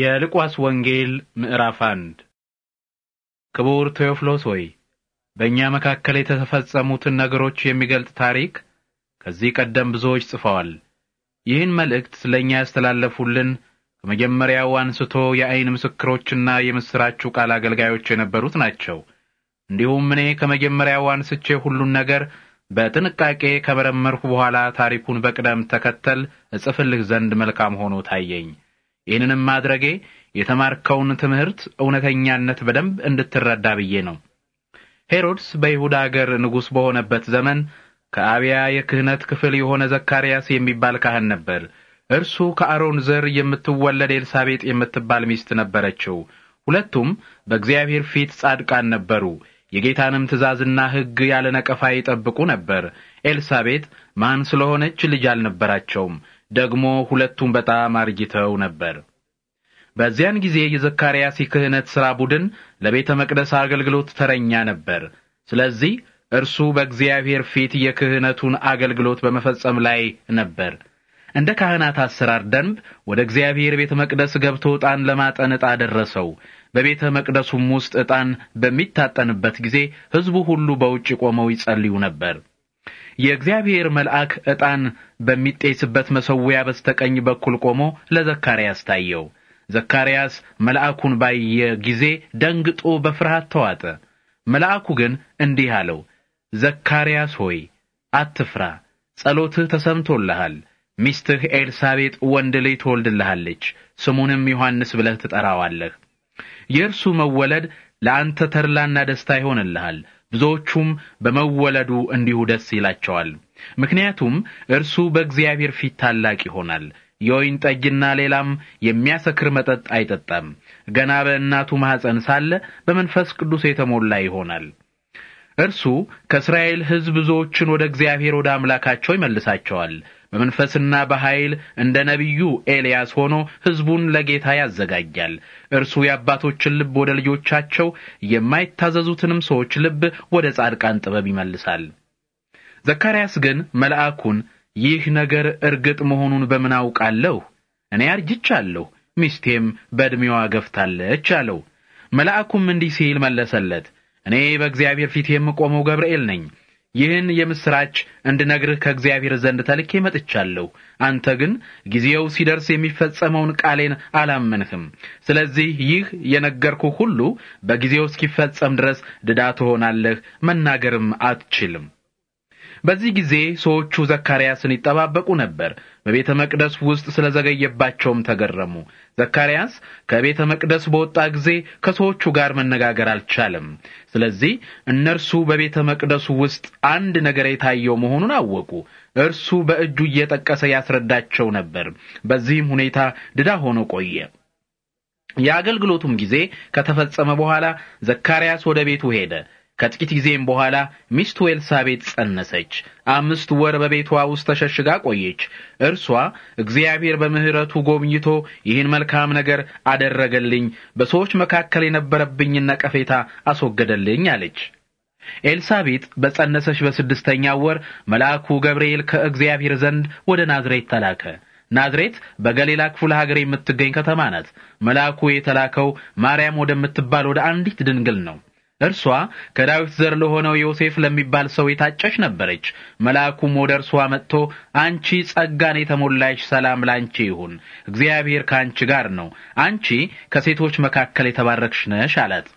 የሉቃስ ወንጌል ምዕራፍ አንድ ክቡር ቴዎፍሎስ ሆይ በእኛ መካከል የተፈጸሙትን ነገሮች የሚገልጥ ታሪክ ከዚህ ቀደም ብዙዎች ጽፈዋል። ይህን መልእክት ለእኛ ያስተላለፉልን ከመጀመሪያው አንስቶ የአይን ምስክሮችና የምስራችሁ ቃል አገልጋዮች የነበሩት ናቸው። እንዲሁም እኔ ከመጀመሪያው አንስቼ ሁሉን ነገር በጥንቃቄ ከመረመርሁ በኋላ ታሪኩን በቅደም ተከተል እጽፍልህ ዘንድ መልካም ሆኖ ታየኝ። ይህንንም ማድረጌ የተማርከውን ትምህርት እውነተኛነት በደንብ እንድትረዳ ብዬ ነው። ሄሮድስ በይሁዳ አገር ንጉሥ በሆነበት ዘመን ከአብያ የክህነት ክፍል የሆነ ዘካርያስ የሚባል ካህን ነበር። እርሱ ከአሮን ዘር የምትወለድ ኤልሳቤጥ የምትባል ሚስት ነበረችው። ሁለቱም በእግዚአብሔር ፊት ጻድቃን ነበሩ። የጌታንም ትእዛዝና ሕግ ያለ ነቀፋ ይጠብቁ ነበር። ኤልሳቤጥ ማን ስለሆነች ልጅ አልነበራቸውም። ደግሞ ሁለቱም በጣም አርጅተው ነበር። በዚያን ጊዜ የዘካርያስ የክህነት ሥራ ቡድን ለቤተ መቅደስ አገልግሎት ተረኛ ነበር። ስለዚህ እርሱ በእግዚአብሔር ፊት የክህነቱን አገልግሎት በመፈጸም ላይ ነበር። እንደ ካህናት አሰራር ደንብ ወደ እግዚአብሔር ቤተ መቅደስ ገብቶ ዕጣን ለማጠን ዕጣ ደረሰው። በቤተ መቅደሱም ውስጥ ዕጣን በሚታጠንበት ጊዜ ሕዝቡ ሁሉ በውጭ ቆመው ይጸልዩ ነበር። የእግዚአብሔር መልአክ ዕጣን በሚጤስበት መሠዊያ በስተቀኝ በኩል ቆሞ ለዘካርያስ ታየው። ዘካርያስ መልአኩን ባየ ጊዜ ደንግጦ በፍርሃት ተዋጠ። መልአኩ ግን እንዲህ አለው፣ ዘካርያስ ሆይ አትፍራ፣ ጸሎትህ ተሰምቶልሃል። ሚስትህ ኤልሳቤጥ ወንድ ልጅ ትወልድልሃለች፣ ስሙንም ዮሐንስ ብለህ ትጠራዋለህ። የእርሱ መወለድ ለአንተ ተድላና ደስታ ይሆንልሃል ብዙዎቹም በመወለዱ እንዲሁ ደስ ይላቸዋል። ምክንያቱም እርሱ በእግዚአብሔር ፊት ታላቅ ይሆናል። የወይን ጠጅና ሌላም የሚያሰክር መጠጥ አይጠጣም። ገና በእናቱ ማኅፀን ሳለ በመንፈስ ቅዱስ የተሞላ ይሆናል። እርሱ ከእስራኤል ሕዝብ ብዙዎችን ወደ እግዚአብሔር ወደ አምላካቸው ይመልሳቸዋል። በመንፈስና በኃይል እንደ ነቢዩ ኤልያስ ሆኖ ሕዝቡን ለጌታ ያዘጋጃል። እርሱ የአባቶችን ልብ ወደ ልጆቻቸው፣ የማይታዘዙትንም ሰዎች ልብ ወደ ጻድቃን ጥበብ ይመልሳል። ዘካርያስ ግን መልአኩን ይህ ነገር እርግጥ መሆኑን በምን አውቃለሁ? እኔ አርጅቻለሁ፣ ሚስቴም በዕድሜዋ ገፍታለች አለው። መልአኩም እንዲህ ሲል መለሰለት፣ እኔ በእግዚአብሔር ፊት የምቆመው ገብርኤል ነኝ። ይህን የምስራች እንድነግርህ ከእግዚአብሔር ዘንድ ተልኬ መጥቻለሁ። አንተ ግን ጊዜው ሲደርስ የሚፈጸመውን ቃሌን አላመንህም። ስለዚህ ይህ የነገርኩ ሁሉ በጊዜው እስኪፈጸም ድረስ ድዳ ትሆናለህ፣ መናገርም አትችልም። በዚህ ጊዜ ሰዎቹ ዘካርያስን ይጠባበቁ ነበር። በቤተ መቅደስ ውስጥ ስለዘገየባቸውም ተገረሙ። ዘካርያስ ከቤተ መቅደስ በወጣ ጊዜ ከሰዎቹ ጋር መነጋገር አልቻለም። ስለዚህ እነርሱ በቤተ መቅደሱ ውስጥ አንድ ነገር የታየው መሆኑን አወቁ። እርሱ በእጁ እየጠቀሰ ያስረዳቸው ነበር። በዚህም ሁኔታ ድዳ ሆኖ ቆየ። የአገልግሎቱም ጊዜ ከተፈጸመ በኋላ ዘካርያስ ወደ ቤቱ ሄደ። ከጥቂት ጊዜም በኋላ ሚስቱ ኤልሳቤጥ ጸነሰች። አምስት ወር በቤቷ ውስጥ ተሸሽጋ ቆየች። እርሷ እግዚአብሔር በምሕረቱ ጎብኝቶ ይህን መልካም ነገር አደረገልኝ፣ በሰዎች መካከል የነበረብኝን ነቀፌታ አስወገደልኝ አለች። ኤልሳቤጥ በጸነሰች በስድስተኛው ወር መልአኩ ገብርኤል ከእግዚአብሔር ዘንድ ወደ ናዝሬት ተላከ። ናዝሬት በገሊላ ክፍለ ሀገር የምትገኝ ከተማ ናት። መልአኩ የተላከው ማርያም ወደምትባል ወደ አንዲት ድንግል ነው። እርሷ ከዳዊት ዘር ለሆነው ዮሴፍ ለሚባል ሰው የታጨች ነበረች። መልአኩም ወደ እርሷ መጥቶ አንቺ ጸጋን የተሞላሽ ሰላም ላንቺ ይሁን፣ እግዚአብሔር ከአንቺ ጋር ነው፣ አንቺ ከሴቶች መካከል የተባረክሽ ነሽ አላት።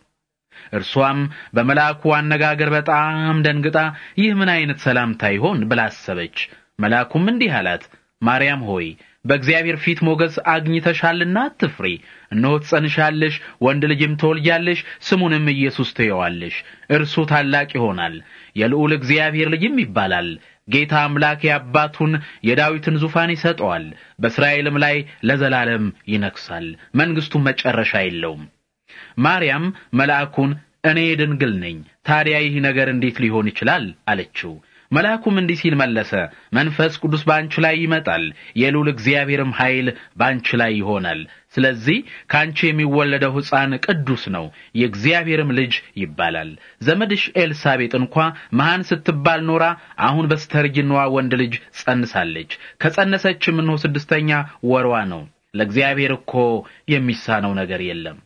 እርሷም በመልአኩ አነጋገር በጣም ደንግጣ ይህ ምን አይነት ሰላምታ ይሆን ብላ አሰበች። መልአኩም እንዲህ አላት፣ ማርያም ሆይ በእግዚአብሔር ፊት ሞገስ አግኝተሻልና አትፍሪ። እነሆ ትጸንሻለሽ፣ ወንድ ልጅም ትወልጃለሽ፣ ስሙንም ኢየሱስ ትየዋለሽ። እርሱ ታላቅ ይሆናል፣ የልዑል እግዚአብሔር ልጅም ይባላል። ጌታ አምላክ የአባቱን የዳዊትን ዙፋን ይሰጠዋል፣ በእስራኤልም ላይ ለዘላለም ይነግሣል። መንግሥቱም መጨረሻ የለውም። ማርያም መልአኩን እኔ ድንግል ነኝ፣ ታዲያ ይህ ነገር እንዴት ሊሆን ይችላል አለችው። መልአኩም እንዲህ ሲል መለሰ፣ መንፈስ ቅዱስ በአንቺ ላይ ይመጣል፣ የልዑል እግዚአብሔርም ኃይል በአንቺ ላይ ይሆናል። ስለዚህ ከአንቺ የሚወለደው ሕፃን ቅዱስ ነው፣ የእግዚአብሔርም ልጅ ይባላል። ዘመድሽ ኤልሳቤጥ እንኳ መሃን ስትባል ኖራ አሁን በስተርጅናዋ ወንድ ልጅ ጸንሳለች። ከጸነሰችም እነሆ ስድስተኛ ወሯ ነው። ለእግዚአብሔር እኮ የሚሳነው ነገር የለም።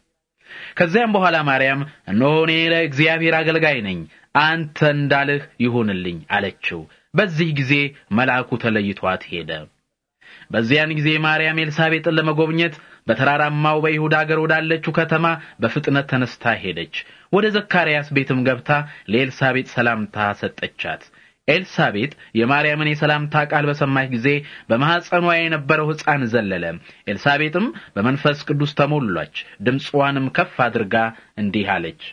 ከዚያም በኋላ ማርያም እነሆ እኔ ለእግዚአብሔር አገልጋይ ነኝ፣ አንተ እንዳልህ ይሁንልኝ አለችው። በዚህ ጊዜ መልአኩ ተለይቷት ሄደ። በዚያን ጊዜ ማርያም ኤልሳቤጥን ለመጎብኘት በተራራማው በይሁዳ አገር ወዳለችው ከተማ በፍጥነት ተነስታ ሄደች። ወደ ዘካርያስ ቤትም ገብታ ለኤልሳቤጥ ሰላምታ ሰጠቻት። ኤልሳቤጥ የማርያምን የሰላምታ ቃል በሰማች ጊዜ በማኅፀኗ የነበረው ሕፃን ዘለለ። ኤልሳቤጥም በመንፈስ ቅዱስ ተሞሏች ድምፅዋንም ከፍ አድርጋ እንዲህ አለች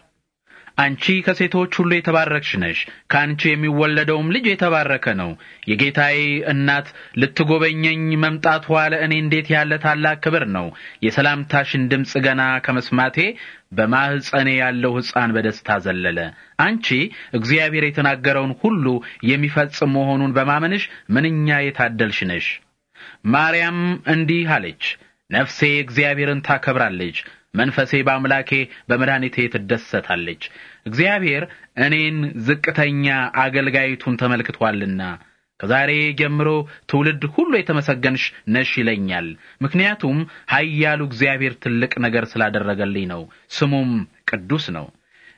አንቺ ከሴቶች ሁሉ የተባረክሽ ነሽ፣ ከአንቺ የሚወለደውም ልጅ የተባረከ ነው። የጌታዬ እናት ልትጎበኘኝ መምጣቷ ለእኔ እንዴት ያለ ታላቅ ክብር ነው! የሰላምታሽን ድምፅ ገና ከመስማቴ በማህፀኔ ያለው ሕፃን በደስታ ዘለለ። አንቺ እግዚአብሔር የተናገረውን ሁሉ የሚፈጽም መሆኑን በማመንሽ ምንኛ የታደልሽ ነሽ። ማርያም እንዲህ አለች፣ ነፍሴ እግዚአብሔርን ታከብራለች መንፈሴ በአምላኬ በመድኃኒቴ ትደሰታለች። እግዚአብሔር እኔን ዝቅተኛ አገልጋይቱን ተመልክቷልና ከዛሬ ጀምሮ ትውልድ ሁሉ የተመሰገንሽ ነሽ ይለኛል። ምክንያቱም ኃያሉ እግዚአብሔር ትልቅ ነገር ስላደረገልኝ ነው፣ ስሙም ቅዱስ ነው።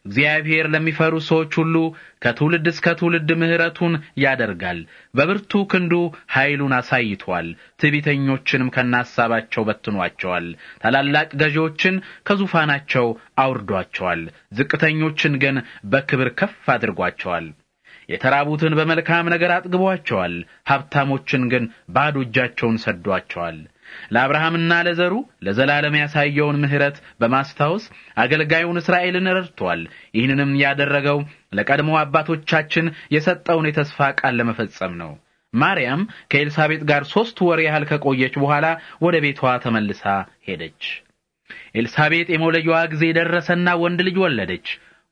እግዚአብሔር ለሚፈሩ ሰዎች ሁሉ ከትውልድ እስከ ትውልድ ምሕረቱን ያደርጋል። በብርቱ ክንዱ ኃይሉን አሳይቷል። ትዕቢተኞችንም ከናሳባቸው በትኗቸዋል። ታላላቅ ገዢዎችን ከዙፋናቸው አውርዷቸዋል። ዝቅተኞችን ግን በክብር ከፍ አድርጓቸዋል። የተራቡትን በመልካም ነገር አጥግቧቸዋል። ሀብታሞችን ግን ባዶ እጃቸውን ሰዷቸዋል። ለአብርሃምና ለዘሩ ለዘላለም ያሳየውን ምሕረት በማስታወስ አገልጋዩን እስራኤልን ረድቷል። ይህንንም ያደረገው ለቀድሞ አባቶቻችን የሰጠውን የተስፋ ቃል ለመፈጸም ነው። ማርያም ከኤልሳቤጥ ጋር ሦስት ወር ያህል ከቆየች በኋላ ወደ ቤቷ ተመልሳ ሄደች። ኤልሳቤጥ የመውለጃዋ ጊዜ ደረሰና ወንድ ልጅ ወለደች።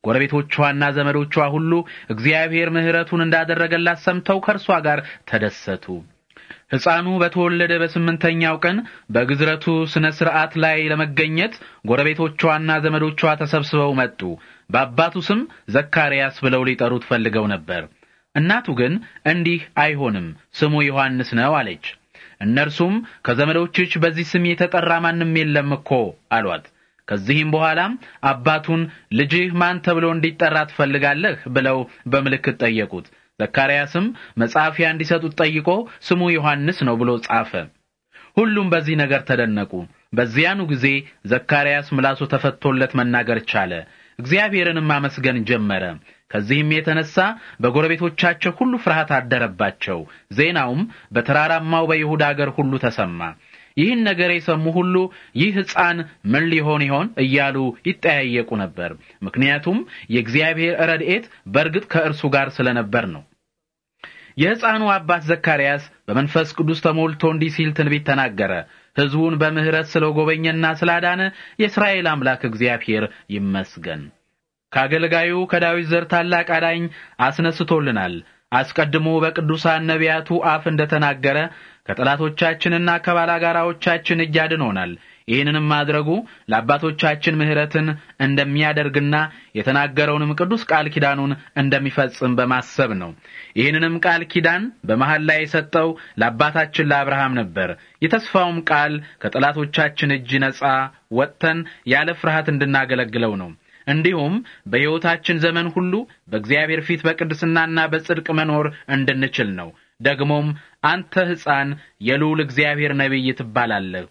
ጎረቤቶቿና ዘመዶቿ ሁሉ እግዚአብሔር ምሕረቱን እንዳደረገላት ሰምተው ከእርሷ ጋር ተደሰቱ። ሕፃኑ በተወለደ በስምንተኛው ቀን በግዝረቱ ሥነ ሥርዓት ላይ ለመገኘት ጎረቤቶቿና ዘመዶቿ ተሰብስበው መጡ። በአባቱ ስም ዘካርያስ ብለው ሊጠሩት ፈልገው ነበር። እናቱ ግን እንዲህ አይሆንም፣ ስሙ ዮሐንስ ነው አለች። እነርሱም ከዘመዶችሽ በዚህ ስም የተጠራ ማንም የለም እኮ አሏት። ከዚህም በኋላም አባቱን ልጅህ ማን ተብሎ እንዲጠራ ትፈልጋለህ ብለው በምልክት ጠየቁት። ዘካርያስም መጻፊያ እንዲሰጡት ጠይቆ ስሙ ዮሐንስ ነው ብሎ ጻፈ። ሁሉም በዚህ ነገር ተደነቁ። በዚያኑ ጊዜ ዘካርያስ ምላሱ ተፈቶለት መናገር ቻለ፣ እግዚአብሔርንም አመስገን ጀመረ። ከዚህም የተነሳ በጎረቤቶቻቸው ሁሉ ፍርሃት አደረባቸው። ዜናውም በተራራማው በይሁዳ አገር ሁሉ ተሰማ። ይህን ነገር የሰሙ ሁሉ ይህ ሕፃን ምን ሊሆን ይሆን እያሉ ይጠያየቁ ነበር። ምክንያቱም የእግዚአብሔር ረድኤት በእርግጥ ከእርሱ ጋር ስለነበር ነው። የሕፃኑ አባት ዘካርያስ በመንፈስ ቅዱስ ተሞልቶ እንዲህ ሲል ትንቢት ተናገረ። ሕዝቡን በምሕረት ስለ ጐበኘና ስላዳነ የእስራኤል አምላክ እግዚአብሔር ይመስገን። ከአገልጋዩ ከዳዊት ዘር ታላቅ አዳኝ አስነስቶልናል። አስቀድሞ በቅዱሳን ነቢያቱ አፍ እንደተናገረ ከጠላቶቻችንና ከባላጋራዎቻችን እጅ አድኖናል። ይህንንም ማድረጉ ለአባቶቻችን ምሕረትን እንደሚያደርግና የተናገረውንም ቅዱስ ቃል ኪዳኑን እንደሚፈጽም በማሰብ ነው። ይህንንም ቃል ኪዳን በመሐል ላይ የሰጠው ለአባታችን ለአብርሃም ነበር። የተስፋውም ቃል ከጠላቶቻችን እጅ ነጻ ወጥተን ያለ ፍርሃት እንድናገለግለው ነው። እንዲሁም በሕይወታችን ዘመን ሁሉ በእግዚአብሔር ፊት በቅድስናና በጽድቅ መኖር እንድንችል ነው። ደግሞም አንተ ሕፃን የልዑል እግዚአብሔር ነቢይ ትባላለህ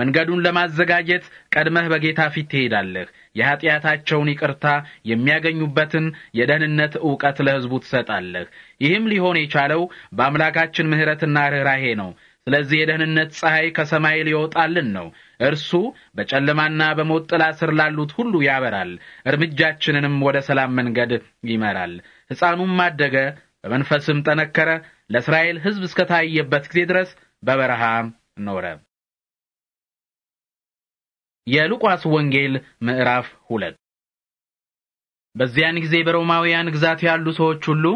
መንገዱን ለማዘጋጀት ቀድመህ በጌታ ፊት ትሄዳለህ። የኀጢአታቸውን ይቅርታ የሚያገኙበትን የደህንነት ዕውቀት ለሕዝቡ ትሰጣለህ። ይህም ሊሆን የቻለው በአምላካችን ምሕረትና ርኅራሄ ነው። ስለዚህ የደህንነት ፀሐይ ከሰማይ ሊወጣልን ነው። እርሱ በጨለማና በሞት ጥላ ስር ላሉት ሁሉ ያበራል፣ እርምጃችንንም ወደ ሰላም መንገድ ይመራል። ሕፃኑም አደገ፣ በመንፈስም ጠነከረ፣ ለእስራኤል ሕዝብ እስከታየበት ጊዜ ድረስ በበረሃ ኖረ። የሉቃስ ወንጌል ምዕራፍ ሁለት በዚያን ጊዜ በሮማውያን ግዛት ያሉ ሰዎች ሁሉ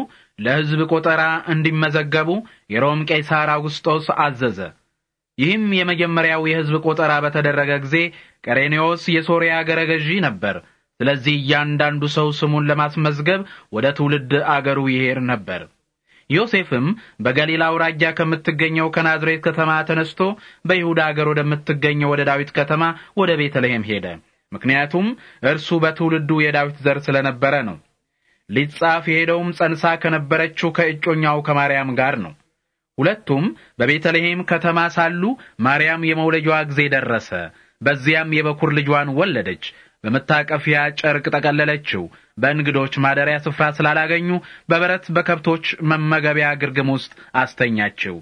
ለሕዝብ ቆጠራ እንዲመዘገቡ የሮም ቄሳር አውግስጦስ አዘዘ። ይህም የመጀመሪያው የሕዝብ ቆጠራ በተደረገ ጊዜ ቀሬኔዎስ የሶርያ አገረ ገዢ ነበር። ስለዚህ እያንዳንዱ ሰው ስሙን ለማስመዝገብ ወደ ትውልድ አገሩ ይሄድ ነበር። ዮሴፍም በገሊላ አውራጃ ከምትገኘው ከናዝሬት ከተማ ተነስቶ በይሁዳ አገር ወደምትገኘው ወደ ዳዊት ከተማ ወደ ቤተልሔም ሄደ። ምክንያቱም እርሱ በትውልዱ የዳዊት ዘር ስለነበረ ነው። ሊጻፍ የሄደውም ጸንሳ ከነበረችው ከእጮኛው ከማርያም ጋር ነው። ሁለቱም በቤተልሔም ከተማ ሳሉ ማርያም የመውለጃዋ ጊዜ ደረሰ። በዚያም የበኩር ልጇን ወለደች። በመታቀፊያ ጨርቅ ጠቀለለችው። በእንግዶች ማደሪያ ስፍራ ስላላገኙ በበረት በከብቶች መመገቢያ ግርግም ውስጥ አስተኛችው።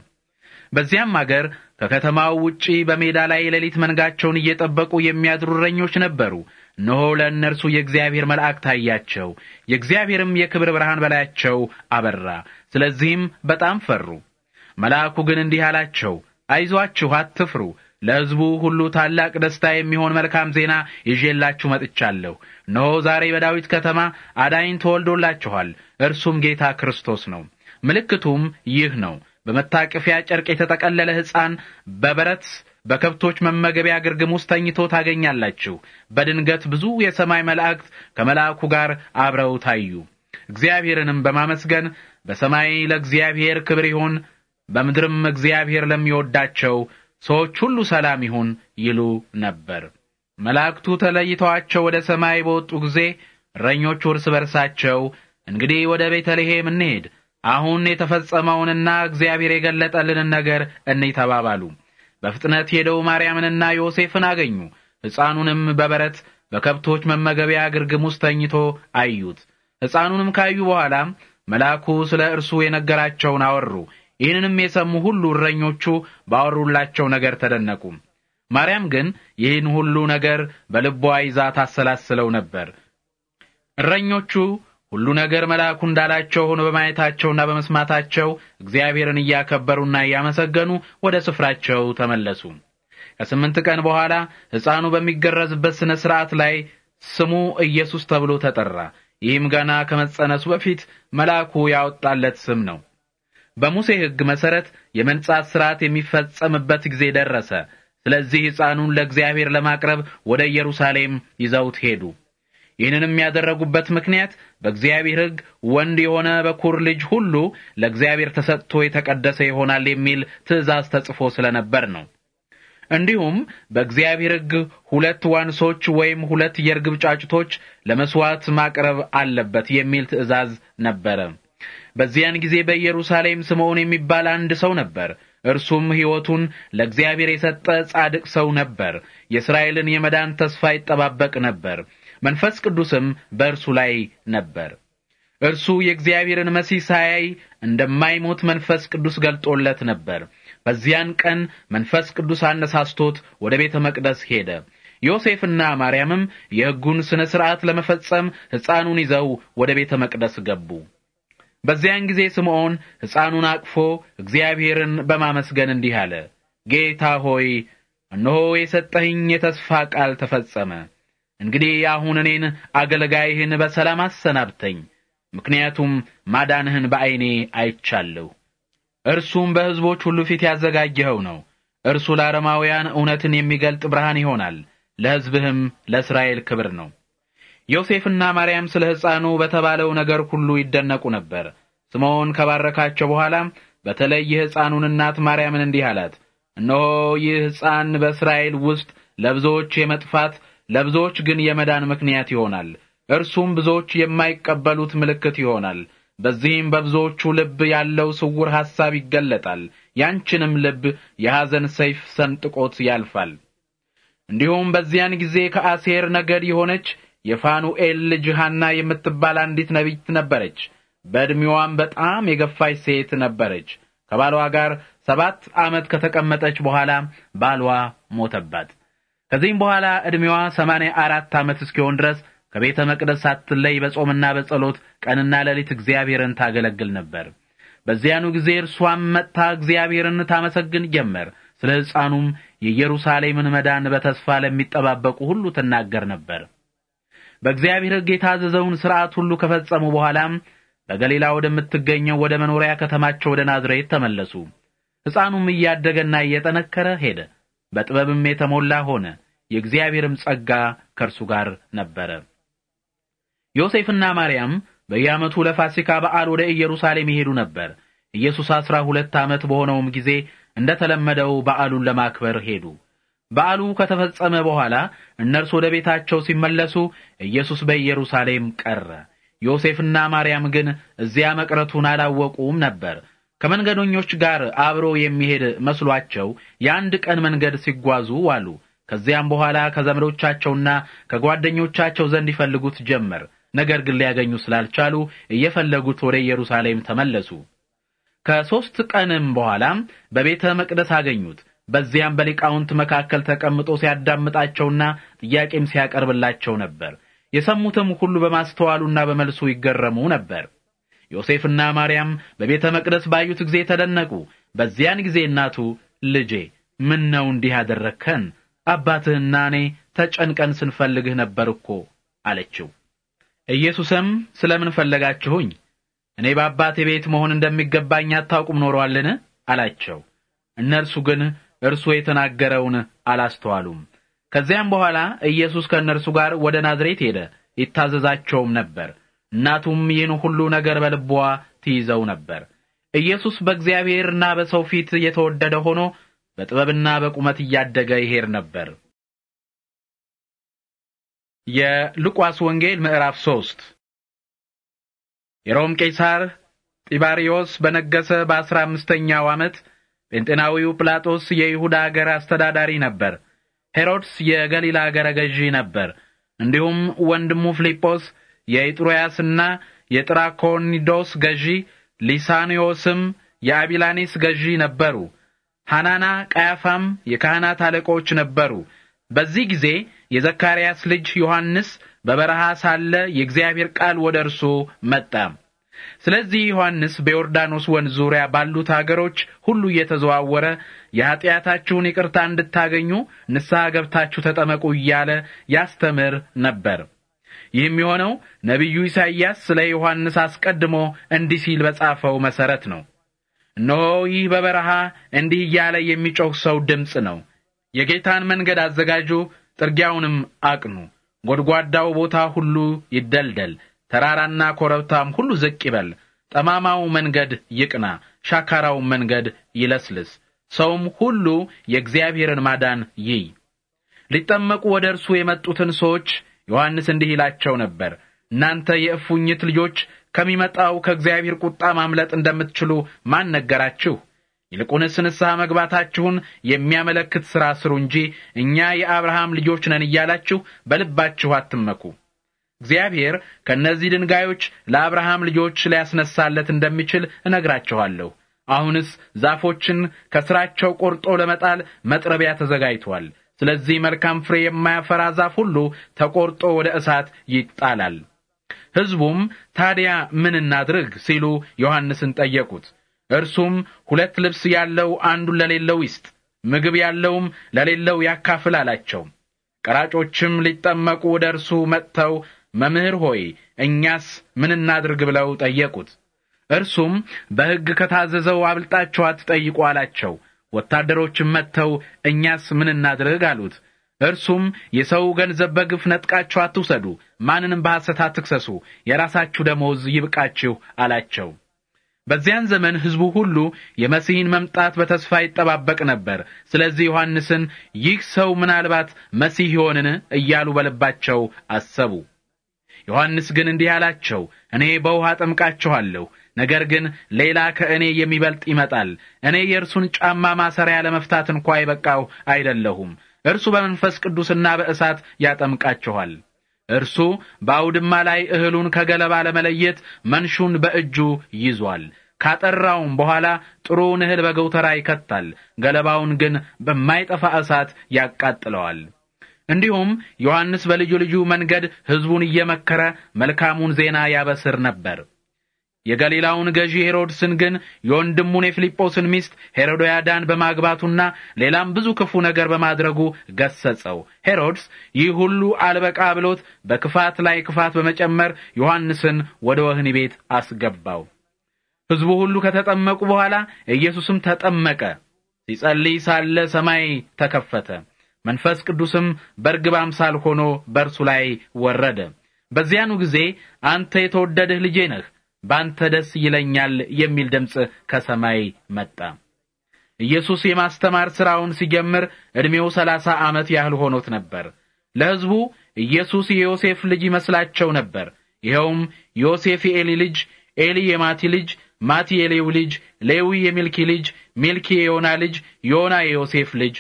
በዚያም አገር ከከተማው ውጪ በሜዳ ላይ ሌሊት መንጋቸውን እየጠበቁ የሚያድሩ እረኞች ነበሩ። እነሆ ለእነርሱ የእግዚአብሔር መልአክ ታያቸው፣ የእግዚአብሔርም የክብር ብርሃን በላያቸው አበራ። ስለዚህም በጣም ፈሩ። መልአኩ ግን እንዲህ አላቸው፣ አይዟችሁ፣ አትፍሩ ለሕዝቡ ሁሉ ታላቅ ደስታ የሚሆን መልካም ዜና ይዤላችሁ መጥቻለሁ። እነሆ ዛሬ በዳዊት ከተማ አዳኝ ተወልዶላችኋል፣ እርሱም ጌታ ክርስቶስ ነው። ምልክቱም ይህ ነው። በመታቀፊያ ጨርቅ የተጠቀለለ ሕፃን በበረት በከብቶች መመገቢያ ግርግም ውስጥ ተኝቶ ታገኛላችሁ። በድንገት ብዙ የሰማይ መላእክት ከመልአኩ ጋር አብረው ታዩ። እግዚአብሔርንም በማመስገን በሰማይ ለእግዚአብሔር ክብር ይሁን፣ በምድርም እግዚአብሔር ለሚወዳቸው ሰዎች ሁሉ ሰላም ይሁን ይሉ ነበር። መላእክቱ ተለይተዋቸው ወደ ሰማይ በወጡ ጊዜ እረኞቹ እርስ በርሳቸው እንግዲህ ወደ ቤተልሔም እንሄድ፣ አሁን የተፈጸመውንና እግዚአብሔር የገለጠልንን ነገር እንይ ተባባሉ። በፍጥነት ሄደው ማርያምንና ዮሴፍን አገኙ። ሕፃኑንም በበረት በከብቶች መመገቢያ ግርግም ውስጥ ተኝቶ አዩት። ሕፃኑንም ካዩ በኋላ መልአኩ ስለ እርሱ የነገራቸውን አወሩ። ይህንንም የሰሙ ሁሉ እረኞቹ ባወሩላቸው ነገር ተደነቁ። ማርያም ግን ይህን ሁሉ ነገር በልቧ ይዛ ታሰላስለው ነበር። እረኞቹ ሁሉ ነገር መልአኩ እንዳላቸው ሆኖ በማየታቸውና በመስማታቸው እግዚአብሔርን እያከበሩና እያመሰገኑ ወደ ስፍራቸው ተመለሱ። ከስምንት ቀን በኋላ ሕፃኑ በሚገረዝበት ሥነ ሥርዓት ላይ ስሙ ኢየሱስ ተብሎ ተጠራ። ይህም ገና ከመጸነሱ በፊት መልአኩ ያወጣለት ስም ነው። በሙሴ ሕግ መሰረት የመንጻት ሥርዓት የሚፈጸምበት ጊዜ ደረሰ። ስለዚህ ሕፃኑን ለእግዚአብሔር ለማቅረብ ወደ ኢየሩሳሌም ይዘውት ሄዱ። ይህንንም ያደረጉበት ምክንያት በእግዚአብሔር ሕግ ወንድ የሆነ በኩር ልጅ ሁሉ ለእግዚአብሔር ተሰጥቶ የተቀደሰ ይሆናል የሚል ትእዛዝ ተጽፎ ስለነበር ነው። እንዲሁም በእግዚአብሔር ሕግ ሁለት ዋንሶች ወይም ሁለት የርግብ ጫጭቶች ለመሥዋዕት ማቅረብ አለበት የሚል ትእዛዝ ነበረ። በዚያን ጊዜ በኢየሩሳሌም ስምዖን የሚባል አንድ ሰው ነበር። እርሱም ሕይወቱን ለእግዚአብሔር የሰጠ ጻድቅ ሰው ነበር። የእስራኤልን የመዳን ተስፋ ይጠባበቅ ነበር። መንፈስ ቅዱስም በእርሱ ላይ ነበር። እርሱ የእግዚአብሔርን መሲህ ሳያይ እንደማይሞት መንፈስ ቅዱስ ገልጦለት ነበር። በዚያን ቀን መንፈስ ቅዱስ አነሳስቶት ወደ ቤተ መቅደስ ሄደ። ዮሴፍና ማርያምም የሕጉን ሥነ ሥርዓት ለመፈጸም ሕፃኑን ይዘው ወደ ቤተ መቅደስ ገቡ። በዚያን ጊዜ ስምዖን ሕፃኑን አቅፎ እግዚአብሔርን በማመስገን እንዲህ አለ። ጌታ ሆይ እነሆ የሰጠኸኝ የተስፋ ቃል ተፈጸመ። እንግዲህ አሁን እኔን አገልጋይህን በሰላም አሰናብተኝ፣ ምክንያቱም ማዳንህን በዐይኔ አይቻለሁ። እርሱም በሕዝቦች ሁሉ ፊት ያዘጋጀኸው ነው። እርሱ ለአረማውያን እውነትን የሚገልጥ ብርሃን ይሆናል፣ ለሕዝብህም ለእስራኤል ክብር ነው። ዮሴፍና ማርያም ስለ ሕፃኑ በተባለው ነገር ሁሉ ይደነቁ ነበር። ስምዖን ከባረካቸው በኋላ በተለይ የሕፃኑን እናት ማርያምን እንዲህ አላት፣ እነሆ ይህ ሕፃን በእስራኤል ውስጥ ለብዙዎች የመጥፋት ለብዙዎች ግን የመዳን ምክንያት ይሆናል። እርሱም ብዙዎች የማይቀበሉት ምልክት ይሆናል። በዚህም በብዙዎቹ ልብ ያለው ስውር ሐሳብ ይገለጣል። ያንችንም ልብ የሐዘን ሰይፍ ሰንጥቆት ያልፋል። እንዲሁም በዚያን ጊዜ ከአሴር ነገድ የሆነች የፋኑኤል ልጅ ሐና የምትባል አንዲት ነቢይት ነበረች። በዕድሜዋም በጣም የገፋች ሴት ነበረች። ከባሏ ጋር ሰባት ዓመት ከተቀመጠች በኋላ ባሏ ሞተባት። ከዚህም በኋላ ዕድሜዋ ሰማንያ አራት ዓመት እስኪሆን ድረስ ከቤተ መቅደስ ሳትለይ በጾምና በጸሎት ቀንና ሌሊት እግዚአብሔርን ታገለግል ነበር። በዚያኑ ጊዜ እርሷም መጥታ እግዚአብሔርን ታመሰግን ጀመር። ስለ ሕፃኑም የኢየሩሳሌምን መዳን በተስፋ ለሚጠባበቁ ሁሉ ትናገር ነበር። በእግዚአብሔር ሕግ የታዘዘውን ሥርዓት ሁሉ ከፈጸሙ በኋላም በገሊላ ወደምትገኘው ወደ መኖሪያ ከተማቸው ወደ ናዝሬት ተመለሱ። ሕፃኑም እያደገና እየጠነከረ ሄደ፣ በጥበብም የተሞላ ሆነ። የእግዚአብሔርም ጸጋ ከእርሱ ጋር ነበረ። ዮሴፍና ማርያም በየዓመቱ ለፋሲካ በዓል ወደ ኢየሩሳሌም ይሄዱ ነበር። ኢየሱስ አስራ ሁለት ዓመት በሆነውም ጊዜ እንደተለመደው በዓሉን ለማክበር ሄዱ። በዓሉ ከተፈጸመ በኋላ እነርሱ ወደ ቤታቸው ሲመለሱ ኢየሱስ በኢየሩሳሌም ቀረ። ዮሴፍና ማርያም ግን እዚያ መቅረቱን አላወቁም ነበር። ከመንገደኞች ጋር አብሮ የሚሄድ መስሏቸው የአንድ ቀን መንገድ ሲጓዙ ዋሉ። ከዚያም በኋላ ከዘመዶቻቸውና ከጓደኞቻቸው ዘንድ ይፈልጉት ጀመር። ነገር ግን ሊያገኙ ስላልቻሉ እየፈለጉት ወደ ኢየሩሳሌም ተመለሱ። ከሦስት ቀንም በኋላ በቤተ መቅደስ አገኙት። በዚያም በሊቃውንት መካከል ተቀምጦ ሲያዳምጣቸውና ጥያቄም ሲያቀርብላቸው ነበር። የሰሙትም ሁሉ በማስተዋሉና በመልሱ ይገረሙ ነበር። ዮሴፍና ማርያም በቤተ መቅደስ ባዩት ጊዜ ተደነቁ። በዚያን ጊዜ እናቱ ልጄ ምን ነው እንዲህ ያደረግከን? አባትህና እኔ ተጨንቀን ስንፈልግህ ነበር እኮ አለችው። ኢየሱስም ስለምን ፈለጋችሁኝ? እኔ በአባቴ ቤት መሆን እንደሚገባኝ አታውቁም ኖሮአልን? አላቸው። እነርሱ ግን እርሱ የተናገረውን አላስተዋሉም። ከዚያም በኋላ ኢየሱስ ከእነርሱ ጋር ወደ ናዝሬት ሄደ፣ ይታዘዛቸውም ነበር። እናቱም ይህን ሁሉ ነገር በልቧ ትይዘው ነበር። ኢየሱስ በእግዚአብሔርና በሰው ፊት የተወደደ ሆኖ በጥበብና በቁመት እያደገ ይሄድ ነበር። የሉቃስ ወንጌል ምዕራፍ ሶስት የሮም ቄሳር ጢባሪዮስ በነገሰ በአስራ አምስተኛው ዓመት ጴንጤናዊው ጲላጦስ የይሁዳ አገር አስተዳዳሪ ነበር። ሄሮድስ የገሊላ አገረ ገዢ ነበር። እንዲሁም ወንድሙ ፊልጶስ የኢጥሮያስና የጥራኮኒዶስ ገዢ፣ ሊሳኒዮስም የአቢላኒስ ገዢ ነበሩ። ሐናና ቀያፋም የካህናት አለቆች ነበሩ። በዚህ ጊዜ የዘካርያስ ልጅ ዮሐንስ በበረሃ ሳለ የእግዚአብሔር ቃል ወደ እርሱ መጣ። ስለዚህ ዮሐንስ በዮርዳኖስ ወንዝ ዙሪያ ባሉት አገሮች ሁሉ እየተዘዋወረ የኀጢአታችሁን ይቅርታ እንድታገኙ ንስሐ ገብታችሁ ተጠመቁ እያለ ያስተምር ነበር። ይህም የሆነው ነቢዩ ኢሳይያስ ስለ ዮሐንስ አስቀድሞ እንዲህ ሲል በጻፈው መሠረት ነው። እነሆ ይህ በበረሃ እንዲህ እያለ የሚጮህ ሰው ድምፅ ነው። የጌታን መንገድ አዘጋጁ፣ ጥርጊያውንም አቅኑ፣ ጎድጓዳው ቦታ ሁሉ ይደልደል ተራራና ኮረብታም ሁሉ ዝቅ ይበል። ጠማማው መንገድ ይቅና፣ ሻካራው መንገድ ይለስልስ። ሰውም ሁሉ የእግዚአብሔርን ማዳን ይይ። ሊጠመቁ ወደ እርሱ የመጡትን ሰዎች ዮሐንስ እንዲህ ይላቸው ነበር፣ እናንተ የእፉኝት ልጆች ከሚመጣው ከእግዚአብሔር ቁጣ ማምለጥ እንደምትችሉ ማን ነገራችሁ? ይልቁንስ ንስሐ መግባታችሁን የሚያመለክት ሥራ ስሩ እንጂ እኛ የአብርሃም ልጆች ነን እያላችሁ በልባችሁ አትመኩ። እግዚአብሔር ከእነዚህ ድንጋዮች ለአብርሃም ልጆች ሊያስነሳለት እንደሚችል እነግራችኋለሁ። አሁንስ ዛፎችን ከስራቸው ቆርጦ ለመጣል መጥረቢያ ተዘጋጅቷል። ስለዚህ መልካም ፍሬ የማያፈራ ዛፍ ሁሉ ተቆርጦ ወደ እሳት ይጣላል። ሕዝቡም ታዲያ ምን እናድርግ ሲሉ ዮሐንስን ጠየቁት። እርሱም ሁለት ልብስ ያለው አንዱን ለሌለው ይስጥ፣ ምግብ ያለውም ለሌለው ያካፍል አላቸው። ቀራጮችም ሊጠመቁ ወደ እርሱ መጥተው መምህር ሆይ እኛስ ምን እናድርግ ብለው ጠየቁት። እርሱም በሕግ ከታዘዘው አብልጣችሁ አትጠይቁ አላቸው። ወታደሮችም መጥተው እኛስ ምን እናድርግ አሉት። እርሱም የሰው ገንዘብ በግፍ ነጥቃችሁ አትውሰዱ፣ ማንንም በሐሰት አትክሰሱ፣ የራሳችሁ ደሞዝ ይብቃችሁ አላቸው። በዚያን ዘመን ሕዝቡ ሁሉ የመሲህን መምጣት በተስፋ ይጠባበቅ ነበር። ስለዚህ ዮሐንስን ይህ ሰው ምናልባት መሲህ ይሆንን እያሉ በልባቸው አሰቡ። ዮሐንስ ግን እንዲህ አላቸው፣ እኔ በውሃ አጠምቃችኋለሁ፣ ነገር ግን ሌላ ከእኔ የሚበልጥ ይመጣል። እኔ የእርሱን ጫማ ማሰሪያ ለመፍታት እንኳ የበቃው አይደለሁም። እርሱ በመንፈስ ቅዱስና በእሳት ያጠምቃችኋል። እርሱ በአውድማ ላይ እህሉን ከገለባ ለመለየት መንሹን በእጁ ይዟል። ካጠራውም በኋላ ጥሩውን እህል በገውተራ ይከታል፣ ገለባውን ግን በማይጠፋ እሳት ያቃጥለዋል። እንዲሁም ዮሐንስ በልዩ ልዩ መንገድ ሕዝቡን እየመከረ መልካሙን ዜና ያበስር ነበር። የገሊላውን ገዢ ሄሮድስን ግን የወንድሙን የፊልጶስን ሚስት ሄሮድያዳን በማግባቱና ሌላም ብዙ ክፉ ነገር በማድረጉ ገሰጸው። ሄሮድስ ይህ ሁሉ አልበቃ ብሎት በክፋት ላይ ክፋት በመጨመር ዮሐንስን ወደ ወህኒ ቤት አስገባው። ሕዝቡ ሁሉ ከተጠመቁ በኋላ ኢየሱስም ተጠመቀ። ሲጸልይ ሳለ ሰማይ ተከፈተ። መንፈስ ቅዱስም በርግብ አምሳል ሆኖ በእርሱ ላይ ወረደ። በዚያኑ ጊዜ አንተ የተወደድህ ልጄ ነህ፣ በአንተ ደስ ይለኛል የሚል ድምፅ ከሰማይ መጣ። ኢየሱስ የማስተማር ሥራውን ሲጀምር ዕድሜው ሰላሳ ዓመት ያህል ሆኖት ነበር። ለሕዝቡ ኢየሱስ የዮሴፍ ልጅ ይመስላቸው ነበር። ይኸውም ዮሴፍ የኤሊ ልጅ፣ ኤሊ የማቲ ልጅ፣ ማቲ የሌው ልጅ፣ ሌዊ የሚልኪ ልጅ፣ ሚልኪ የዮና ልጅ፣ ዮና የዮሴፍ ልጅ፣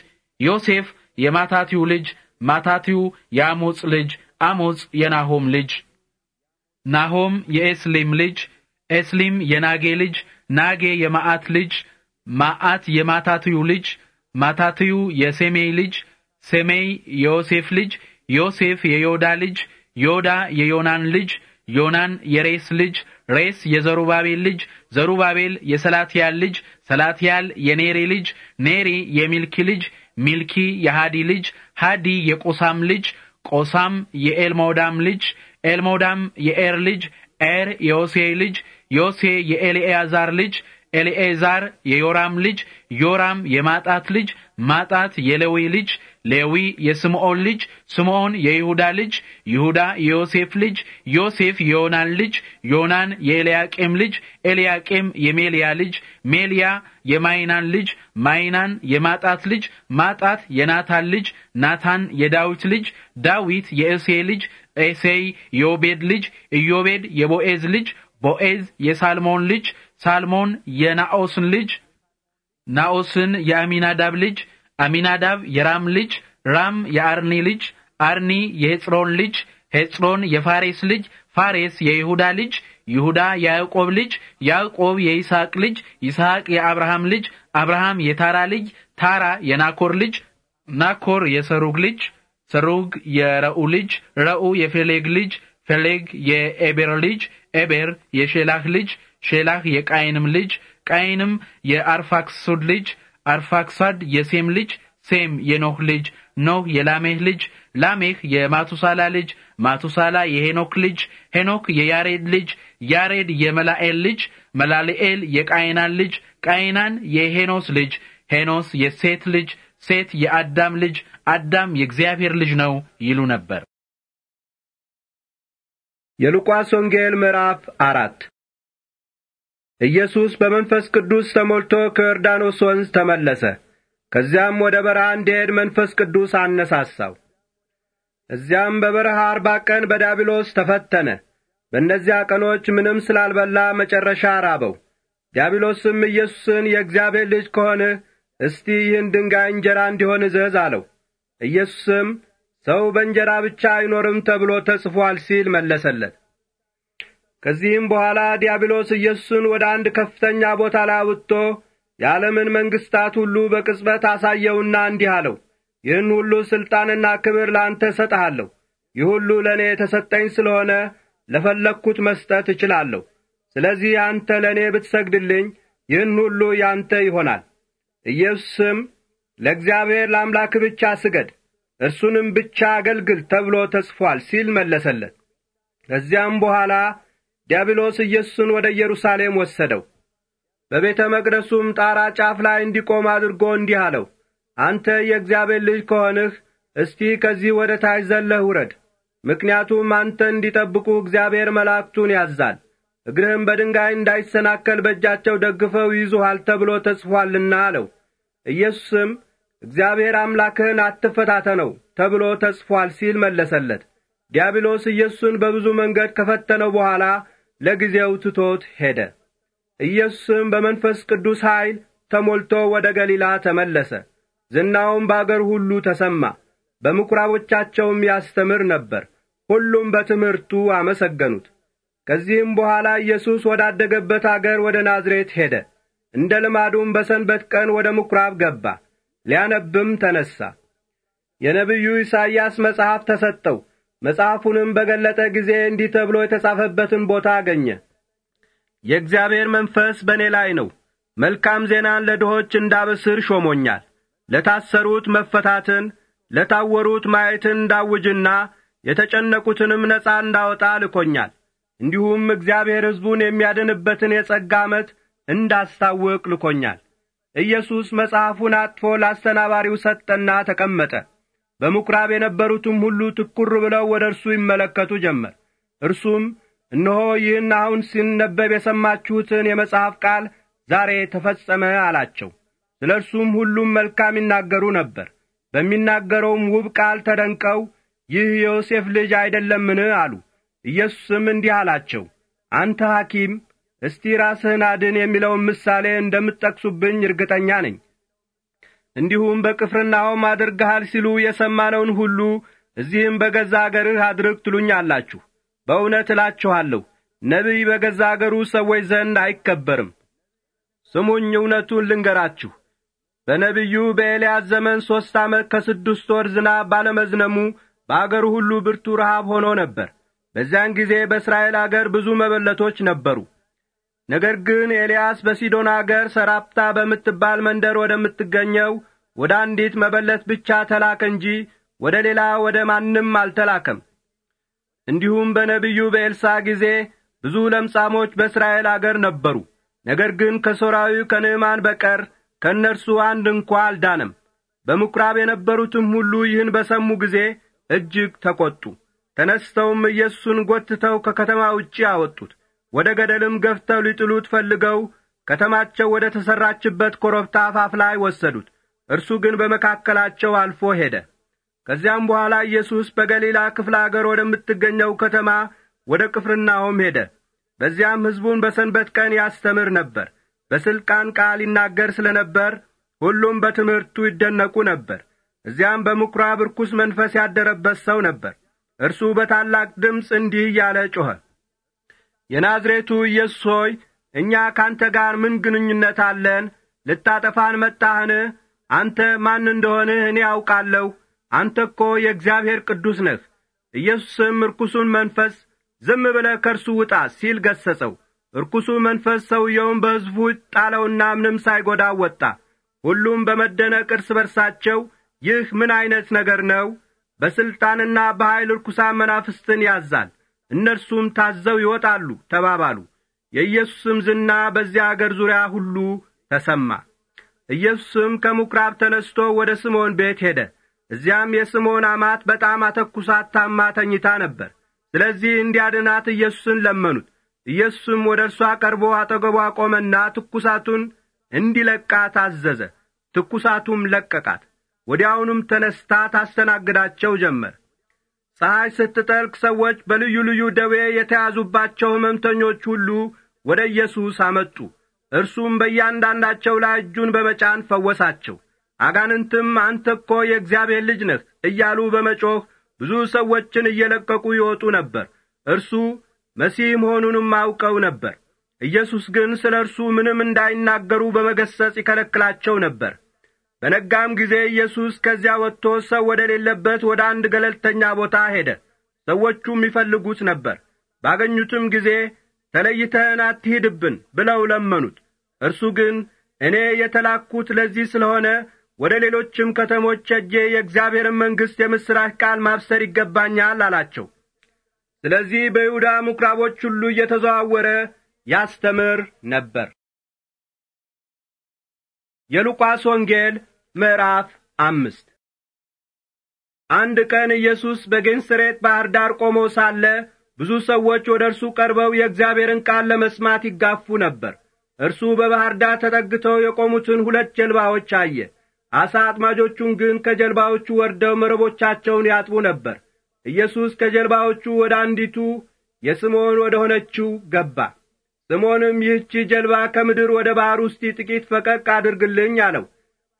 ዮሴፍ የማታቲው ልጅ፣ ማታቲው የአሞጽ ልጅ፣ አሞጽ የናሆም ልጅ፣ ናሆም የኤስሊም ልጅ፣ ኤስሊም የናጌ ልጅ፣ ናጌ የማአት ልጅ፣ ማአት የማታቲው ልጅ፣ ማታትዩ የሴሜይ ልጅ፣ ሴሜይ የዮሴፍ ልጅ፣ ዮሴፍ የዮዳ ልጅ፣ ዮዳ የዮናን ልጅ፣ ዮናን የሬስ ልጅ፣ ሬስ የዘሩባቤል ልጅ፣ ዘሩባቤል የሰላትያል ልጅ፣ ሰላትያል የኔሪ ልጅ፣ ኔሪ የሚልኪ ልጅ ሚልኪ የሃዲ ልጅ፣ ሃዲ የቆሳም ልጅ፣ ቆሳም የኤልሞዳም ልጅ፣ ኤልሞዳም የኤር ልጅ፣ ኤር የዮሴ ልጅ፣ ዮሴ የኤልኤዛር ልጅ፣ ኤልኤዛር የዮራም ልጅ፣ ዮራም የማጣት ልጅ፣ ማጣት የሌዊ ልጅ፣ ሌዊ የስምዖን ልጅ፣ ስምዖን የይሁዳ ልጅ፣ ይሁዳ የዮሴፍ ልጅ፣ ዮሴፍ የዮናን ልጅ፣ ዮናን የኤልያቄም ልጅ፣ ኤልያቄም የሜልያ ልጅ፣ ሜልያ የማይናን ልጅ፣ ማይናን የማጣት ልጅ፣ ማጣት የናታን ልጅ፣ ናታን የዳዊት ልጅ፣ ዳዊት የእሴ ልጅ፣ እሴይ የኦቤድ ልጅ፣ ኢዮቤድ የቦኤዝ ልጅ፣ ቦኤዝ የሳልሞን ልጅ፣ ሳልሞን የናኦስን ልጅ፣ ናኦስን የአሚናዳብ ልጅ፣ አሚናዳብ የራም ልጅ፣ ራም የአርኒ ልጅ፣ አርኒ የሄጽሮን ልጅ፣ ሄጽሮን የፋሬስ ልጅ፣ ፋሬስ የይሁዳ ልጅ፣ ይሁዳ የያዕቆብ ልጅ፣ ያዕቆብ የይስሐቅ ልጅ፣ ይስሐቅ የአብርሃም ልጅ፣ አብርሃም የታራ ልጅ፣ ታራ የናኮር ልጅ፣ ናኮር የሰሩግ ልጅ፣ ሰሩግ የረኡ ልጅ፣ ረኡ የፌሌግ ልጅ፣ ፌሌግ የኤቤር ልጅ፣ ኤቤር የሼላህ ልጅ፣ ሼላህ የቃይንም ልጅ፣ ቃይንም የአርፋክሱድ ልጅ፣ አርፋክሳድ የሴም ልጅ፣ ሴም የኖህ ልጅ፣ ኖህ የላሜህ ልጅ፣ ላሜህ የማቱሳላ ልጅ፣ ማቱሳላ የሄኖክ ልጅ፣ ሄኖክ የያሬድ ልጅ፣ ያሬድ የመላኤል ልጅ፣ መላልኤል የቃይናን ልጅ፣ ቃይናን የሄኖስ ልጅ፣ ሄኖስ የሴት ልጅ፣ ሴት የአዳም ልጅ፣ አዳም የእግዚአብሔር ልጅ ነው ይሉ ነበር። የሉቃስ ወንጌል ምዕራፍ አራት ኢየሱስ በመንፈስ ቅዱስ ተሞልቶ ከዮርዳኖስ ወንዝ ተመለሰ። ከዚያም ወደ በረሃ እንዲሄድ መንፈስ ቅዱስ አነሳሳው። እዚያም በበረሃ አርባ ቀን በዳቢሎስ ተፈተነ። በእነዚያ ቀኖች ምንም ስላልበላ መጨረሻ ራበው። ዲያብሎስም ኢየሱስን የእግዚአብሔር ልጅ ከሆነ እስቲ ይህን ድንጋይ እንጀራ እንዲሆን እዘዝ አለው። ኢየሱስም ሰው በእንጀራ ብቻ አይኖርም ተብሎ ተጽፏል ሲል መለሰለት። ከዚህም በኋላ ዲያብሎስ ኢየሱስን ወደ አንድ ከፍተኛ ቦታ ላይ አውጥቶ የዓለምን መንግሥታት ሁሉ በቅጽበት አሳየውና እንዲህ አለው፣ ይህን ሁሉ ሥልጣንና ክብር ለአንተ እሰጥሃለሁ። ይህ ሁሉ ለእኔ የተሰጠኝ ስለሆነ ለፈለግሁት መስጠት እችላለሁ። ስለዚህ አንተ ለእኔ ብትሰግድልኝ ይህን ሁሉ ያንተ ይሆናል። ኢየሱስም ለእግዚአብሔር ለአምላክ ብቻ ስገድ፣ እርሱንም ብቻ አገልግል ተብሎ ተጽፏል ሲል መለሰለት። ከዚያም በኋላ ዲያብሎስ ኢየሱስን ወደ ኢየሩሳሌም ወሰደው። በቤተ መቅደሱም ጣራ ጫፍ ላይ እንዲቆም አድርጎ እንዲህ አለው፣ አንተ የእግዚአብሔር ልጅ ከሆንህ እስቲ ከዚህ ወደ ታች ዘለህ ውረድ፣ ምክንያቱም አንተ እንዲጠብቁ እግዚአብሔር መላእክቱን ያዛል እግርህም በድንጋይ እንዳይሰናከል በእጃቸው ደግፈው ይዙሃል ተብሎ ተጽፏልና አለው። ኢየሱስም እግዚአብሔር አምላክህን አትፈታተነው ተብሎ ተጽፏል ሲል መለሰለት። ዲያብሎስ ኢየሱስን በብዙ መንገድ ከፈተነው በኋላ ለጊዜው ትቶት ሄደ። ኢየሱስም በመንፈስ ቅዱስ ኀይል ተሞልቶ ወደ ገሊላ ተመለሰ። ዝናውም በአገር ሁሉ ተሰማ። በምኵራቦቻቸውም ያስተምር ነበር። ሁሉም በትምህርቱ አመሰገኑት። ከዚህም በኋላ ኢየሱስ ወዳደገበት አገር ወደ ናዝሬት ሄደ። እንደ ልማዱም በሰንበት ቀን ወደ ምኵራብ ገባ፣ ሊያነብም ተነሣ። የነቢዩ ኢሳይያስ መጽሐፍ ተሰጠው። መጽሐፉንም በገለጠ ጊዜ እንዲህ ተብሎ የተጻፈበትን ቦታ አገኘ። የእግዚአብሔር መንፈስ በእኔ ላይ ነው፣ መልካም ዜናን ለድሆች እንዳበስር ሾሞኛል። ለታሰሩት መፈታትን፣ ለታወሩት ማየትን እንዳውጅና የተጨነቁትንም ነፃ እንዳወጣ ልኮኛል እንዲሁም እግዚአብሔር ሕዝቡን የሚያድንበትን የጸጋ ዓመት እንዳስታውቅ ልኮኛል። ኢየሱስ መጽሐፉን አጥፎ ለአስተናባሪው ሰጠና ተቀመጠ። በምኵራብ የነበሩትም ሁሉ ትኩር ብለው ወደ እርሱ ይመለከቱ ጀመር። እርሱም እነሆ ይህን አሁን ሲነበብ የሰማችሁትን የመጽሐፍ ቃል ዛሬ ተፈጸመ አላቸው። ስለ እርሱም ሁሉም መልካም ይናገሩ ነበር። በሚናገረውም ውብ ቃል ተደንቀው ይህ የዮሴፍ ልጅ አይደለምን አሉ። ኢየሱስም እንዲህ አላቸው፣ አንተ ሐኪም እስቲ ራስህን አድን የሚለውን ምሳሌ እንደምትጠቅሱብኝ እርግጠኛ ነኝ። እንዲሁም በቅፍርናሆም አድርገሃል ሲሉ የሰማነውን ሁሉ እዚህም በገዛ አገርህ አድርግ ትሉኛላችሁ። በእውነት እላችኋለሁ ነቢይ በገዛ አገሩ ሰዎች ዘንድ አይከበርም። ስሙኝ፣ እውነቱን ልንገራችሁ። በነቢዩ በኤልያስ ዘመን ሦስት ዓመት ከስድስት ወር ዝናብ ባለመዝነሙ በአገሩ ሁሉ ብርቱ ረሃብ ሆኖ ነበር። በዚያን ጊዜ በእስራኤል አገር ብዙ መበለቶች ነበሩ። ነገር ግን ኤልያስ በሲዶን አገር ሰራፕታ በምትባል መንደር ወደምትገኘው ወደ አንዲት መበለት ብቻ ተላከ እንጂ ወደ ሌላ ወደ ማንም አልተላከም። እንዲሁም በነቢዩ በኤልሳ ጊዜ ብዙ ለምጻሞች በእስራኤል አገር ነበሩ። ነገር ግን ከሶራዊ ከንዕማን በቀር ከእነርሱ አንድ እንኳ አልዳነም። በምኵራብ የነበሩትም ሁሉ ይህን በሰሙ ጊዜ እጅግ ተቈጡ። ተነስተውም ኢየሱስን ጐትተው ከከተማ ውጪ አወጡት። ወደ ገደልም ገፍተው ሊጥሉት ፈልገው ከተማቸው ወደ ተሠራችበት ኮረብታ አፋፍ ላይ ወሰዱት። እርሱ ግን በመካከላቸው አልፎ ሄደ። ከዚያም በኋላ ኢየሱስ በገሊላ ክፍለ አገር ወደምትገኘው ከተማ ወደ ቅፍርናሆም ሄደ። በዚያም ሕዝቡን በሰንበት ቀን ያስተምር ነበር። በስልጣን ቃል ይናገር ስለ ነበር ሁሉም በትምህርቱ ይደነቁ ነበር። እዚያም በምኵራብ ርኩስ መንፈስ ያደረበት ሰው ነበር። እርሱ በታላቅ ድምፅ እንዲህ እያለ ጮኸ የናዝሬቱ ኢየሱስ ሆይ እኛ ካንተ ጋር ምን ግንኙነት አለን ልታጠፋን መጣህን አንተ ማን እንደሆንህ እኔ አውቃለሁ አንተ እኮ የእግዚአብሔር ቅዱስ ነህ ኢየሱስም ርኩሱን መንፈስ ዝም ብለህ ከእርሱ ውጣ ሲል ገሰጸው ርኩሱ መንፈስ ሰውየውን በሕዝቡ ጣለውና ምንም ሳይጐዳው ወጣ ሁሉም በመደነቅ እርስ በርሳቸው ይህ ምን ዐይነት ነገር ነው በሥልጣንና በኀይል ርኩሳ መናፍስትን ያዛል፣ እነርሱም ታዘው ይወጣሉ ተባባሉ። የኢየሱስም ዝና በዚያ አገር ዙሪያ ሁሉ ተሰማ። ኢየሱስም ከምኵራብ ተነስቶ ወደ ስምዖን ቤት ሄደ። እዚያም የስምዖን አማት በጣም አተኩሳት ታማ ተኝታ ነበር። ስለዚህ እንዲያድናት ኢየሱስን ለመኑት። ኢየሱስም ወደ እርሷ ቀርቦ አጠገቧ ቆመና ትኩሳቱን እንዲለቃት አዘዘ። ትኩሳቱም ለቀቃት። ወዲያውኑም ተነስታ ታስተናግዳቸው ጀመር። ፀሐይ ስትጠልቅ ሰዎች በልዩ ልዩ ደዌ የተያዙባቸው ሕመምተኞች ሁሉ ወደ ኢየሱስ አመጡ። እርሱም በእያንዳንዳቸው ላይ እጁን በመጫን ፈወሳቸው። አጋንንትም አንተ እኮ የእግዚአብሔር ልጅ ነህ እያሉ በመጮኽ ብዙ ሰዎችን እየለቀቁ ይወጡ ነበር። እርሱ መሲህ መሆኑንም አውቀው ነበር። ኢየሱስ ግን ስለ እርሱ ምንም እንዳይናገሩ በመገሰጽ ይከለክላቸው ነበር። በነጋም ጊዜ ኢየሱስ ከዚያ ወጥቶ ሰው ወደሌለበት ወደ አንድ ገለልተኛ ቦታ ሄደ። ሰዎቹም ይፈልጉት ነበር። ባገኙትም ጊዜ ተለይተን አትሂድብን ብለው ለመኑት። እርሱ ግን እኔ የተላኩት ለዚህ ስለሆነ ወደ ሌሎችም ከተሞች ሄጄ የእግዚአብሔርን መንግሥት የምሥራች ቃል ማብሰር ይገባኛል አላቸው። ስለዚህ በይሁዳ ምኵራቦች ሁሉ እየተዘዋወረ ያስተምር ነበር። የሉቃስ ወንጌል ምዕራፍ አምስት አንድ ቀን ኢየሱስ በጌንስሬት ባሕር ዳር ቆሞ ሳለ ብዙ ሰዎች ወደ እርሱ ቀርበው የእግዚአብሔርን ቃል ለመስማት ይጋፉ ነበር። እርሱ በባሕር ዳር ተጠግተው የቆሙትን ሁለት ጀልባዎች አየ። ዓሣ አጥማጆቹን ግን ከጀልባዎቹ ወርደው መረቦቻቸውን ያጥቡ ነበር። ኢየሱስ ከጀልባዎቹ ወደ አንዲቱ የስምዖን ወደ ሆነችው ገባ። ስምዖንም ይህቺ ጀልባ ከምድር ወደ ባሕር ውስጥ ጥቂት ፈቀቅ አድርግልኝ አለው።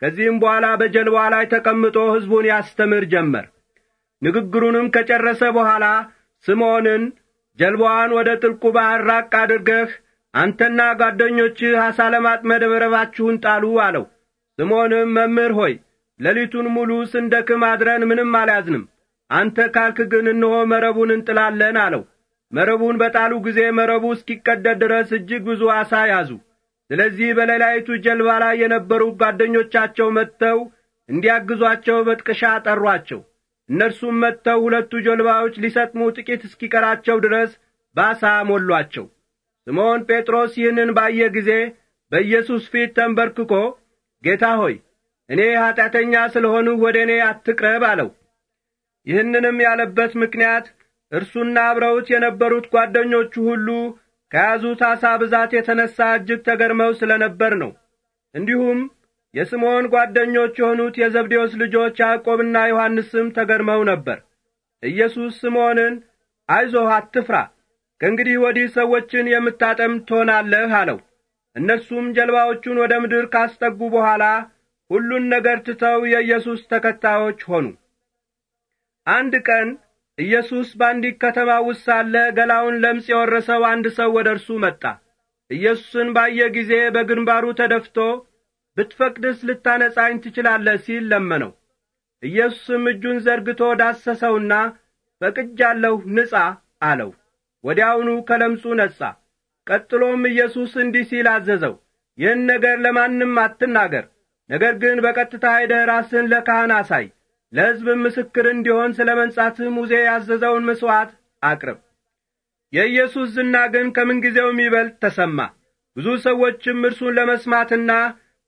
ከዚህም በኋላ በጀልባ ላይ ተቀምጦ ሕዝቡን ያስተምር ጀመር። ንግግሩንም ከጨረሰ በኋላ ስምዖንን ጀልባዋን ወደ ጥልቁ ባሕር ራቅ አድርገህ አንተና ጓደኞችህ ዓሣ ለማጥመድ መረባችሁን ጣሉ አለው። ስምዖንም መምህር ሆይ ሌሊቱን ሙሉ ስንደክም አድረን ምንም አልያዝንም፣ አንተ ካልክ ግን እነሆ መረቡን እንጥላለን አለው። መረቡን በጣሉ ጊዜ መረቡ እስኪቀደድ ድረስ እጅግ ብዙ ዓሣ ያዙ። ስለዚህ በሌላይቱ ጀልባ ላይ የነበሩ ጓደኞቻቸው መጥተው እንዲያግዟቸው በጥቅሻ ጠሯቸው። እነርሱም መጥተው ሁለቱ ጀልባዎች ሊሰጥሙ ጥቂት እስኪቀራቸው ድረስ ባሳ ሞሏቸው። ስምዖን ጴጥሮስ ይህንን ባየ ጊዜ በኢየሱስ ፊት ተንበርክኮ ጌታ ሆይ እኔ ኀጢአተኛ ስለሆኑ ወደ እኔ አትቅረብ አለው። ይህንንም ያለበት ምክንያት እርሱና አብረውት የነበሩት ጓደኞቹ ሁሉ ከያዙት ዓሣ ብዛት የተነሣ እጅግ ተገርመው ስለ ነበር ነው። እንዲሁም የስምዖን ጓደኞች የሆኑት የዘብዴዎስ ልጆች ያዕቆብና ዮሐንስም ተገርመው ነበር። ኢየሱስ ስምዖንን አይዞህ፣ አትፍራ፣ ከእንግዲህ ወዲህ ሰዎችን የምታጠም ትሆናለህ አለው። እነሱም ጀልባዎቹን ወደ ምድር ካስጠጉ በኋላ ሁሉን ነገር ትተው የኢየሱስ ተከታዮች ሆኑ። አንድ ቀን ኢየሱስ በአንዲት ከተማ ውስጥ ሳለ ገላውን ለምጽ የወረሰው አንድ ሰው ወደ እርሱ መጣ። ኢየሱስን ባየ ጊዜ በግንባሩ ተደፍቶ ብትፈቅድስ ልታነጻኝ ትችላለህ ሲል ለመነው። ኢየሱስም እጁን ዘርግቶ ዳሰሰውና ፈቅጃለሁ፣ ንጻ አለው። ወዲያውኑ ከለምጹ ነጻ። ቀጥሎም ኢየሱስ እንዲህ ሲል አዘዘው፣ ይህን ነገር ለማንም አትናገር፣ ነገር ግን በቀጥታ ሄደህ ራስን ለካህን አሳይ ለሕዝብም ምስክር እንዲሆን ስለ መንጻትህ ሙሴ ያዘዘውን መሥዋዕት አቅርብ። የኢየሱስ ዝና ግን ከምንጊዜውም የሚበልጥ ተሰማ። ብዙ ሰዎችም እርሱን ለመስማትና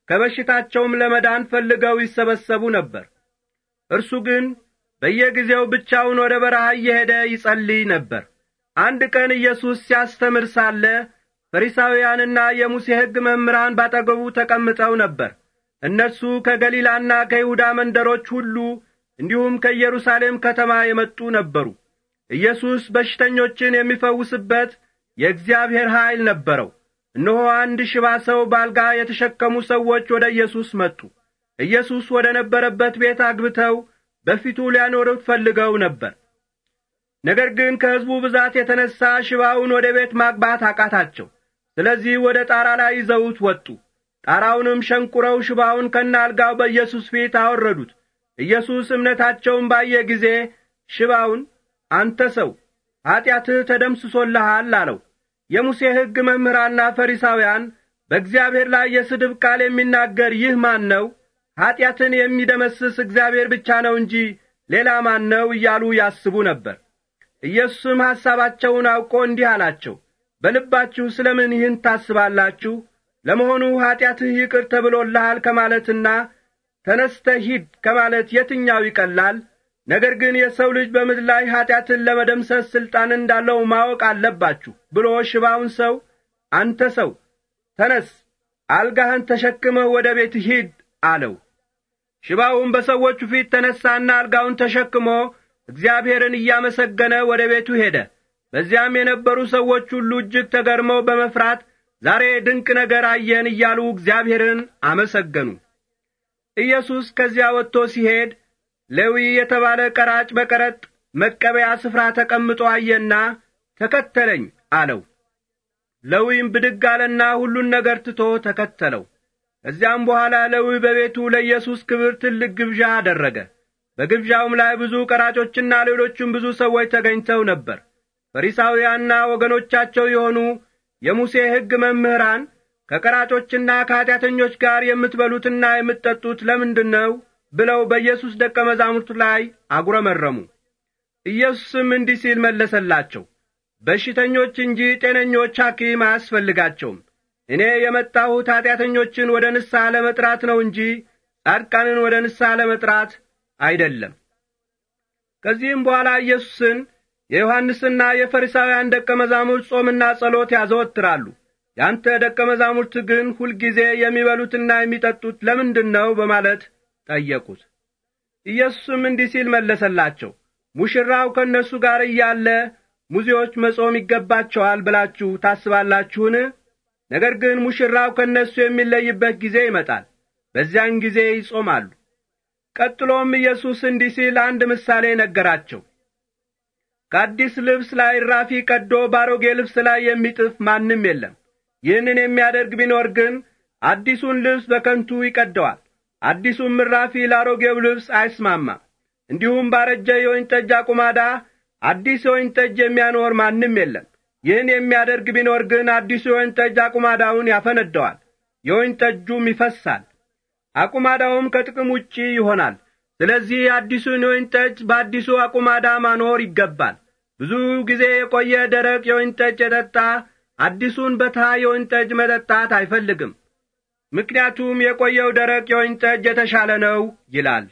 ከበሽታቸውም ለመዳን ፈልገው ይሰበሰቡ ነበር። እርሱ ግን በየጊዜው ብቻውን ወደ በረሃ እየሄደ ይጸልይ ነበር። አንድ ቀን ኢየሱስ ሲያስተምር ሳለ ፈሪሳውያንና የሙሴ ሕግ መምህራን ባጠገቡ ተቀምጠው ነበር። እነርሱ ከገሊላና ከይሁዳ መንደሮች ሁሉ እንዲሁም ከኢየሩሳሌም ከተማ የመጡ ነበሩ። ኢየሱስ በሽተኞችን የሚፈውስበት የእግዚአብሔር ኀይል ነበረው። እነሆ አንድ ሽባ ሰው ባልጋ የተሸከሙ ሰዎች ወደ ኢየሱስ መጡ። ኢየሱስ ወደ ነበረበት ቤት አግብተው በፊቱ ሊያኖሩት ፈልገው ነበር። ነገር ግን ከሕዝቡ ብዛት የተነሣ ሽባውን ወደ ቤት ማግባት አቃታቸው። ስለዚህ ወደ ጣራ ላይ ይዘውት ወጡ። ጣራውንም ሸንቁረው ሽባውን ከነ አልጋው በኢየሱስ ፊት አወረዱት። ኢየሱስ እምነታቸውን ባየ ጊዜ ሽባውን አንተ ሰው ኀጢአትህ ተደምስሶልሃል አለው። የሙሴ ሕግ መምህራንና ፈሪሳውያን በእግዚአብሔር ላይ የስድብ ቃል የሚናገር ይህ ማን ነው? ኀጢአትን የሚደመስስ እግዚአብሔር ብቻ ነው እንጂ ሌላ ማን ነው? እያሉ ያስቡ ነበር። ኢየሱስም ሐሳባቸውን አውቆ እንዲህ አላቸው፣ በልባችሁ ስለ ምን ይህን ታስባላችሁ? ለመሆኑ ኀጢአትህ ይቅር ተብሎልሃል ከማለትና ተነስተ ሂድ ከማለት የትኛው ይቀላል? ነገር ግን የሰው ልጅ በምድር ላይ ኀጢአትን ለመደምሰስ ሥልጣን እንዳለው ማወቅ አለባችሁ ብሎ ሽባውን ሰው አንተ ሰው ተነስ፣ አልጋህን ተሸክመህ ወደ ቤት ሂድ አለው። ሽባውም በሰዎቹ ፊት ተነሣና አልጋውን ተሸክሞ እግዚአብሔርን እያመሰገነ ወደ ቤቱ ሄደ። በዚያም የነበሩ ሰዎች ሁሉ እጅግ ተገርመው በመፍራት ዛሬ ድንቅ ነገር አየን እያሉ እግዚአብሔርን አመሰገኑ። ኢየሱስ ከዚያ ወጥቶ ሲሄድ ሌዊ የተባለ ቀራጭ በቀረጥ መቀበያ ስፍራ ተቀምጦ አየና ተከተለኝ አለው። ሌዊም ብድግ አለና ሁሉን ነገር ትቶ ተከተለው። ከዚያም በኋላ ሌዊ በቤቱ ለኢየሱስ ክብር ትልቅ ግብዣ አደረገ። በግብዣውም ላይ ብዙ ቀራጮችና ሌሎችም ብዙ ሰዎች ተገኝተው ነበር። ፈሪሳውያንና ወገኖቻቸው የሆኑ የሙሴ ሕግ መምህራን ከቀራጮችና ከኀጢአተኞች ጋር የምትበሉትና የምትጠጡት ለምንድን ነው? ብለው በኢየሱስ ደቀ መዛሙርት ላይ አጉረመረሙ። ኢየሱስም እንዲህ ሲል መለሰላቸው፣ በሽተኞች እንጂ ጤነኞች ሐኪም አያስፈልጋቸውም። እኔ የመጣሁት ኀጢአተኞችን ወደ ንስሐ ለመጥራት ነው እንጂ ጻድቃንን ወደ ንስሐ ለመጥራት አይደለም። ከዚህም በኋላ ኢየሱስን የዮሐንስና የፈሪሳውያን ደቀ መዛሙርት ጾምና ጸሎት ያዘወትራሉ። ያንተ ደቀ መዛሙርት ግን ሁልጊዜ የሚበሉትና የሚጠጡት ለምንድን ነው በማለት ጠየቁት። ኢየሱስም እንዲህ ሲል መለሰላቸው፣ ሙሽራው ከእነሱ ጋር እያለ ሙዚዎች መጾም ይገባቸዋል ብላችሁ ታስባላችሁን? ነገር ግን ሙሽራው ከእነሱ የሚለይበት ጊዜ ይመጣል፣ በዚያን ጊዜ ይጾማሉ። ቀጥሎም ኢየሱስ እንዲህ ሲል አንድ ምሳሌ ነገራቸው። ከአዲስ ልብስ ላይ ራፊ ቀዶ ባሮጌ ልብስ ላይ የሚጥፍ ማንም የለም። ይህንን የሚያደርግ ቢኖር ግን አዲሱን ልብስ በከንቱ ይቀደዋል፣ አዲሱን ምራፊ ላሮጌው ልብስ አይስማማም። እንዲሁም ባረጀ የወይን ጠጅ አቁማዳ አዲስ የወይን ጠጅ የሚያኖር ማንም የለም። ይህን የሚያደርግ ቢኖር ግን አዲሱ የወይን ጠጅ አቁማዳውን ያፈነደዋል፣ የወይን ጠጁም ይፈሳል፣ አቁማዳውም ከጥቅም ውጪ ይሆናል። ስለዚህ አዲሱን የወይን ጠጅ በአዲሱ አቁማዳ ማኖር ይገባል። ብዙ ጊዜ የቆየ ደረቅ የወይን ጠጅ የጠጣ አዲሱን በተሃ የወይን ጠጅ መጠጣት አይፈልግም፣ ምክንያቱም የቆየው ደረቅ የወይን ጠጅ የተሻለ ነው ይላል።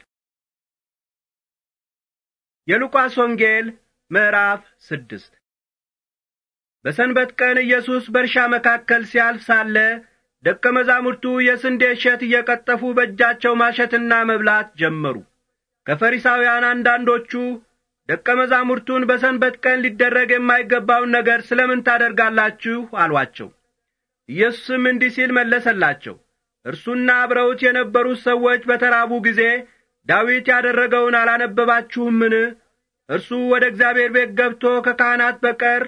የሉቃስ ወንጌል ምዕራፍ ስድስት በሰንበት ቀን ኢየሱስ በእርሻ መካከል ሲያልፍ ሳለ ደቀ መዛሙርቱ የስንዴ እሸት እየቀጠፉ በእጃቸው ማሸትና መብላት ጀመሩ። ከፈሪሳውያን አንዳንዶቹ ደቀ መዛሙርቱን በሰንበት ቀን ሊደረግ የማይገባውን ነገር ስለምን ታደርጋላችሁ? አሏቸው። ኢየሱስም እንዲህ ሲል መለሰላቸው። እርሱና አብረውት የነበሩት ሰዎች በተራቡ ጊዜ ዳዊት ያደረገውን አላነበባችሁምን? እርሱ ወደ እግዚአብሔር ቤት ገብቶ ከካህናት በቀር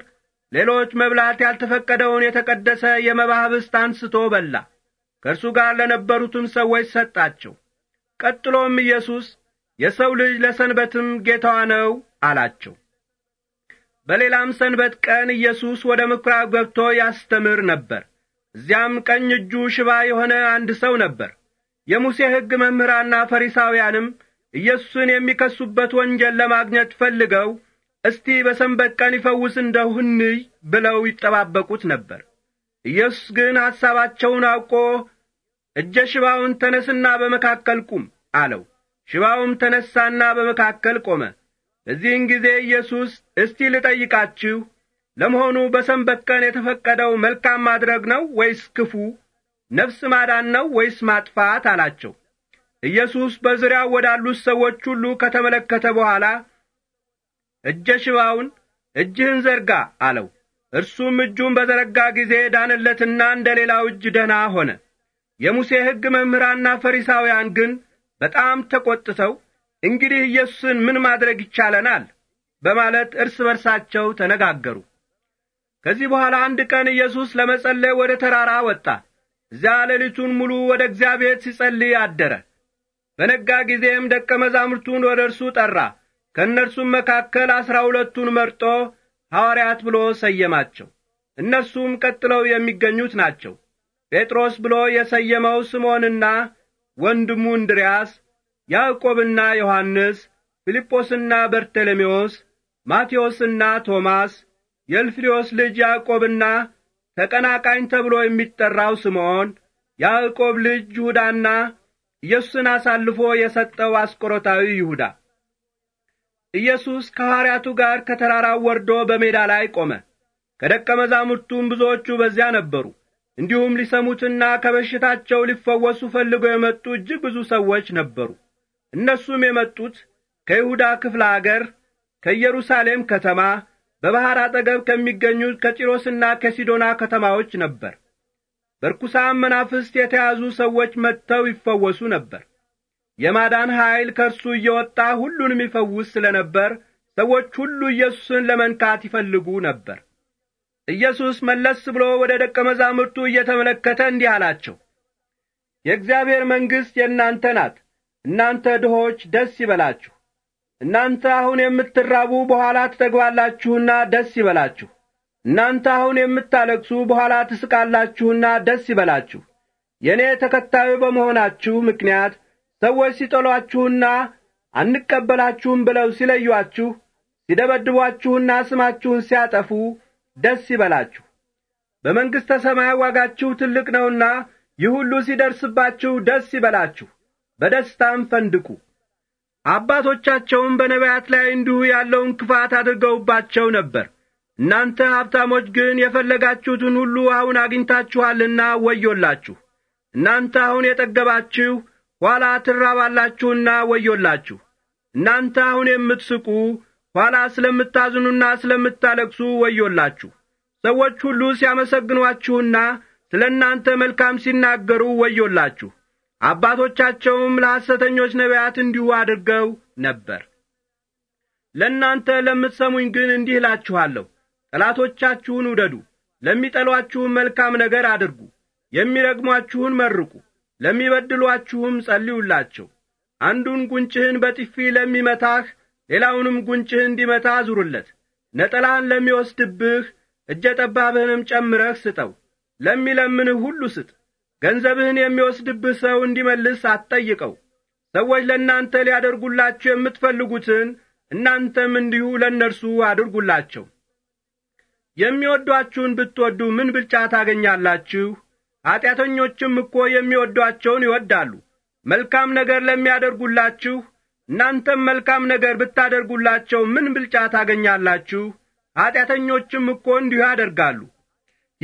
ሌሎች መብላት ያልተፈቀደውን የተቀደሰ የመባ ኅብስት አንስቶ በላ፣ ከእርሱ ጋር ለነበሩትም ሰዎች ሰጣቸው። ቀጥሎም ኢየሱስ የሰው ልጅ ለሰንበትም ጌታዋ ነው አላቸው። በሌላም ሰንበት ቀን ኢየሱስ ወደ ምኵራብ ገብቶ ያስተምር ነበር። እዚያም ቀኝ እጁ ሽባ የሆነ አንድ ሰው ነበር። የሙሴ ሕግ መምህራና ፈሪሳውያንም ኢየሱስን የሚከሱበት ወንጀል ለማግኘት ፈልገው እስቲ በሰንበት ቀን ይፈውስ እንደሁንይ ብለው ይጠባበቁት ነበር። ኢየሱስ ግን ሐሳባቸውን አውቆ እጀ ሽባውን ተነስና በመካከል ቁም አለው። ሽባውም ተነሳና በመካከል ቆመ። በዚህን ጊዜ ኢየሱስ እስቲ ልጠይቃችሁ፣ ለመሆኑ በሰንበት ቀን የተፈቀደው መልካም ማድረግ ነው ወይስ ክፉ? ነፍስ ማዳን ነው ወይስ ማጥፋት? አላቸው። ኢየሱስ በዙሪያው ወዳሉት ሰዎች ሁሉ ከተመለከተ በኋላ እጀ ሽባውን እጅህን ዘርጋ አለው። እርሱም እጁን በዘረጋ ጊዜ ዳንለትና እንደ ሌላው እጅ ደህና ሆነ። የሙሴ ሕግ መምህራንና ፈሪሳውያን ግን በጣም ተቈጥተው እንግዲህ ኢየሱስን ምን ማድረግ ይቻለናል በማለት እርስ በርሳቸው ተነጋገሩ። ከዚህ በኋላ አንድ ቀን ኢየሱስ ለመጸለይ ወደ ተራራ ወጣ። እዚያ ሌሊቱን ሙሉ ወደ እግዚአብሔር ሲጸልይ አደረ። በነጋ ጊዜም ደቀ መዛሙርቱን ወደ እርሱ ጠራ። ከእነርሱም መካከል አሥራ ሁለቱን መርጦ ሐዋርያት ብሎ ሰየማቸው። እነርሱም ቀጥለው የሚገኙት ናቸው። ጴጥሮስ ብሎ የሰየመው ስምዖንና ወንድሙ እንድርያስ ያዕቆብና ዮሐንስ፣ ፊልጶስና በርተሎሜዎስ፣ ማቴዎስና ቶማስ፣ የእልፍልዮስ ልጅ ያዕቆብና ተቀናቃኝ ተብሎ የሚጠራው ስምዖን፣ ያዕቆብ ልጅ ይሁዳና ኢየሱስን አሳልፎ የሰጠው አስቆሮታዊ ይሁዳ። ኢየሱስ ከሐዋርያቱ ጋር ከተራራው ወርዶ በሜዳ ላይ ቆመ። ከደቀ መዛሙርቱም ብዙዎቹ በዚያ ነበሩ። እንዲሁም ሊሰሙትና ከበሽታቸው ሊፈወሱ ፈልገው የመጡ እጅግ ብዙ ሰዎች ነበሩ። እነሱም የመጡት ከይሁዳ ክፍለ አገር ከኢየሩሳሌም ከተማ በባሕር አጠገብ ከሚገኙ ከጢሮስና ከሲዶና ከተማዎች ነበር። በርኩሳን መናፍስት የተያዙ ሰዎች መጥተው ይፈወሱ ነበር። የማዳን ኀይል ከእርሱ እየወጣ ሁሉንም ይፈውስ ስለ ነበር ሰዎች ሁሉ ኢየሱስን ለመንካት ይፈልጉ ነበር። ኢየሱስ መለስ ብሎ ወደ ደቀ መዛሙርቱ እየተመለከተ እንዲህ አላቸው፣ የእግዚአብሔር መንግሥት የእናንተ ናት እናንተ ድሆች ደስ ይበላችሁ፣ እናንተ አሁን የምትራቡ በኋላ ትጠግባላችሁና ደስ ይበላችሁ። እናንተ አሁን የምታለቅሱ በኋላ ትስቃላችሁና ደስ ይበላችሁ። የእኔ ተከታዩ በመሆናችሁ ምክንያት ሰዎች ሲጠሏችሁና አንቀበላችሁም ብለው ሲለዩአችሁ፣ ሲደበድቧችሁና ስማችሁን ሲያጠፉ ደስ ይበላችሁ። በመንግሥተ ሰማይ ዋጋችሁ ትልቅ ነውና ይህ ሁሉ ሲደርስባችሁ ደስ ይበላችሁ። በደስታም ፈንድቁ። አባቶቻቸውም በነቢያት ላይ እንዲሁ ያለውን ክፋት አድርገውባቸው ነበር። እናንተ ሀብታሞች ግን የፈለጋችሁትን ሁሉ አሁን አግኝታችኋልና ወዮላችሁ። እናንተ አሁን የጠገባችሁ ኋላ ትራባላችሁና ወዮላችሁ። እናንተ አሁን የምትስቁ ኋላ ስለምታዝኑና ስለምታለቅሱ ወዮላችሁ። ሰዎች ሁሉ ሲያመሰግኗችሁና ስለ እናንተ መልካም ሲናገሩ ወዮላችሁ። አባቶቻቸውም ለሐሰተኞች ነቢያት እንዲሁ አድርገው ነበር። ለእናንተ ለምትሰሙኝ ግን እንዲህ እላችኋለሁ፣ ጠላቶቻችሁን ውደዱ፣ ለሚጠሏችሁም መልካም ነገር አድርጉ፣ የሚረግሟችሁን መርቁ፣ ለሚበድሏችሁም ጸልዩላቸው። አንዱን ጒንጭህን በጢፊ ለሚመታህ ሌላውንም ጒንጭህ እንዲመታ አዙርለት። ነጠላህን ለሚወስድብህ እጀ ጠባብህንም ጨምረህ ስጠው። ለሚለምንህ ሁሉ ስጥ። ገንዘብህን የሚወስድብህ ሰው እንዲመልስ አትጠይቀው። ሰዎች ለእናንተ ሊያደርጉላችሁ የምትፈልጉትን እናንተም እንዲሁ ለእነርሱ አድርጉላቸው። የሚወዷችሁን ብትወዱ ምን ብልጫ ታገኛላችሁ? ኀጢአተኞችም እኮ የሚወዷቸውን ይወዳሉ። መልካም ነገር ለሚያደርጉላችሁ እናንተም መልካም ነገር ብታደርጉላቸው ምን ብልጫ ታገኛላችሁ? ኀጢአተኞችም እኮ እንዲሁ ያደርጋሉ።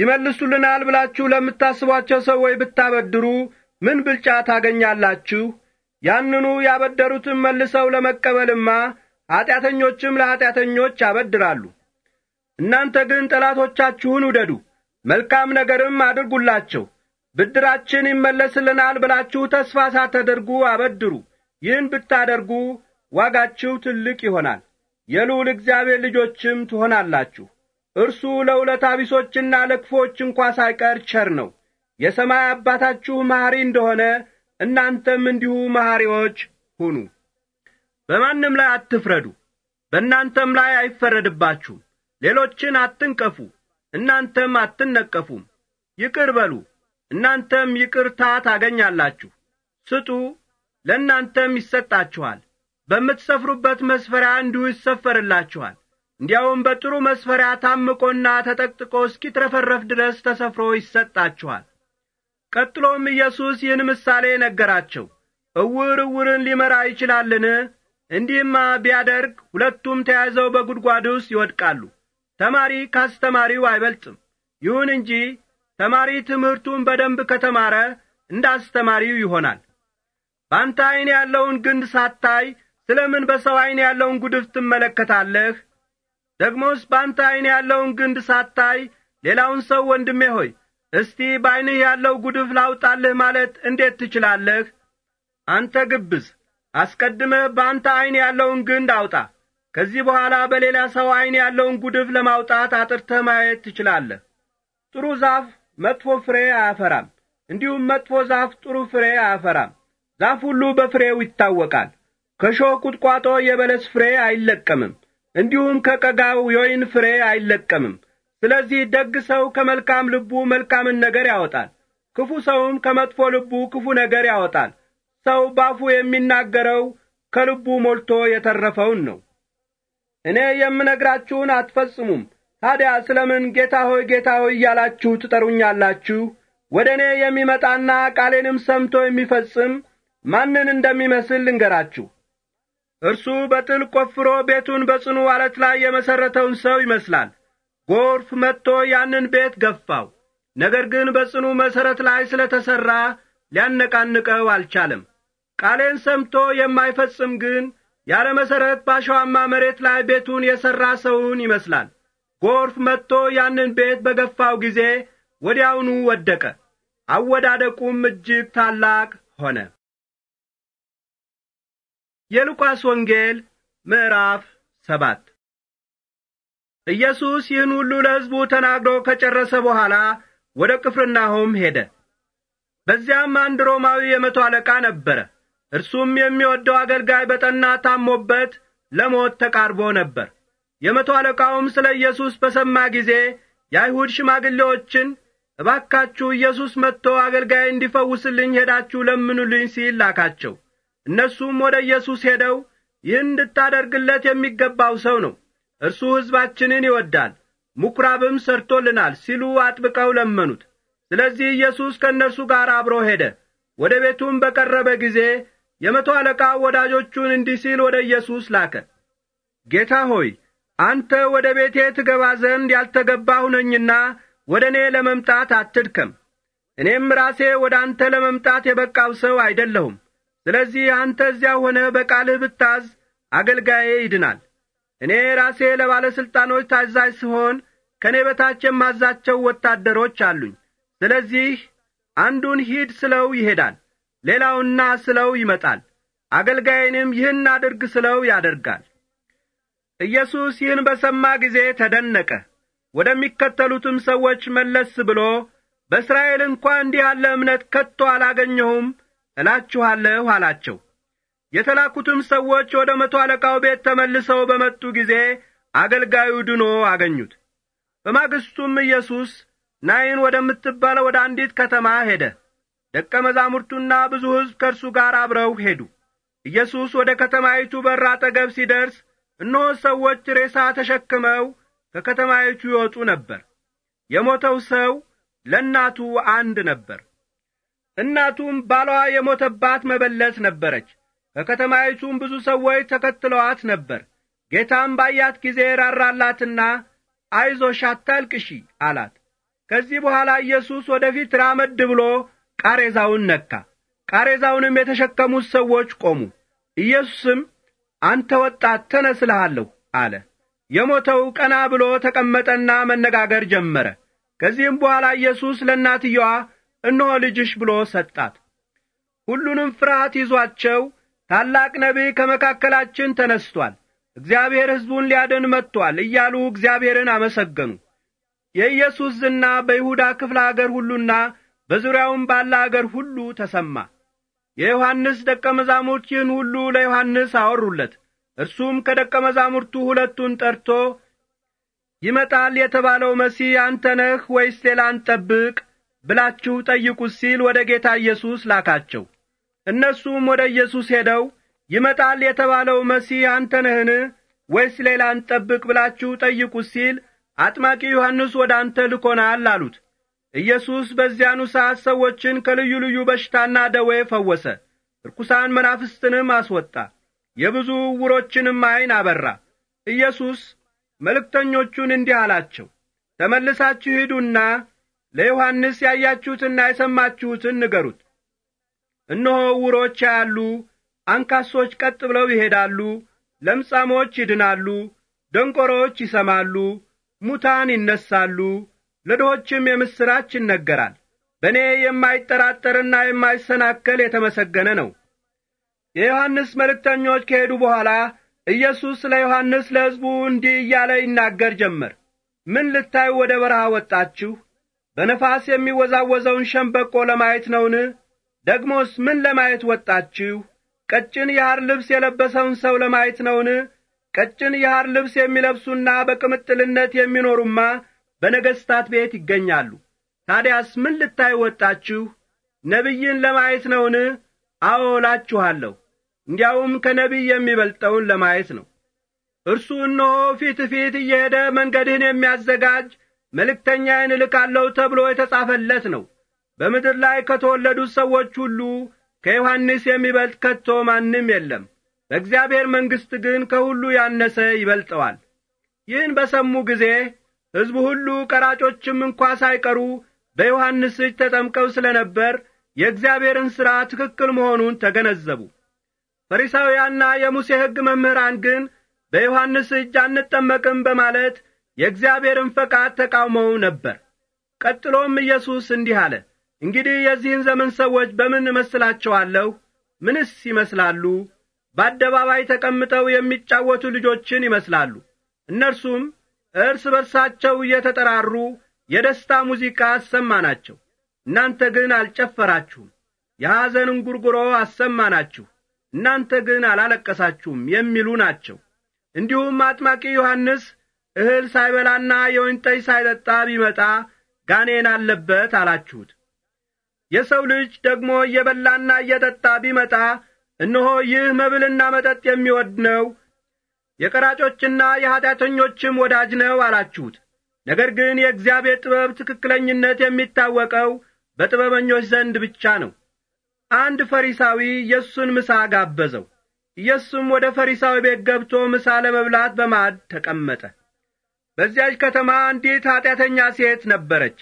ይመልሱልናል ብላችሁ ለምታስቧቸው ሰዎች ብታበድሩ ምን ብልጫ ታገኛላችሁ? ያንኑ ያበደሩትን መልሰው ለመቀበልማ ኀጢአተኞችም ለኀጢአተኞች ያበድራሉ። እናንተ ግን ጠላቶቻችሁን ውደዱ፣ መልካም ነገርም አድርጉላቸው። ብድራችን ይመለስልናል ብላችሁ ተስፋ ሳታደርጉ አበድሩ። ይህን ብታደርጉ ዋጋችሁ ትልቅ ይሆናል፣ የልዑል እግዚአብሔር ልጆችም ትሆናላችሁ። እርሱ ለውለታ ቢሶችና ለክፎች እንኳ ሳይቀር ቸር ነው። የሰማይ አባታችሁ መሐሪ እንደሆነ እናንተም እንዲሁ መሐሪዎች ሁኑ። በማንም ላይ አትፍረዱ፣ በእናንተም ላይ አይፈረድባችሁም። ሌሎችን አትንቀፉ፣ እናንተም አትነቀፉም። ይቅር በሉ፣ እናንተም ይቅርታ ታገኛላችሁ። ስጡ፣ ለእናንተም ይሰጣችኋል። በምትሰፍሩበት መስፈሪያ እንዲሁ ይሰፈርላችኋል። እንዲያውም በጥሩ መስፈሪያ ታምቆና ተጠቅጥቆ እስኪትረፈረፍ ድረስ ተሰፍሮ ይሰጣችኋል። ቀጥሎም ኢየሱስ ይህን ምሳሌ ነገራቸው። እውር እውርን ሊመራ ይችላልን? እንዲህማ ቢያደርግ ሁለቱም ተያይዘው በጒድጓድ ውስጥ ይወድቃሉ። ተማሪ ካስተማሪው አይበልጥም። ይሁን እንጂ ተማሪ ትምህርቱን በደንብ ከተማረ እንደ አስተማሪው ይሆናል። በአንተ ዐይን ያለውን ግንድ ሳታይ ስለ ምን በሰው ዐይን ያለውን ጉድፍ ትመለከታለህ? ደግሞስ በአንተ ዐይን ያለውን ግንድ ሳታይ ሌላውን ሰው ወንድሜ ሆይ እስቲ በዐይንህ ያለው ጉድፍ ላውጣልህ ማለት እንዴት ትችላለህ? አንተ ግብዝ፣ አስቀድመህ በአንተ ዐይን ያለውን ግንድ አውጣ። ከዚህ በኋላ በሌላ ሰው ዐይን ያለውን ጉድፍ ለማውጣት አጥርተህ ማየት ትችላለህ። ጥሩ ዛፍ መጥፎ ፍሬ አያፈራም፣ እንዲሁም መጥፎ ዛፍ ጥሩ ፍሬ አያፈራም። ዛፍ ሁሉ በፍሬው ይታወቃል። ከሾህ ቁጥቋጦ የበለስ ፍሬ አይለቀምም። እንዲሁም ከቀጋው የወይን ፍሬ አይለቀምም። ስለዚህ ደግ ሰው ከመልካም ልቡ መልካምን ነገር ያወጣል፣ ክፉ ሰውም ከመጥፎ ልቡ ክፉ ነገር ያወጣል። ሰው ባፉ የሚናገረው ከልቡ ሞልቶ የተረፈውን ነው። እኔ የምነግራችሁን አትፈጽሙም። ታዲያ ስለምን ጌታ ሆይ ጌታ ሆይ እያላችሁ ትጠሩኛላችሁ? ወደ እኔ የሚመጣና ቃሌንም ሰምቶ የሚፈጽም ማንን እንደሚመስል ልንገራችሁ። እርሱ በጥል ቆፍሮ ቤቱን በጽኑ አለት ላይ የመሠረተውን ሰው ይመስላል። ጎርፍ መጥቶ ያንን ቤት ገፋው። ነገር ግን በጽኑ መሠረት ላይ ስለ ተሠራ ሊያነቃንቀው አልቻለም። ቃሌን ሰምቶ የማይፈጽም ግን ያለ መሠረት ባሸዋማ መሬት ላይ ቤቱን የሠራ ሰውን ይመስላል። ጎርፍ መጥቶ ያንን ቤት በገፋው ጊዜ ወዲያውኑ ወደቀ። አወዳደቁም እጅግ ታላቅ ሆነ። የሉቃስ ወንጌል ምዕራፍ ሰባት ኢየሱስ ይህን ሁሉ ለሕዝቡ ተናግሮ ከጨረሰ በኋላ ወደ ቅፍርናሆም ሄደ። በዚያም አንድ ሮማዊ የመቶ አለቃ ነበረ። እርሱም የሚወደው አገልጋይ በጠና ታሞበት ለሞት ተቃርቦ ነበር። የመቶ አለቃውም ስለ ኢየሱስ በሰማ ጊዜ የአይሁድ ሽማግሌዎችን እባካችሁ ኢየሱስ መጥቶ አገልጋይ እንዲፈውስልኝ ሄዳችሁ ለምኑልኝ ሲል ላካቸው። እነሱም ወደ ኢየሱስ ሄደው ይህ እንድታደርግለት የሚገባው ሰው ነው፣ እርሱ ሕዝባችንን ይወዳል፣ ምኵራብም ሰርቶልናል ሲሉ አጥብቀው ለመኑት። ስለዚህ ኢየሱስ ከእነርሱ ጋር አብሮ ሄደ። ወደ ቤቱም በቀረበ ጊዜ የመቶ አለቃ ወዳጆቹን እንዲህ ሲል ወደ ኢየሱስ ላከ። ጌታ ሆይ አንተ ወደ ቤቴ ትገባ ዘንድ ያልተገባሁ ነኝና ወደ እኔ ለመምጣት አትድከም። እኔም ራሴ ወደ አንተ ለመምጣት የበቃው ሰው አይደለሁም። ስለዚህ አንተ እዚያ ሆነህ በቃልህ ብታዝ አገልጋዬ ይድናል። እኔ ራሴ ለባለሥልጣኖች ታዛዥ ስሆን ከእኔ በታች የማዛቸው ወታደሮች አሉኝ። ስለዚህ አንዱን ሂድ ስለው ይሄዳል፣ ሌላውና ስለው ይመጣል፣ አገልጋይንም ይህን አድርግ ስለው ያደርጋል። ኢየሱስ ይህን በሰማ ጊዜ ተደነቀ። ወደሚከተሉትም ሰዎች መለስ ብሎ በእስራኤል እንኳ እንዲህ ያለ እምነት ከቶ አላገኘሁም እላችኋለሁ አላቸው። የተላኩትም ሰዎች ወደ መቶ አለቃው ቤት ተመልሰው በመጡ ጊዜ አገልጋዩ ድኖ አገኙት። በማግስቱም ኢየሱስ ናይን ወደምትባለው ወደ አንዲት ከተማ ሄደ። ደቀ መዛሙርቱና ብዙ ሕዝብ ከእርሱ ጋር አብረው ሄዱ። ኢየሱስ ወደ ከተማይቱ በር አጠገብ ሲደርስ እነሆ ሰዎች ሬሳ ተሸክመው ከከተማይቱ ይወጡ ነበር። የሞተው ሰው ለእናቱ አንድ ነበር። እናቱም ባሏ የሞተባት መበለት ነበረች። ከከተማይቱም ብዙ ሰዎች ተከትለዋት ነበር። ጌታም ባያት ጊዜ ራራላትና አይዞሽ አታልቅሺ አላት። ከዚህ በኋላ ኢየሱስ ወደ ፊት ራመድ ብሎ ቃሬዛውን ነካ። ቃሬዛውንም የተሸከሙት ሰዎች ቆሙ። ኢየሱስም አንተ ወጣት ተነስልሃለሁ አለ። የሞተው ቀና ብሎ ተቀመጠና መነጋገር ጀመረ። ከዚህም በኋላ ኢየሱስ ለእናትየዋ እነሆ ልጅሽ ብሎ ሰጣት። ሁሉንም ፍርሃት ይዟቸው ታላቅ ነቢይ ከመካከላችን ተነስቷል፣ እግዚአብሔር ሕዝቡን ሊያድን መጥቶአል እያሉ እግዚአብሔርን አመሰገኑ። የኢየሱስ ዝና በይሁዳ ክፍለ አገር ሁሉና በዙሪያውም ባለ አገር ሁሉ ተሰማ። የዮሐንስ ደቀ መዛሙርት ይህን ሁሉ ለዮሐንስ አወሩለት። እርሱም ከደቀ መዛሙርቱ ሁለቱን ጠርቶ ይመጣል የተባለው መሲህ አንተ ነህ ወይስ ሌላ እንጠብቅ ብላችሁ ጠይቁት ሲል ወደ ጌታ ኢየሱስ ላካቸው። እነሱም ወደ ኢየሱስ ሄደው ይመጣል የተባለው መሲህ አንተ ነህን ወይስ ሌላ እንጠብቅ ብላችሁ ጠይቁት ሲል አጥማቂ ዮሐንስ ወደ አንተ ልኮናል አሉት። ኢየሱስ በዚያኑ ሰዓት ሰዎችን ከልዩ ልዩ በሽታና ደዌ ፈወሰ። ርኩሳን መናፍስትንም አስወጣ። የብዙ ዕውሮችንም ዐይን አበራ። ኢየሱስ መልእክተኞቹን እንዲህ አላቸው፣ ተመልሳችሁ ሂዱና ለዮሐንስ ያያችሁትና የሰማችሁትን ንገሩት። እነሆ ዕውሮች ያሉ፣ አንካሶች ቀጥ ብለው ይሄዳሉ፣ ለምጻሞች ይድናሉ፣ ደንቆሮዎች ይሰማሉ፣ ሙታን ይነሳሉ፣ ለድሆችም የምሥራች ይነገራል። በእኔ የማይጠራጠርና የማይሰናከል የተመሰገነ ነው። የዮሐንስ መልእክተኞች ከሄዱ በኋላ ኢየሱስ ስለ ዮሐንስ ለሕዝቡ እንዲህ እያለ ይናገር ጀመር። ምን ልታዩ ወደ በረሃ ወጣችሁ? በነፋስ የሚወዛወዘውን ሸምበቆ ለማየት ነውን? ደግሞስ ምን ለማየት ወጣችሁ? ቀጭን የሐር ልብስ የለበሰውን ሰው ለማየት ነውን? ቀጭን የሐር ልብስ የሚለብሱና በቅምጥልነት የሚኖሩማ በነገሥታት ቤት ይገኛሉ። ታዲያስ ምን ልታይ ወጣችሁ? ነቢይን ለማየት ነውን? አዎ እላችኋለሁ፣ እንዲያውም ከነቢይ የሚበልጠውን ለማየት ነው። እርሱ እነሆ ፊት ፊት እየሄደ መንገድህን የሚያዘጋጅ መልእክተኛዬን እልካለሁ ተብሎ የተጻፈለት ነው። በምድር ላይ ከተወለዱት ሰዎች ሁሉ ከዮሐንስ የሚበልጥ ከቶ ማንም የለም። በእግዚአብሔር መንግሥት ግን ከሁሉ ያነሰ ይበልጠዋል። ይህን በሰሙ ጊዜ ሕዝቡ ሁሉ ቀራጮችም እንኳ ሳይቀሩ በዮሐንስ እጅ ተጠምቀው ስለ ነበር የእግዚአብሔርን ሥራ ትክክል መሆኑን ተገነዘቡ። ፈሪሳውያንና የሙሴ ሕግ መምህራን ግን በዮሐንስ እጅ አንጠመቅም በማለት የእግዚአብሔርን ፈቃድ ተቃውመው ነበር። ቀጥሎም ኢየሱስ እንዲህ አለ፣ እንግዲህ የዚህን ዘመን ሰዎች በምን እመስላቸዋለሁ? ምንስ ይመስላሉ? በአደባባይ ተቀምጠው የሚጫወቱ ልጆችን ይመስላሉ። እነርሱም እርስ በርሳቸው እየተጠራሩ የደስታ ሙዚቃ አሰማናቸው፣ እናንተ ግን አልጨፈራችሁም። የሐዘን እንጉርጉሮ አሰማናችሁ፣ እናንተ ግን አላለቀሳችሁም የሚሉ ናቸው። እንዲሁም አጥማቂ ዮሐንስ እህል ሳይበላና የወይን ጠጅ ሳይጠጣ ቢመጣ ጋኔን አለበት አላችሁት። የሰው ልጅ ደግሞ እየበላና እየጠጣ ቢመጣ እነሆ ይህ መብልና መጠጥ የሚወድ ነው፣ የቀራጮችና የኀጢአተኞችም ወዳጅ ነው አላችሁት። ነገር ግን የእግዚአብሔር ጥበብ ትክክለኝነት የሚታወቀው በጥበበኞች ዘንድ ብቻ ነው። አንድ ፈሪሳዊ ኢየሱስን ምሳ ጋበዘው። ኢየሱስም ወደ ፈሪሳዊ ቤት ገብቶ ምሳ ለመብላት በማዕድ ተቀመጠ። በዚያች ከተማ አንዲት ኀጢአተኛ ሴት ነበረች።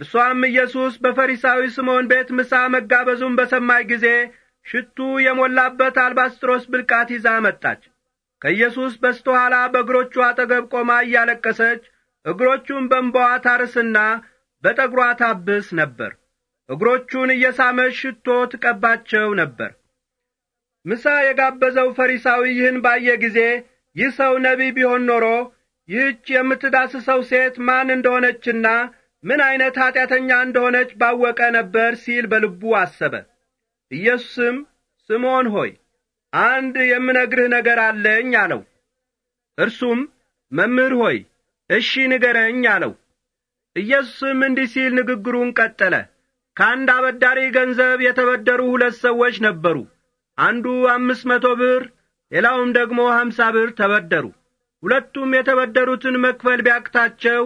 እርሷም ኢየሱስ በፈሪሳዊ ስምዖን ቤት ምሳ መጋበዙን በሰማይ ጊዜ ሽቱ የሞላበት አልባስጥሮስ ብልቃት ይዛ መጣች። ከኢየሱስ በስተኋላ በእግሮቹ አጠገብ ቆማ እያለቀሰች እግሮቹን በእንባዋ ታርስና በጠግሯ ታብስ ነበር። እግሮቹን እየሳመች ሽቶ ትቀባቸው ነበር። ምሳ የጋበዘው ፈሪሳዊ ይህን ባየ ጊዜ ይህ ሰው ነቢይ ቢሆን ኖሮ ይህች የምትዳስሰው ሴት ማን እንደሆነችና ምን ዐይነት ኀጢአተኛ እንደሆነች ባወቀ ነበር ሲል በልቡ አሰበ። ኢየሱስም ስምዖን ሆይ አንድ የምነግርህ ነገር አለኝ አለው። እርሱም መምህር ሆይ እሺ ንገረኝ አለው። ኢየሱስም እንዲህ ሲል ንግግሩን ቀጠለ። ከአንድ አበዳሪ ገንዘብ የተበደሩ ሁለት ሰዎች ነበሩ። አንዱ አምስት መቶ ብር፣ ሌላውም ደግሞ ሐምሳ ብር ተበደሩ። ሁለቱም የተበደሩትን መክፈል ቢያቅታቸው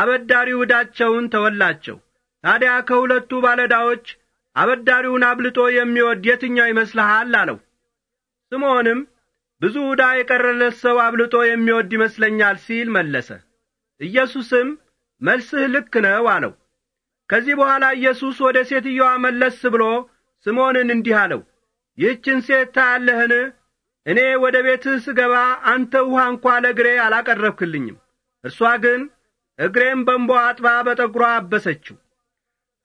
አበዳሪው ዕዳቸውን ተወላቸው። ታዲያ ከሁለቱ ባለዳዎች አበዳሪውን አብልጦ የሚወድ የትኛው ይመስልሃል? አለው። ስምዖንም ብዙ ዕዳ የቀረለት ሰው አብልጦ የሚወድ ይመስለኛል ሲል መለሰ። ኢየሱስም መልስህ ልክ ነው አለው። ከዚህ በኋላ ኢየሱስ ወደ ሴትየዋ መለስ ብሎ ስምዖንን እንዲህ አለው፣ ይህችን ሴት ታያለህን? እኔ ወደ ቤትህ ስገባ አንተ ውሃ እንኳ ለእግሬ አላቀረብክልኝም። እርሷ ግን እግሬም በንቦ አጥባ በጠጒሯ አበሰችው።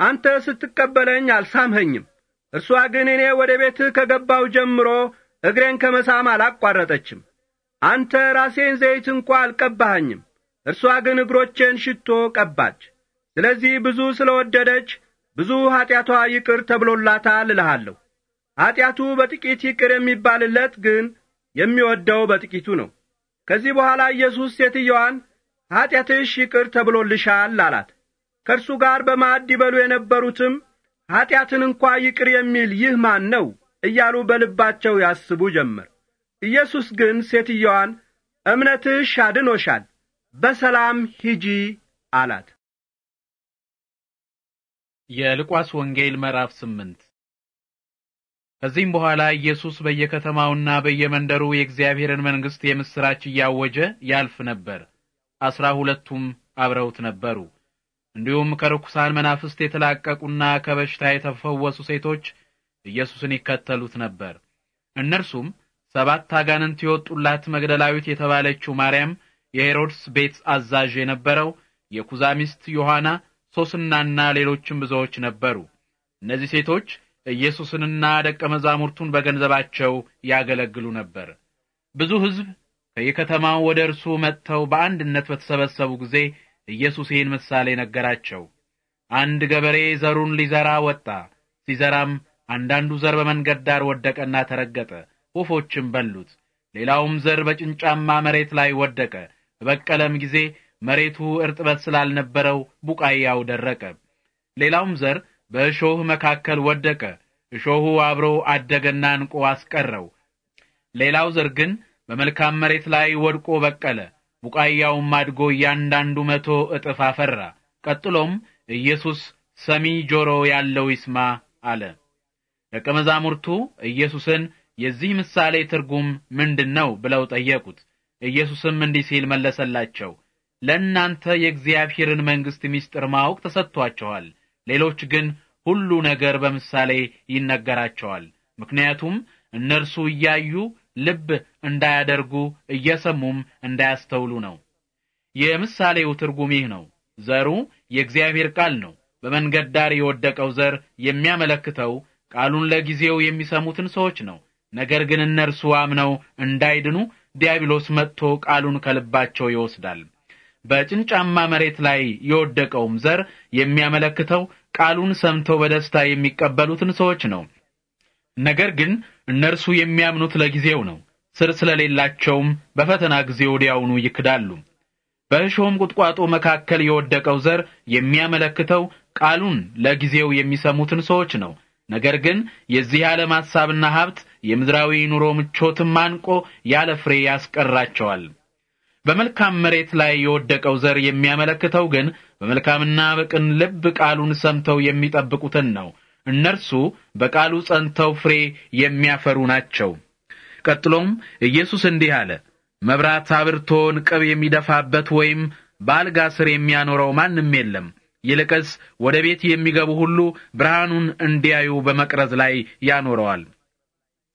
አንተ ስትቀበለኝ አልሳምኸኝም። እርሷ ግን እኔ ወደ ቤትህ ከገባሁ ጀምሮ እግሬን ከመሳም አላቋረጠችም። አንተ ራሴን ዘይት እንኳ አልቀባኸኝም። እርሷ ግን እግሮቼን ሽቶ ቀባች። ስለዚህ ብዙ ስለ ወደደች ብዙ ኀጢአቷ ይቅር ተብሎላታል እልሃለሁ። ኀጢአቱ በጥቂት ይቅር የሚባልለት ግን የሚወደው በጥቂቱ ነው። ከዚህ በኋላ ኢየሱስ ሴትየዋን ኀጢአትሽ ይቅር ተብሎልሻል አላት። ከእርሱ ጋር በማዕድ ይበሉ የነበሩትም ኀጢአትን እንኳ ይቅር የሚል ይህ ማን ነው እያሉ በልባቸው ያስቡ ጀመር። ኢየሱስ ግን ሴትየዋን እምነትሽ አድኖሻል፣ በሰላም ሂጂ አላት። የሉቃስ ወንጌል ምዕራፍ ስምንት ከዚህም በኋላ ኢየሱስ በየከተማውና በየመንደሩ የእግዚአብሔርን መንግሥት የምሥራች እያወጀ ያልፍ ነበር። አስራ ሁለቱም አብረውት ነበሩ። እንዲሁም ከርኩሳን መናፍስት የተላቀቁና ከበሽታ የተፈወሱ ሴቶች ኢየሱስን ይከተሉት ነበር። እነርሱም ሰባት አጋንንት የወጡላት መግደላዊት የተባለችው ማርያም፣ የሄሮድስ ቤት አዛዥ የነበረው የኩዛ ሚስት ዮሐና፣ ሶስናና ሌሎችም ብዙዎች ነበሩ። እነዚህ ሴቶች ኢየሱስንና ደቀ መዛሙርቱን በገንዘባቸው ያገለግሉ ነበር። ብዙ ሕዝብ ከየከተማው ወደ እርሱ መጥተው በአንድነት በተሰበሰቡ ጊዜ ኢየሱስ ይህን ምሳሌ ነገራቸው። አንድ ገበሬ ዘሩን ሊዘራ ወጣ። ሲዘራም አንዳንዱ ዘር በመንገድ ዳር ወደቀና ተረገጠ፣ ወፎችም በሉት። ሌላውም ዘር በጭንጫማ መሬት ላይ ወደቀ። በበቀለም ጊዜ መሬቱ እርጥበት ስላልነበረው ቡቃያው ደረቀ። ሌላውም ዘር በእሾህ መካከል ወደቀ። እሾሁ አብሮ አደገና አንቆ አስቀረው። ሌላው ዘር ግን በመልካም መሬት ላይ ወድቆ በቀለ። ቡቃያውም አድጎ እያንዳንዱ መቶ እጥፍ አፈራ። ቀጥሎም ኢየሱስ ሰሚ ጆሮ ያለው ይስማ አለ። ደቀ መዛሙርቱ ኢየሱስን የዚህ ምሳሌ ትርጉም ምንድን ነው ብለው ጠየቁት። ኢየሱስም እንዲህ ሲል መለሰላቸው፣ ለእናንተ የእግዚአብሔርን መንግሥት ምስጢር ማወቅ ተሰጥቷቸዋል። ሌሎች ግን ሁሉ ነገር በምሳሌ ይነገራቸዋል። ምክንያቱም እነርሱ እያዩ ልብ እንዳያደርጉ እየሰሙም እንዳያስተውሉ ነው። የምሳሌው ትርጉም ይህ ነው። ዘሩ የእግዚአብሔር ቃል ነው። በመንገድ ዳር የወደቀው ዘር የሚያመለክተው ቃሉን ለጊዜው የሚሰሙትን ሰዎች ነው። ነገር ግን እነርሱ አምነው እንዳይድኑ ዲያብሎስ መጥቶ ቃሉን ከልባቸው ይወስዳል። በጭንጫማ መሬት ላይ የወደቀውም ዘር የሚያመለክተው ቃሉን ሰምተው በደስታ የሚቀበሉትን ሰዎች ነው። ነገር ግን እነርሱ የሚያምኑት ለጊዜው ነው፣ ስር ስለሌላቸውም በፈተና ጊዜ ወዲያውኑ ይክዳሉ። በእሾህም ቁጥቋጦ መካከል የወደቀው ዘር የሚያመለክተው ቃሉን ለጊዜው የሚሰሙትን ሰዎች ነው። ነገር ግን የዚህ ዓለም ሐሳብና ሀብት የምድራዊ ኑሮ ምቾትም አንቆ ያለ ፍሬ ያስቀራቸዋል። በመልካም መሬት ላይ የወደቀው ዘር የሚያመለክተው ግን በመልካምና በቅን ልብ ቃሉን ሰምተው የሚጠብቁትን ነው። እነርሱ በቃሉ ጸንተው ፍሬ የሚያፈሩ ናቸው። ቀጥሎም ኢየሱስ እንዲህ አለ፣ መብራት አብርቶን ቅብ የሚደፋበት ወይም በአልጋ ስር የሚያኖረው ማንም የለም። ይልቅስ ወደ ቤት የሚገቡ ሁሉ ብርሃኑን እንዲያዩ በመቅረዝ ላይ ያኖረዋል።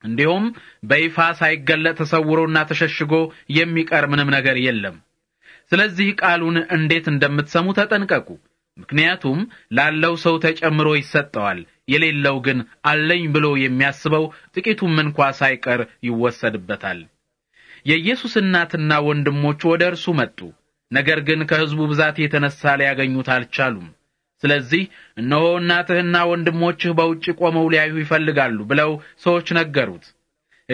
እንዲሁም በይፋ ሳይገለጥ ተሰውሮና ተሸሽጎ የሚቀር ምንም ነገር የለም። ስለዚህ ቃሉን እንዴት እንደምትሰሙ ተጠንቀቁ። ምክንያቱም ላለው ሰው ተጨምሮ ይሰጠዋል፣ የሌለው ግን አለኝ ብሎ የሚያስበው ጥቂቱም እንኳ ሳይቀር ይወሰድበታል። የኢየሱስ እናትና ወንድሞቹ ወደ እርሱ መጡ። ነገር ግን ከሕዝቡ ብዛት የተነሣ ሊያገኙት አልቻሉም። ስለዚህ እነሆ እናትህና ወንድሞችህ በውጭ ቆመው ሊያዩ ይፈልጋሉ ብለው ሰዎች ነገሩት።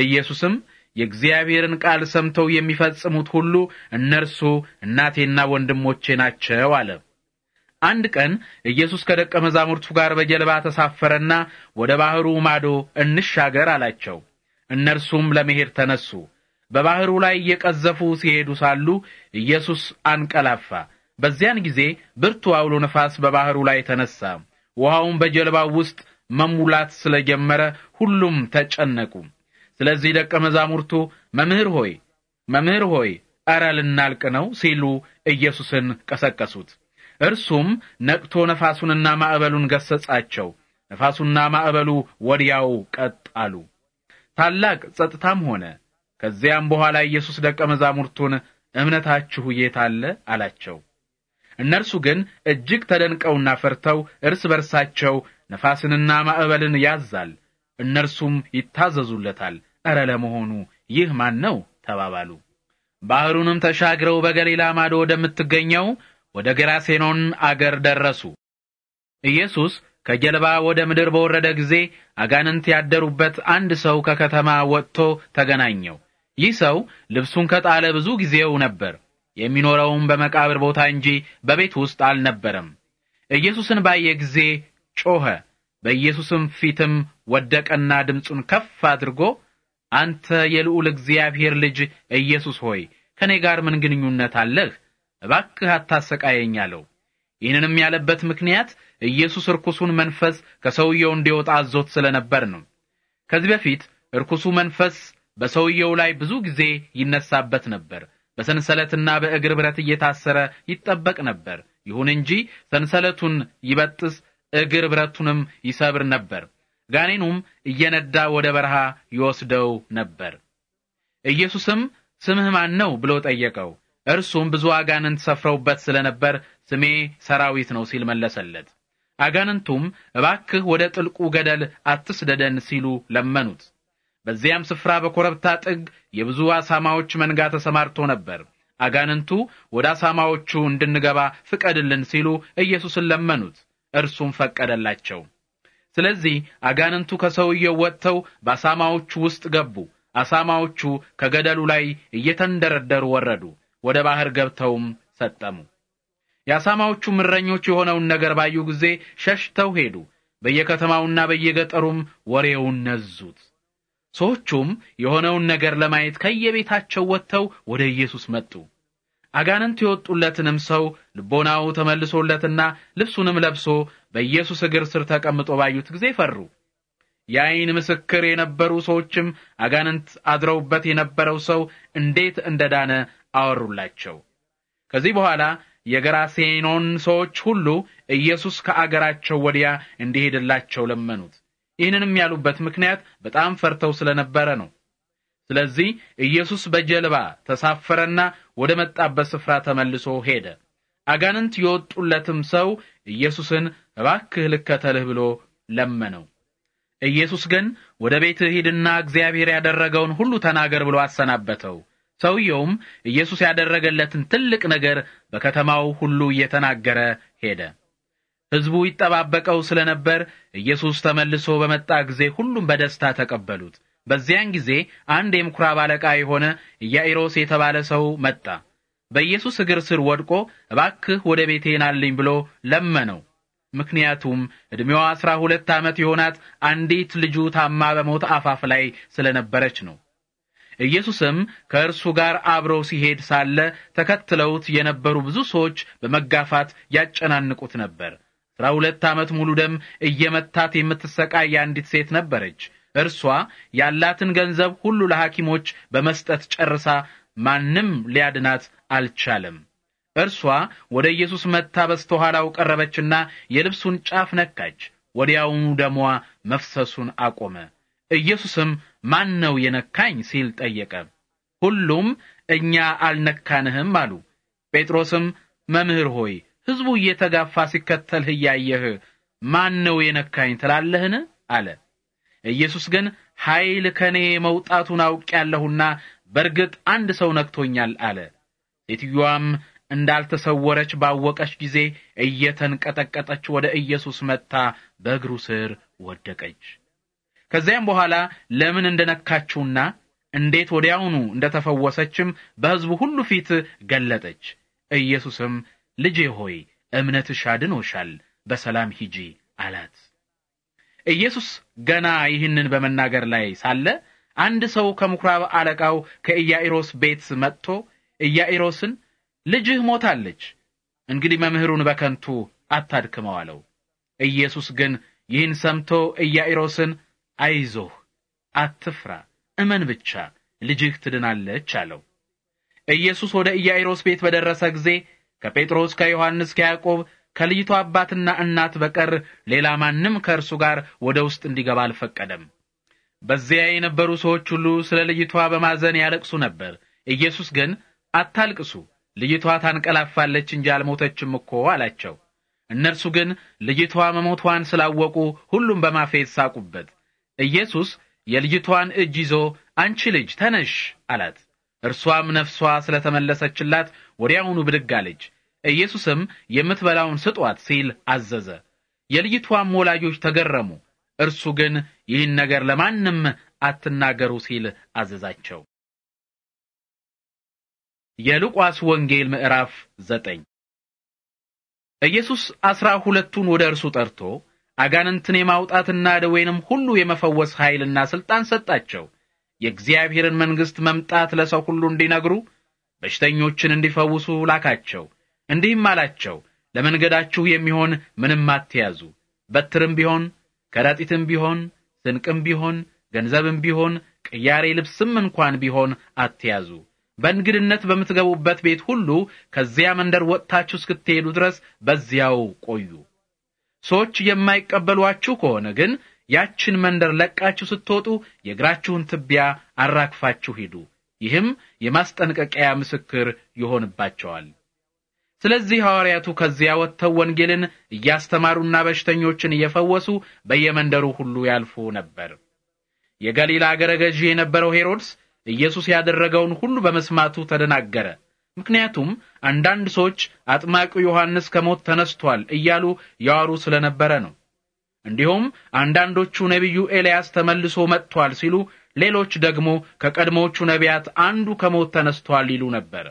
ኢየሱስም የእግዚአብሔርን ቃል ሰምተው የሚፈጽሙት ሁሉ እነርሱ እናቴና ወንድሞቼ ናቸው አለ። አንድ ቀን ኢየሱስ ከደቀ መዛሙርቱ ጋር በጀልባ ተሳፈረና ወደ ባሕሩ ማዶ እንሻገር አላቸው። እነርሱም ለመሄድ ተነሱ። በባሕሩ ላይ እየቀዘፉ ሲሄዱ ሳሉ ኢየሱስ አንቀላፋ። በዚያን ጊዜ ብርቱ አውሎ ነፋስ በባህሩ ላይ ተነሳ። ውሃውን በጀልባው ውስጥ መሙላት ስለጀመረ ሁሉም ተጨነቁ። ስለዚህ ደቀ መዛሙርቱ መምህር ሆይ መምህር ሆይ ኧረ ልናልቅ ነው ሲሉ ኢየሱስን ቀሰቀሱት። እርሱም ነቅቶ ነፋሱንና ማዕበሉን ገሰጻቸው። ነፋሱና ማዕበሉ ወዲያው ቀጥ አሉ። ታላቅ ጸጥታም ሆነ። ከዚያም በኋላ ኢየሱስ ደቀ መዛሙርቱን እምነታችሁ የት አለ አላቸው። እነርሱ ግን እጅግ ተደንቀውና ፈርተው እርስ በርሳቸው ነፋስንና ማዕበልን ያዛል፣ እነርሱም ይታዘዙለታል። ኧረ ለመሆኑ ይህ ማን ነው ተባባሉ። ባሕሩንም ተሻግረው በገሊላ ማዶ ወደምትገኘው ወደ ገራሴኖን አገር ደረሱ። ኢየሱስ ከጀልባ ወደ ምድር በወረደ ጊዜ አጋንንት ያደሩበት አንድ ሰው ከከተማ ወጥቶ ተገናኘው። ይህ ሰው ልብሱን ከጣለ ብዙ ጊዜው ነበር። የሚኖረውም በመቃብር ቦታ እንጂ በቤት ውስጥ አልነበረም። ኢየሱስን ባየ ጊዜ ጮኸ፣ በኢየሱስም ፊትም ወደቀና ድምፁን ከፍ አድርጎ አንተ የልዑል እግዚአብሔር ልጅ ኢየሱስ ሆይ ከእኔ ጋር ምን ግንኙነት አለህ? እባክህ አታሰቃየኝ አለው። ይህንንም ያለበት ምክንያት ኢየሱስ እርኩሱን መንፈስ ከሰውየው እንዲወጣ አዞት ስለነበር ነው። ከዚህ በፊት እርኩሱ መንፈስ በሰውየው ላይ ብዙ ጊዜ ይነሳበት ነበር። በሰንሰለትና በእግር ብረት እየታሰረ ይጠበቅ ነበር። ይሁን እንጂ ሰንሰለቱን ይበጥስ እግር ብረቱንም ይሰብር ነበር። ጋኔኑም እየነዳ ወደ በረሃ ይወስደው ነበር። ኢየሱስም ስምህ ማን ነው ብሎ ጠየቀው። እርሱም ብዙ አጋንንት ሰፍረውበት ስለነበር ስሜ ሰራዊት ነው ሲል መለሰለት። አጋንንቱም እባክህ ወደ ጥልቁ ገደል አትስደደን ሲሉ ለመኑት። በዚያም ስፍራ በኮረብታ ጥግ የብዙ አሳማዎች መንጋ ተሰማርቶ ነበር። አጋንንቱ ወደ አሳማዎቹ እንድንገባ ፍቀድልን ሲሉ ኢየሱስን ለመኑት። እርሱም ፈቀደላቸው። ስለዚህ አጋንንቱ ከሰውየው ወጥተው በአሳማዎቹ ውስጥ ገቡ። አሳማዎቹ ከገደሉ ላይ እየተንደረደሩ ወረዱ፣ ወደ ባህር ገብተውም ሰጠሙ። የአሳማዎቹ ምረኞች የሆነውን ነገር ባዩ ጊዜ ሸሽተው ሄዱ። በየከተማውና በየገጠሩም ወሬውን ነዙት። ሰዎቹም የሆነውን ነገር ለማየት ከየቤታቸው ወጥተው ወደ ኢየሱስ መጡ። አጋንንት የወጡለትንም ሰው ልቦናው ተመልሶለትና ልብሱንም ለብሶ በኢየሱስ እግር ስር ተቀምጦ ባዩት ጊዜ ፈሩ። የአይን ምስክር የነበሩ ሰዎችም አጋንንት አድረውበት የነበረው ሰው እንዴት እንደዳነ አወሩላቸው። ከዚህ በኋላ የገራሴኖን ሰዎች ሁሉ ኢየሱስ ከአገራቸው ወዲያ እንዲሄድላቸው ለመኑት። ይህንንም ያሉበት ምክንያት በጣም ፈርተው ስለነበረ ነው። ስለዚህ ኢየሱስ በጀልባ ተሳፈረና ወደ መጣበት ስፍራ ተመልሶ ሄደ። አጋንንት የወጡለትም ሰው ኢየሱስን እባክህ ልከተልህ ብሎ ለመነው። ኢየሱስ ግን ወደ ቤትህ ሂድና እግዚአብሔር ያደረገውን ሁሉ ተናገር ብሎ አሰናበተው። ሰውየውም ኢየሱስ ያደረገለትን ትልቅ ነገር በከተማው ሁሉ እየተናገረ ሄደ። ሕዝቡ ይጠባበቀው ስለ ነበር ኢየሱስ ተመልሶ በመጣ ጊዜ ሁሉም በደስታ ተቀበሉት። በዚያን ጊዜ አንድ የምኵራብ አለቃ የሆነ ኢያኢሮስ የተባለ ሰው መጣ። በኢየሱስ እግር ስር ወድቆ እባክህ ወደ ቤቴ ናልኝ ብሎ ለመነው። ምክንያቱም ዕድሜዋ ዐሥራ ሁለት ዓመት የሆናት አንዲት ልጁ ታማ በሞት አፋፍ ላይ ስለነበረች ነው። ኢየሱስም ከእርሱ ጋር አብሮ ሲሄድ ሳለ ተከትለውት የነበሩ ብዙ ሰዎች በመጋፋት ያጨናንቁት ነበር። አስራ ሁለት ዓመት ሙሉ ደም እየመታት የምትሰቃይ አንዲት ሴት ነበረች። እርሷ ያላትን ገንዘብ ሁሉ ለሐኪሞች በመስጠት ጨርሳ ማንም ሊያድናት አልቻለም። እርሷ ወደ ኢየሱስ መጥታ በስተኋላው ቀረበችና የልብሱን ጫፍ ነካች። ወዲያውኑ ደሟ መፍሰሱን አቆመ። ኢየሱስም ማን ነው የነካኝ ሲል ጠየቀ። ሁሉም እኛ አልነካንህም አሉ። ጴጥሮስም መምህር ሆይ ሕዝቡ እየተጋፋ ሲከተልህ እያየህ ማን ነው የነካኝ ትላለህን? አለ። ኢየሱስ ግን ኃይል ከኔ መውጣቱን አውቄያለሁና በርግጥ አንድ ሰው ነክቶኛል አለ። ሴትዮዋም እንዳልተሰወረች ባወቀች ጊዜ እየተንቀጠቀጠች ወደ ኢየሱስ መጥታ በእግሩ ስር ወደቀች። ከዚያም በኋላ ለምን እንደነካችውና እንዴት ወዲያውኑ እንደተፈወሰችም በሕዝቡ ሁሉ ፊት ገለጠች። ኢየሱስም ልጄ ሆይ እምነትሽ አድኖሻል፣ በሰላም ሂጂ አላት። ኢየሱስ ገና ይህንን በመናገር ላይ ሳለ አንድ ሰው ከምኵራብ አለቃው ከኢያኢሮስ ቤት መጥቶ ኢያኢሮስን ልጅህ ሞታለች፣ እንግዲህ መምህሩን በከንቱ አታድክመው አለው። ኢየሱስ ግን ይህን ሰምቶ ኢያኢሮስን አይዞህ፣ አትፍራ፣ እመን ብቻ ልጅህ ትድናለች አለው። ኢየሱስ ወደ ኢያኢሮስ ቤት በደረሰ ጊዜ ከጴጥሮስ ከዮሐንስ፣ ከያዕቆብ ከልጅቱ አባትና እናት በቀር ሌላ ማንም ከእርሱ ጋር ወደ ውስጥ እንዲገባ አልፈቀደም። በዚያ የነበሩ ሰዎች ሁሉ ስለ ልጅቷ በማዘን ያለቅሱ ነበር። ኢየሱስ ግን አታልቅሱ፣ ልጅቷ ታንቀላፋለች እንጂ አልሞተችም እኮ አላቸው። እነርሱ ግን ልጅቷ መሞቷን ስላወቁ ሁሉም በማፌት ሳቁበት። ኢየሱስ የልጅቷን እጅ ይዞ አንቺ ልጅ ተነሽ አላት። እርሷም ነፍሷ ስለተመለሰችላት ወዲያውኑ ብድግ አለች። ኢየሱስም የምትበላውን ስጧት ሲል አዘዘ። የልጅቷም ወላጆች ተገረሙ። እርሱ ግን ይህን ነገር ለማንም አትናገሩ ሲል አዘዛቸው። የሉቃስ ወንጌል ምዕራፍ ዘጠኝ ኢየሱስ አስራ ሁለቱን ወደ እርሱ ጠርቶ አጋንንትን የማውጣትና ደዌንም ሁሉ የመፈወስ ኃይልና ሥልጣን ሰጣቸው። የእግዚአብሔርን መንግሥት መምጣት ለሰው ሁሉ እንዲነግሩ በሽተኞችን እንዲፈውሱ ላካቸው። እንዲህም አላቸው፣ ለመንገዳችሁ የሚሆን ምንም አትያዙ። በትርም ቢሆን ከረጢትም ቢሆን ስንቅም ቢሆን ገንዘብም ቢሆን ቅያሬ ልብስም እንኳን ቢሆን አትያዙ። በእንግድነት በምትገቡበት ቤት ሁሉ ከዚያ መንደር ወጥታችሁ እስክትሄዱ ድረስ በዚያው ቆዩ። ሰዎች የማይቀበሏችሁ ከሆነ ግን ያችን መንደር ለቃችሁ ስትወጡ የእግራችሁን ትቢያ አራግፋችሁ ሂዱ። ይህም የማስጠንቀቂያ ምስክር ይሆንባቸዋል። ስለዚህ ሐዋርያቱ ከዚያ ወጥተው ወንጌልን እያስተማሩና በሽተኞችን እየፈወሱ በየመንደሩ ሁሉ ያልፉ ነበር። የገሊላ አገረ ገዢ የነበረው ሄሮድስ ኢየሱስ ያደረገውን ሁሉ በመስማቱ ተደናገረ። ምክንያቱም አንዳንድ ሰዎች አጥማቂው ዮሐንስ ከሞት ተነስቷል እያሉ ያወሩ ስለነበረ ነው። እንዲሁም አንዳንዶቹ ነቢዩ ኤልያስ ተመልሶ መጥቷል ሲሉ፣ ሌሎች ደግሞ ከቀድሞቹ ነቢያት አንዱ ከሞት ተነስቷል ይሉ ነበር።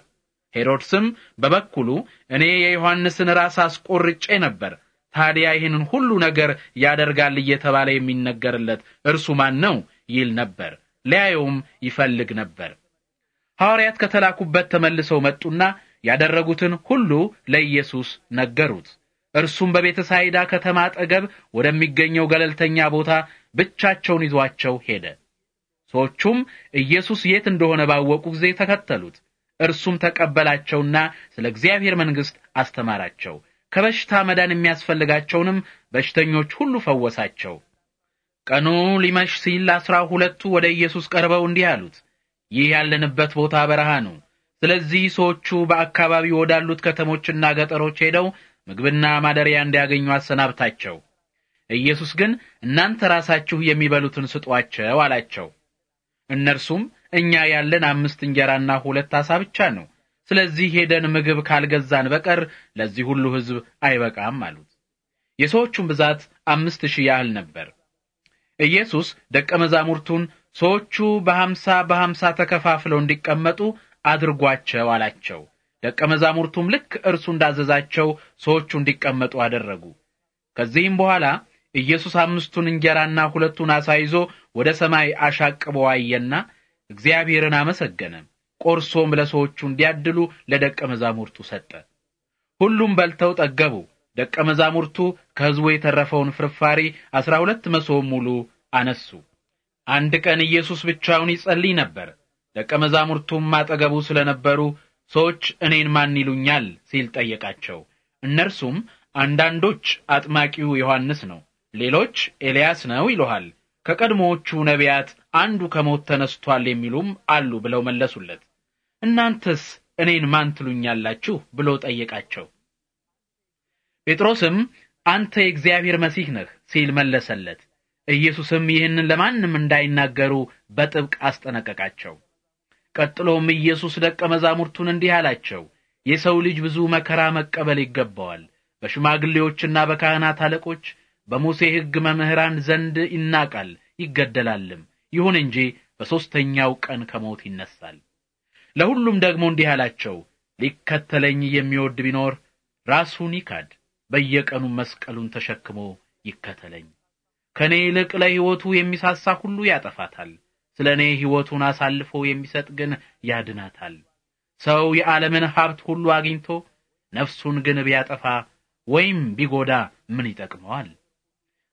ሄሮድስም በበኩሉ እኔ የዮሐንስን ራስ አስቆርጬ ነበር፣ ታዲያ ይህንን ሁሉ ነገር ያደርጋል እየተባለ የሚነገርለት እርሱ ማን ነው? ይል ነበር። ሊያየውም ይፈልግ ነበር። ሐዋርያት ከተላኩበት ተመልሰው መጡና ያደረጉትን ሁሉ ለኢየሱስ ነገሩት። እርሱም በቤተ ሳይዳ ከተማ አጠገብ ወደሚገኘው ገለልተኛ ቦታ ብቻቸውን ይዟቸው ሄደ። ሰዎቹም ኢየሱስ የት እንደሆነ ባወቁ ጊዜ ተከተሉት። እርሱም ተቀበላቸውና ስለ እግዚአብሔር መንግሥት አስተማራቸው። ከበሽታ መዳን የሚያስፈልጋቸውንም በሽተኞች ሁሉ ፈወሳቸው። ቀኑ ሊመሽ ሲል አስራ ሁለቱ ወደ ኢየሱስ ቀርበው እንዲህ አሉት፣ ይህ ያለንበት ቦታ በረሃ ነው። ስለዚህ ሰዎቹ በአካባቢው ወዳሉት ከተሞችና ገጠሮች ሄደው ምግብና ማደሪያ እንዲያገኙ አሰናብታቸው። ኢየሱስ ግን እናንተ ራሳችሁ የሚበሉትን ስጧቸው አላቸው። እነርሱም እኛ ያለን አምስት እንጀራና ሁለት ዓሣ ብቻ ነው፣ ስለዚህ ሄደን ምግብ ካልገዛን በቀር ለዚህ ሁሉ ሕዝብ አይበቃም አሉት። የሰዎቹም ብዛት አምስት ሺህ ያህል ነበር። ኢየሱስ ደቀ መዛሙርቱን ሰዎቹ በሀምሳ በሀምሳ ተከፋፍለው እንዲቀመጡ አድርጓቸው አላቸው። ደቀ መዛሙርቱም ልክ እርሱ እንዳዘዛቸው ሰዎቹ እንዲቀመጡ አደረጉ። ከዚህም በኋላ ኢየሱስ አምስቱን እንጀራና ሁለቱን አሳ ይዞ ወደ ሰማይ አሻቅቦ አየና እግዚአብሔርን አመሰገነ። ቆርሶም ለሰዎቹ እንዲያድሉ ለደቀ መዛሙርቱ ሰጠ። ሁሉም በልተው ጠገቡ። ደቀ መዛሙርቱ ከሕዝቡ የተረፈውን ፍርፋሪ ዐሥራ ሁለት መሶብ ሙሉ አነሱ። አንድ ቀን ኢየሱስ ብቻውን ይጸልይ ነበር። ደቀ መዛሙርቱም አጠገቡ ስለነበሩ ሰዎች እኔን ማን ይሉኛል ሲል ጠየቃቸው። እነርሱም አንዳንዶች አጥማቂው ዮሐንስ ነው፣ ሌሎች ኤልያስ ነው ይሉሃል፣ ከቀድሞዎቹ ነቢያት አንዱ ከሞት ተነስቷል የሚሉም አሉ ብለው መለሱለት። እናንተስ እኔን ማን ትሉኛላችሁ ብሎ ጠየቃቸው። ጴጥሮስም አንተ የእግዚአብሔር መሲህ ነህ ሲል መለሰለት። ኢየሱስም ይህንን ለማንም እንዳይናገሩ በጥብቅ አስጠነቀቃቸው። ቀጥሎም ኢየሱስ ደቀ መዛሙርቱን እንዲህ አላቸው፣ የሰው ልጅ ብዙ መከራ መቀበል ይገባዋል፣ በሽማግሌዎችና በካህናት አለቆች በሙሴ ሕግ መምህራን ዘንድ ይናቃል፣ ይገደላልም። ይሁን እንጂ በሦስተኛው ቀን ከሞት ይነሳል። ለሁሉም ደግሞ እንዲህ አላቸው፣ ሊከተለኝ የሚወድ ቢኖር ራሱን ይካድ፣ በየቀኑ መስቀሉን ተሸክሞ ይከተለኝ። ከእኔ ይልቅ ለሕይወቱ የሚሳሳ ሁሉ ያጠፋታል። ስለ እኔ ሕይወቱን አሳልፎ የሚሰጥ ግን ያድናታል። ሰው የዓለምን ሀብት ሁሉ አግኝቶ ነፍሱን ግን ቢያጠፋ ወይም ቢጎዳ ምን ይጠቅመዋል?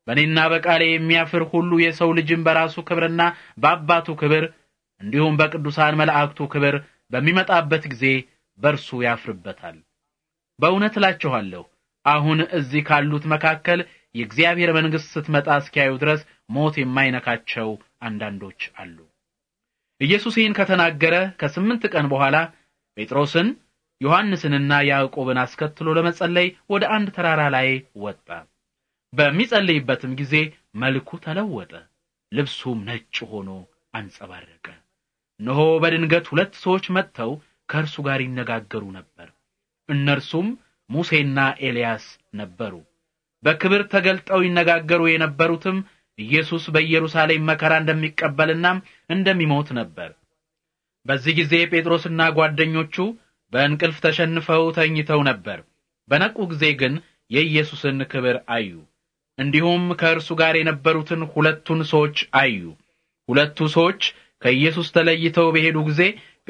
በእኔና በቃሌ የሚያፍር ሁሉ የሰው ልጅም በራሱ ክብርና በአባቱ ክብር እንዲሁም በቅዱሳን መላእክቱ ክብር በሚመጣበት ጊዜ በርሱ ያፍርበታል። በእውነት እላችኋለሁ አሁን እዚህ ካሉት መካከል የእግዚአብሔር መንግስት ስትመጣ እስኪያዩ ድረስ ሞት የማይነካቸው አንዳንዶች አሉ። ኢየሱስ ይህን ከተናገረ ከስምንት ቀን በኋላ ጴጥሮስን ዮሐንስንና ያዕቆብን አስከትሎ ለመጸለይ ወደ አንድ ተራራ ላይ ወጣ። በሚጸልይበትም ጊዜ መልኩ ተለወጠ፣ ልብሱም ነጭ ሆኖ አንጸባረቀ። እነሆ በድንገት ሁለት ሰዎች መጥተው ከእርሱ ጋር ይነጋገሩ ነበር። እነርሱም ሙሴና ኤልያስ ነበሩ። በክብር ተገልጠው ይነጋገሩ የነበሩትም ኢየሱስ በኢየሩሳሌም መከራ እንደሚቀበልና እንደሚሞት ነበር። በዚህ ጊዜ ጴጥሮስና ጓደኞቹ በእንቅልፍ ተሸንፈው ተኝተው ነበር። በነቁ ጊዜ ግን የኢየሱስን ክብር አዩ። እንዲሁም ከእርሱ ጋር የነበሩትን ሁለቱን ሰዎች አዩ። ሁለቱ ሰዎች ከኢየሱስ ተለይተው በሄዱ ጊዜ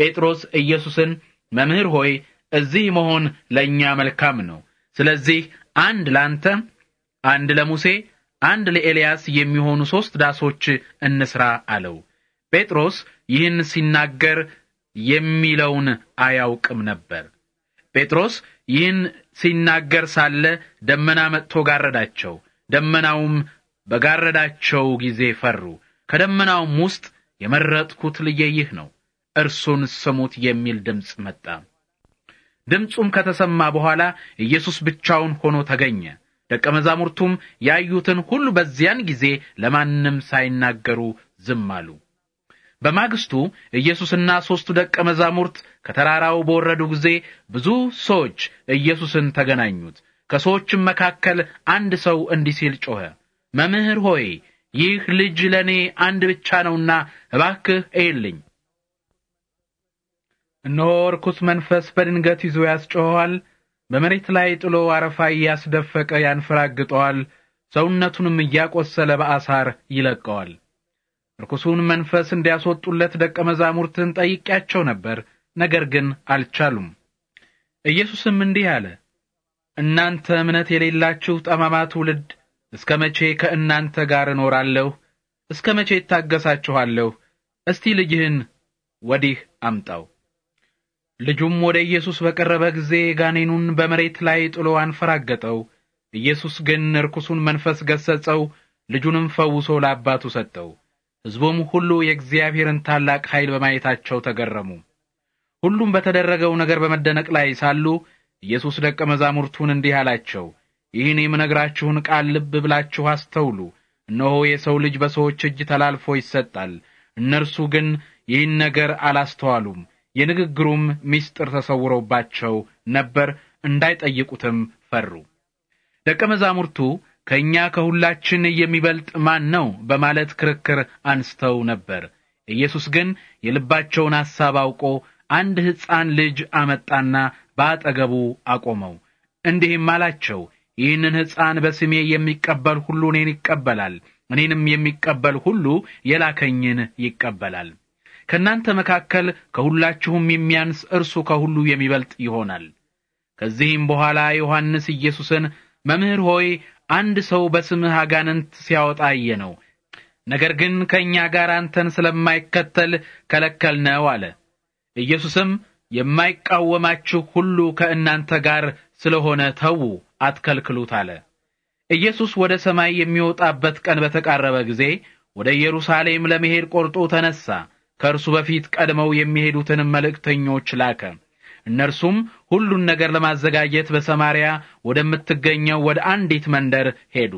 ጴጥሮስ ኢየሱስን መምህር ሆይ እዚህ መሆን ለእኛ መልካም ነው። ስለዚህ አንድ ላንተ አንድ ለሙሴ አንድ ለኤልያስ የሚሆኑ ሶስት ዳሶች እንስራ አለው። ጴጥሮስ ይህን ሲናገር የሚለውን አያውቅም ነበር። ጴጥሮስ ይህን ሲናገር ሳለ ደመና መጥቶ ጋረዳቸው። ደመናውም በጋረዳቸው ጊዜ ፈሩ። ከደመናውም ውስጥ የመረጥኩት ልጄ ይህ ነው፣ እርሱን ስሙት የሚል ድምፅ መጣ። ድምፁም ከተሰማ በኋላ ኢየሱስ ብቻውን ሆኖ ተገኘ። ደቀ መዛሙርቱም ያዩትን ሁሉ በዚያን ጊዜ ለማንም ሳይናገሩ ዝም አሉ። በማግስቱ ኢየሱስና ሦስቱ ደቀ መዛሙርት ከተራራው በወረዱ ጊዜ ብዙ ሰዎች ኢየሱስን ተገናኙት። ከሰዎችም መካከል አንድ ሰው እንዲህ ሲል ጮኸ፣ መምህር ሆይ ይህ ልጅ ለእኔ አንድ ብቻ ነውና እባክህ እይልኝ። እነሆ ርኩስ መንፈስ በድንገት ይዞ ያስጮኸዋል በመሬት ላይ ጥሎ አረፋ እያስደፈቀ ያንፈራግጠዋል፣ ሰውነቱንም እያቆሰለ በአሳር ይለቀዋል። ርኩሱን መንፈስ እንዲያስወጡለት ደቀ መዛሙርትን ጠይቄያቸው ነበር፣ ነገር ግን አልቻሉም። ኢየሱስም እንዲህ አለ፣ እናንተ እምነት የሌላችሁ ጠማማ ትውልድ እስከ መቼ ከእናንተ ጋር እኖራለሁ? እስከ መቼ እታገሳችኋለሁ? እስቲ ልጅህን ወዲህ አምጣው። ልጁም ወደ ኢየሱስ በቀረበ ጊዜ ጋኔኑን በመሬት ላይ ጥሎ አንፈራገጠው። ኢየሱስ ግን ርኩሱን መንፈስ ገሰጸው፣ ልጁንም ፈውሶ ለአባቱ ሰጠው። ሕዝቡም ሁሉ የእግዚአብሔርን ታላቅ ኃይል በማየታቸው ተገረሙ። ሁሉም በተደረገው ነገር በመደነቅ ላይ ሳሉ ኢየሱስ ደቀ መዛሙርቱን እንዲህ አላቸው፣ ይህን የምነግራችሁን ቃል ልብ ብላችሁ አስተውሉ። እነሆ የሰው ልጅ በሰዎች እጅ ተላልፎ ይሰጣል። እነርሱ ግን ይህን ነገር አላስተዋሉም። የንግግሩም ምስጢር ተሰውሮባቸው ነበር፣ እንዳይጠይቁትም ፈሩ። ደቀ መዛሙርቱ ከእኛ ከሁላችን የሚበልጥ ማን ነው በማለት ክርክር አንስተው ነበር። ኢየሱስ ግን የልባቸውን ሐሳብ አውቆ አንድ ሕፃን ልጅ አመጣና በአጠገቡ አቆመው። እንዲህም አላቸው፣ ይህንን ሕፃን በስሜ የሚቀበል ሁሉ እኔን ይቀበላል፣ እኔንም የሚቀበል ሁሉ የላከኝን ይቀበላል። ከእናንተ መካከል ከሁላችሁም የሚያንስ እርሱ ከሁሉ የሚበልጥ ይሆናል። ከዚህም በኋላ ዮሐንስ ኢየሱስን መምህር ሆይ አንድ ሰው በስምህ አጋንንት ሲያወጣ ነው ነገር ግን ከእኛ ጋር አንተን ስለማይከተል ከለከልነው አለ። ኢየሱስም የማይቃወማችሁ ሁሉ ከእናንተ ጋር ስለሆነ ተዉ፣ አትከልክሉት አለ። ኢየሱስ ወደ ሰማይ የሚወጣበት ቀን በተቃረበ ጊዜ ወደ ኢየሩሳሌም ለመሄድ ቆርጦ ተነሳ። ከእርሱ በፊት ቀድመው የሚሄዱትን መልእክተኞች ላከ። እነርሱም ሁሉን ነገር ለማዘጋጀት በሰማርያ ወደምትገኘው ወደ አንዲት መንደር ሄዱ።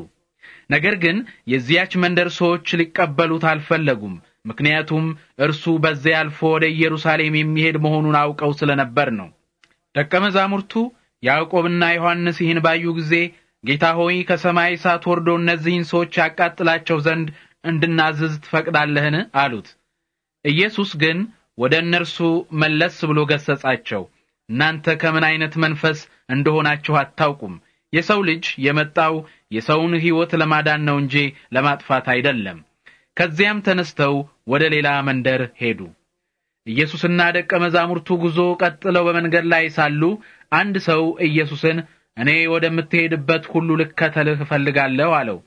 ነገር ግን የዚያች መንደር ሰዎች ሊቀበሉት አልፈለጉም። ምክንያቱም እርሱ በዚያ አልፎ ወደ ኢየሩሳሌም የሚሄድ መሆኑን አውቀው ስለነበር ነው። ደቀ መዛሙርቱ ያዕቆብና ዮሐንስ ይህን ባዩ ጊዜ ጌታ ሆይ ከሰማይ እሳት ወርዶ እነዚህን ሰዎች ያቃጥላቸው ዘንድ እንድናዝዝ ትፈቅዳለህን? አሉት። ኢየሱስ ግን ወደ እነርሱ መለስ ብሎ ገሰጻቸው። እናንተ ከምን አይነት መንፈስ እንደሆናችሁ አታውቁም። የሰው ልጅ የመጣው የሰውን ሕይወት ለማዳን ነው እንጂ ለማጥፋት አይደለም። ከዚያም ተነስተው ወደ ሌላ መንደር ሄዱ። ኢየሱስና ደቀ መዛሙርቱ ጉዞ ቀጥለው በመንገድ ላይ ሳሉ አንድ ሰው ኢየሱስን እኔ ወደምትሄድበት ሁሉ ልከተልህ እፈልጋለሁ አለው።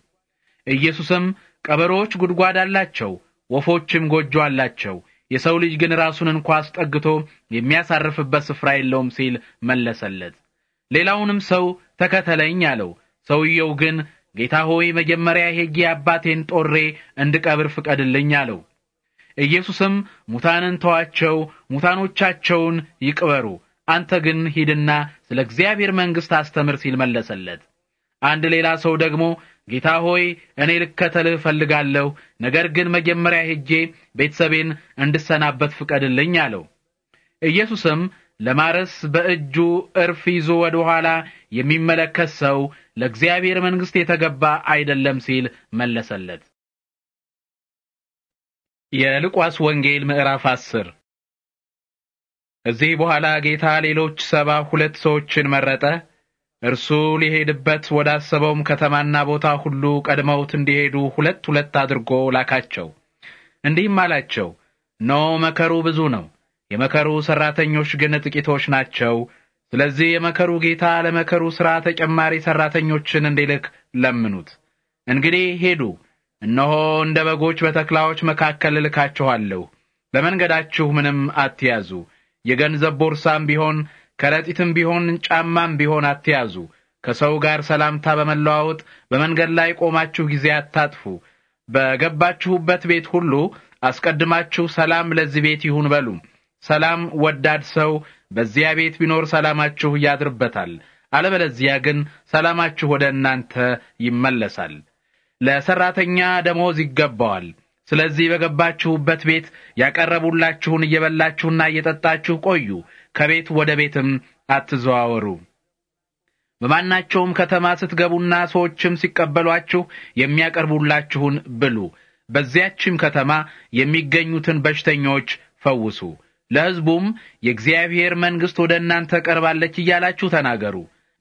ኢየሱስም ቀበሮዎች ጉድጓድ አላቸው ወፎችም ጎጆ አላቸው፣ የሰው ልጅ ግን ራሱን እንኳ አስጠግቶ የሚያሳርፍበት ስፍራ የለውም ሲል መለሰለት። ሌላውንም ሰው ተከተለኝ አለው። ሰውየው ግን ጌታ ሆይ መጀመሪያ ሄጌ አባቴን ጦሬ እንድቀብር ፍቀድልኝ አለው። ኢየሱስም ሙታንን ተዋቸው፣ ሙታኖቻቸውን ይቅበሩ፣ አንተ ግን ሂድና ስለ እግዚአብሔር መንግሥት አስተምር ሲል መለሰለት። አንድ ሌላ ሰው ደግሞ ጌታ ሆይ እኔ ልከተልህ እፈልጋለሁ፣ ነገር ግን መጀመሪያ ሄጄ ቤተሰቤን እንድሰናበት ፍቀድልኝ አለው። ኢየሱስም ለማረስ በእጁ እርፍ ይዞ ወደ ኋላ የሚመለከት ሰው ለእግዚአብሔር መንግሥት የተገባ አይደለም ሲል መለሰለት። የሉቃስ ወንጌል ምዕራፍ አስር እዚህ በኋላ ጌታ ሌሎች ሰባ ሁለት ሰዎችን መረጠ። እርሱ ሊሄድበት ወዳሰበውም ከተማና ቦታ ሁሉ ቀድመውት እንዲሄዱ ሁለት ሁለት አድርጎ ላካቸው። እንዲህም አላቸው፣ እነሆ መከሩ ብዙ ነው፣ የመከሩ ሠራተኞች ግን ጥቂቶች ናቸው። ስለዚህ የመከሩ ጌታ ለመከሩ ሥራ ተጨማሪ ሠራተኞችን እንዲልክ ለምኑት። እንግዲህ ሄዱ፣ እነሆ እንደ በጎች በተኩላዎች መካከል እልካችኋለሁ። ለመንገዳችሁ ምንም አትያዙ፣ የገንዘብ ቦርሳም ቢሆን ከረጢትም ቢሆን ጫማም ቢሆን አትያዙ። ከሰው ጋር ሰላምታ በመለዋወጥ በመንገድ ላይ ቆማችሁ ጊዜ አታጥፉ። በገባችሁበት ቤት ሁሉ አስቀድማችሁ ሰላም ለዚህ ቤት ይሁን በሉ። ሰላም ወዳድ ሰው በዚያ ቤት ቢኖር ሰላማችሁ ያድርበታል። አለበለዚያ ግን ሰላማችሁ ወደ እናንተ ይመለሳል። ለሰራተኛ ደሞዝ ይገባዋል። ስለዚህ በገባችሁበት ቤት ያቀረቡላችሁን እየበላችሁና እየጠጣችሁ ቆዩ። ከቤት ወደ ቤትም አትዘዋወሩ። በማናቸውም ከተማ ስትገቡና ሰዎችም ሲቀበሏችሁ የሚያቀርቡላችሁን ብሉ። በዚያችም ከተማ የሚገኙትን በሽተኞች ፈውሱ። ለሕዝቡም የእግዚአብሔር መንግሥት ወደ እናንተ ቀርባለች እያላችሁ ተናገሩ።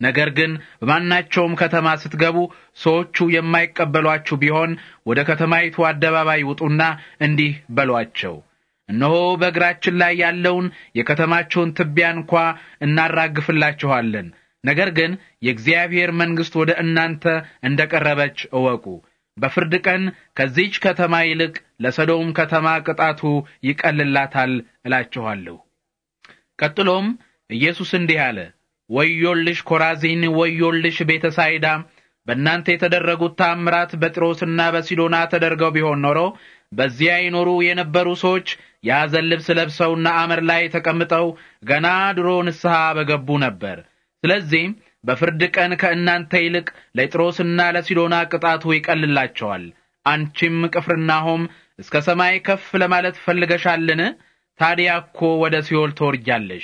ነገር ግን በማናቸውም ከተማ ስትገቡ ሰዎቹ የማይቀበሏችሁ ቢሆን ወደ ከተማይቱ አደባባይ ውጡና እንዲህ በሏቸው እነሆ በእግራችን ላይ ያለውን የከተማችሁን ትቢያ እንኳ እናራግፍላችኋለን። ነገር ግን የእግዚአብሔር መንግሥት ወደ እናንተ እንደ ቀረበች እወቁ። በፍርድ ቀን ከዚች ከተማ ይልቅ ለሰዶም ከተማ ቅጣቱ ይቀልላታል እላችኋለሁ። ቀጥሎም ኢየሱስ እንዲህ አለ፣ ወዮልሽ ኮራዚን፣ ወዮልሽ ቤተ ሳይዳ! በእናንተ የተደረጉት ታምራት በጢሮስና በሲዶና ተደርገው ቢሆን ኖሮ በዚያ ይኖሩ የነበሩ ሰዎች የሐዘን ልብስ ለብሰውና አመር ላይ ተቀምጠው ገና ድሮ ንስሐ በገቡ ነበር። ስለዚህም በፍርድ ቀን ከእናንተ ይልቅ ለጢሮስና ለሲዶና ቅጣቱ ይቀልላቸዋል። አንቺም ቅፍርናሆም እስከ ሰማይ ከፍ ለማለት ፈልገሻልን? ታዲያ እኮ ወደ ሲኦል ትወርጃለሽ።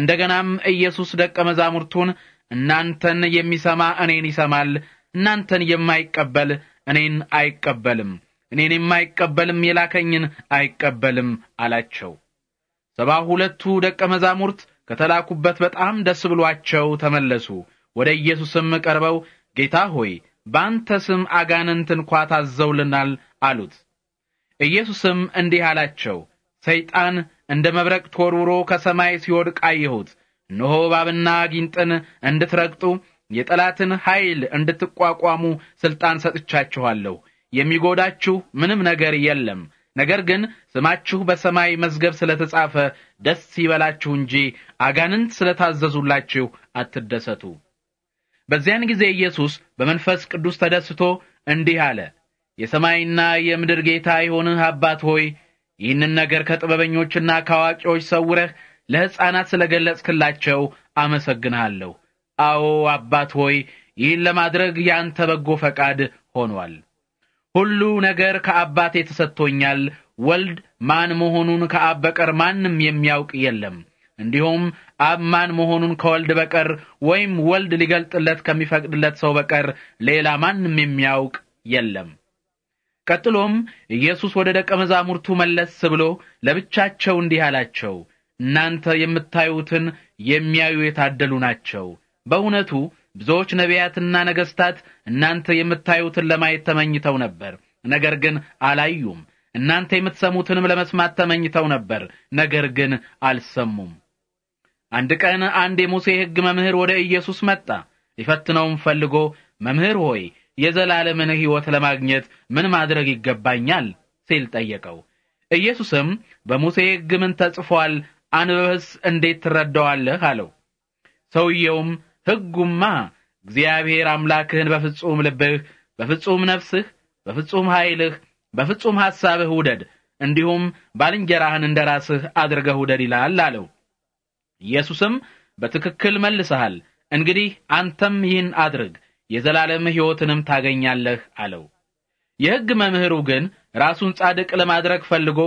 እንደገናም ኢየሱስ ደቀ መዛሙርቱን እናንተን የሚሰማ እኔን ይሰማል፣ እናንተን የማይቀበል እኔን አይቀበልም እኔን የማይቀበልም የላከኝን አይቀበልም አላቸው። ሰባ ሁለቱ ደቀ መዛሙርት ከተላኩበት በጣም ደስ ብሏቸው ተመለሱ። ወደ ኢየሱስም ቀርበው ጌታ ሆይ በአንተ ስም አጋንንት እንኳ ታዘውልናል አሉት። ኢየሱስም እንዲህ አላቸው፣ ሰይጣን እንደ መብረቅ ተወርውሮ ከሰማይ ሲወድቅ አየሁት። እነሆ እባብና ጊንጥን እንድትረግጡ የጠላትን ኃይል እንድትቋቋሙ ሥልጣን ሰጥቻችኋለሁ የሚጎዳችሁ ምንም ነገር የለም። ነገር ግን ስማችሁ በሰማይ መዝገብ ስለተጻፈ ደስ ይበላችሁ እንጂ አጋንንት ስለታዘዙላችሁ አትደሰቱ። በዚያን ጊዜ ኢየሱስ በመንፈስ ቅዱስ ተደስቶ እንዲህ አለ፣ የሰማይና የምድር ጌታ የሆንህ አባት ሆይ ይህንን ነገር ከጥበበኞችና ከአዋቂዎች ሰውረህ ለሕፃናት ስለገለጽክላቸው አመሰግንሃለሁ። አዎ አባት ሆይ ይህን ለማድረግ ያንተ በጎ ፈቃድ ሆኗል። ሁሉ ነገር ከአባቴ ተሰጥቶኛል። ወልድ ማን መሆኑን ከአብ በቀር ማንም የሚያውቅ የለም። እንዲሁም አብ ማን መሆኑን ከወልድ በቀር ወይም ወልድ ሊገልጥለት ከሚፈቅድለት ሰው በቀር ሌላ ማንም የሚያውቅ የለም። ቀጥሎም ኢየሱስ ወደ ደቀ መዛሙርቱ መለስ ብሎ ለብቻቸው እንዲህ አላቸው፣ እናንተ የምታዩትን የሚያዩ የታደሉ ናቸው። በእውነቱ ብዙዎች ነቢያትና ነገሥታት እናንተ የምታዩትን ለማየት ተመኝተው ነበር፣ ነገር ግን አላዩም። እናንተ የምትሰሙትንም ለመስማት ተመኝተው ነበር፣ ነገር ግን አልሰሙም። አንድ ቀን አንድ የሙሴ ሕግ መምህር ወደ ኢየሱስ መጣ። ሊፈትነውም ፈልጎ መምህር ሆይ የዘላለምን ሕይወት ለማግኘት ምን ማድረግ ይገባኛል? ሲል ጠየቀው። ኢየሱስም በሙሴ ሕግ ምን ተጽፏል? አንብበህስ እንዴት ትረዳዋለህ? አለው። ሰውየውም ሕጉማ እግዚአብሔር አምላክህን በፍጹም ልብህ፣ በፍጹም ነፍስህ፣ በፍጹም ኃይልህ፣ በፍጹም ሐሳብህ ውደድ፣ እንዲሁም ባልንጀራህን እንደ ራስህ አድርገህ ውደድ ይላል አለው። ኢየሱስም በትክክል መልሰሃል፣ እንግዲህ አንተም ይህን አድርግ፣ የዘላለም ሕይወትንም ታገኛለህ አለው። የሕግ መምህሩ ግን ራሱን ጻድቅ ለማድረግ ፈልጎ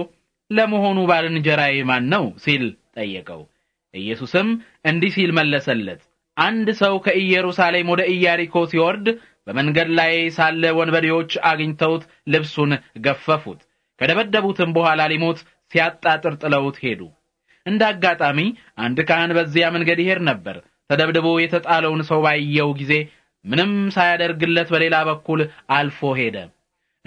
ለመሆኑ ባልንጀራዬ ማን ነው ሲል ጠየቀው። ኢየሱስም እንዲህ ሲል መለሰለት፣ አንድ ሰው ከኢየሩሳሌም ወደ ኢያሪኮ ሲወርድ በመንገድ ላይ ሳለ ወንበዴዎች አግኝተውት ልብሱን ገፈፉት። ከደበደቡትም በኋላ ሊሞት ሲያጣጥር ጥለውት ሄዱ። እንደ አጋጣሚ አንድ ካህን በዚያ መንገድ ይሄድ ነበር። ተደብድቦ የተጣለውን ሰው ባየው ጊዜ ምንም ሳያደርግለት በሌላ በኩል አልፎ ሄደ።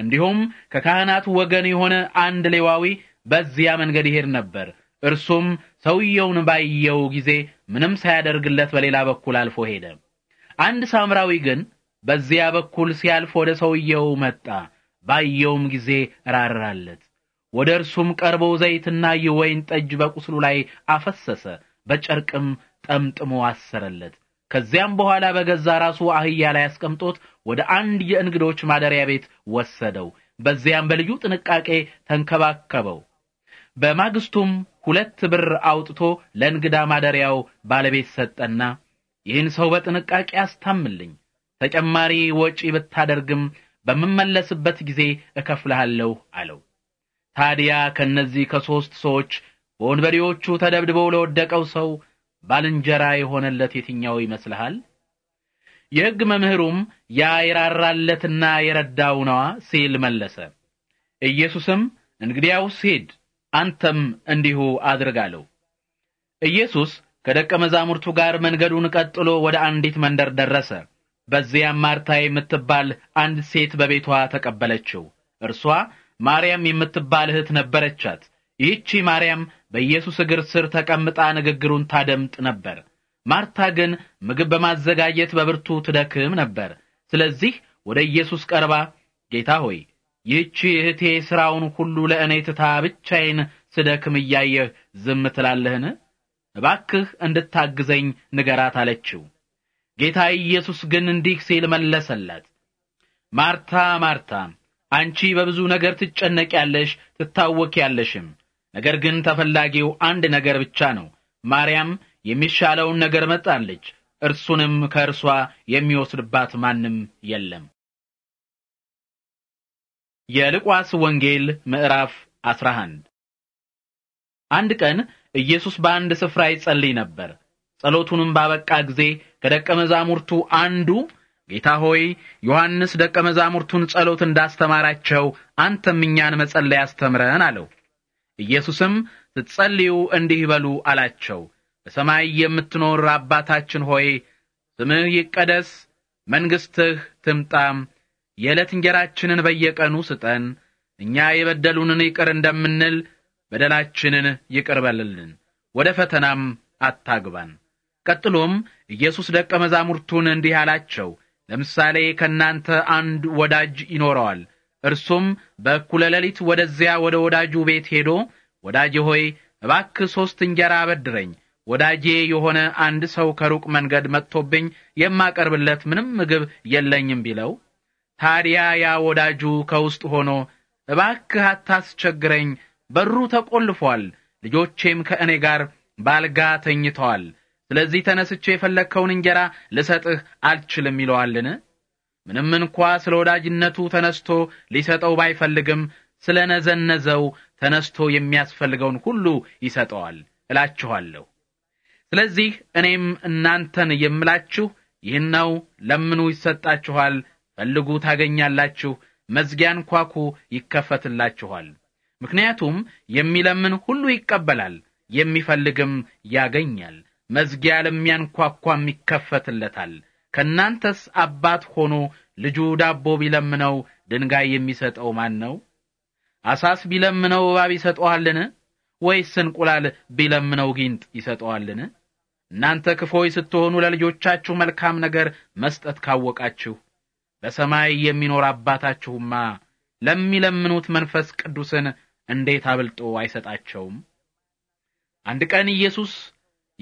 እንዲሁም ከካህናቱ ወገን የሆነ አንድ ሌዋዊ በዚያ መንገድ ይሄድ ነበር። እርሱም ሰውየውን ባየው ጊዜ ምንም ሳያደርግለት በሌላ በኩል አልፎ ሄደ። አንድ ሳምራዊ ግን በዚያ በኩል ሲያልፍ ወደ ሰውየው መጣ። ባየውም ጊዜ ራራለት። ወደ እርሱም ቀርቦ ዘይትና የወይን ጠጅ በቁስሉ ላይ አፈሰሰ፣ በጨርቅም ጠምጥሞ አሰረለት። ከዚያም በኋላ በገዛ ራሱ አህያ ላይ አስቀምጦት ወደ አንድ የእንግዶች ማደሪያ ቤት ወሰደው። በዚያም በልዩ ጥንቃቄ ተንከባከበው። በማግስቱም ሁለት ብር አውጥቶ ለእንግዳ ማደሪያው ባለቤት ሰጠና ይህን ሰው በጥንቃቄ አስታምልኝ፣ ተጨማሪ ወጪ ብታደርግም በምመለስበት ጊዜ እከፍልሃለሁ አለው። ታዲያ ከእነዚህ ከሦስት ሰዎች በወንበዴዎቹ ተደብድበው ለወደቀው ሰው ባልንጀራ የሆነለት የትኛው ይመስልሃል? የሕግ መምህሩም ያ የራራለትና የረዳው ነዋ ሲል መለሰ። ኢየሱስም እንግዲያውስ ሂድ አንተም እንዲሁ አድርጋለው። ኢየሱስ ከደቀ መዛሙርቱ ጋር መንገዱን ቀጥሎ ወደ አንዲት መንደር ደረሰ። በዚያም ማርታ የምትባል አንድ ሴት በቤቷ ተቀበለችው። እርሷ ማርያም የምትባል እህት ነበረቻት። ይህቺ ማርያም በኢየሱስ እግር ስር ተቀምጣ ንግግሩን ታደምጥ ነበር። ማርታ ግን ምግብ በማዘጋጀት በብርቱ ትደክም ነበር። ስለዚህ ወደ ኢየሱስ ቀርባ ጌታ ሆይ ይህቺ እህቴ ሥራውን ሁሉ ለእኔ ትታ ብቻዬን ስደክም እያየህ ዝም ትላለህን? እባክህ እንድታግዘኝ ንገራት አለችው። ጌታ ኢየሱስ ግን እንዲህ ሲል መለሰላት፣ ማርታ ማርታ፣ አንቺ በብዙ ነገር ትጨነቂያለሽ ትታወኪያለሽም። ነገር ግን ተፈላጊው አንድ ነገር ብቻ ነው። ማርያም የሚሻለውን ነገር መጣለች፣ እርሱንም ከእርሷ የሚወስድባት ማንም የለም። የሉቃስ ወንጌል ምዕራፍ 11 አንድ ቀን ኢየሱስ በአንድ ስፍራ ይጸልይ ነበር። ጸሎቱንም ባበቃ ጊዜ ከደቀ መዛሙርቱ አንዱ ጌታ ሆይ፣ ዮሐንስ ደቀ መዛሙርቱን ጸሎት እንዳስተማራቸው አንተም እኛን መጸለይ አስተምረን አለው። ኢየሱስም ስትጸልዩ እንዲህ በሉ አላቸው። በሰማይ የምትኖር አባታችን ሆይ ስምህ ይቀደስ፣ መንግሥትህ ትምጣም የዕለት እንጀራችንን በየቀኑ ስጠን፣ እኛ የበደሉንን ይቅር እንደምንል በደላችንን ይቅር በልልን፣ ወደ ፈተናም አታግባን። ቀጥሎም ኢየሱስ ደቀ መዛሙርቱን እንዲህ አላቸው፣ ለምሳሌ ከእናንተ አንድ ወዳጅ ይኖረዋል። እርሱም በእኩለ ሌሊት ወደዚያ ወደ ወዳጁ ቤት ሄዶ ወዳጄ ሆይ እባክህ ሦስት እንጀራ አበድረኝ፣ ወዳጄ የሆነ አንድ ሰው ከሩቅ መንገድ መጥቶብኝ የማቀርብለት ምንም ምግብ የለኝም ቢለው ታዲያ ያ ወዳጁ ከውስጥ ሆኖ እባክህ አታስቸግረኝ፣ በሩ ተቆልፏል፣ ልጆቼም ከእኔ ጋር ባልጋ ተኝተዋል፣ ስለዚህ ተነስቼ የፈለግከውን እንጀራ ልሰጥህ አልችልም ይለዋልን? ምንም እንኳ ስለ ወዳጅነቱ ተነስቶ ሊሰጠው ባይፈልግም ስለ ነዘነዘው ተነስቶ የሚያስፈልገውን ሁሉ ይሰጠዋል እላችኋለሁ። ስለዚህ እኔም እናንተን የምላችሁ ይህን ነው፣ ለምኑ ይሰጣችኋል፣ ፈልጉ ታገኛላችሁ፣ መዝጊያን ኳኩ ይከፈትላችኋል። ምክንያቱም የሚለምን ሁሉ ይቀበላል፣ የሚፈልግም ያገኛል፣ መዝጊያ ለሚያንኳኳም ይከፈትለታል። ከእናንተስ አባት ሆኖ ልጁ ዳቦ ቢለምነው ድንጋይ የሚሰጠው ማን ነው? አሳስ ቢለምነው እባብ ይሰጠዋልን? ወይስ እንቁላል ቢለምነው ጊንጥ ይሰጠዋልን? እናንተ ክፎይ ስትሆኑ ለልጆቻችሁ መልካም ነገር መስጠት ካወቃችሁ በሰማይ የሚኖር አባታችሁማ ለሚለምኑት መንፈስ ቅዱስን እንዴት አብልጦ አይሰጣቸውም? አንድ ቀን ኢየሱስ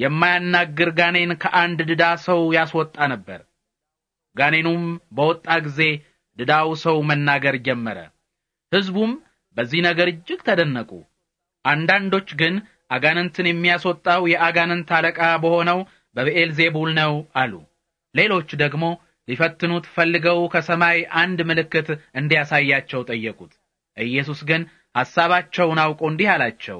የማያናግር ጋኔን ከአንድ ድዳ ሰው ያስወጣ ነበር። ጋኔኑም በወጣ ጊዜ ድዳው ሰው መናገር ጀመረ። ሕዝቡም በዚህ ነገር እጅግ ተደነቁ። አንዳንዶች ግን አጋንንትን የሚያስወጣው የአጋንንት አለቃ በሆነው በብኤልዜቡል ነው አሉ። ሌሎች ደግሞ ሊፈትኑት ፈልገው ከሰማይ አንድ ምልክት እንዲያሳያቸው ጠየቁት። ኢየሱስ ግን ሐሳባቸውን አውቆ እንዲህ አላቸው፣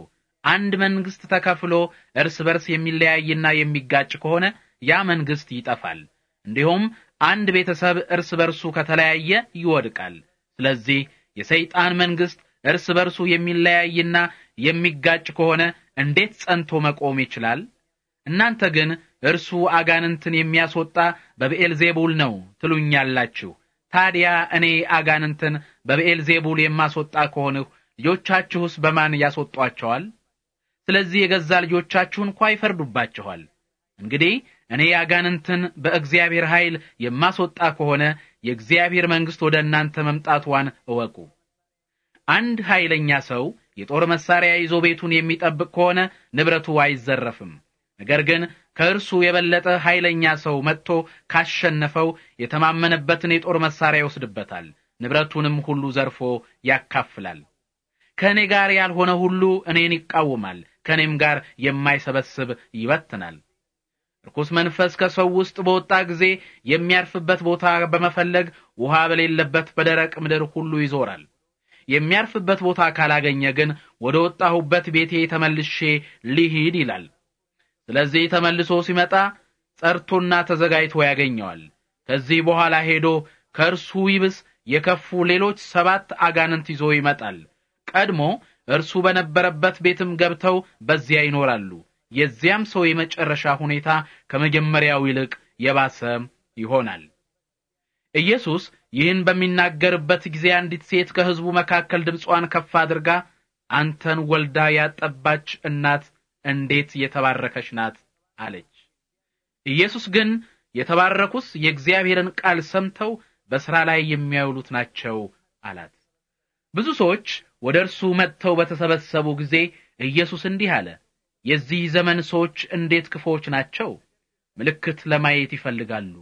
አንድ መንግሥት ተከፍሎ እርስ በርስ የሚለያይና የሚጋጭ ከሆነ ያ መንግሥት ይጠፋል። እንዲሁም አንድ ቤተሰብ እርስ በርሱ ከተለያየ ይወድቃል። ስለዚህ የሰይጣን መንግሥት እርስ በርሱ የሚለያይና የሚጋጭ ከሆነ እንዴት ጸንቶ መቆም ይችላል? እናንተ ግን እርሱ አጋንንትን የሚያስወጣ በብኤልዜቡል ነው ትሉኛላችሁ። ታዲያ እኔ አጋንንትን በብኤልዜቡል የማስወጣ ከሆንሁ ልጆቻችሁስ በማን ያስወጧቸዋል? ስለዚህ የገዛ ልጆቻችሁ እንኳ ይፈርዱባችኋል። እንግዲህ እኔ አጋንንትን በእግዚአብሔር ኃይል የማስወጣ ከሆነ የእግዚአብሔር መንግሥት ወደ እናንተ መምጣትዋን እወቁ። አንድ ኃይለኛ ሰው የጦር መሳሪያ ይዞ ቤቱን የሚጠብቅ ከሆነ ንብረቱ አይዘረፍም። ነገር ግን ከእርሱ የበለጠ ኃይለኛ ሰው መጥቶ ካሸነፈው የተማመነበትን የጦር መሳሪያ ይወስድበታል፣ ንብረቱንም ሁሉ ዘርፎ ያካፍላል። ከእኔ ጋር ያልሆነ ሁሉ እኔን ይቃወማል፣ ከእኔም ጋር የማይሰበስብ ይበትናል። ርኩስ መንፈስ ከሰው ውስጥ በወጣ ጊዜ የሚያርፍበት ቦታ በመፈለግ ውሃ በሌለበት በደረቅ ምድር ሁሉ ይዞራል። የሚያርፍበት ቦታ ካላገኘ ግን ወደ ወጣሁበት ቤቴ ተመልሼ ልሂድ ይላል። ስለዚህ ተመልሶ ሲመጣ ጸርቶና ተዘጋጅቶ ያገኘዋል። ከዚህ በኋላ ሄዶ ከእርሱ ይብስ የከፉ ሌሎች ሰባት አጋንንት ይዞ ይመጣል። ቀድሞ እርሱ በነበረበት ቤትም ገብተው በዚያ ይኖራሉ። የዚያም ሰው የመጨረሻ ሁኔታ ከመጀመሪያው ይልቅ የባሰ ይሆናል። ኢየሱስ ይህን በሚናገርበት ጊዜ አንዲት ሴት ከሕዝቡ መካከል ድምጿን ከፍ አድርጋ አንተን ወልዳ ያጠባች እናት እንዴት የተባረከች ናት አለች። ኢየሱስ ግን የተባረኩስ የእግዚአብሔርን ቃል ሰምተው በሥራ ላይ የሚያውሉት ናቸው አላት። ብዙ ሰዎች ወደ እርሱ መጥተው በተሰበሰቡ ጊዜ ኢየሱስ እንዲህ አለ፣ የዚህ ዘመን ሰዎች እንዴት ክፉዎች ናቸው! ምልክት ለማየት ይፈልጋሉ፣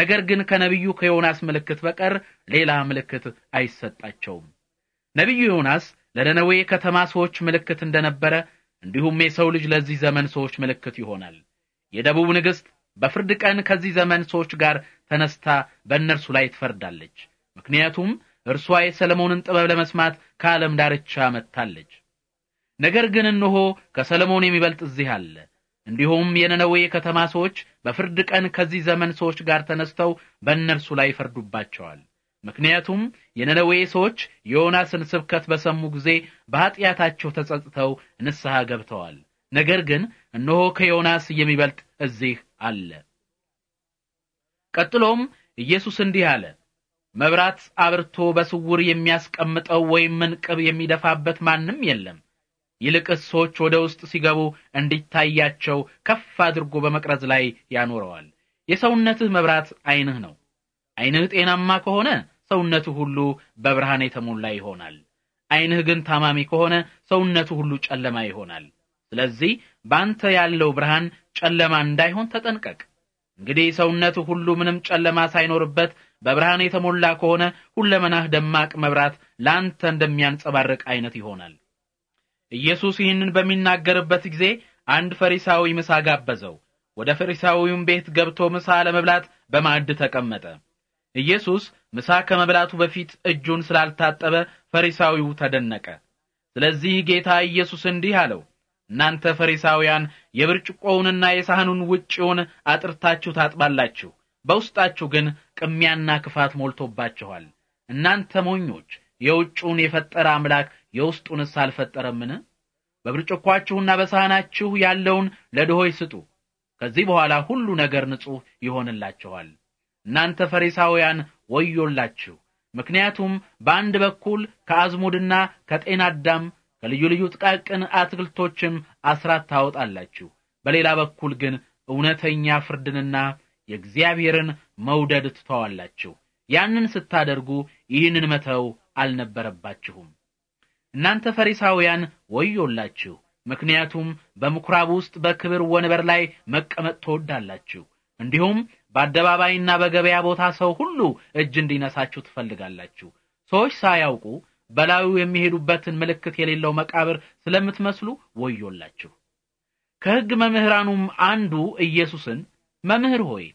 ነገር ግን ከነቢዩ ከዮናስ ምልክት በቀር ሌላ ምልክት አይሰጣቸውም። ነቢዩ ዮናስ ለነነዌ ከተማ ሰዎች ምልክት እንደነበረ እንዲሁም የሰው ልጅ ለዚህ ዘመን ሰዎች ምልክት ይሆናል። የደቡብ ንግሥት በፍርድ ቀን ከዚህ ዘመን ሰዎች ጋር ተነስታ በእነርሱ ላይ ትፈርዳለች። ምክንያቱም እርሷ የሰለሞንን ጥበብ ለመስማት ከዓለም ዳርቻ መጥታለች። ነገር ግን እነሆ ከሰለሞን የሚበልጥ እዚህ አለ። እንዲሁም የነነዌ ከተማ ሰዎች በፍርድ ቀን ከዚህ ዘመን ሰዎች ጋር ተነስተው በእነርሱ ላይ ይፈርዱባቸዋል። ምክንያቱም የነነዌ ሰዎች የዮናስን ስብከት በሰሙ ጊዜ በኀጢአታቸው ተጸጽተው ንስሐ ገብተዋል። ነገር ግን እነሆ ከዮናስ የሚበልጥ እዚህ አለ። ቀጥሎም ኢየሱስ እንዲህ አለ። መብራት አብርቶ በስውር የሚያስቀምጠው ወይም ምንቅብ የሚደፋበት ማንም የለም። ይልቅስ ሰዎች ወደ ውስጥ ሲገቡ እንዲታያቸው ከፍ አድርጎ በመቅረዝ ላይ ያኖረዋል። የሰውነትህ መብራት ዐይንህ ነው። አይንህ ጤናማ ከሆነ ሰውነቱ ሁሉ በብርሃን የተሞላ ይሆናል። አይንህ ግን ታማሚ ከሆነ ሰውነቱ ሁሉ ጨለማ ይሆናል። ስለዚህ በአንተ ያለው ብርሃን ጨለማ እንዳይሆን ተጠንቀቅ። እንግዲህ ሰውነቱ ሁሉ ምንም ጨለማ ሳይኖርበት በብርሃን የተሞላ ከሆነ ሁለመናህ ደማቅ መብራት ላንተ እንደሚያንጸባርቅ አይነት ይሆናል። ኢየሱስ ይህንን በሚናገርበት ጊዜ አንድ ፈሪሳዊ ምሳ ጋበዘው። ወደ ፈሪሳዊውም ቤት ገብቶ ምሳ ለመብላት በማዕድ ተቀመጠ። ኢየሱስ ምሳ ከመብላቱ በፊት እጁን ስላልታጠበ ፈሪሳዊው ተደነቀ። ስለዚህ ጌታ ኢየሱስ እንዲህ አለው፣ እናንተ ፈሪሳውያን የብርጭቆውንና የሳህኑን ውጪውን አጥርታችሁ ታጥባላችሁ፣ በውስጣችሁ ግን ቅሚያና ክፋት ሞልቶባችኋል። እናንተ ሞኞች የውጭውን የፈጠረ አምላክ የውስጡንስ አልፈጠረምን? በብርጭኳችሁና በሳህናችሁ ያለውን ለድሆች ስጡ፣ ከዚህ በኋላ ሁሉ ነገር ንጹሕ ይሆንላችኋል። እናንተ ፈሪሳውያን ወዮላችሁ! ምክንያቱም በአንድ በኩል ከአዝሙድና ከጤና አዳም ከልዩ ልዩ ጥቃቅን አትክልቶችም አስራት ታወጣላችሁ፣ በሌላ በኩል ግን እውነተኛ ፍርድንና የእግዚአብሔርን መውደድ ትተዋላችሁ። ያንን ስታደርጉ ይህንን መተው አልነበረባችሁም። እናንተ ፈሪሳውያን ወዮላችሁ! ምክንያቱም በምኵራብ ውስጥ በክብር ወንበር ላይ መቀመጥ ትወዳላችሁ፣ እንዲሁም በአደባባይና በገበያ ቦታ ሰው ሁሉ እጅ እንዲነሳችሁ ትፈልጋላችሁ። ሰዎች ሳያውቁ በላዩ የሚሄዱበትን ምልክት የሌለው መቃብር ስለምትመስሉ ወዮላችሁ። ከሕግ መምህራኑም አንዱ ኢየሱስን መምህር ሆይ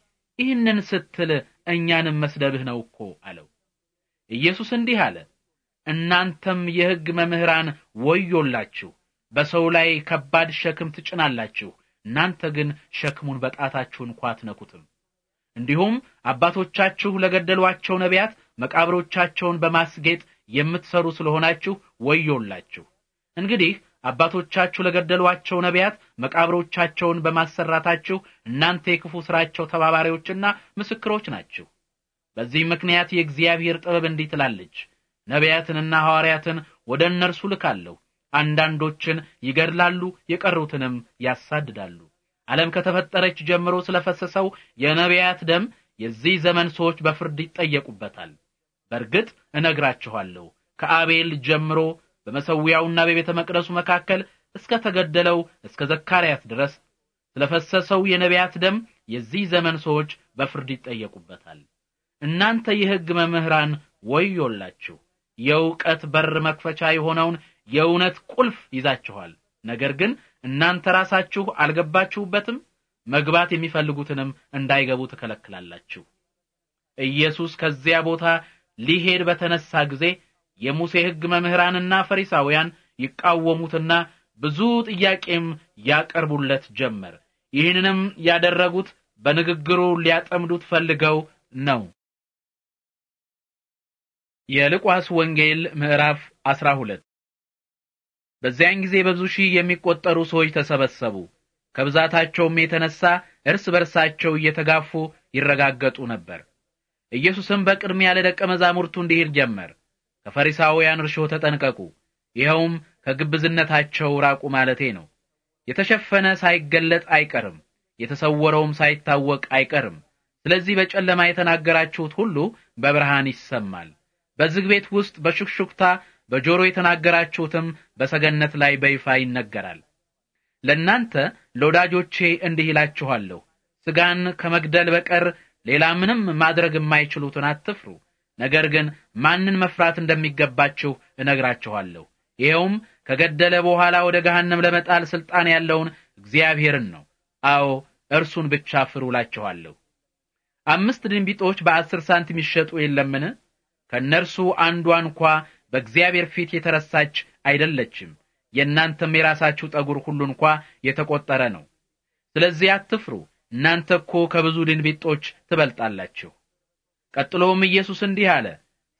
ይህንን ስትል እኛንም መስደብህ ነው እኮ አለው። ኢየሱስ እንዲህ አለ፣ እናንተም የሕግ መምህራን ወዮላችሁ፣ በሰው ላይ ከባድ ሸክም ትጭናላችሁ፣ እናንተ ግን ሸክሙን በጣታችሁ እንኳ አትነኩትም። እንዲሁም አባቶቻችሁ ለገደሏቸው ነቢያት መቃብሮቻቸውን በማስጌጥ የምትሰሩ ስለሆናችሁ ወዮላችሁ። እንግዲህ አባቶቻችሁ ለገደሏቸው ነቢያት መቃብሮቻቸውን በማሰራታችሁ እናንተ የክፉ ሥራቸው ተባባሪዎችና ምስክሮች ናችሁ። በዚህ ምክንያት የእግዚአብሔር ጥበብ እንዲህ ትላለች፣ ነቢያትንና ሐዋርያትን ወደ እነርሱ ልካለሁ። አንዳንዶችን ይገድላሉ፣ የቀሩትንም ያሳድዳሉ። ዓለም ከተፈጠረች ጀምሮ ስለፈሰሰው የነቢያት ደም የዚህ ዘመን ሰዎች በፍርድ ይጠየቁበታል። በእርግጥ እነግራችኋለሁ ከአቤል ጀምሮ በመሠዊያውና በቤተ መቅደሱ መካከል እስከ ተገደለው እስከ ዘካርያስ ድረስ ስለፈሰሰው የነቢያት ደም የዚህ ዘመን ሰዎች በፍርድ ይጠየቁበታል። እናንተ የሕግ መምህራን ወዮላችሁ! የእውቀት በር መክፈቻ የሆነውን የእውነት ቁልፍ ይዛችኋል። ነገር ግን እናንተ ራሳችሁ አልገባችሁበትም? መግባት የሚፈልጉትንም እንዳይገቡ ትከለክላላችሁ። ኢየሱስ ከዚያ ቦታ ሊሄድ በተነሳ ጊዜ የሙሴ ሕግ መምህራንና ፈሪሳውያን ይቃወሙትና ብዙ ጥያቄም ያቀርቡለት ጀመር። ይህንንም ያደረጉት በንግግሩ ሊያጠምዱት ፈልገው ነው። የሉቃስ ወንጌል ምዕራፍ 12 በዚያን ጊዜ በብዙ ሺህ የሚቆጠሩ ሰዎች ተሰበሰቡ። ከብዛታቸውም የተነሳ እርስ በርሳቸው እየተጋፉ ይረጋገጡ ነበር። ኢየሱስም በቅድሚያ ለደቀ መዛሙርቱ እንዲሄድ ጀመር፣ ከፈሪሳውያን እርሾ ተጠንቀቁ፣ ይኸውም ከግብዝነታቸው ራቁ ማለቴ ነው። የተሸፈነ ሳይገለጥ አይቀርም፣ የተሰወረውም ሳይታወቅ አይቀርም። ስለዚህ በጨለማ የተናገራችሁት ሁሉ በብርሃን ይሰማል፣ በዝግ ቤት ውስጥ በሹክሹክታ በጆሮ የተናገራችሁትም በሰገነት ላይ በይፋ ይነገራል። ለእናንተ ለወዳጆቼ እንዲህ ይላችኋለሁ፣ ሥጋን ከመግደል በቀር ሌላ ምንም ማድረግ የማይችሉትን አትፍሩ። ነገር ግን ማንን መፍራት እንደሚገባችሁ እነግራችኋለሁ። ይኸውም ከገደለ በኋላ ወደ ገሃነም ለመጣል ሥልጣን ያለውን እግዚአብሔርን ነው። አዎ እርሱን ብቻ ፍሩ እላችኋለሁ። አምስት ድንቢጦች በአስር ሳንቲም ይሸጡ የለምን? ከእነርሱ አንዷ እንኳ በእግዚአብሔር ፊት የተረሳች አይደለችም። የእናንተም የራሳችሁ ጠጉር ሁሉ እንኳ የተቆጠረ ነው። ስለዚህ አትፍሩ፣ እናንተ እኮ ከብዙ ድንቢጦች ትበልጣላችሁ። ቀጥሎም ኢየሱስ እንዲህ አለ፣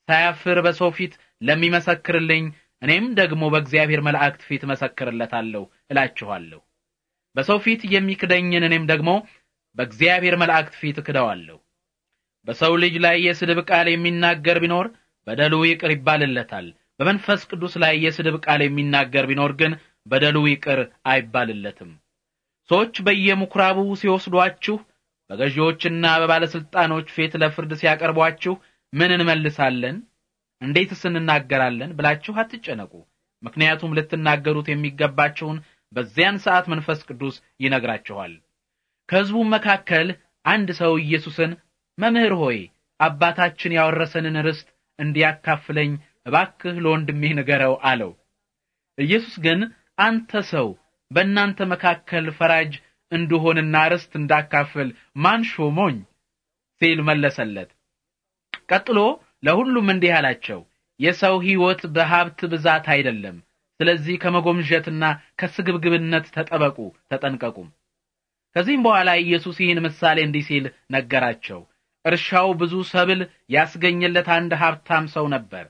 ሳያፍር በሰው ፊት ለሚመሰክርልኝ እኔም ደግሞ በእግዚአብሔር መላእክት ፊት መሰክርለታለሁ እላችኋለሁ። በሰው ፊት የሚክደኝን እኔም ደግሞ በእግዚአብሔር መላእክት ፊት እክደዋለሁ። በሰው ልጅ ላይ የስድብ ቃል የሚናገር ቢኖር በደሉ ይቅር ይባልለታል። በመንፈስ ቅዱስ ላይ የስድብ ቃል የሚናገር ቢኖር ግን በደሉ ይቅር አይባልለትም። ሰዎች በየምኵራቡ ሲወስዷችሁ፣ በገዢዎችና በባለሥልጣኖች ፊት ለፍርድ ሲያቀርቧችሁ ምን እንመልሳለን፣ እንዴትስ እንናገራለን ብላችሁ አትጨነቁ። ምክንያቱም ልትናገሩት የሚገባችሁን በዚያን ሰዓት መንፈስ ቅዱስ ይነግራችኋል። ከሕዝቡ መካከል አንድ ሰው ኢየሱስን መምህር ሆይ አባታችን ያወረሰንን ርስት እንዲያካፍለኝ እባክህ ለወንድሜ ንገረው አለው። ኢየሱስ ግን አንተ ሰው በእናንተ መካከል ፈራጅ እንድሆንና ርስት እንዳካፍል ማን ሾሞኝ ሲል መለሰለት። ቀጥሎ ለሁሉም እንዲህ አላቸው፣ የሰው ሕይወት በሀብት ብዛት አይደለም። ስለዚህ ከመጎምጀትና ከስግብግብነት ተጠበቁ፣ ተጠንቀቁም። ከዚህም በኋላ ኢየሱስ ይህን ምሳሌ እንዲህ ሲል ነገራቸው። እርሻው ብዙ ሰብል ያስገኘለት አንድ ሀብታም ሰው ነበር።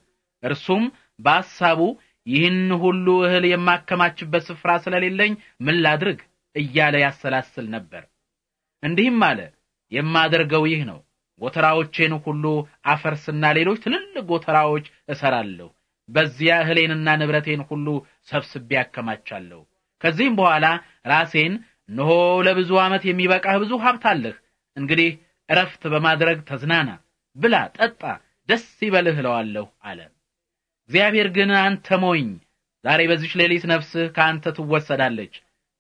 እርሱም በሐሳቡ ይህን ሁሉ እህል የማከማችበት ስፍራ ስለሌለኝ ምን ላድርግ እያለ ያሰላስል ነበር። እንዲህም አለ፣ የማደርገው ይህ ነው። ጎተራዎቼን ሁሉ አፈርስና ሌሎች ትልልቅ ጎተራዎች እሰራለሁ። በዚያ እህሌንና ንብረቴን ሁሉ ሰብስቤ ያከማቻለሁ። ከዚህም በኋላ ራሴን እነሆ ለብዙ ዓመት የሚበቃህ ብዙ ሀብት አለህ፣ እንግዲህ እረፍት በማድረግ ተዝናና፣ ብላ፣ ጠጣ፣ ደስ ይበልህ እለዋለሁ አለ። እግዚአብሔር ግን አንተ ሞኝ፣ ዛሬ በዚች ሌሊት ነፍስህ ከአንተ ትወሰዳለች።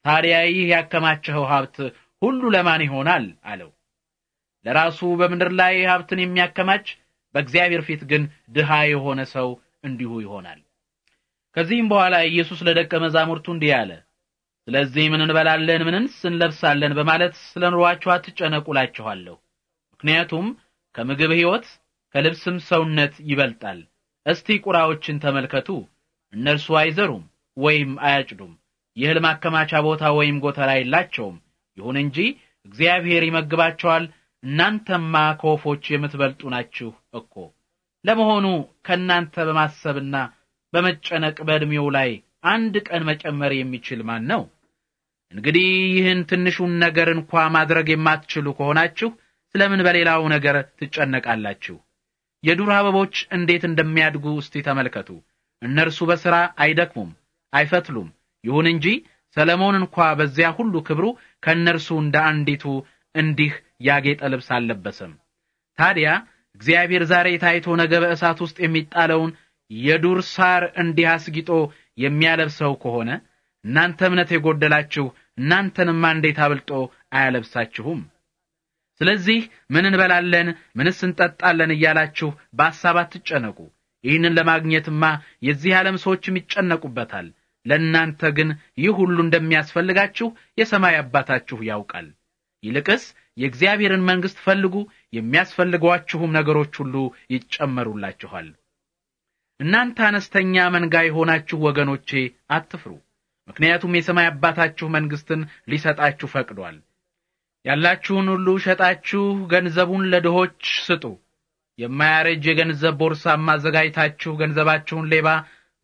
ታዲያ ይህ ያከማቸኸው ሀብት ሁሉ ለማን ይሆናል አለው። ለራሱ በምድር ላይ ሀብትን የሚያከማች በእግዚአብሔር ፊት ግን ድሃ የሆነ ሰው እንዲሁ ይሆናል። ከዚህም በኋላ ኢየሱስ ለደቀ መዛሙርቱ እንዲህ አለ፣ ስለዚህ ምን እንበላለን፣ ምን እንለብሳለን በማለት ስለ ኑሯችሁ አትጨነቁላችኋለሁ። ምክንያቱም ከምግብ ሕይወት ከልብስም ሰውነት ይበልጣል። እስቲ ቁራዎችን ተመልከቱ። እነርሱ አይዘሩም ወይም አያጭዱም፣ የእህል ማከማቻ ቦታ ወይም ጎተራ የላቸውም። ይሁን እንጂ እግዚአብሔር ይመግባቸዋል። እናንተማ ከወፎች የምትበልጡ ናችሁ እኮ። ለመሆኑ ከእናንተ በማሰብና በመጨነቅ በዕድሜው ላይ አንድ ቀን መጨመር የሚችል ማን ነው? እንግዲህ ይህን ትንሹን ነገር እንኳ ማድረግ የማትችሉ ከሆናችሁ ስለምን በሌላው ነገር ትጨነቃላችሁ? የዱር አበቦች እንዴት እንደሚያድጉ እስቲ ተመልከቱ። እነርሱ በሥራ አይደክሙም፣ አይፈትሉም። ይሁን እንጂ ሰለሞን እንኳ በዚያ ሁሉ ክብሩ ከእነርሱ እንደ አንዲቱ እንዲህ ያጌጠ ልብስ አልለበሰም። ታዲያ እግዚአብሔር ዛሬ ታይቶ ነገ በእሳት ውስጥ የሚጣለውን የዱር ሳር እንዲህ አስጊጦ የሚያለብሰው ከሆነ እናንተ እምነት የጎደላችሁ እናንተንማ እንዴት አብልጦ አያለብሳችሁም? ስለዚህ ምን እንበላለን፣ ምንስ እንጠጣለን እያላችሁ በሐሳብ አትጨነቁ። ይህንን ለማግኘትማ የዚህ ዓለም ሰዎችም ይጨነቁበታል። ለእናንተ ግን ይህ ሁሉ እንደሚያስፈልጋችሁ የሰማይ አባታችሁ ያውቃል። ይልቅስ የእግዚአብሔርን መንግሥት ፈልጉ፣ የሚያስፈልጓችሁም ነገሮች ሁሉ ይጨመሩላችኋል። እናንተ አነስተኛ መንጋ የሆናችሁ ወገኖቼ አትፍሩ፣ ምክንያቱም የሰማይ አባታችሁ መንግሥትን ሊሰጣችሁ ፈቅዷል። ያላችሁን ሁሉ ሸጣችሁ ገንዘቡን ለድሆች ስጡ። የማያረጅ የገንዘብ ቦርሳም አዘጋጅታችሁ ገንዘባችሁን ሌባ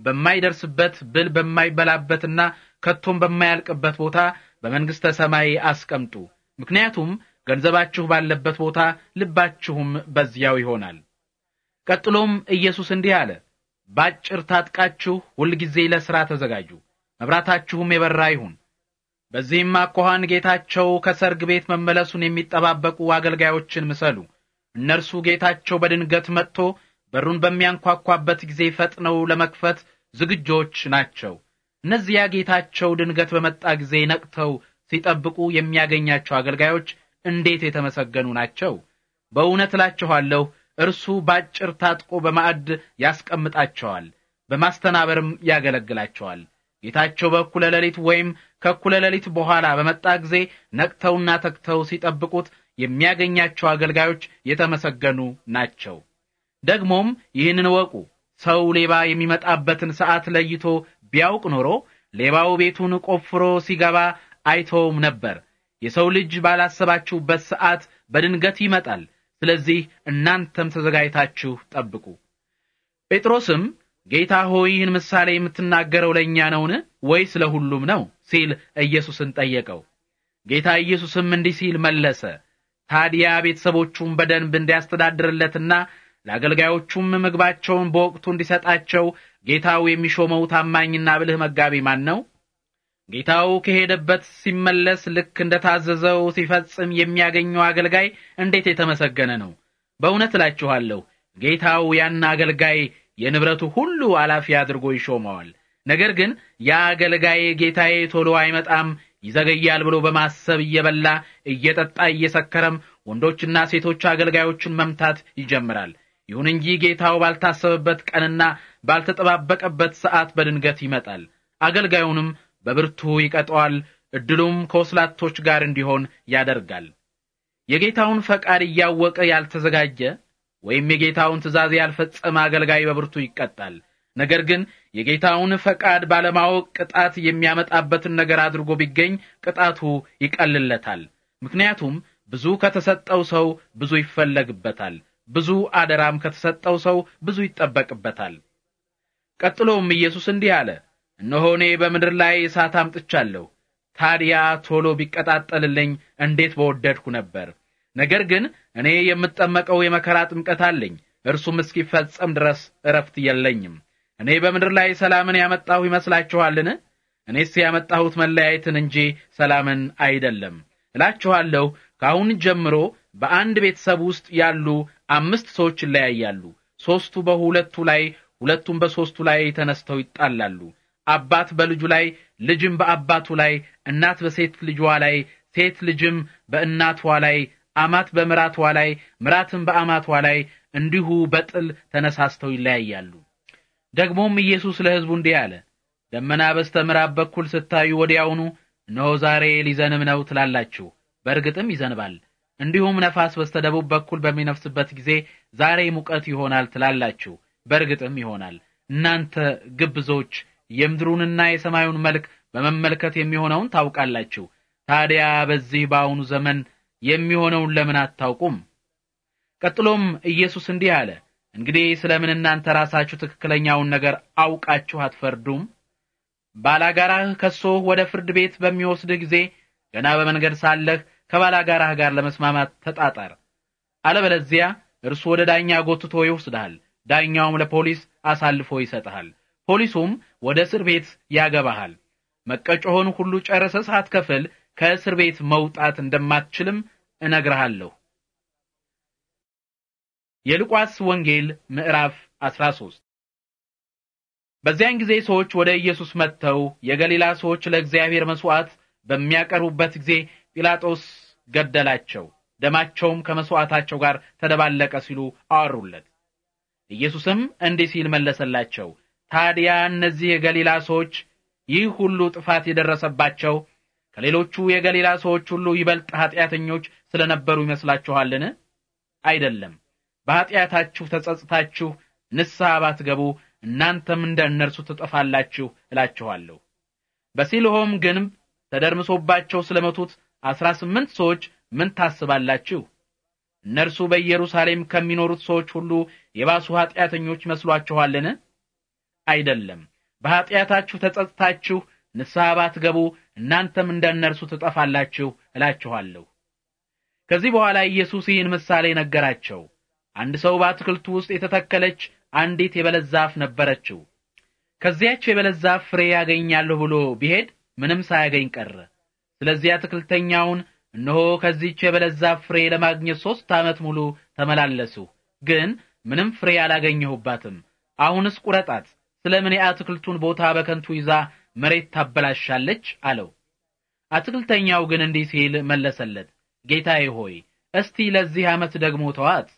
በማይደርስበት ብል በማይበላበትና ከቶም በማያልቅበት ቦታ በመንግሥተ ሰማይ አስቀምጡ። ምክንያቱም ገንዘባችሁ ባለበት ቦታ ልባችሁም በዚያው ይሆናል። ቀጥሎም ኢየሱስ እንዲህ አለ፣ ባጭር ታጥቃችሁ ሁልጊዜ ለሥራ ተዘጋጁ፣ መብራታችሁም የበራ ይሁን በዚህም አኳኋን ጌታቸው ከሰርግ ቤት መመለሱን የሚጠባበቁ አገልጋዮችን ምሰሉ። እነርሱ ጌታቸው በድንገት መጥቶ በሩን በሚያንኳኳበት ጊዜ ፈጥነው ለመክፈት ዝግጆች ናቸው። እነዚያ ጌታቸው ድንገት በመጣ ጊዜ ነቅተው ሲጠብቁ የሚያገኛቸው አገልጋዮች እንዴት የተመሰገኑ ናቸው! በእውነት እላችኋለሁ እርሱ ባጭር ታጥቆ በማዕድ ያስቀምጣቸዋል፣ በማስተናበርም ያገለግላቸዋል። ጌታቸው በእኩለ ሌሊት ወይም ከእኩለ ሌሊት በኋላ በመጣ ጊዜ ነቅተውና ተግተው ሲጠብቁት የሚያገኛቸው አገልጋዮች የተመሰገኑ ናቸው። ደግሞም ይህንን እወቁ፣ ሰው ሌባ የሚመጣበትን ሰዓት ለይቶ ቢያውቅ ኖሮ ሌባው ቤቱን ቆፍሮ ሲገባ አይተውም ነበር። የሰው ልጅ ባላሰባችሁበት ሰዓት በድንገት ይመጣል። ስለዚህ እናንተም ተዘጋጅታችሁ ጠብቁ። ጴጥሮስም ጌታ ሆይ ይህን ምሳሌ የምትናገረው ለእኛ ነውን ወይስ ለሁሉም ነው ሲል ኢየሱስን ጠየቀው። ጌታ ኢየሱስም እንዲህ ሲል መለሰ። ታዲያ ቤተሰቦቹን በደንብ እንዲያስተዳድርለትና ለአገልጋዮቹም ምግባቸውን በወቅቱ እንዲሰጣቸው ጌታው የሚሾመው ታማኝና ብልህ መጋቢ ማን ነው? ጌታው ከሄደበት ሲመለስ ልክ እንደ ታዘዘው ሲፈጽም የሚያገኘው አገልጋይ እንዴት የተመሰገነ ነው! በእውነት እላችኋለሁ ጌታው ያን አገልጋይ የንብረቱ ሁሉ አላፊ አድርጎ ይሾመዋል። ነገር ግን የአገልጋዬ ጌታዬ ቶሎ አይመጣም ይዘገያል ብሎ በማሰብ እየበላ እየጠጣ እየሰከረም ወንዶችና ሴቶች አገልጋዮችን መምታት ይጀምራል። ይሁን እንጂ ጌታው ባልታሰበበት ቀንና ባልተጠባበቀበት ሰዓት በድንገት ይመጣል። አገልጋዩንም በብርቱ ይቀጠዋል። ዕድሉም ከወስላቶች ጋር እንዲሆን ያደርጋል። የጌታውን ፈቃድ እያወቀ ያልተዘጋጀ ወይም የጌታውን ትእዛዝ ያልፈጸመ አገልጋይ በብርቱ ይቀጣል። ነገር ግን የጌታውን ፈቃድ ባለማወቅ ቅጣት የሚያመጣበትን ነገር አድርጎ ቢገኝ ቅጣቱ ይቀልለታል። ምክንያቱም ብዙ ከተሰጠው ሰው ብዙ ይፈለግበታል፣ ብዙ አደራም ከተሰጠው ሰው ብዙ ይጠበቅበታል። ቀጥሎም ኢየሱስ እንዲህ አለ፣ እነሆ እኔ በምድር ላይ እሳት አምጥቻለሁ። ታዲያ ቶሎ ቢቀጣጠልልኝ እንዴት በወደድኩ ነበር! ነገር ግን እኔ የምጠመቀው የመከራ ጥምቀት አለኝ፣ እርሱም እስኪፈጸም ድረስ እረፍት የለኝም። እኔ በምድር ላይ ሰላምን ያመጣሁ ይመስላችኋልን? እኔስ ያመጣሁት መለያየትን እንጂ ሰላምን አይደለም። እላችኋለሁ ከአሁን ጀምሮ በአንድ ቤተሰብ ውስጥ ያሉ አምስት ሰዎች ይለያያሉ። ሦስቱ በሁለቱ ላይ፣ ሁለቱም በሦስቱ ላይ ተነስተው ይጣላሉ። አባት በልጁ ላይ፣ ልጅም በአባቱ ላይ፣ እናት በሴት ልጇ ላይ፣ ሴት ልጅም በእናቷ ላይ አማት በምራትዋ ላይ ምራትም በአማቷ ላይ እንዲሁ በጥል ተነሳስተው ይለያያሉ። ደግሞም ኢየሱስ ለሕዝቡ እንዲህ አለ፣ ደመና በስተ ምዕራብ በኩል ስታዩ ወዲያውኑ እነሆ ዛሬ ሊዘንብ ነው ትላላችሁ፣ በእርግጥም ይዘንባል። እንዲሁም ነፋስ በስተ ደቡብ በኩል በሚነፍስበት ጊዜ ዛሬ ሙቀት ይሆናል ትላላችሁ፣ በእርግጥም ይሆናል። እናንተ ግብዞች የምድሩንና የሰማዩን መልክ በመመልከት የሚሆነውን ታውቃላችሁ። ታዲያ በዚህ በአሁኑ ዘመን የሚሆነውን ለምን አታውቁም? ቀጥሎም ኢየሱስ እንዲህ አለ፣ እንግዲህ ስለምን እናንተ ራሳችሁ ትክክለኛውን ነገር አውቃችሁ አትፈርዱም? ባላጋራህ ከሶህ ወደ ፍርድ ቤት በሚወስድህ ጊዜ ገና በመንገድ ሳለህ ከባላጋራህ ጋር ለመስማማት ተጣጣር። አለበለዚያ እርሱ ወደ ዳኛ ጎትቶ ይወስድሃል፣ ዳኛውም ለፖሊስ አሳልፎ ይሰጥሃል፣ ፖሊሱም ወደ እስር ቤት ያገባሃል። መቀጮህን ሁሉ ሰዓት ሳትከፍል ከእስር ቤት መውጣት እንደማትችልም እነግርሃለሁ። የሉቃስ ወንጌል ምዕራፍ 13 በዚያን ጊዜ ሰዎች ወደ ኢየሱስ መጥተው የገሊላ ሰዎች ለእግዚአብሔር መስዋዕት በሚያቀርቡበት ጊዜ ጲላጦስ ገደላቸው፣ ደማቸውም ከመስዋዕታቸው ጋር ተደባለቀ ሲሉ አወሩለት። ኢየሱስም እንዲህ ሲል መለሰላቸው፣ ታዲያ እነዚህ የገሊላ ሰዎች ይህ ሁሉ ጥፋት የደረሰባቸው ከሌሎቹ የገሊላ ሰዎች ሁሉ ይበልጥ ኃጢአተኞች ስለነበሩ ይመስላችኋልን? አይደለም። በኃጢአታችሁ ተጸጽታችሁ ንስሐ ባትገቡ እናንተም እንደ እነርሱ ትጠፋላችሁ እላችኋለሁ። በሲልሆም ግንብ ተደርምሶባቸው ስለመቱት አስራ ስምንት ሰዎች ምን ታስባላችሁ? እነርሱ በኢየሩሳሌም ከሚኖሩት ሰዎች ሁሉ የባሱ ኃጢአተኞች መስሏችኋልን? አይደለም። በኃጢአታችሁ ተጸጽታችሁ ንስሐ ባትገቡ እናንተም እንደ እነርሱ ትጠፋላችሁ እላችኋለሁ። ከዚህ በኋላ ኢየሱስ ይህን ምሳሌ ነገራቸው። አንድ ሰው በአትክልቱ ውስጥ የተተከለች አንዲት የበለስ ዛፍ ነበረችው። ከዚያች የበለስ ዛፍ ፍሬ ያገኛለሁ ብሎ ቢሄድ ምንም ሳያገኝ ቀረ። ስለዚህ አትክልተኛውን እነሆ ከዚች የበለስ ዛፍ ፍሬ ለማግኘት ሦስት ዓመት ሙሉ ተመላለስሁ፣ ግን ምንም ፍሬ አላገኘሁባትም። አሁንስ ቁረጣት። ስለምን የአትክልቱን ቦታ በከንቱ ይዛ መሬት ታበላሻለች አለው። አትክልተኛው ግን እንዲህ ሲል መለሰለት፣ ጌታዬ ሆይ እስቲ ለዚህ ዓመት ደግሞ ተዋት፣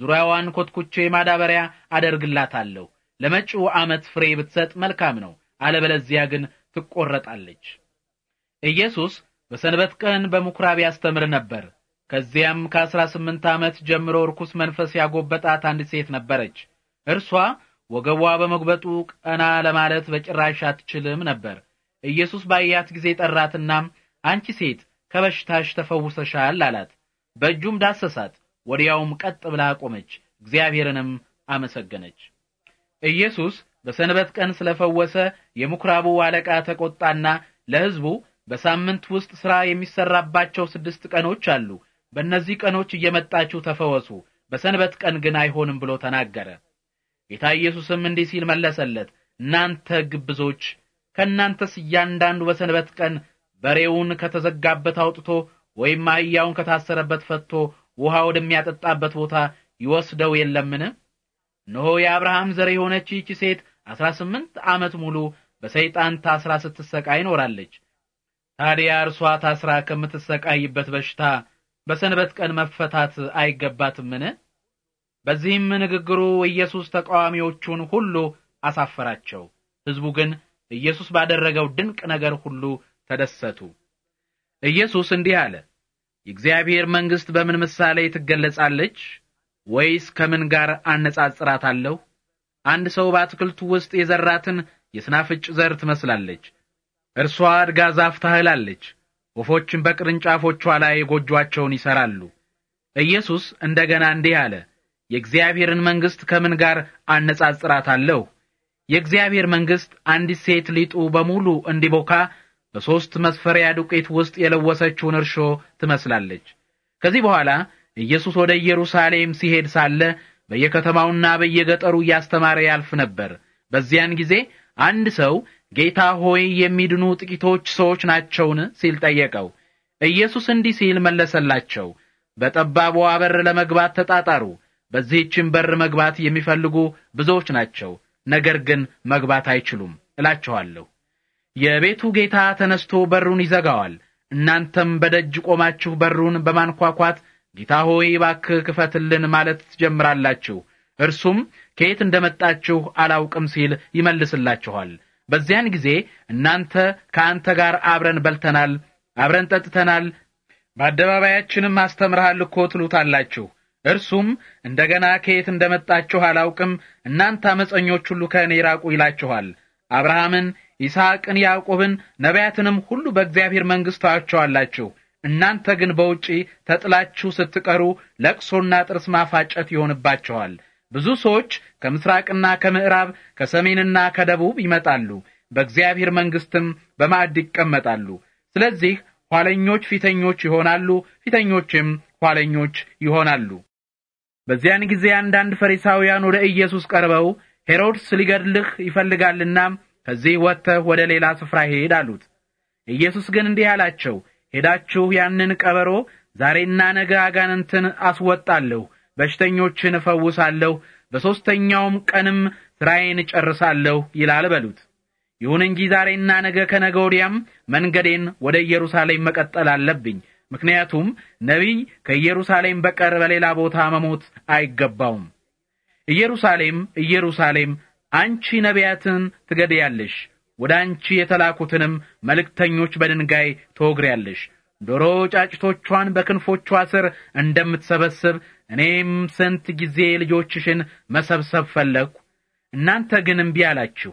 ዙሪያዋን ኮትኩቼ ማዳበሪያ አደርግላታለሁ። ለመጪው ዓመት ፍሬ ብትሰጥ መልካም ነው፣ አለበለዚያ ግን ትቆረጣለች። ኢየሱስ በሰንበት ቀን በምኵራብ ያስተምር ነበር። ከዚያም ከ ስምንት ዓመት ጀምሮ ርኩስ መንፈስ ያጎበጣት አንድ ሴት ነበረች። እርሷ ወገቧ በመጉበጡ ቀና ለማለት በጭራሽ አትችልም ነበር። ኢየሱስ ባያት ጊዜ ጠራትና አንቺ ሴት ከበሽታሽ ተፈውሰሻል አላት። በእጁም ዳሰሳት፣ ወዲያውም ቀጥ ብላ ቆመች፣ እግዚአብሔርንም አመሰገነች። ኢየሱስ በሰንበት ቀን ስለፈወሰ የሙክራቡ አለቃ ተቆጣና ለሕዝቡ በሳምንት ውስጥ ሥራ የሚሰራባቸው ስድስት ቀኖች አሉ። በእነዚህ ቀኖች እየመጣችሁ ተፈወሱ፣ በሰንበት ቀን ግን አይሆንም ብሎ ተናገረ። ጌታ ኢየሱስም እንዲህ ሲል መለሰለት፣ እናንተ ግብዞች፣ ከእናንተስ እያንዳንዱ በሰንበት ቀን በሬውን ከተዘጋበት አውጥቶ ወይም አህያውን ከታሰረበት ፈቶ ውሃ ወደሚያጠጣበት ቦታ ይወስደው የለምን? እነሆ የአብርሃም ዘር የሆነች ይቺ ሴት አስራ ስምንት ዓመት ሙሉ በሰይጣን ታስራ ስትሰቃይ ኖራለች። ታዲያ እርሷ ታስራ ከምትሰቃይበት በሽታ በሰንበት ቀን መፈታት አይገባትምን? በዚህም ንግግሩ ኢየሱስ ተቃዋሚዎቹን ሁሉ አሳፈራቸው። ሕዝቡ ግን ኢየሱስ ባደረገው ድንቅ ነገር ሁሉ ተደሰቱ። ኢየሱስ እንዲህ አለ፣ የእግዚአብሔር መንግሥት በምን ምሳሌ ትገለጻለች? ወይስ ከምን ጋር አነጻጽራታለሁ? አንድ ሰው በአትክልቱ ውስጥ የዘራትን የስናፍጭ ዘር ትመስላለች። እርሷ አድጋ ዛፍ ታህላለች፣ ወፎችን በቅርንጫፎቿ ላይ ጎጇቸውን ይሰራሉ። ኢየሱስ እንደገና እንዲህ አለ የእግዚአብሔርን መንግስት ከምን ጋር አነጻጽራታለሁ? የእግዚአብሔር መንግስት አንዲት ሴት ሊጡ በሙሉ እንዲቦካ በሶስት መስፈሪያ ዱቄት ውስጥ የለወሰችውን እርሾ ትመስላለች። ከዚህ በኋላ ኢየሱስ ወደ ኢየሩሳሌም ሲሄድ ሳለ በየከተማውና በየገጠሩ እያስተማረ ያልፍ ነበር። በዚያን ጊዜ አንድ ሰው ጌታ ሆይ የሚድኑ ጥቂቶች ሰዎች ናቸውን? ሲል ጠየቀው። ኢየሱስ እንዲህ ሲል መለሰላቸው፣ በጠባቡ በር ለመግባት ተጣጣሩ፣ በዚህችን በር መግባት የሚፈልጉ ብዙዎች ናቸው፣ ነገር ግን መግባት አይችሉም እላችኋለሁ። የቤቱ ጌታ ተነስቶ በሩን ይዘጋዋል። እናንተም በደጅ ቆማችሁ በሩን በማንኳኳት ጌታ ሆይ እባክህ ክፈትልን ማለት ትጀምራላችሁ። እርሱም ከየት እንደመጣችሁ አላውቅም ሲል ይመልስላችኋል። በዚያን ጊዜ እናንተ ከአንተ ጋር አብረን በልተናል፣ አብረን ጠጥተናል፣ በአደባባያችንም አስተምረሃል እኮ ትሉታላችሁ። እርሱም እንደገና ከየት መጣችሁ አላውቅም፣ እናንተ አመፀኞች ሁሉ ከእኔ ራቁ ይላችኋል። አብርሃምን፣ ይስሐቅን፣ ያዕቆብን ነቢያትንም ሁሉ በእግዚአብሔር መንግሥት ታያቸዋላችሁ። እናንተ ግን በውጪ ተጥላችሁ ስትቀሩ ለቅሶና ጥርስ ማፋጨት ይሆንባችኋል። ብዙ ሰዎች ከምስራቅና ከምዕራብ ከሰሜንና ከደቡብ ይመጣሉ፣ በእግዚአብሔር መንግሥትም በማዕድ ይቀመጣሉ። ስለዚህ ኋለኞች ፊተኞች ይሆናሉ፣ ፊተኞችም ኋለኞች ይሆናሉ። በዚያን ጊዜ አንዳንድ ፈሪሳውያን ወደ ኢየሱስ ቀርበው ሄሮድስ ሊገድልህ ይፈልጋልና ከዚህ ወጥተህ ወደ ሌላ ስፍራ ሄድ አሉት። ኢየሱስ ግን እንዲህ አላቸው፣ ሄዳችሁ ያንን ቀበሮ ዛሬና ነገ አጋንንትን አስወጣለሁ፣ በሽተኞችን እፈውሳለሁ፣ በሦስተኛውም ቀንም ሥራዬን እጨርሳለሁ ይላል በሉት። ይሁን እንጂ ዛሬና ነገ ከነገ ወዲያም መንገዴን ወደ ኢየሩሳሌም መቀጠል አለብኝ ምክንያቱም ነቢይ ከኢየሩሳሌም በቀር በሌላ ቦታ መሞት አይገባውም። ኢየሩሳሌም ኢየሩሳሌም አንቺ ነቢያትን ትገድያለሽ፣ ወደ አንቺ የተላኩትንም መልእክተኞች በድንጋይ ትወግሪያለሽ። ዶሮ ጫጭቶቿን በክንፎቿ ስር እንደምትሰበስብ እኔም ስንት ጊዜ ልጆችሽን መሰብሰብ ፈለግሁ፣ እናንተ ግን እምቢ አላችሁ።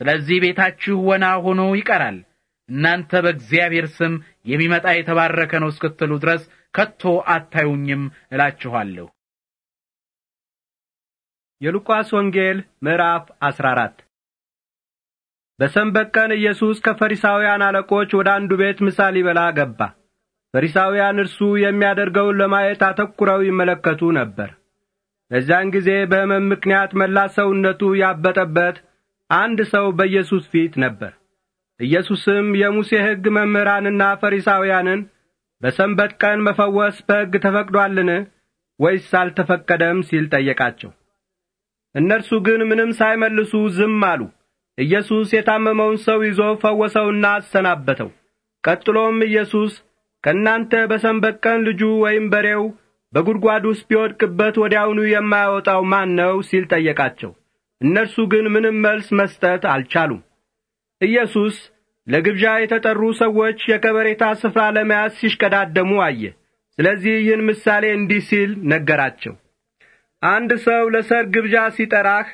ስለዚህ ቤታችሁ ወና ሆኖ ይቀራል። እናንተ በእግዚአብሔር ስም የሚመጣ የተባረከ ነው እስክትሉ ድረስ ከቶ አታዩኝም እላችኋለሁ። የሉቃስ ወንጌል ምዕራፍ 14 በሰንበት ቀን ኢየሱስ ከፈሪሳውያን አለቆች ወደ አንዱ ቤት ምሳ ሊበላ ገባ። ፈሪሳውያን እርሱ የሚያደርገውን ለማየት አተኩረው ይመለከቱ ነበር። በዚያን ጊዜ በሕመም ምክንያት መላ ሰውነቱ ያበጠበት አንድ ሰው በኢየሱስ ፊት ነበር። ኢየሱስም የሙሴ ሕግ መምህራንና ፈሪሳውያንን በሰንበት ቀን መፈወስ በሕግ ተፈቅዶአልን ወይስ አልተፈቀደም ሲል ጠየቃቸው። እነርሱ ግን ምንም ሳይመልሱ ዝም አሉ። ኢየሱስ የታመመውን ሰው ይዞ ፈወሰውና አሰናበተው። ቀጥሎም ኢየሱስ ከእናንተ በሰንበት ቀን ልጁ ወይም በሬው በጉድጓድ ውስጥ ቢወድቅበት ወዲያውኑ የማያወጣው ማን ነው ሲል ጠየቃቸው። እነርሱ ግን ምንም መልስ መስጠት አልቻሉም። ኢየሱስ ለግብዣ የተጠሩ ሰዎች የከበሬታ ስፍራ ለመያዝ ሲሽቀዳደሙ አየ። ስለዚህ ይህን ምሳሌ እንዲህ ሲል ነገራቸው። አንድ ሰው ለሰርግ ግብዣ ሲጠራህ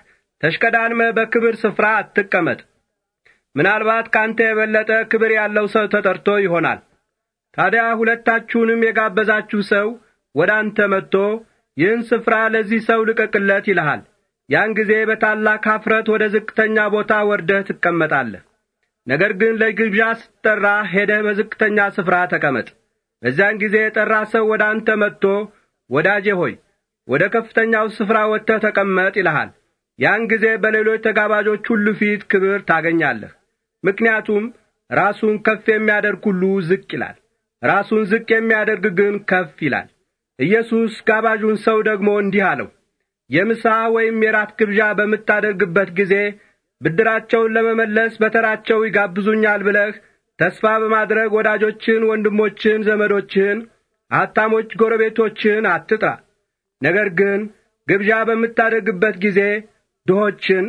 ተሽቀዳድመ በክብር ስፍራ አትቀመጥ። ምናልባት ካንተ የበለጠ ክብር ያለው ሰው ተጠርቶ ይሆናል። ታዲያ ሁለታችሁንም የጋበዛችሁ ሰው ወደ አንተ መጥቶ ይህን ስፍራ ለዚህ ሰው ልቀቅለት ይልሃል። ያን ጊዜ በታላቅ ኀፍረት ወደ ዝቅተኛ ቦታ ወርደህ ትቀመጣለህ። ነገር ግን ለግብዣ ስትጠራ ሄደህ በዝቅተኛ ስፍራ ተቀመጥ። በዚያን ጊዜ የጠራ ሰው ወደ አንተ መጥቶ ወዳጄ ሆይ ወደ ከፍተኛው ስፍራ ወጥተህ ተቀመጥ ይልሃል። ያን ጊዜ በሌሎች ተጋባዦች ሁሉ ፊት ክብር ታገኛለህ። ምክንያቱም ራሱን ከፍ የሚያደርግ ሁሉ ዝቅ ይላል፣ ራሱን ዝቅ የሚያደርግ ግን ከፍ ይላል። ኢየሱስ ጋባዡን ሰው ደግሞ እንዲህ አለው፣ የምሳ ወይም የራት ግብዣ በምታደርግበት ጊዜ ብድራቸውን ለመመለስ በተራቸው ይጋብዙኛል ብለህ ተስፋ በማድረግ ወዳጆችን፣ ወንድሞችን፣ ዘመዶችን፣ አታሞች ጎረቤቶችን አትጥራ። ነገር ግን ግብዣ በምታደርግበት ጊዜ ድሆችን፣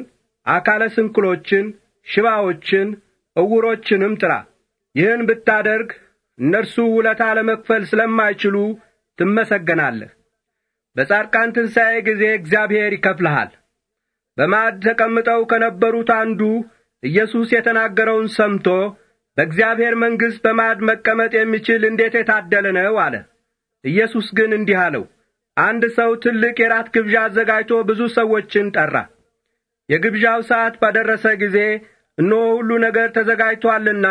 አካለ ስንኩሎችን፣ ሽባዎችን፣ እውሮችንም ጥራ። ይህን ብታደርግ እነርሱ ውለታ ለመክፈል ስለማይችሉ ትመሰገናለህ። በጻድቃን ትንሣኤ ጊዜ እግዚአብሔር ይከፍልሃል። በማዕድ ተቀምጠው ከነበሩት አንዱ ኢየሱስ የተናገረውን ሰምቶ በእግዚአብሔር መንግሥት በማዕድ መቀመጥ የሚችል እንዴት የታደለ ነው አለ። ኢየሱስ ግን እንዲህ አለው፣ አንድ ሰው ትልቅ የራት ግብዣ አዘጋጅቶ ብዙ ሰዎችን ጠራ። የግብዣው ሰዓት ባደረሰ ጊዜ እነሆ ሁሉ ነገር ተዘጋጅቶአልና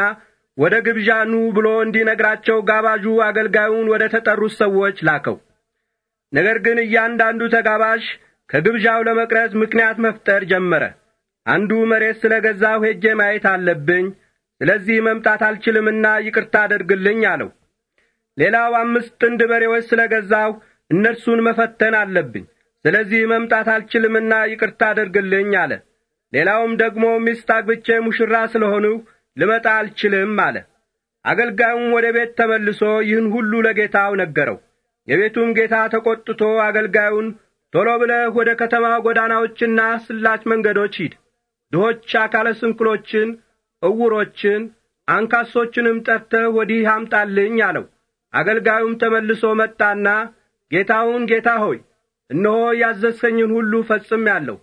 ወደ ግብዣ ኑ ብሎ እንዲነግራቸው ጋባዡ አገልጋዩን ወደ ተጠሩት ሰዎች ላከው። ነገር ግን እያንዳንዱ ተጋባዥ ከግብዣው ለመቅረት ምክንያት መፍጠር ጀመረ። አንዱ መሬት ስለ ገዛሁ ሄጄ ማየት አለብኝ፣ ስለዚህ መምጣት አልችልምና ይቅርታ አደርግልኝ አለው። ሌላው አምስት ጥንድ በሬዎች ስለ ገዛሁ እነርሱን መፈተን አለብኝ፣ ስለዚህ መምጣት አልችልምና ይቅርታ አደርግልኝ አለ። ሌላውም ደግሞ ሚስት አግብቼ ሙሽራ ስለሆንሁ ልመጣ አልችልም አለ። አገልጋዩም ወደ ቤት ተመልሶ ይህን ሁሉ ለጌታው ነገረው። የቤቱም ጌታ ተቈጥቶ አገልጋዩን ቶሎ ብለህ ወደ ከተማ ጎዳናዎችና ስላች መንገዶች ሂድ። ድሆች፣ አካለ ስንኩሎችን፣ እውሮችን፣ አንካሶችንም ጠርተህ ወዲህ አምጣልኝ አለው። አገልጋዩም ተመልሶ መጣና ጌታውን ጌታ ሆይ እነሆ ያዘዝኸኝን ሁሉ ፈጽሜአለሁ፣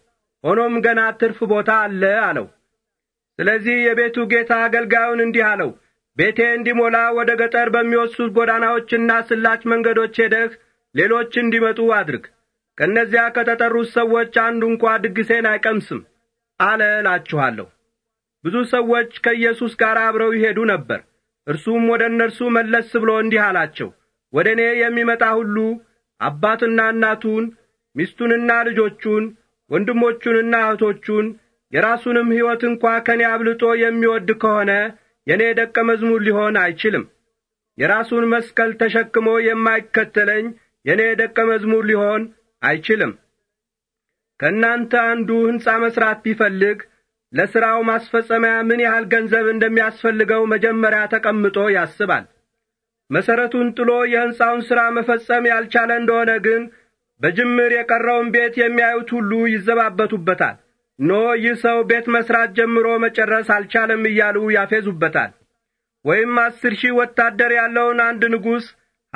ሆኖም ገና ትርፍ ቦታ አለ አለው። ስለዚህ የቤቱ ጌታ አገልጋዩን እንዲህ አለው፣ ቤቴ እንዲሞላ ወደ ገጠር በሚወስዱት ጎዳናዎችና ስላች መንገዶች ሄደህ ሌሎች እንዲመጡ አድርግ። ከእነዚያ ከተጠሩት ሰዎች አንዱ እንኳ ድግሴን አይቀምስም አለ እላችኋለሁ። ብዙ ሰዎች ከኢየሱስ ጋር አብረው ይሄዱ ነበር። እርሱም ወደ እነርሱ መለስ ብሎ እንዲህ አላቸው፣ ወደ እኔ የሚመጣ ሁሉ አባትና እናቱን፣ ሚስቱንና ልጆቹን፣ ወንድሞቹንና እህቶቹን፣ የራሱንም ሕይወት እንኳ ከእኔ አብልጦ የሚወድ ከሆነ የእኔ ደቀ መዝሙር ሊሆን አይችልም። የራሱን መስቀል ተሸክሞ የማይከተለኝ የእኔ ደቀ መዝሙር ሊሆን አይችልም። ከእናንተ አንዱ ሕንፃ መሥራት ቢፈልግ ለሥራው ማስፈጸሚያ ምን ያህል ገንዘብ እንደሚያስፈልገው መጀመሪያ ተቀምጦ ያስባል። መሠረቱን ጥሎ የሕንፃውን ሥራ መፈጸም ያልቻለ እንደሆነ ግን በጅምር የቀረውን ቤት የሚያዩት ሁሉ ይዘባበቱበታል። ኖ ይህ ሰው ቤት መሥራት ጀምሮ መጨረስ አልቻለም እያሉ ያፌዙበታል። ወይም አስር ሺህ ወታደር ያለውን አንድ ንጉሥ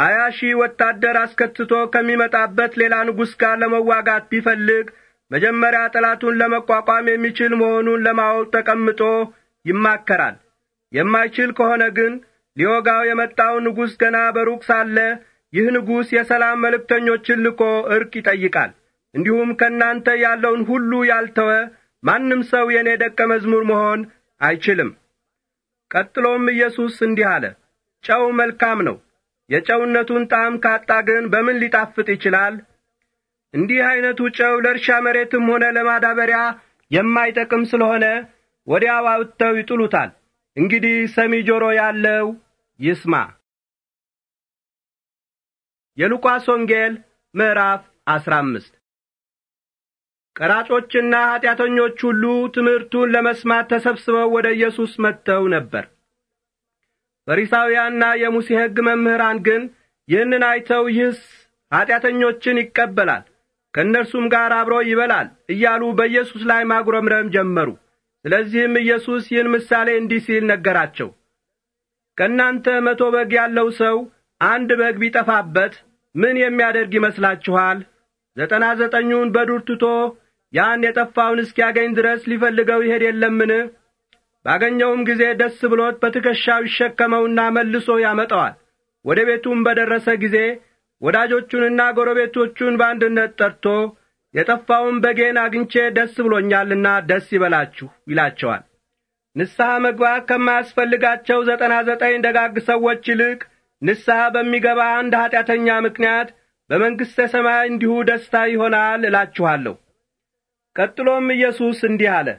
ሀያ ሺህ ወታደር አስከትቶ ከሚመጣበት ሌላ ንጉሥ ጋር ለመዋጋት ቢፈልግ መጀመሪያ ጠላቱን ለመቋቋም የሚችል መሆኑን ለማወቅ ተቀምጦ ይማከራል። የማይችል ከሆነ ግን ሊወጋው የመጣው ንጉሥ ገና በሩቅ ሳለ ይህ ንጉሥ የሰላም መልእክተኞችን ልኮ ዕርቅ ይጠይቃል። እንዲሁም ከእናንተ ያለውን ሁሉ ያልተወ ማንም ሰው የእኔ ደቀ መዝሙር መሆን አይችልም። ቀጥሎም ኢየሱስ እንዲህ አለ፣ ጨው መልካም ነው። የጨውነቱን ጣዕም ካጣ ግን በምን ሊጣፍጥ ይችላል? እንዲህ ዐይነቱ ጨው ለእርሻ መሬትም ሆነ ለማዳበሪያ የማይጠቅም ስለሆነ ወዲያው አውጥተው ይጥሉታል። እንግዲህ ሰሚ ጆሮ ያለው ይስማ። የሉቃስ ወንጌል ምዕራፍ አስራ አምስት ቀራጮችና ኀጢአተኞች ሁሉ ትምህርቱን ለመስማት ተሰብስበው ወደ ኢየሱስ መጥተው ነበር። ፈሪሳውያንና የሙሴ ሕግ መምህራን ግን ይህንን አይተው ይህስ ኀጢአተኞችን ይቀበላል፣ ከእነርሱም ጋር አብሮ ይበላል እያሉ በኢየሱስ ላይ ማጉረምረም ጀመሩ። ስለዚህም ኢየሱስ ይህን ምሳሌ እንዲህ ሲል ነገራቸው። ከእናንተ መቶ በግ ያለው ሰው አንድ በግ ቢጠፋበት ምን የሚያደርግ ይመስላችኋል? ዘጠና ዘጠኙን በዱር ትቶ ያን የጠፋውን እስኪያገኝ ድረስ ሊፈልገው ይሄድ የለምን? ባገኘውም ጊዜ ደስ ብሎት በትከሻው ይሸከመውና መልሶ ያመጣዋል። ወደ ቤቱም በደረሰ ጊዜ ወዳጆቹንና ጎረቤቶቹን በአንድነት ጠርቶ የጠፋውን በጌን አግኝቼ ደስ ብሎኛልና ደስ ይበላችሁ ይላቸዋል። ንስሐ መግባት ከማያስፈልጋቸው ዘጠና ዘጠኝ ደጋግ ሰዎች ይልቅ ንስሐ በሚገባ አንድ ኀጢአተኛ ምክንያት በመንግሥተ ሰማይ እንዲሁ ደስታ ይሆናል እላችኋለሁ። ቀጥሎም ኢየሱስ እንዲህ አለ።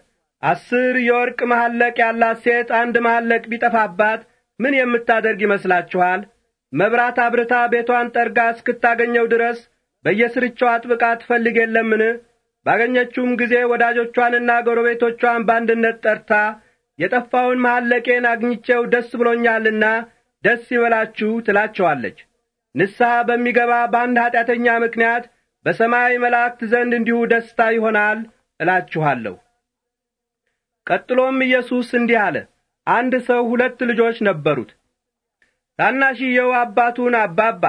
አስር የወርቅ መሐለቅ ያላት ሴት አንድ መሐለቅ ቢጠፋባት ምን የምታደርግ ይመስላችኋል? መብራት አብርታ ቤቷን ጠርጋ እስክታገኘው ድረስ በየስርቻው አጥብቃ ትፈልግ የለምን? ባገኘችውም ጊዜ ወዳጆቿንና ጎረቤቶቿን በአንድነት ጠርታ የጠፋውን መሐለቄን አግኝቼው ደስ ብሎኛልና ደስ ይበላችሁ ትላቸዋለች። ንስሐ በሚገባ በአንድ ኀጢአተኛ ምክንያት በሰማይ መላእክት ዘንድ እንዲሁ ደስታ ይሆናል እላችኋለሁ። ቀጥሎም ኢየሱስ እንዲህ አለ። አንድ ሰው ሁለት ልጆች ነበሩት። ታናሽየው አባቱን አባባ፣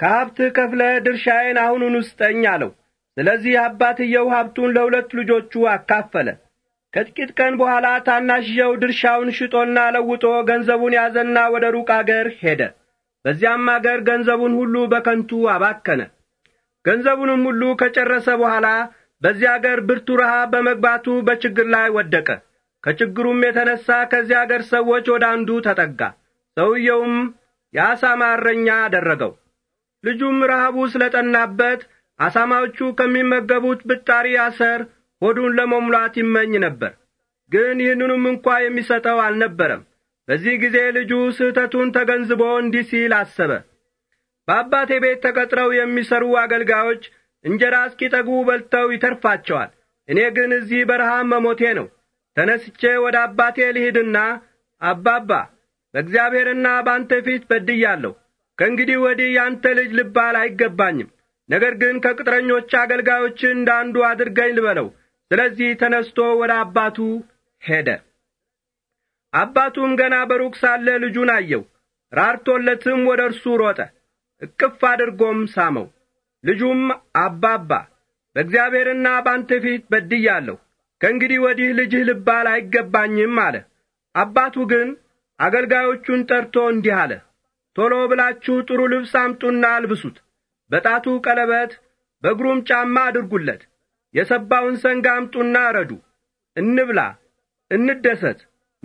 ከሀብትህ ከፍለህ ድርሻዬን አሁኑን ውስጠኝ አለው። ስለዚህ አባትየው ሀብቱን ለሁለት ልጆቹ አካፈለ። ከጥቂት ቀን በኋላ ታናሽየው ድርሻውን ሽጦና ለውጦ ገንዘቡን ያዘና ወደ ሩቅ አገር ሄደ። በዚያም አገር ገንዘቡን ሁሉ በከንቱ አባከነ። ገንዘቡንም ሁሉ ከጨረሰ በኋላ በዚያ አገር ብርቱ ረሃብ በመግባቱ በችግር ላይ ወደቀ። ከችግሩም የተነሣ ከዚያ አገር ሰዎች ወደ አንዱ ተጠጋ። ሰውየውም የአሳማ እረኛ አደረገው። ልጁም ረሃቡ ስለ ጠናበት አሳማዎቹ ከሚመገቡት ብጣሪ አሰር ሆዱን ለመሙላት ይመኝ ነበር። ግን ይህንኑም እንኳ የሚሰጠው አልነበረም። በዚህ ጊዜ ልጁ ስህተቱን ተገንዝቦ እንዲህ ሲል አሰበ። በአባቴ ቤት ተቀጥረው የሚሰሩ አገልጋዮች እንጀራ እስኪጠግቡ በልተው ይተርፋቸዋል። እኔ ግን እዚህ በረሃብ መሞቴ ነው። ተነስቼ ወደ አባቴ ልሂድና አባባ በእግዚአብሔርና በአንተ ፊት በድያለሁ። ከእንግዲህ ወዲህ ያንተ ልጅ ልባል አይገባኝም። ነገር ግን ከቅጥረኞች አገልጋዮች እንደ አንዱ አድርገኝ ልበለው። ስለዚህ ተነስቶ ወደ አባቱ ሄደ። አባቱም ገና በሩቅ ሳለ ልጁን አየው። ራርቶለትም ወደ እርሱ ሮጠ፣ እቅፍ አድርጎም ሳመው። ልጁም አባባ በእግዚአብሔርና በአንተ ፊት በድያለሁ ከእንግዲህ ወዲህ ልጅህ ልባል አይገባኝም አለ። አባቱ ግን አገልጋዮቹን ጠርቶ እንዲህ አለ፣ ቶሎ ብላችሁ ጥሩ ልብስ አምጡና አልብሱት፣ በጣቱ ቀለበት፣ በእግሩም ጫማ አድርጉለት። የሰባውን ሰንጋ አምጡና ረዱ፣ እንብላ፣ እንደሰት።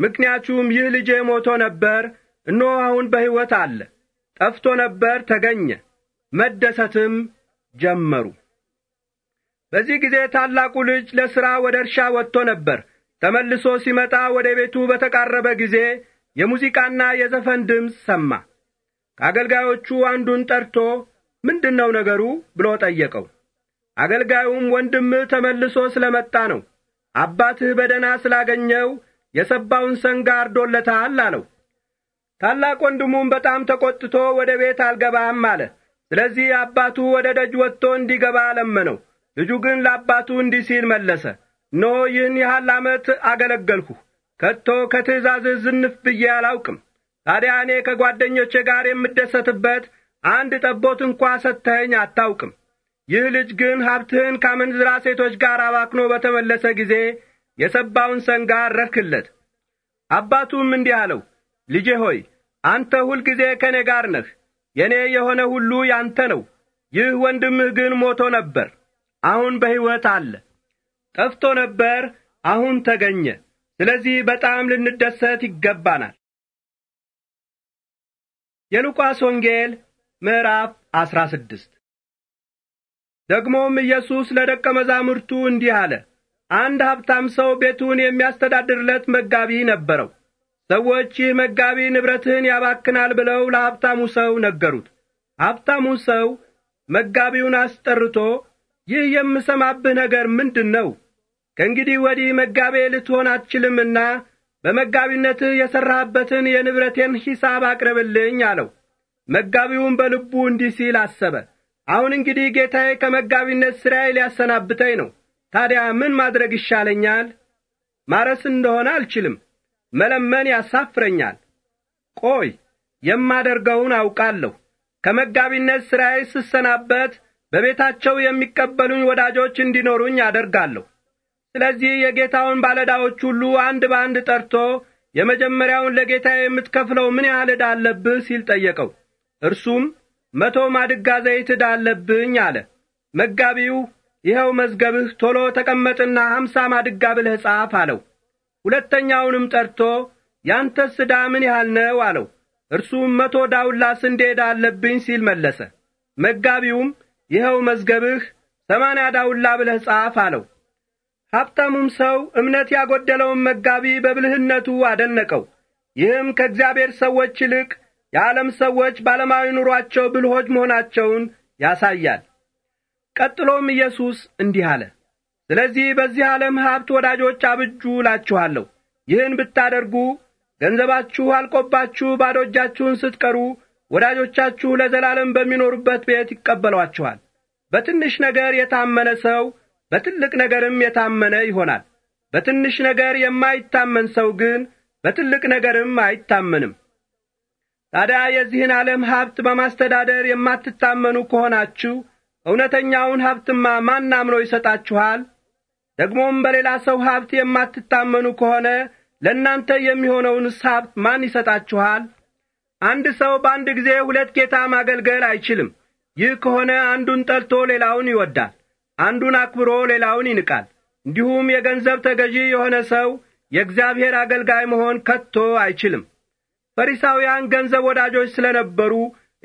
ምክንያቱም ይህ ልጄ ሞቶ ነበር፣ እነሆ አሁን በሕይወት አለ፣ ጠፍቶ ነበር፣ ተገኘ። መደሰትም ጀመሩ። በዚህ ጊዜ ታላቁ ልጅ ለሥራ ወደ እርሻ ወጥቶ ነበር። ተመልሶ ሲመጣ ወደ ቤቱ በተቃረበ ጊዜ የሙዚቃና የዘፈን ድምፅ ሰማ። ከአገልጋዮቹ አንዱን ጠርቶ ምንድን ነው ነገሩ ብሎ ጠየቀው። አገልጋዩም ወንድምህ ተመልሶ ስለ መጣ ነው፣ አባትህ በደና ስላገኘው የሰባውን ሰንጋ አርዶለታል አለው። ታላቅ ወንድሙም በጣም ተቈጥቶ ወደ ቤት አልገባም አለ። ስለዚህ አባቱ ወደ ደጅ ወጥቶ እንዲገባ ለመነው። ልጁ ግን ለአባቱ እንዲህ ሲል መለሰ፣ ኖ ይህን ያህል ዓመት አገለገልሁ፣ ከቶ ከትእዛዝ ዝንፍ ብዬ አላውቅም። ታዲያ እኔ ከጓደኞቼ ጋር የምደሰትበት አንድ ጠቦት እንኳ ሰጥተኸኝ አታውቅም። ይህ ልጅ ግን ሀብትህን ካመንዝራ ሴቶች ጋር አባክኖ በተመለሰ ጊዜ የሰባውን ሰንጋ አረድክለት። አባቱም እንዲህ አለው፣ ልጄ ሆይ አንተ ሁልጊዜ ከእኔ ጋር ነህ፣ የእኔ የሆነ ሁሉ ያንተ ነው። ይህ ወንድምህ ግን ሞቶ ነበር አሁን በሕይወት አለ። ጠፍቶ ነበር፣ አሁን ተገኘ። ስለዚህ በጣም ልንደሰት ይገባናል። የሉቃስ ወንጌል ምዕራፍ አስራ ስድስት ደግሞም ኢየሱስ ለደቀ መዛሙርቱ እንዲህ አለ። አንድ ሀብታም ሰው ቤቱን የሚያስተዳድርለት መጋቢ ነበረው። ሰዎች ይህ መጋቢ ንብረትህን ያባክናል ብለው ለሀብታሙ ሰው ነገሩት። ሀብታሙ ሰው መጋቢውን አስጠርቶ ይህ የምሰማብህ ነገር ምንድን ነው? ከእንግዲህ ወዲህ መጋቤ ልትሆን አትችልምና በመጋቢነትህ የሠራህበትን የንብረቴን ሂሳብ አቅርብልኝ አለው። መጋቢውን በልቡ እንዲህ ሲል አሰበ። አሁን እንግዲህ ጌታዬ ከመጋቢነት ሥራዬ ሊያሰናብተኝ ነው። ታዲያ ምን ማድረግ ይሻለኛል? ማረስ እንደሆነ አልችልም። መለመን ያሳፍረኛል። ቆይ የማደርገውን አውቃለሁ። ከመጋቢነት ሥራዬ ስሰናበት በቤታቸው የሚቀበሉኝ ወዳጆች እንዲኖሩኝ አደርጋለሁ። ስለዚህ የጌታውን ባለዕዳዎች ሁሉ አንድ በአንድ ጠርቶ የመጀመሪያውን ለጌታ የምትከፍለው ምን ያህል ዕዳ አለብህ ሲል ጠየቀው። እርሱም መቶ ማድጋ ዘይት ዕዳ አለብኝ አለ። መጋቢው ይኸው መዝገብህ፣ ቶሎ ተቀመጥና ሐምሳ ማድጋ ብለህ ጻፍ አለው። ሁለተኛውንም ጠርቶ ያንተስ ዕዳ ምን ያህል ነው አለው። እርሱም መቶ ዳውላ ስንዴ ዕዳ አለብኝ ሲል መለሰ። መጋቢውም ይኸው መዝገብህ ሰማንያ ዳውላ ብለህ ጻፍ አለው። ሀብታሙም ሰው እምነት ያጎደለውን መጋቢ በብልህነቱ አደነቀው። ይህም ከእግዚአብሔር ሰዎች ይልቅ የዓለም ሰዎች ባለማዊ ኑሯቸው ብልሆች መሆናቸውን ያሳያል። ቀጥሎም ኢየሱስ እንዲህ አለ፣ ስለዚህ በዚህ ዓለም ሀብት ወዳጆች አብጁ እላችኋለሁ። ይህን ብታደርጉ ገንዘባችሁ አልቆባችሁ ባዶ እጃችሁን ስትቀሩ ወዳጆቻችሁ ለዘላለም በሚኖሩበት ቤት ይቀበሏችኋል። በትንሽ ነገር የታመነ ሰው በትልቅ ነገርም የታመነ ይሆናል። በትንሽ ነገር የማይታመን ሰው ግን በትልቅ ነገርም አይታመንም። ታዲያ የዚህን ዓለም ሀብት በማስተዳደር የማትታመኑ ከሆናችሁ እውነተኛውን ሀብትማ ማን አምኖ ይሰጣችኋል? ደግሞም በሌላ ሰው ሀብት የማትታመኑ ከሆነ ለእናንተ የሚሆነውንስ ሀብት ማን ይሰጣችኋል? አንድ ሰው በአንድ ጊዜ ሁለት ጌታ ማገልገል አይችልም። ይህ ከሆነ አንዱን ጠልቶ ሌላውን ይወዳል፣ አንዱን አክብሮ ሌላውን ይንቃል። እንዲሁም የገንዘብ ተገዢ የሆነ ሰው የእግዚአብሔር አገልጋይ መሆን ከቶ አይችልም። ፈሪሳውያን ገንዘብ ወዳጆች ስለ ነበሩ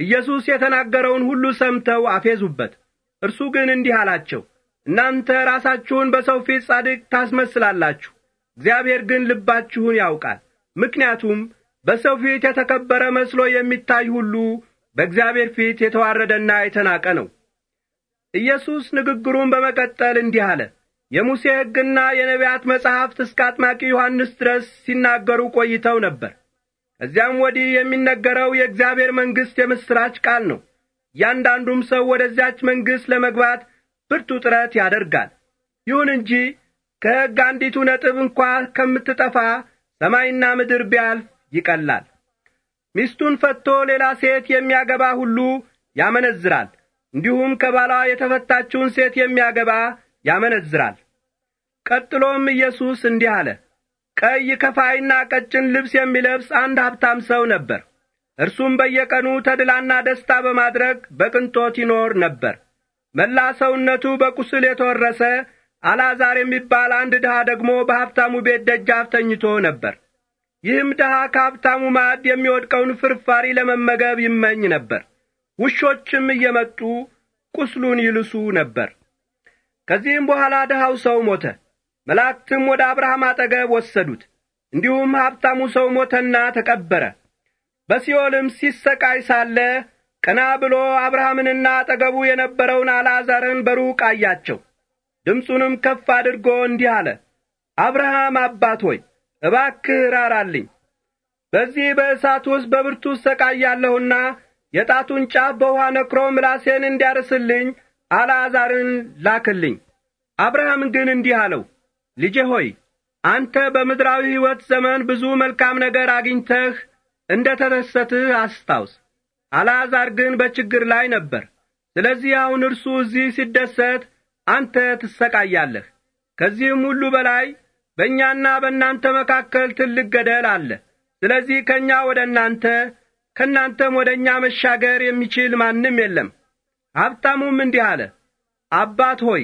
ኢየሱስ የተናገረውን ሁሉ ሰምተው አፌዙበት። እርሱ ግን እንዲህ አላቸው፣ እናንተ ራሳችሁን በሰው ፊት ጻድቅ ታስመስላላችሁ፣ እግዚአብሔር ግን ልባችሁን ያውቃል። ምክንያቱም በሰው ፊት የተከበረ መስሎ የሚታይ ሁሉ በእግዚአብሔር ፊት የተዋረደና የተናቀ ነው። ኢየሱስ ንግግሩን በመቀጠል እንዲህ አለ። የሙሴ ሕግና የነቢያት መጻሕፍት እስከ አጥማቂ ዮሐንስ ድረስ ሲናገሩ ቆይተው ነበር። ከዚያም ወዲህ የሚነገረው የእግዚአብሔር መንግሥት የምሥራች ቃል ነው። እያንዳንዱም ሰው ወደዚያች መንግሥት ለመግባት ብርቱ ጥረት ያደርጋል። ይሁን እንጂ ከሕግ አንዲቱ ነጥብ እንኳ ከምትጠፋ ሰማይና ምድር ቢያልፍ ይቀላል። ሚስቱን ፈቶ ሌላ ሴት የሚያገባ ሁሉ ያመነዝራል። እንዲሁም ከባሏ የተፈታችውን ሴት የሚያገባ ያመነዝራል። ቀጥሎም ኢየሱስ እንዲህ አለ። ቀይ ከፋይና ቀጭን ልብስ የሚለብስ አንድ ሀብታም ሰው ነበር። እርሱም በየቀኑ ተድላና ደስታ በማድረግ በቅንጦት ይኖር ነበር። መላ ሰውነቱ በቁስል የተወረሰ አልዓዛር የሚባል አንድ ድሃ ደግሞ በሀብታሙ ቤት ደጃፍ ተኝቶ ነበር። ይህም ድሃ ከሀብታሙ ማዕድ የሚወድቀውን ፍርፋሪ ለመመገብ ይመኝ ነበር። ውሾችም እየመጡ ቁስሉን ይልሱ ነበር። ከዚህም በኋላ ድሃው ሰው ሞተ። መላእክትም ወደ አብርሃም አጠገብ ወሰዱት። እንዲሁም ሀብታሙ ሰው ሞተና ተቀበረ። በሲኦልም ሲሰቃይ ሳለ ቀና ብሎ አብርሃምንና አጠገቡ የነበረውን አልዓዛርን በሩቅ አያቸው። ድምፁንም ከፍ አድርጎ እንዲህ አለ፣ አብርሃም አባት ሆይ እባክህ ራራልኝ። በዚህ በእሳት ውስጥ በብርቱ እሰቃያለሁና የጣቱን ጫፍ በውኃ ነክሮ ምላሴን እንዲያርስልኝ አልዓዛርን ላክልኝ። አብርሃም ግን እንዲህ አለው፣ ልጄ ሆይ አንተ በምድራዊ ሕይወት ዘመን ብዙ መልካም ነገር አግኝተህ እንደ ተደሰትህ አስታውስ። አልዓዛር ግን በችግር ላይ ነበር። ስለዚህ አሁን እርሱ እዚህ ሲደሰት፣ አንተ ትሰቃያለህ። ከዚህም ሁሉ በላይ በእኛና በእናንተ መካከል ትልቅ ገደል አለ። ስለዚህ ከእኛ ወደ እናንተ ከእናንተም ወደ እኛ መሻገር የሚችል ማንም የለም። ሀብታሙም እንዲህ አለ፣ አባት ሆይ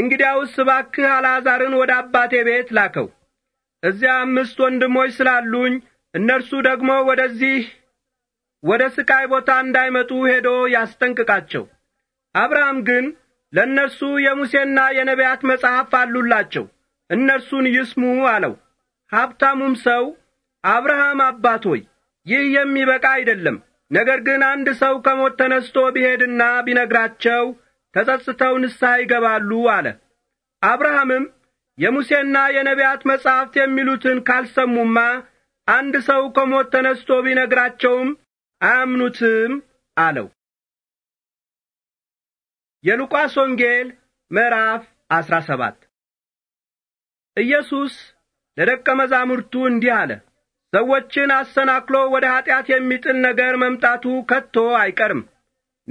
እንግዲያውስ እባክህ አልዓዛርን ወደ አባቴ ቤት ላከው። እዚያ አምስት ወንድሞች ስላሉኝ እነርሱ ደግሞ ወደዚህ ወደ ስቃይ ቦታ እንዳይመጡ ሄዶ ያስጠንቅቃቸው። አብርሃም ግን ለእነርሱ የሙሴና የነቢያት መጽሐፍ አሉላቸው እነርሱን ይስሙ አለው። ሀብታሙም ሰው አብርሃም አባት ሆይ ይህ የሚበቃ አይደለም፣ ነገር ግን አንድ ሰው ከሞት ተነስቶ ቢሄድና ቢነግራቸው ተጸጽተው ንስሐ ይገባሉ አለ። አብርሃምም የሙሴና የነቢያት መጻሕፍት የሚሉትን ካልሰሙማ አንድ ሰው ከሞት ተነስቶ ቢነግራቸውም አያምኑትም አለው። የሉቃስ ወንጌል ምዕራፍ አስራ ሰባት ኢየሱስ ለደቀ መዛሙርቱ እንዲህ አለ፣ ሰዎችን አሰናክሎ ወደ ኀጢአት የሚጥል ነገር መምጣቱ ከቶ አይቀርም።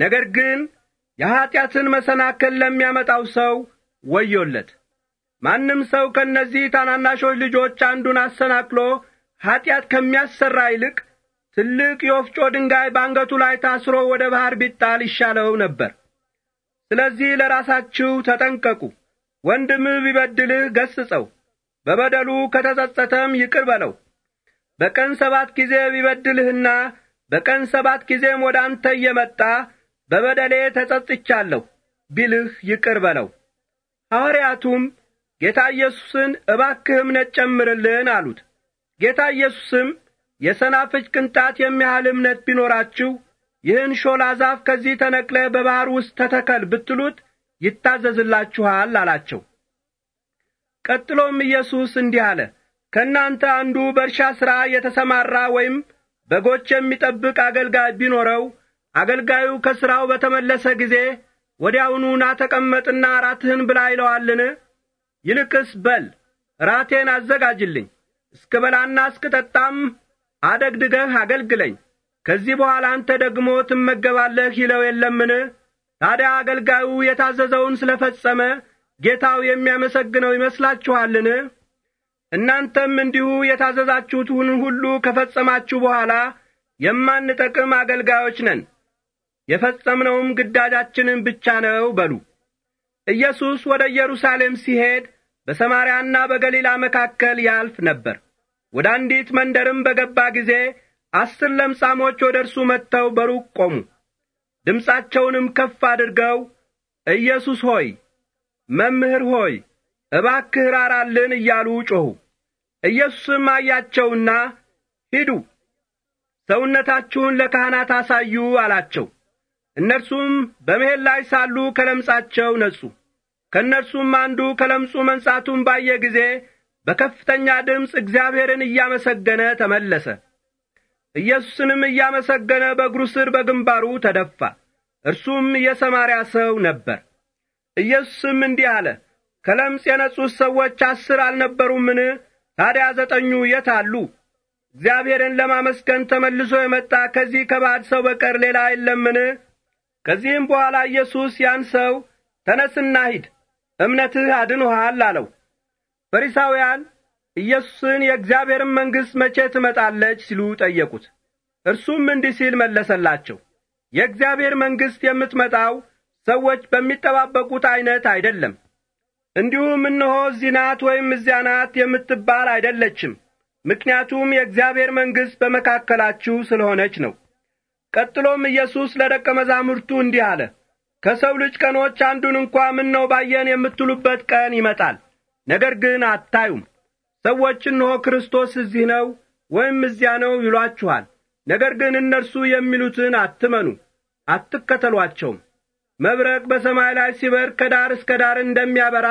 ነገር ግን የኀጢአትን መሰናክል ለሚያመጣው ሰው ወዮለት። ማንም ሰው ከእነዚህ ታናናሾች ልጆች አንዱን አሰናክሎ ኀጢአት ከሚያሰራ ይልቅ ትልቅ የወፍጮ ድንጋይ በአንገቱ ላይ ታስሮ ወደ ባሕር ቢጣል ይሻለው ነበር። ስለዚህ ለራሳችሁ ተጠንቀቁ። ወንድምህ ቢበድልህ ገስጸው፣ በበደሉ ከተጸጸተም ይቅር በለው። በቀን ሰባት ጊዜ ቢበድልህና በቀን ሰባት ጊዜም ወደ አንተ እየመጣ በበደሌ ተጸጽቻለሁ ቢልህ ይቅር በለው። ሐዋርያቱም ጌታ ኢየሱስን እባክህ እምነት ጨምርልን አሉት። ጌታ ኢየሱስም የሰናፍጭ ቅንጣት የሚያህል እምነት ቢኖራችሁ ይህን ሾላ ዛፍ ከዚህ ተነቅለህ በባሕር ውስጥ ተተከል ብትሉት ይታዘዝላችኋል አላቸው። ቀጥሎም ኢየሱስ እንዲህ አለ፣ ከእናንተ አንዱ በእርሻ ሥራ የተሰማራ ወይም በጎች የሚጠብቅ አገልጋይ ቢኖረው አገልጋዩ ከሥራው በተመለሰ ጊዜ ወዲያውኑ ና ተቀመጥና ራትህን ብላ ይለዋልን? ይልቅስ በል ራቴን አዘጋጅልኝ፣ እስክበላና ጠጣም አደግድገህ አገልግለኝ፣ ከዚህ በኋላ አንተ ደግሞ ትመገባለህ ይለው የለምን? ታዲያ አገልጋዩ የታዘዘውን ስለ ፈጸመ ጌታው የሚያመሰግነው ይመስላችኋልን? እናንተም እንዲሁ የታዘዛችሁትን ሁሉ ከፈጸማችሁ በኋላ የማንጠቅም አገልጋዮች ነን፣ የፈጸምነውም ግዳጃችንን ብቻ ነው በሉ። ኢየሱስ ወደ ኢየሩሳሌም ሲሄድ በሰማርያና በገሊላ መካከል ያልፍ ነበር። ወደ አንዲት መንደርም በገባ ጊዜ አስር ለምጻሞች ወደ እርሱ መጥተው በሩቅ ቆሙ። ድምፃቸውንም ከፍ አድርገው ኢየሱስ ሆይ መምህር ሆይ እባክህ ራራልን እያሉ ጮኹ። ኢየሱስም አያቸውና ሂዱ ሰውነታችሁን ለካህናት አሳዩ አላቸው። እነርሱም በመሄድ ላይ ሳሉ ከለምጻቸው ነጹ። ከእነርሱም አንዱ ከለምጹ መንጻቱን ባየ ጊዜ በከፍተኛ ድምፅ እግዚአብሔርን እያመሰገነ ተመለሰ። ኢየሱስንም እያመሰገነ በእግሩ ስር በግንባሩ ተደፋ። እርሱም የሰማርያ ሰው ነበር። ኢየሱስም እንዲህ አለ፣ ከለምጽ የነጹት ሰዎች አስር አልነበሩምን? ታዲያ ዘጠኙ የት አሉ? እግዚአብሔርን ለማመስገን ተመልሶ የመጣ ከዚህ ከባድ ሰው በቀር ሌላ የለምን? ከዚህም በኋላ ኢየሱስ ያን ሰው ተነስና ሂድ፣ እምነትህ አድንኋል አለው። ፈሪሳውያን ኢየሱስን የእግዚአብሔርን መንግሥት መቼ ትመጣለች ሲሉ ጠየቁት። እርሱም እንዲህ ሲል መለሰላቸው፣ የእግዚአብሔር መንግሥት የምትመጣው ሰዎች በሚጠባበቁት ዐይነት አይደለም። እንዲሁም እነሆ እዚህ ናት ወይም እዚያ ናት የምትባል አይደለችም። ምክንያቱም የእግዚአብሔር መንግሥት በመካከላችሁ ስለ ሆነች ነው። ቀጥሎም ኢየሱስ ለደቀ መዛሙርቱ እንዲህ አለ። ከሰው ልጅ ቀኖች አንዱን እንኳ ምን ነው ባየን የምትሉበት ቀን ይመጣል፣ ነገር ግን አታዩም። ሰዎች እነሆ ክርስቶስ እዚህ ነው ወይም እዚያ ነው ይሏችኋል፣ ነገር ግን እነርሱ የሚሉትን አትመኑ፣ አትከተሏቸውም። መብረቅ በሰማይ ላይ ሲበር ከዳር እስከ ዳር እንደሚያበራ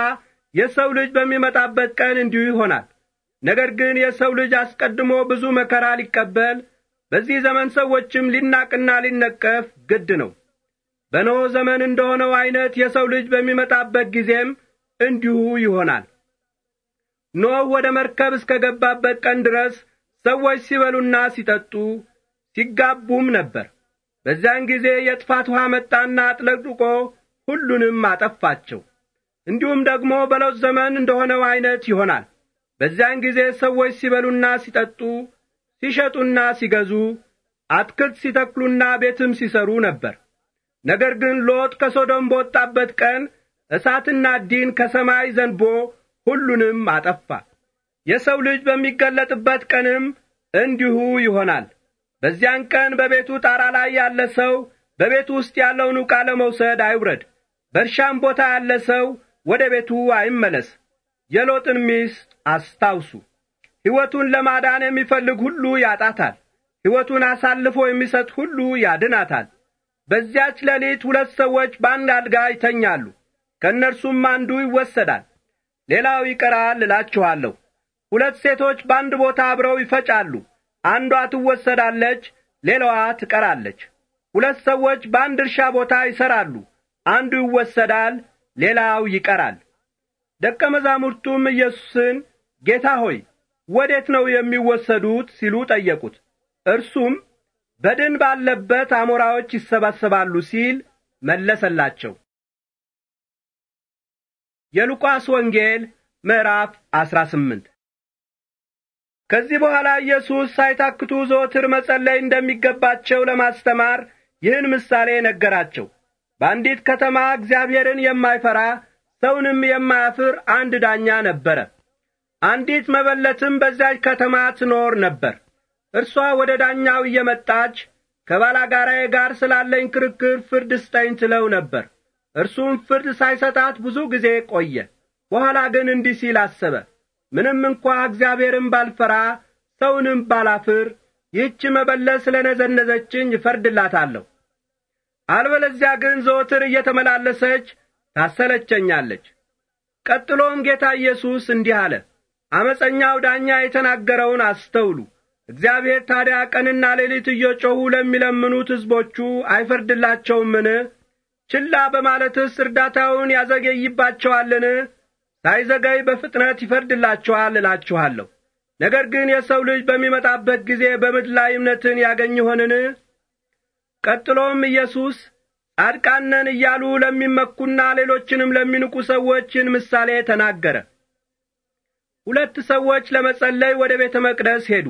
የሰው ልጅ በሚመጣበት ቀን እንዲሁ ይሆናል። ነገር ግን የሰው ልጅ አስቀድሞ ብዙ መከራ ሊቀበል በዚህ ዘመን ሰዎችም ሊናቅና ሊነቀፍ ግድ ነው። በኖህ ዘመን እንደሆነው ዐይነት የሰው ልጅ በሚመጣበት ጊዜም እንዲሁ ይሆናል። ኖ ወደ መርከብ እስከ ገባበት ቀን ድረስ ሰዎች ሲበሉና ሲጠጡ ሲጋቡም ነበር። በዚያን ጊዜ የጥፋት ውሃ መጣና አጥለቅልቆ ሁሉንም አጠፋቸው። እንዲሁም ደግሞ በሎጥ ዘመን እንደሆነው ዐይነት ይሆናል። በዚያን ጊዜ ሰዎች ሲበሉና ሲጠጡ፣ ሲሸጡና ሲገዙ፣ አትክልት ሲተክሉና ቤትም ሲሰሩ ነበር። ነገር ግን ሎጥ ከሶዶም በወጣበት ቀን እሳትና ዲን ከሰማይ ዘንቦ ሁሉንም አጠፋ። የሰው ልጅ በሚገለጥበት ቀንም እንዲሁ ይሆናል። በዚያን ቀን በቤቱ ጣራ ላይ ያለ ሰው በቤቱ ውስጥ ያለውን ዕቃ ለመውሰድ አይውረድ። በእርሻም ቦታ ያለ ሰው ወደ ቤቱ አይመለስ። የሎጥን ሚስት አስታውሱ። ሕይወቱን ለማዳን የሚፈልግ ሁሉ ያጣታል፣ ሕይወቱን አሳልፎ የሚሰጥ ሁሉ ያድናታል። በዚያች ሌሊት ሁለት ሰዎች በአንድ አልጋ ይተኛሉ፣ ከእነርሱም አንዱ ይወሰዳል፣ ሌላው ይቀራል እላችኋለሁ። ሁለት ሴቶች በአንድ ቦታ አብረው ይፈጫሉ አንዷ ትወሰዳለች፣ ሌላዋ ትቀራለች። ሁለት ሰዎች በአንድ እርሻ ቦታ ይሰራሉ፣ አንዱ ይወሰዳል፣ ሌላው ይቀራል። ደቀ መዛሙርቱም ኢየሱስን ጌታ ሆይ ወዴት ነው የሚወሰዱት ሲሉ ጠየቁት። እርሱም በድን ባለበት አሞራዎች ይሰባሰባሉ ሲል መለሰላቸው። የሉቃስ ወንጌል ምዕራፍ 18 ከዚህ በኋላ ኢየሱስ ሳይታክቱ ዘወትር መጸለይ እንደሚገባቸው ለማስተማር ይህን ምሳሌ ነገራቸው። በአንዲት ከተማ እግዚአብሔርን የማይፈራ ሰውንም የማያፍር አንድ ዳኛ ነበረ። አንዲት መበለትም በዚያች ከተማ ትኖር ነበር። እርሷ ወደ ዳኛው እየመጣች ከባላጋራዬ ጋር ስላለኝ ክርክር ፍርድ ስጠኝ ትለው ነበር። እርሱም ፍርድ ሳይሰጣት ብዙ ጊዜ ቆየ። በኋላ ግን እንዲህ ሲል አሰበ። ምንም እንኳ እግዚአብሔርን ባልፈራ ሰውንም ባላፍር ይህች መበለት ስለ ነዘነዘችኝ እፈርድላታለሁ። አልበለዚያ ግን ዘወትር እየተመላለሰች ታሰለቸኛለች። ቀጥሎም ጌታ ኢየሱስ እንዲህ አለ፣ አመፀኛው ዳኛ የተናገረውን አስተውሉ። እግዚአብሔር ታዲያ ቀንና ሌሊት እየጮኹ ለሚለምኑት ሕዝቦቹ አይፈርድላቸውምን? ችላ በማለትስ እርዳታውን ያዘገይባቸዋልን? ሳይዘገይ በፍጥነት ይፈርድላችኋል እላችኋለሁ። ነገር ግን የሰው ልጅ በሚመጣበት ጊዜ በምድር ላይ እምነትን ያገኝ ይሆንን? ቀጥሎም ኢየሱስ ጻድቃን ነን እያሉ ለሚመኩና ሌሎችንም ለሚንቁ ሰዎችን ምሳሌ ተናገረ። ሁለት ሰዎች ለመጸለይ ወደ ቤተ መቅደስ ሄዱ።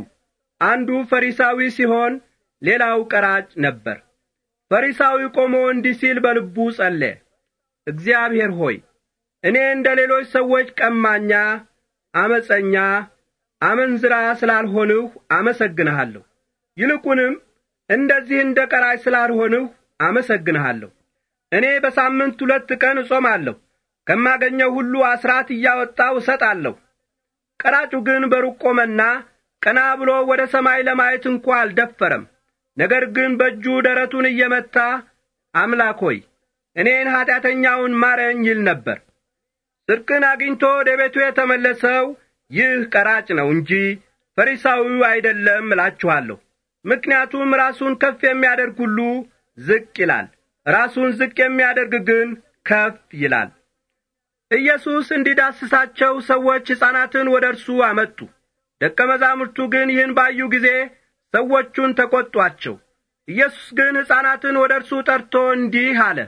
አንዱ ፈሪሳዊ ሲሆን ሌላው ቀራጭ ነበር። ፈሪሳዊ ቆሞ እንዲህ ሲል በልቡ ጸለየ፣ እግዚአብሔር ሆይ እኔ እንደ ሌሎች ሰዎች ቀማኛ፣ አመፀኛ፣ አመንዝራ ስላልሆንሁ አመሰግንሃለሁ። ይልቁንም እንደዚህ እንደ ቀራጭ ስላልሆንሁ አመሰግንሃለሁ። እኔ በሳምንት ሁለት ቀን እጾማለሁ፣ ከማገኘው ሁሉ አስራት እያወጣው እሰጣለሁ። ቀራጩ ግን በሩቅ ቆመና ቀና ብሎ ወደ ሰማይ ለማየት እንኳ አልደፈረም። ነገር ግን በእጁ ደረቱን እየመታ አምላክ ሆይ እኔን ኀጢአተኛውን ማረኝ ይል ነበር። ጽድቅን አግኝቶ ወደ ቤቱ የተመለሰው ይህ ቀራጭ ነው እንጂ ፈሪሳዊው አይደለም እላችኋለሁ። ምክንያቱም ራሱን ከፍ የሚያደርግ ሁሉ ዝቅ ይላል፣ ራሱን ዝቅ የሚያደርግ ግን ከፍ ይላል። ኢየሱስ እንዲዳስሳቸው ሰዎች ሕፃናትን ወደ እርሱ አመጡ። ደቀ መዛሙርቱ ግን ይህን ባዩ ጊዜ ሰዎቹን ተቈጧቸው። ኢየሱስ ግን ሕፃናትን ወደ እርሱ ጠርቶ እንዲህ አለ፣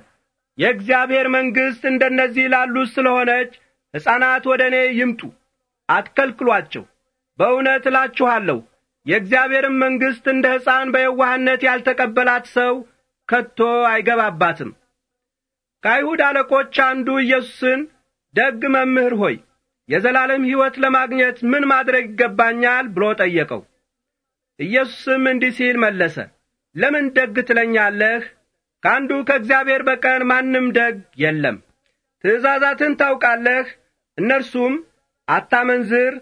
የእግዚአብሔር መንግሥት እንደነዚህ ላሉት ስለሆነች ሕፃናት ወደ እኔ ይምጡ፣ አትከልክሏቸው። በእውነት እላችኋለሁ የእግዚአብሔርን መንግሥት እንደ ሕፃን በየዋህነት ያልተቀበላት ሰው ከቶ አይገባባትም። ከአይሁድ አለቆች አንዱ ኢየሱስን ደግ መምህር ሆይ የዘላለም ሕይወት ለማግኘት ምን ማድረግ ይገባኛል ብሎ ጠየቀው። ኢየሱስም እንዲህ ሲል መለሰ፣ ለምን ደግ ትለኛለህ? ከአንዱ ከእግዚአብሔር በቀር ማንም ደግ የለም። ትእዛዛትን ታውቃለህ፣ እነርሱም አታመንዝር፣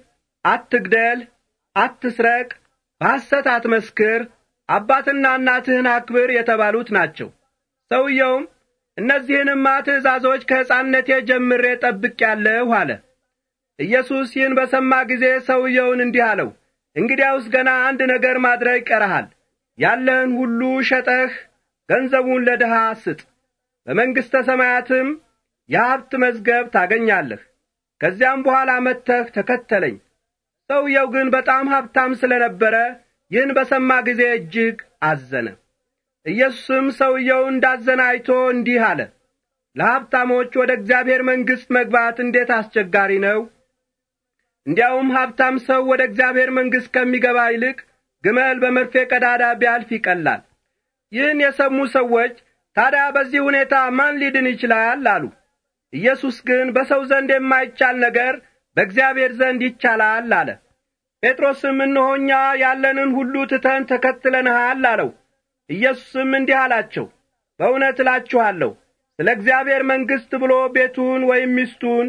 አትግደል፣ አትስረቅ፣ በሐሰት አትመስክር፣ አባትና እናትህን አክብር የተባሉት ናቸው። ሰውየውም እነዚህንማ ትእዛዞች ከሕፃንነቴ ጀምሬ ጠብቄአለሁ አለ። ኢየሱስ ይህን በሰማ ጊዜ ሰውየውን እንዲህ አለው፣ እንግዲያውስ ገና አንድ ነገር ማድረግ ይቀረሃል። ያለህን ሁሉ ሸጠህ ገንዘቡን ለድሃ ስጥ፣ በመንግሥተ ሰማያትም የሀብት መዝገብ ታገኛለህ። ከዚያም በኋላ መጥተህ ተከተለኝ። ሰውየው ግን በጣም ሀብታም ስለ ነበረ ይህን በሰማ ጊዜ እጅግ አዘነ። ኢየሱስም ሰውየው እንዳዘነ አይቶ እንዲህ አለ፣ ለሀብታሞች ወደ እግዚአብሔር መንግሥት መግባት እንዴት አስቸጋሪ ነው! እንዲያውም ሀብታም ሰው ወደ እግዚአብሔር መንግሥት ከሚገባ ይልቅ ግመል በመርፌ ቀዳዳ ቢያልፍ ይቀላል። ይህን የሰሙ ሰዎች ታዲያ በዚህ ሁኔታ ማን ሊድን ይችላል አሉ። ኢየሱስ ግን በሰው ዘንድ የማይቻል ነገር በእግዚአብሔር ዘንድ ይቻላል አለ። ጴጥሮስም እነሆኛ ያለንን ሁሉ ትተን ተከትለንሃል አለው። ኢየሱስም እንዲህ አላቸው፣ በእውነት እላችኋለሁ ስለ እግዚአብሔር መንግሥት ብሎ ቤቱን ወይም ሚስቱን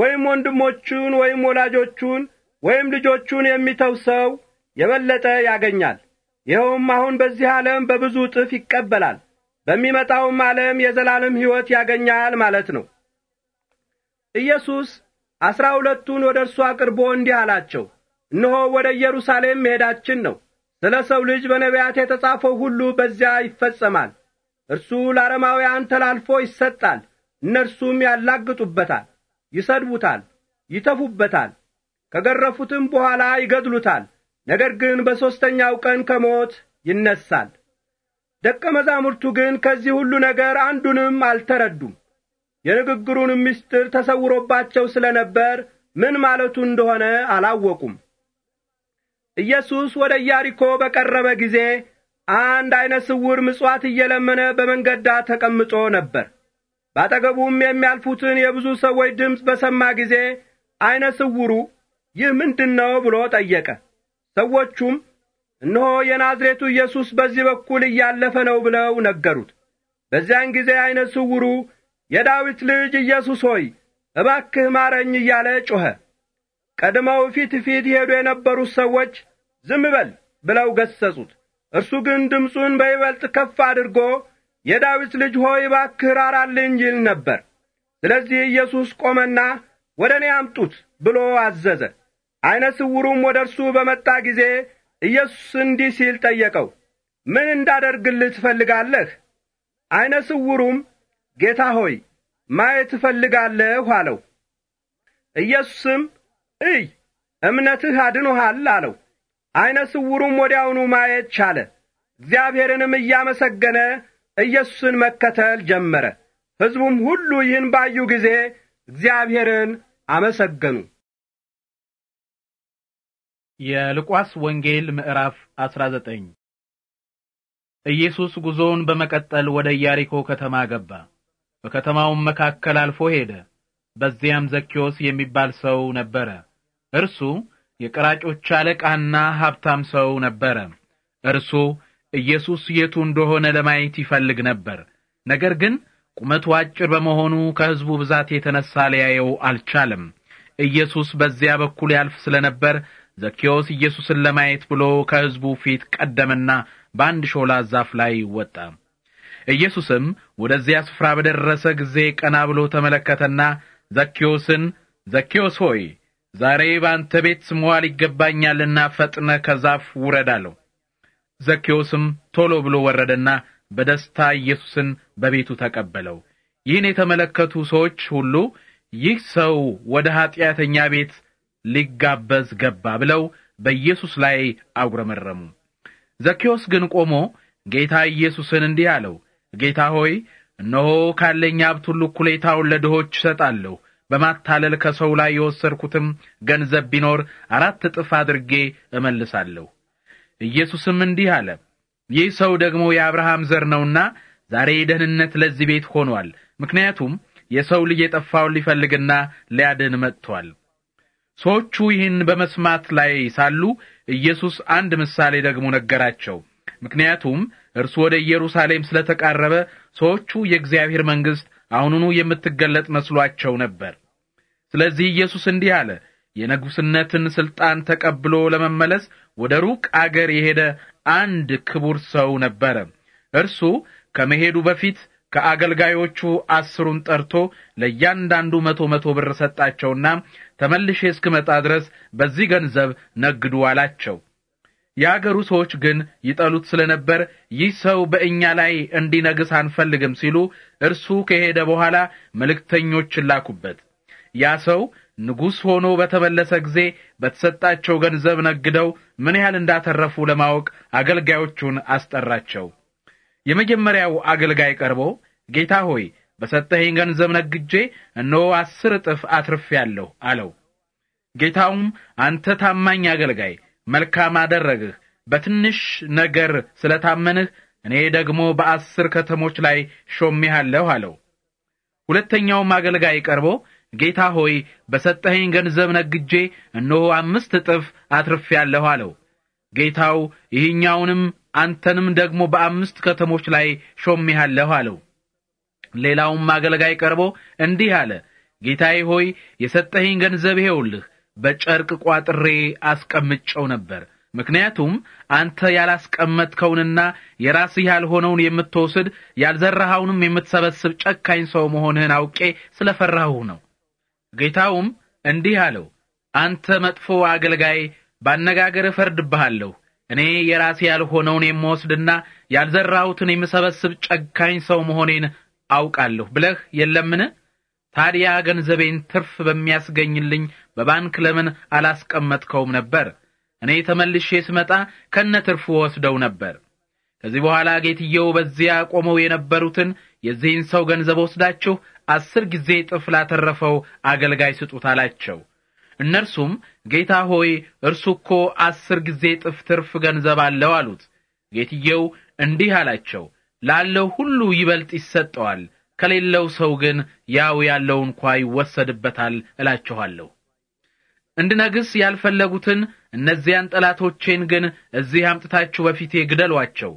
ወይም ወንድሞቹን ወይም ወላጆቹን ወይም ልጆቹን የሚተው ሰው የበለጠ ያገኛል ይኸውም አሁን በዚህ ዓለም በብዙ እጥፍ ይቀበላል፣ በሚመጣውም ዓለም የዘላለም ሕይወት ያገኛል ማለት ነው። ኢየሱስ አስራ ሁለቱን ወደ እርሱ አቅርቦ እንዲህ አላቸው፣ እነሆ ወደ ኢየሩሳሌም መሄዳችን ነው። ስለ ሰው ልጅ በነቢያት የተጻፈው ሁሉ በዚያ ይፈጸማል። እርሱ ለአረማውያን ተላልፎ ይሰጣል፣ እነርሱም ያላግጡበታል፣ ይሰድቡታል፣ ይተፉበታል፣ ከገረፉትም በኋላ ይገድሉታል። ነገር ግን በሦስተኛው ቀን ከሞት ይነሣል። ደቀ መዛሙርቱ ግን ከዚህ ሁሉ ነገር አንዱንም አልተረዱም። የንግግሩን ምስጢር ተሰውሮባቸው ስለ ነበር ምን ማለቱ እንደሆነ አላወቁም። ኢየሱስ ወደ ኢያሪኮ በቀረበ ጊዜ አንድ ዐይነ ስውር ምጽዋት እየለመነ በመንገድ ዳር ተቀምጦ ነበር። ባጠገቡም የሚያልፉትን የብዙ ሰዎች ድምፅ በሰማ ጊዜ ዐይነ ስውሩ ይህ ምንድን ነው ብሎ ጠየቀ። ሰዎቹም እነሆ የናዝሬቱ ኢየሱስ በዚህ በኩል እያለፈ ነው ብለው ነገሩት። በዚያን ጊዜ ዐይነ ስውሩ የዳዊት ልጅ ኢየሱስ ሆይ እባክህ ማረኝ እያለ ጮኸ። ቀድመው ፊት ፊት ሄዱ የነበሩት ሰዎች ዝም በል ብለው ገሰጹት። እርሱ ግን ድምፁን በይበልጥ ከፍ አድርጎ የዳዊት ልጅ ሆይ እባክህ ራራልኝ ይል ነበር። ስለዚህ ኢየሱስ ቆመና ወደ እኔ አምጡት ብሎ አዘዘ። ዐይነ ስውሩም ወደ እርሱ በመጣ ጊዜ ኢየሱስ እንዲህ ሲል ጠየቀው፣ ምን እንዳደርግልህ ትፈልጋለህ? ዐይነ ስውሩም ጌታ ሆይ ማየት እፈልጋለሁ አለው። ኢየሱስም እይ፣ እምነትህ አድኖሃል አለው። ዐይነ ስውሩም ወዲያውኑ ማየት ቻለ። እግዚአብሔርንም እያመሰገነ ኢየሱስን መከተል ጀመረ። ሕዝቡም ሁሉ ይህን ባዩ ጊዜ እግዚአብሔርን አመሰገኑ። የሉቃስ ወንጌል ምዕራፍ 19 ኢየሱስ ጉዞውን በመቀጠል ወደ ኢያሪኮ ከተማ ገባ። በከተማውም መካከል አልፎ ሄደ። በዚያም ዘኪዮስ የሚባል ሰው ነበረ። እርሱ የቀራጮች አለቃና ሀብታም ሰው ነበረ። እርሱ ኢየሱስ የቱ እንደሆነ ለማየት ይፈልግ ነበር። ነገር ግን ቁመቱ አጭር በመሆኑ ከሕዝቡ ብዛት የተነሳ ሊያየው አልቻለም። ኢየሱስ በዚያ በኩል ያልፍ ስለነበር ዘኬዎስ ኢየሱስን ለማየት ብሎ ከሕዝቡ ፊት ቀደመና በአንድ ሾላ ዛፍ ላይ ወጣ። ኢየሱስም ወደዚያ ስፍራ በደረሰ ጊዜ ቀና ብሎ ተመለከተና ዘኬዎስን ዘኬዎስ ሆይ ዛሬ በአንተ ቤት መዋል ይገባኛልና ፈጥነ ከዛፍ ውረድ አለው። ዘኬዎስም ቶሎ ብሎ ወረደና በደስታ ኢየሱስን በቤቱ ተቀበለው። ይህን የተመለከቱ ሰዎች ሁሉ ይህ ሰው ወደ ኀጢአተኛ ቤት ሊጋበዝ ገባ ብለው በኢየሱስ ላይ አጉረመረሙ። ዘኪዎስ ግን ቆሞ ጌታ ኢየሱስን እንዲህ አለው፣ ጌታ ሆይ እነሆ ካለኝ ሀብት ሁሉ እኩሌታውን ለድሆች እሰጣለሁ። በማታለል ከሰው ላይ የወሰድኩትም ገንዘብ ቢኖር አራት እጥፍ አድርጌ እመልሳለሁ። ኢየሱስም እንዲህ አለ፣ ይህ ሰው ደግሞ የአብርሃም ዘር ነውና ዛሬ ደህንነት ለዚህ ቤት ሆኗል። ምክንያቱም የሰው ልጅ የጠፋውን ሊፈልግና ሊያድን መጥቷል። ሰዎቹ ይህን በመስማት ላይ ሳሉ ኢየሱስ አንድ ምሳሌ ደግሞ ነገራቸው። ምክንያቱም እርሱ ወደ ኢየሩሳሌም ስለተቃረበ ሰዎቹ የእግዚአብሔር መንግሥት አሁኑኑ የምትገለጥ መስሏቸው ነበር። ስለዚህ ኢየሱስ እንዲህ አለ። የንጉሥነትን ሥልጣን ተቀብሎ ለመመለስ ወደ ሩቅ አገር የሄደ አንድ ክቡር ሰው ነበረ። እርሱ ከመሄዱ በፊት ከአገልጋዮቹ አስሩን ጠርቶ ለእያንዳንዱ መቶ መቶ ብር ሰጣቸውና ተመልሼ እስክመጣ ድረስ በዚህ ገንዘብ ነግዱ አላቸው። የአገሩ ሰዎች ግን ይጠሉት ስለነበር ይህ ሰው በእኛ ላይ እንዲነግስ አንፈልግም ሲሉ እርሱ ከሄደ በኋላ መልእክተኞችን ላኩበት። ያ ሰው ንጉሥ ሆኖ በተመለሰ ጊዜ በተሰጣቸው ገንዘብ ነግደው ምን ያህል እንዳተረፉ ለማወቅ አገልጋዮቹን አስጠራቸው። የመጀመሪያው አገልጋይ ቀርቦ ጌታ ሆይ በሰጠኸኝ ገንዘብ ነግጄ እነሆ አስር እጥፍ አትርፌአለሁ አለው። ጌታውም አንተ ታማኝ አገልጋይ መልካም አደረግህ፣ በትንሽ ነገር ስለታመንህ እኔ ደግሞ በአስር ከተሞች ላይ ሾሜሃለሁ አለው። ሁለተኛውም አገልጋይ ቀርቦ ጌታ ሆይ በሰጠኸኝ ገንዘብ ነግጄ እነሆ አምስት እጥፍ አትርፌአለሁ አለው። ጌታው ይህኛውንም አንተንም ደግሞ በአምስት ከተሞች ላይ ሾሜሃለሁ አለው። ሌላውም አገልጋይ ቀርቦ እንዲህ አለ፣ ጌታዬ ሆይ የሰጠኸኝ ገንዘብ ይኸውልህ፣ በጨርቅ ቋጥሬ አስቀምጨው ነበር። ምክንያቱም አንተ ያላስቀመጥከውንና የራስህ ያልሆነውን የምትወስድ ያልዘራኸውንም የምትሰበስብ ጨካኝ ሰው መሆንህን አውቄ ስለፈራሁህ ነው። ጌታውም እንዲህ አለው፣ አንተ መጥፎ አገልጋይ፣ ባነጋገርህ እፈርድብሃለሁ እኔ የራሴ ያልሆነውን የምወስድና ያልዘራሁትን የምሰበስብ ጨካኝ ሰው መሆኔን አውቃለሁ ብለህ የለምን? ታዲያ ገንዘቤን ትርፍ በሚያስገኝልኝ በባንክ ለምን አላስቀመጥከውም ነበር? እኔ ተመልሼ ስመጣ ከነ ትርፉ ወስደው ነበር። ከዚህ በኋላ ጌትየው በዚያ ቆመው የነበሩትን የዚህን ሰው ገንዘብ ወስዳችሁ አስር ጊዜ ጥፍ ላተረፈው አገልጋይ ስጡት አላቸው። እነርሱም ጌታ ሆይ እርሱ እኮ አስር ጊዜ ጥፍ ትርፍ ገንዘብ አለው አሉት። ጌትየው እንዲህ አላቸው፣ ላለው ሁሉ ይበልጥ ይሰጠዋል፣ ከሌለው ሰው ግን ያው ያለው እንኳ ይወሰድበታል እላችኋለሁ። እንድነግስ ያልፈለጉትን እነዚያን ጠላቶቼን ግን እዚህ አምጥታችሁ በፊቴ ግደሏቸው።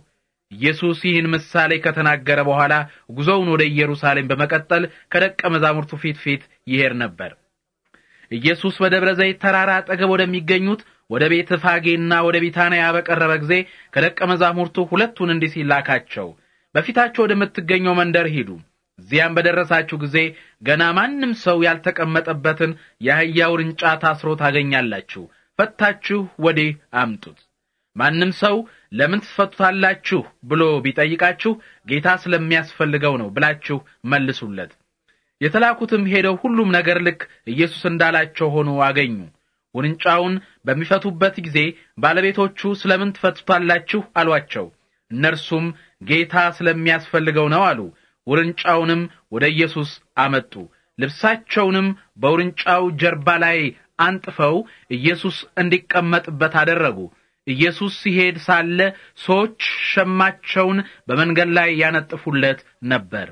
ኢየሱስ ይህን ምሳሌ ከተናገረ በኋላ ጉዞውን ወደ ኢየሩሳሌም በመቀጠል ከደቀ መዛሙርቱ ፊት ፊት ይሄድ ነበር። ኢየሱስ በደብረ ዘይት ተራራ አጠገብ ወደሚገኙት ወደ ቤተ ፋጌና ወደ ቢታንያ በቀረበ ጊዜ ከደቀ መዛሙርቱ ሁለቱን እንዲህ ሲል ላካቸው፣ ወደምትገኘው መንደር ሂዱ። እዚያም በደረሳችሁ ጊዜ ገና ማንም ሰው ያልተቀመጠበትን የአህያ ውርንጫ ታስሮ ታገኛላችሁ። ፈታችሁ ወዲህ አምጡት። ማንም ሰው ለምን ትፈቱታላችሁ ብሎ ቢጠይቃችሁ ጌታ ስለሚያስፈልገው ነው ብላችሁ መልሱለት። የተላኩትም ሄደው ሁሉም ነገር ልክ ኢየሱስ እንዳላቸው ሆኖ አገኙ። ውርንጫውን በሚፈቱበት ጊዜ ባለቤቶቹ ስለምን ትፈቱታላችሁ አሏቸው። እነርሱም ጌታ ስለሚያስፈልገው ነው አሉ። ውርንጫውንም ወደ ኢየሱስ አመጡ። ልብሳቸውንም በውርንጫው ጀርባ ላይ አንጥፈው ኢየሱስ እንዲቀመጥበት አደረጉ። ኢየሱስ ሲሄድ ሳለ ሰዎች ሸማቸውን በመንገድ ላይ ያነጥፉለት ነበር።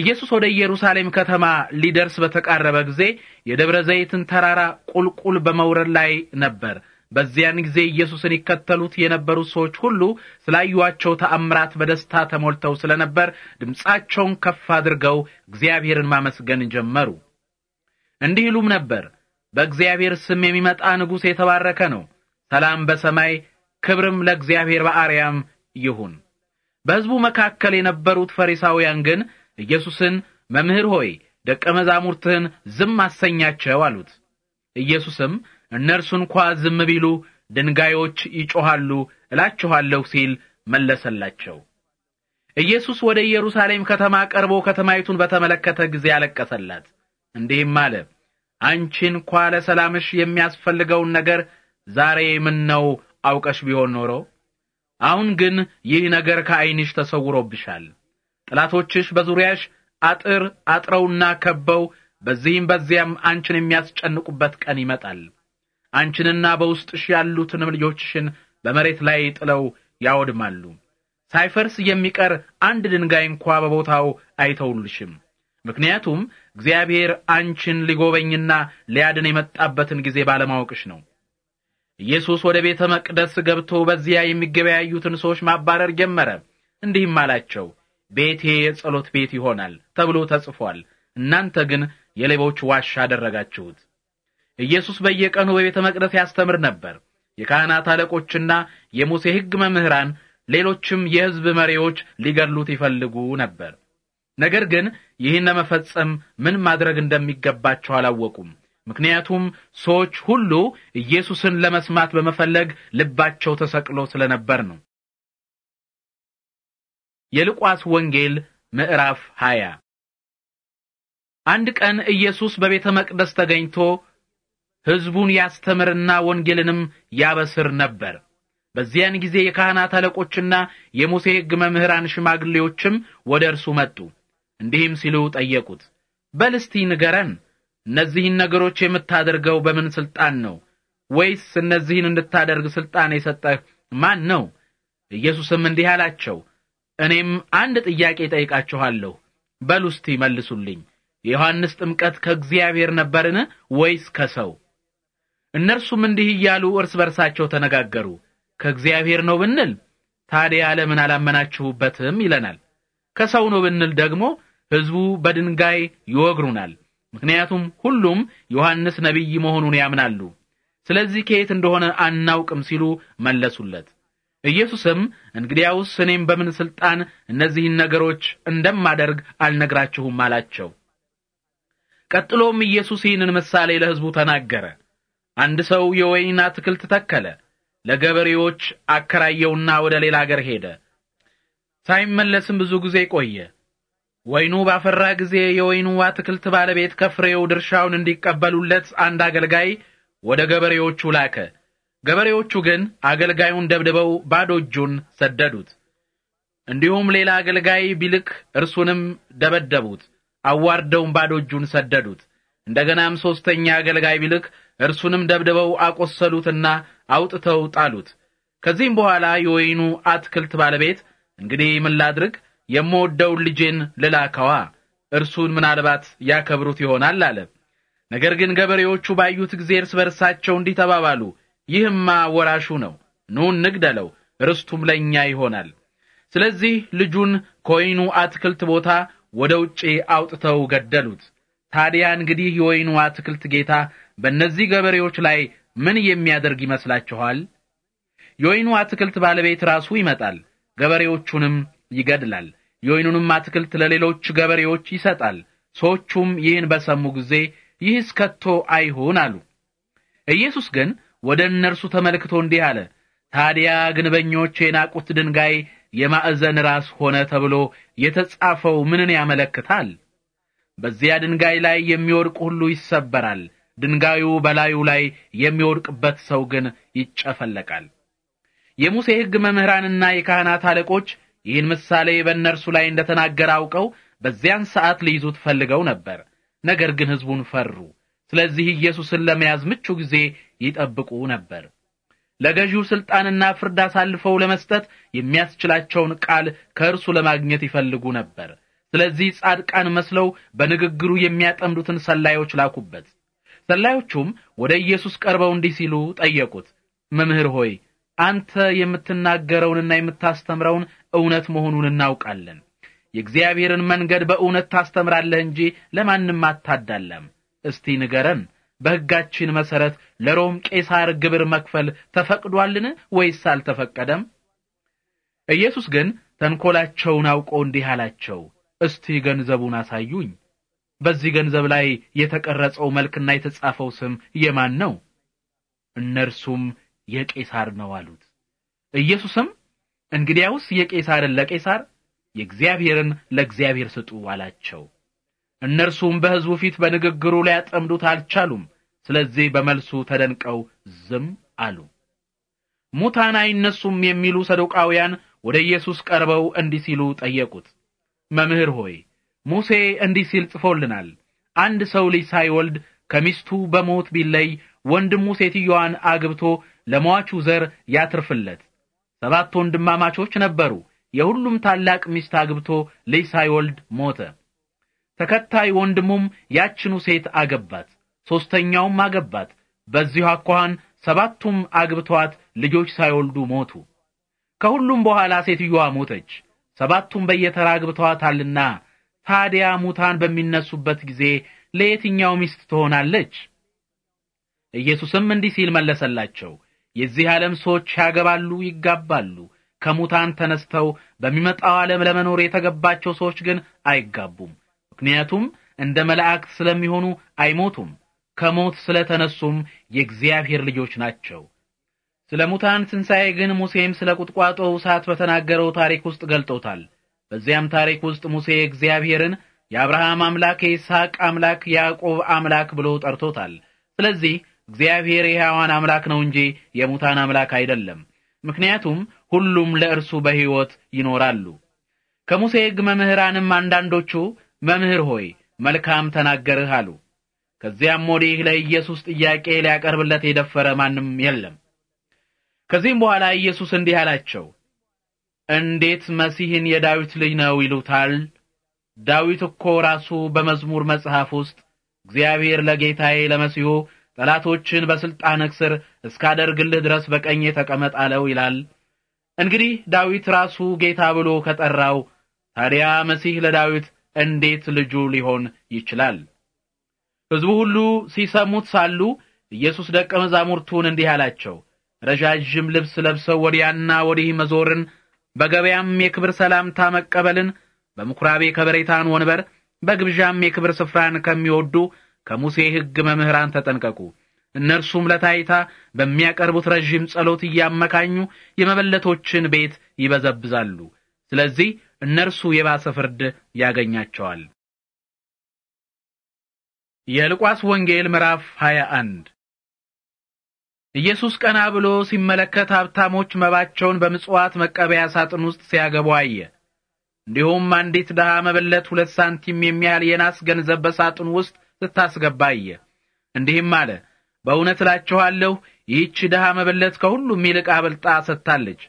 ኢየሱስ ወደ ኢየሩሳሌም ከተማ ሊደርስ በተቃረበ ጊዜ የደብረ ዘይትን ተራራ ቁልቁል በመውረድ ላይ ነበር። በዚያን ጊዜ ኢየሱስን ይከተሉት የነበሩት ሰዎች ሁሉ ስላዩዋቸው ተአምራት በደስታ ተሞልተው ስለነበር ድምፃቸውን ከፍ አድርገው እግዚአብሔርን ማመስገን ጀመሩ። እንዲህ ይሉም ነበር፣ በእግዚአብሔር ስም የሚመጣ ንጉሥ የተባረከ ነው። ሰላም በሰማይ ክብርም ለእግዚአብሔር በአርያም ይሁን። በሕዝቡ መካከል የነበሩት ፈሪሳውያን ግን ኢየሱስን መምህር ሆይ ደቀ መዛሙርትህን ዝም አሰኛቸው አሉት። ኢየሱስም እነርሱ እንኳ ዝም ቢሉ ድንጋዮች ይጮኻሉ እላችኋለሁ ሲል መለሰላቸው። ኢየሱስ ወደ ኢየሩሳሌም ከተማ ቀርቦ ከተማይቱን በተመለከተ ጊዜ አለቀሰላት፣ እንዲህም አለ አንቺ እንኳ ለሰላምሽ የሚያስፈልገውን ነገር ዛሬ ምነው አውቀሽ ቢሆን ኖሮ፣ አሁን ግን ይህ ነገር ከዐይንሽ ተሰውሮብሻል። ጠላቶችሽ በዙሪያሽ አጥር አጥረውና ከበው በዚህም በዚያም አንቺን የሚያስጨንቁበት ቀን ይመጣል። አንቺንና በውስጥሽ ያሉትንም ልጆችሽን በመሬት ላይ ጥለው ያወድማሉ። ሳይፈርስ የሚቀር አንድ ድንጋይ እንኳ በቦታው አይተውልሽም። ምክንያቱም እግዚአብሔር አንቺን ሊጎበኝና ሊያድን የመጣበትን ጊዜ ባለማወቅሽ ነው። ኢየሱስ ወደ ቤተ መቅደስ ገብቶ በዚያ የሚገበያዩትን ሰዎች ማባረር ጀመረ። እንዲህም አላቸው፣ ቤቴ የጸሎት ቤት ይሆናል ተብሎ ተጽፏል፣ እናንተ ግን የሌቦች ዋሻ አደረጋችሁት። ኢየሱስ በየቀኑ በቤተ መቅደስ ያስተምር ነበር። የካህናት አለቆችና የሙሴ ሕግ መምህራን፣ ሌሎችም የሕዝብ መሪዎች ሊገድሉት ይፈልጉ ነበር። ነገር ግን ይህን ለመፈጸም ምን ማድረግ እንደሚገባቸው አላወቁም። ምክንያቱም ሰዎች ሁሉ ኢየሱስን ለመስማት በመፈለግ ልባቸው ተሰቅሎ ስለነበር ነው። የሉቃስ ወንጌል ምዕራፍ 20 አንድ ቀን ኢየሱስ በቤተ መቅደስ ተገኝቶ ሕዝቡን ያስተምርና ወንጌልንም ያበስር ነበር። በዚያን ጊዜ የካህናት አለቆችና የሙሴ ሕግ መምህራን ሽማግሌዎችም ወደ እርሱ መጡ። እንዲህም ሲሉ ጠየቁት፣ በልስቲ ንገረን፣ እነዚህን ነገሮች የምታደርገው በምን ስልጣን ነው? ወይስ እነዚህን እንድታደርግ ስልጣን የሰጠህ ማን ነው? ኢየሱስም እንዲህ አላቸው፣ እኔም አንድ ጥያቄ ጠይቃችኋለሁ፣ በሉ እስቲ መልሱልኝ። የዮሐንስ ጥምቀት ከእግዚአብሔር ነበርን ወይስ ከሰው? እነርሱም እንዲህ እያሉ እርስ በርሳቸው ተነጋገሩ። ከእግዚአብሔር ነው ብንል ታዲያ ለምን አላመናችሁበትም ይለናል። ከሰው ነው ብንል ደግሞ ሕዝቡ በድንጋይ ይወግሩናል። ምክንያቱም ሁሉም ዮሐንስ ነቢይ መሆኑን ያምናሉ። ስለዚህ ከየት እንደሆነ አናውቅም ሲሉ መለሱለት። ኢየሱስም እንግዲያውስ እኔም በምን ሥልጣን እነዚህን ነገሮች እንደማደርግ አልነግራችሁም አላቸው። ቀጥሎም ኢየሱስ ይህንን ምሳሌ ለሕዝቡ ተናገረ። አንድ ሰው የወይን አትክልት ተከለ፣ ለገበሬዎች አከራየውና ወደ ሌላ አገር ሄደ። ሳይመለስም ብዙ ጊዜ ቆየ። ወይኑ ባፈራ ጊዜ የወይኑ አትክልት ባለቤት ከፍሬው ድርሻውን እንዲቀበሉለት አንድ አገልጋይ ወደ ገበሬዎቹ ላከ። ገበሬዎቹ ግን አገልጋዩን ደብድበው ባዶ እጁን ሰደዱት። እንዲሁም ሌላ አገልጋይ ቢልክ እርሱንም ደበደቡት፣ አዋርደውም ባዶ እጁን ሰደዱት። እንደገናም ሦስተኛ አገልጋይ ቢልክ እርሱንም ደብድበው አቆሰሉትና አውጥተው ጣሉት። ከዚህም በኋላ የወይኑ አትክልት ባለቤት እንግዲህ ምን ላድርግ? የምወደውን ልጄን ልላከዋ፣ እርሱን ምናልባት ያከብሩት ይሆናል አለ። ነገር ግን ገበሬዎቹ ባዩት ጊዜ እርስ በርሳቸው እንዲህ ተባባሉ፣ ይህማ ወራሹ ነው፣ ኑ እንግደለው፣ ርስቱም ለእኛ ይሆናል። ስለዚህ ልጁን ከወይኑ አትክልት ቦታ ወደ ውጪ አውጥተው ገደሉት። ታዲያ እንግዲህ የወይኑ አትክልት ጌታ በእነዚህ ገበሬዎች ላይ ምን የሚያደርግ ይመስላችኋል? የወይኑ አትክልት ባለቤት ራሱ ይመጣል፣ ገበሬዎቹንም ይገድላል። የወይኑንም አትክልት ለሌሎች ገበሬዎች ይሰጣል። ሰዎቹም ይህን በሰሙ ጊዜ ይህስ ከቶ አይሁን አሉ። ኢየሱስ ግን ወደ እነርሱ ተመልክቶ እንዲህ አለ፣ ታዲያ ግንበኞች የናቁት ድንጋይ የማዕዘን ራስ ሆነ ተብሎ የተጻፈው ምንን ያመለክታል? በዚያ ድንጋይ ላይ የሚወድቅ ሁሉ ይሰበራል፣ ድንጋዩ በላዩ ላይ የሚወድቅበት ሰው ግን ይጨፈለቃል። የሙሴ ሕግ መምህራንና የካህናት አለቆች ይህን ምሳሌ በእነርሱ ላይ እንደተናገረ አውቀው በዚያን ሰዓት ሊይዙት ፈልገው ነበር። ነገር ግን ሕዝቡን ፈሩ። ስለዚህ ኢየሱስን ለመያዝ ምቹ ጊዜ ይጠብቁ ነበር። ለገዢው ስልጣንና ፍርድ አሳልፈው ለመስጠት የሚያስችላቸውን ቃል ከእርሱ ለማግኘት ይፈልጉ ነበር። ስለዚህ ጻድቃን መስለው በንግግሩ የሚያጠምዱትን ሰላዮች ላኩበት። ሰላዮቹም ወደ ኢየሱስ ቀርበው እንዲህ ሲሉ ጠየቁት፣ መምህር ሆይ አንተ የምትናገረውንና የምታስተምረውን እውነት መሆኑን እናውቃለን። የእግዚአብሔርን መንገድ በእውነት ታስተምራለህ እንጂ ለማንም አታዳለም። እስቲ ንገረን በሕጋችን መሠረት ለሮም ቄሳር ግብር መክፈል ተፈቅዷልን ወይስ አልተፈቀደም? ኢየሱስ ግን ተንኮላቸውን አውቆ እንዲህ አላቸው፣ እስቲ ገንዘቡን አሳዩኝ። በዚህ ገንዘብ ላይ የተቀረጸው መልክና የተጻፈው ስም የማን ነው? እነርሱም የቄሳር ነው አሉት። ኢየሱስም እንግዲያውስ የቄሳርን ለቄሳር፣ የእግዚአብሔርን ለእግዚአብሔር ስጡ አላቸው። እነርሱም በሕዝቡ ፊት በንግግሩ ላይ ያጠምዱት አልቻሉም። ስለዚህ በመልሱ ተደንቀው ዝም አሉ። ሙታን አይነሱም የሚሉ ሰዶቃውያን ወደ ኢየሱስ ቀርበው እንዲህ ሲሉ ጠየቁት። መምህር ሆይ ሙሴ እንዲህ ሲል ጽፎልናል፣ አንድ ሰው ልጅ ሳይወልድ ከሚስቱ በሞት ቢለይ ወንድሙ ሴትዮዋን አግብቶ ለሟቹ ዘር ያትርፍለት። ሰባት ወንድማማቾች ነበሩ። የሁሉም ታላቅ ሚስት አግብቶ ልጅ ሳይወልድ ሞተ። ተከታይ ወንድሙም ያችኑ ሴት አገባት፣ ሦስተኛውም አገባት። በዚሁ አኳኋን ሰባቱም አግብተዋት ልጆች ሳይወልዱ ሞቱ። ከሁሉም በኋላ ሴትዮዋ ሞተች፣ ሰባቱም በየተራ አግብተዋታልና። ታዲያ ሙታን በሚነሱበት ጊዜ ለየትኛው ሚስት ትሆናለች? ኢየሱስም እንዲህ ሲል መለሰላቸው፣ የዚህ ዓለም ሰዎች ያገባሉ፣ ይጋባሉ። ከሙታን ተነስተው በሚመጣው ዓለም ለመኖር የተገባቸው ሰዎች ግን አይጋቡም። ምክንያቱም እንደ መላእክት ስለሚሆኑ አይሞቱም፣ ከሞት ስለተነሱም የእግዚአብሔር ልጆች ናቸው። ስለ ሙታን ትንሣኤ ግን ሙሴም ስለ ቁጥቋጦ እሳት በተናገረው ታሪክ ውስጥ ገልጦታል። በዚያም ታሪክ ውስጥ ሙሴ እግዚአብሔርን የአብርሃም አምላክ፣ የይስሐቅ አምላክ፣ የያዕቆብ አምላክ ብሎ ጠርቶታል። ስለዚህ እግዚአብሔር የሕያዋን አምላክ ነው እንጂ የሙታን አምላክ አይደለም። ምክንያቱም ሁሉም ለእርሱ በሕይወት ይኖራሉ። ከሙሴ ሕግ መምህራንም አንዳንዶቹ መምህር ሆይ መልካም ተናገርህ አሉ። ከዚያም ወዲህ ለኢየሱስ ጥያቄ ሊያቀርብለት የደፈረ ማንም የለም። ከዚህም በኋላ ኢየሱስ እንዲህ አላቸው፣ እንዴት መሲህን የዳዊት ልጅ ነው ይሉታል? ዳዊት እኮ ራሱ በመዝሙር መጽሐፍ ውስጥ እግዚአብሔር ለጌታዬ ለመሲሁ ጠላቶችን በሥልጣንህ ስር እስካደርግልህ ድረስ በቀኜ ተቀመጥ አለው ይላል። እንግዲህ ዳዊት ራሱ ጌታ ብሎ ከጠራው ታዲያ መሲህ ለዳዊት እንዴት ልጁ ሊሆን ይችላል? ሕዝቡ ሁሉ ሲሰሙት ሳሉ ኢየሱስ ደቀ መዛሙርቱን እንዲህ አላቸው። ረዣዥም ልብስ ለብሰው ወዲያና ወዲህ መዞርን፣ በገበያም የክብር ሰላምታ መቀበልን፣ በምኵራቤ ከበሬታን ወንበር፣ በግብዣም የክብር ስፍራን ከሚወዱ ከሙሴ ሕግ መምህራን ተጠንቀቁ። እነርሱም ለታይታ በሚያቀርቡት ረዥም ጸሎት እያመካኙ የመበለቶችን ቤት ይበዘብዛሉ። ስለዚህ እነርሱ የባሰ ፍርድ ያገኛቸዋል። የሉቃስ ወንጌል ምዕራፍ 21 ኢየሱስ ቀና ብሎ ሲመለከት ሀብታሞች መባቸውን በምጽዋት መቀበያ ሳጥን ውስጥ ሲያገቡ አየ። እንዲሁም አንዲት ድሃ መበለት ሁለት ሳንቲም የሚያህል የናስ ገንዘብ በሳጥን ውስጥ ስታስገባ አየ። እንዲህም አለ፣ በእውነት እላችኋለሁ ይህች ድሃ መበለት ከሁሉም ይልቅ አብልጣ ሰጥታለች።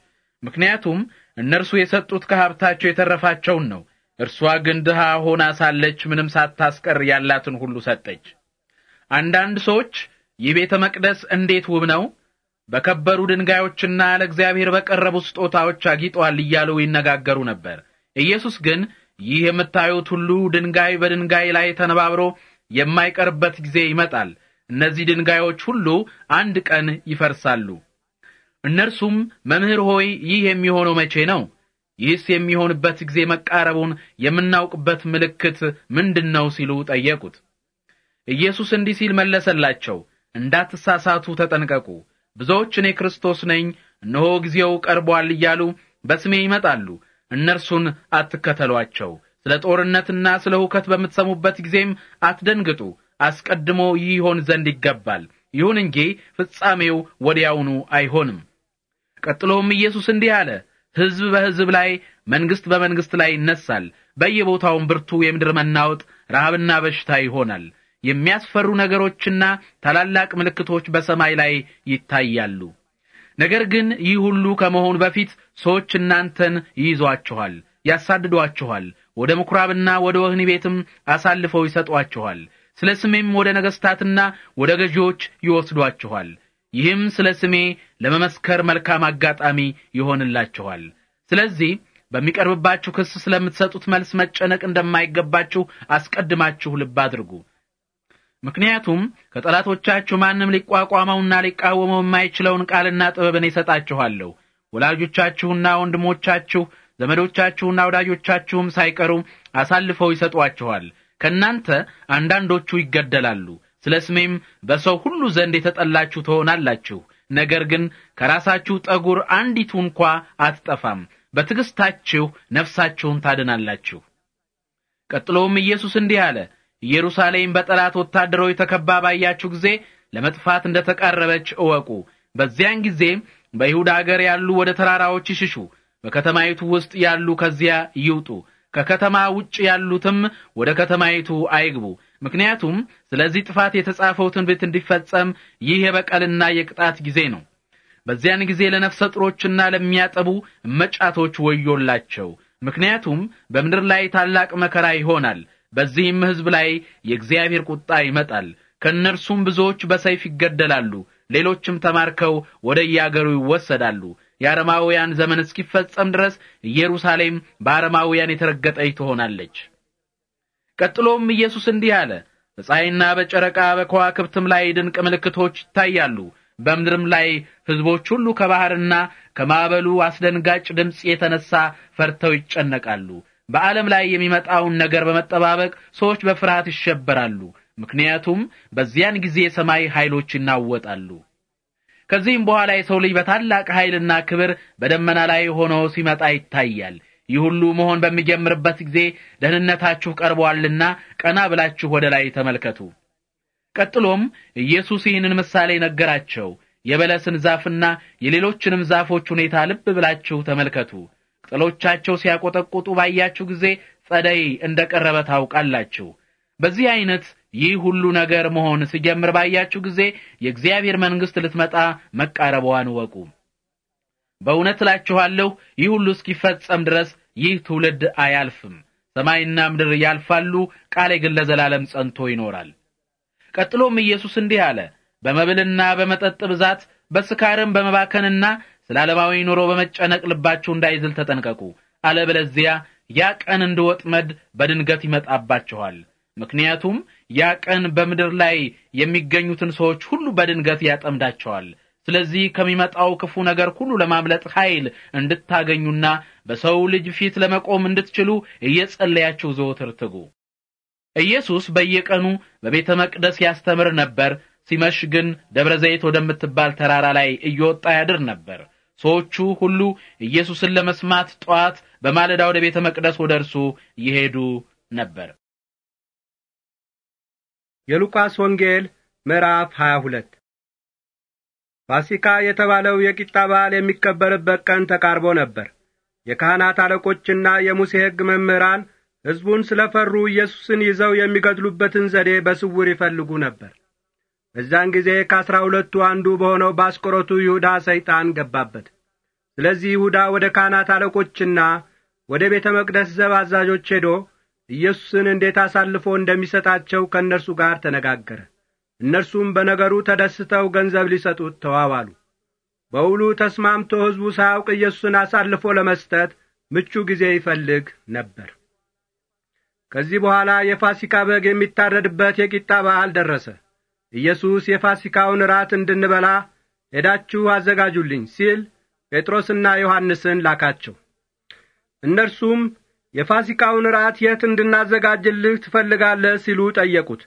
ምክንያቱም እነርሱ የሰጡት ከሀብታቸው የተረፋቸውን ነው። እርሷ ግን ድሃ ሆና ሳለች ምንም ሳታስቀር ያላትን ሁሉ ሰጠች። አንዳንድ ሰዎች ይህ ቤተ መቅደስ እንዴት ውብ ነው፣ በከበሩ ድንጋዮችና ለእግዚአብሔር በቀረቡ ስጦታዎች አጊጧል እያሉ ይነጋገሩ ነበር። ኢየሱስ ግን ይህ የምታዩት ሁሉ ድንጋይ በድንጋይ ላይ ተነባብሮ የማይቀርበት ጊዜ ይመጣል። እነዚህ ድንጋዮች ሁሉ አንድ ቀን ይፈርሳሉ። እነርሱም መምህር ሆይ ይህ የሚሆነው መቼ ነው? ይህስ የሚሆንበት ጊዜ መቃረቡን የምናውቅበት ምልክት ምንድን ነው? ሲሉ ጠየቁት። ኢየሱስ እንዲህ ሲል መለሰላቸው፣ እንዳትሳሳቱ ተጠንቀቁ። ብዙዎች እኔ ክርስቶስ ነኝ፣ እነሆ ጊዜው ቀርቧል እያሉ በስሜ ይመጣሉ። እነርሱን አትከተሏቸው። ስለ ጦርነትና ስለ ሁከት በምትሰሙበት ጊዜም አትደንግጡ። አስቀድሞ ይሆን ዘንድ ይገባል። ይሁን እንጂ ፍጻሜው ወዲያውኑ አይሆንም። ቀጥሎም ኢየሱስ እንዲህ አለ፣ ሕዝብ በሕዝብ ላይ መንግስት በመንግስት ላይ ይነሳል። በየቦታውም ብርቱ የምድር መናወጥ፣ ረሃብና በሽታ ይሆናል። የሚያስፈሩ ነገሮችና ታላላቅ ምልክቶች በሰማይ ላይ ይታያሉ። ነገር ግን ይህ ሁሉ ከመሆኑ በፊት ሰዎች እናንተን ይይዟችኋል፣ ያሳድዷችኋል፣ ወደ ምኵራብና ወደ ወህኒ ቤትም አሳልፈው ይሰጧችኋል። ስለ ስሜም ወደ ነገሥታትና ወደ ገዢዎች ይወስዷችኋል። ይህም ስለ ስሜ ለመመስከር መልካም አጋጣሚ ይሆንላችኋል። ስለዚህ በሚቀርብባችሁ ክስ ስለምትሰጡት መልስ መጨነቅ እንደማይገባችሁ አስቀድማችሁ ልብ አድርጉ። ምክንያቱም ከጠላቶቻችሁ ማንም ሊቋቋመውና ሊቃወመው የማይችለውን ቃልና ጥበብን ይሰጣችኋለሁ። ወላጆቻችሁና ወንድሞቻችሁ ዘመዶቻችሁና ወዳጆቻችሁም ሳይቀሩ አሳልፈው ይሰጧችኋል። ከእናንተ አንዳንዶቹ ይገደላሉ፣ ስለ ስሜም በሰው ሁሉ ዘንድ የተጠላችሁ ትሆናላችሁ። ነገር ግን ከራሳችሁ ጠጉር አንዲቱ እንኳ አትጠፋም። በትዕግሥታችሁ ነፍሳችሁን ታድናላችሁ። ቀጥሎም ኢየሱስ እንዲህ አለ። ኢየሩሳሌም በጠላት ወታደሮች ተከባ ባያችሁ ጊዜ ለመጥፋት እንደ ተቃረበች እወቁ። በዚያን ጊዜ በይሁዳ አገር ያሉ ወደ ተራራዎች ይሽሹ፣ በከተማይቱ ውስጥ ያሉ ከዚያ ይውጡ፣ ከከተማ ውጭ ያሉትም ወደ ከተማይቱ አይግቡ። ምክንያቱም ስለዚህ ጥፋት የተጻፈው ትንቢት እንዲፈጸም ይህ የበቀልና የቅጣት ጊዜ ነው። በዚያን ጊዜ ለነፍሰ ጥሮችና ለሚያጠቡ መጫቶች ወዮላቸው። ምክንያቱም በምድር ላይ ታላቅ መከራ ይሆናል። በዚህም ሕዝብ ላይ የእግዚአብሔር ቁጣ ይመጣል። ከእነርሱም ብዙዎች በሰይፍ ይገደላሉ፣ ሌሎችም ተማርከው ወደ እያገሩ ይወሰዳሉ። የአረማውያን ዘመን እስኪፈጸም ድረስ ኢየሩሳሌም በአረማውያን የተረገጠች ትሆናለች። ቀጥሎም ኢየሱስ እንዲህ አለ፣ በፀሐይና በጨረቃ በከዋክብትም ላይ ድንቅ ምልክቶች ይታያሉ። በምድርም ላይ ሕዝቦች ሁሉ ከባሕርና ከማዕበሉ አስደንጋጭ ድምፅ የተነሳ ፈርተው ይጨነቃሉ። በዓለም ላይ የሚመጣውን ነገር በመጠባበቅ ሰዎች በፍርሃት ይሸበራሉ። ምክንያቱም በዚያን ጊዜ የሰማይ ኃይሎች ይናወጣሉ። ከዚህም በኋላ የሰው ልጅ በታላቅ ኃይልና ክብር በደመና ላይ ሆኖ ሲመጣ ይታያል። ይህ ሁሉ መሆን በሚጀምርበት ጊዜ ደህንነታችሁ ቀርቧልና ቀና ብላችሁ ወደ ላይ ተመልከቱ። ቀጥሎም ኢየሱስ ይህንን ምሳሌ ነገራቸው። የበለስን ዛፍና የሌሎችንም ዛፎች ሁኔታ ልብ ብላችሁ ተመልከቱ። ቅጠሎቻቸው ሲያቆጠቁጡ ባያችሁ ጊዜ ጸደይ ቀረበ ታውቃላችሁ። በዚህ አይነት ይህ ሁሉ ነገር መሆን ሲጀምር ባያችሁ ጊዜ የእግዚአብሔር መንግሥት ልትመጣ መቃረቧን ወቁ። በእውነት እላችኋለሁ ይህ ሁሉ እስኪፈጸም ድረስ ይህ ትውልድ አያልፍም። ሰማይና ምድር ያልፋሉ፣ ቃሌ ግን ለዘላለም ጸንቶ ይኖራል። ቀጥሎም ኢየሱስ እንዲህ አለ። በመብልና በመጠጥ ብዛት በስካርም በመባከንና ስለ ዓለማዊ ኑሮ በመጨነቅ ልባችሁ እንዳይዝል ተጠንቀቁ። አለበለዚያ ያ ቀን እንደ ወጥመድ በድንገት ይመጣባችኋል። ምክንያቱም ያ ቀን በምድር ላይ የሚገኙትን ሰዎች ሁሉ በድንገት ያጠምዳቸዋል። ስለዚህ ከሚመጣው ክፉ ነገር ሁሉ ለማምለጥ ኃይል እንድታገኙና በሰው ልጅ ፊት ለመቆም እንድትችሉ እየጸለያችሁ ዘወትር ትጉ። ኢየሱስ በየቀኑ በቤተ መቅደስ ያስተምር ነበር። ሲመሽ ግን ደብረ ዘይት ወደምትባል ተራራ ላይ እየወጣ ያድር ነበር። ሰዎቹ ሁሉ ኢየሱስን ለመስማት ጠዋት በማለዳ ወደ ቤተ መቅደስ ወደ እርሱ ይሄዱ ነበር። የሉቃስ ወንጌል ምዕራፍ 22 ፋሲካ የተባለው የቂጣ በዓል የሚከበርበት ቀን ተቃርቦ ነበር። የካህናት አለቆችና የሙሴ ሕግ መምህራን ሕዝቡን ስለ ፈሩ ኢየሱስን ይዘው የሚገድሉበትን ዘዴ በስውር ይፈልጉ ነበር። በዛን ጊዜ ከአሥራ ሁለቱ አንዱ በሆነው በአስቆሮቱ ይሁዳ ሰይጣን ገባበት። ስለዚህ ይሁዳ ወደ ካህናት አለቆችና ወደ ቤተ መቅደስ ዘብ አዛዦች ሄዶ ኢየሱስን እንዴት አሳልፎ እንደሚሰጣቸው ከእነርሱ ጋር ተነጋገረ። እነርሱም በነገሩ ተደስተው ገንዘብ ሊሰጡት ተዋዋሉ። በውሉ ተስማምቶ ሕዝቡ ሳያውቅ ኢየሱስን አሳልፎ ለመስጠት ምቹ ጊዜ ይፈልግ ነበር። ከዚህ በኋላ የፋሲካ በግ የሚታረድበት የቂጣ በዓል ደረሰ። ኢየሱስ የፋሲካውን ራት እንድንበላ ሄዳችሁ አዘጋጁልኝ ሲል ጴጥሮስና ዮሐንስን ላካቸው። እነርሱም የፋሲካውን ራት የት እንድናዘጋጅልህ ትፈልጋለህ ሲሉ ጠየቁት።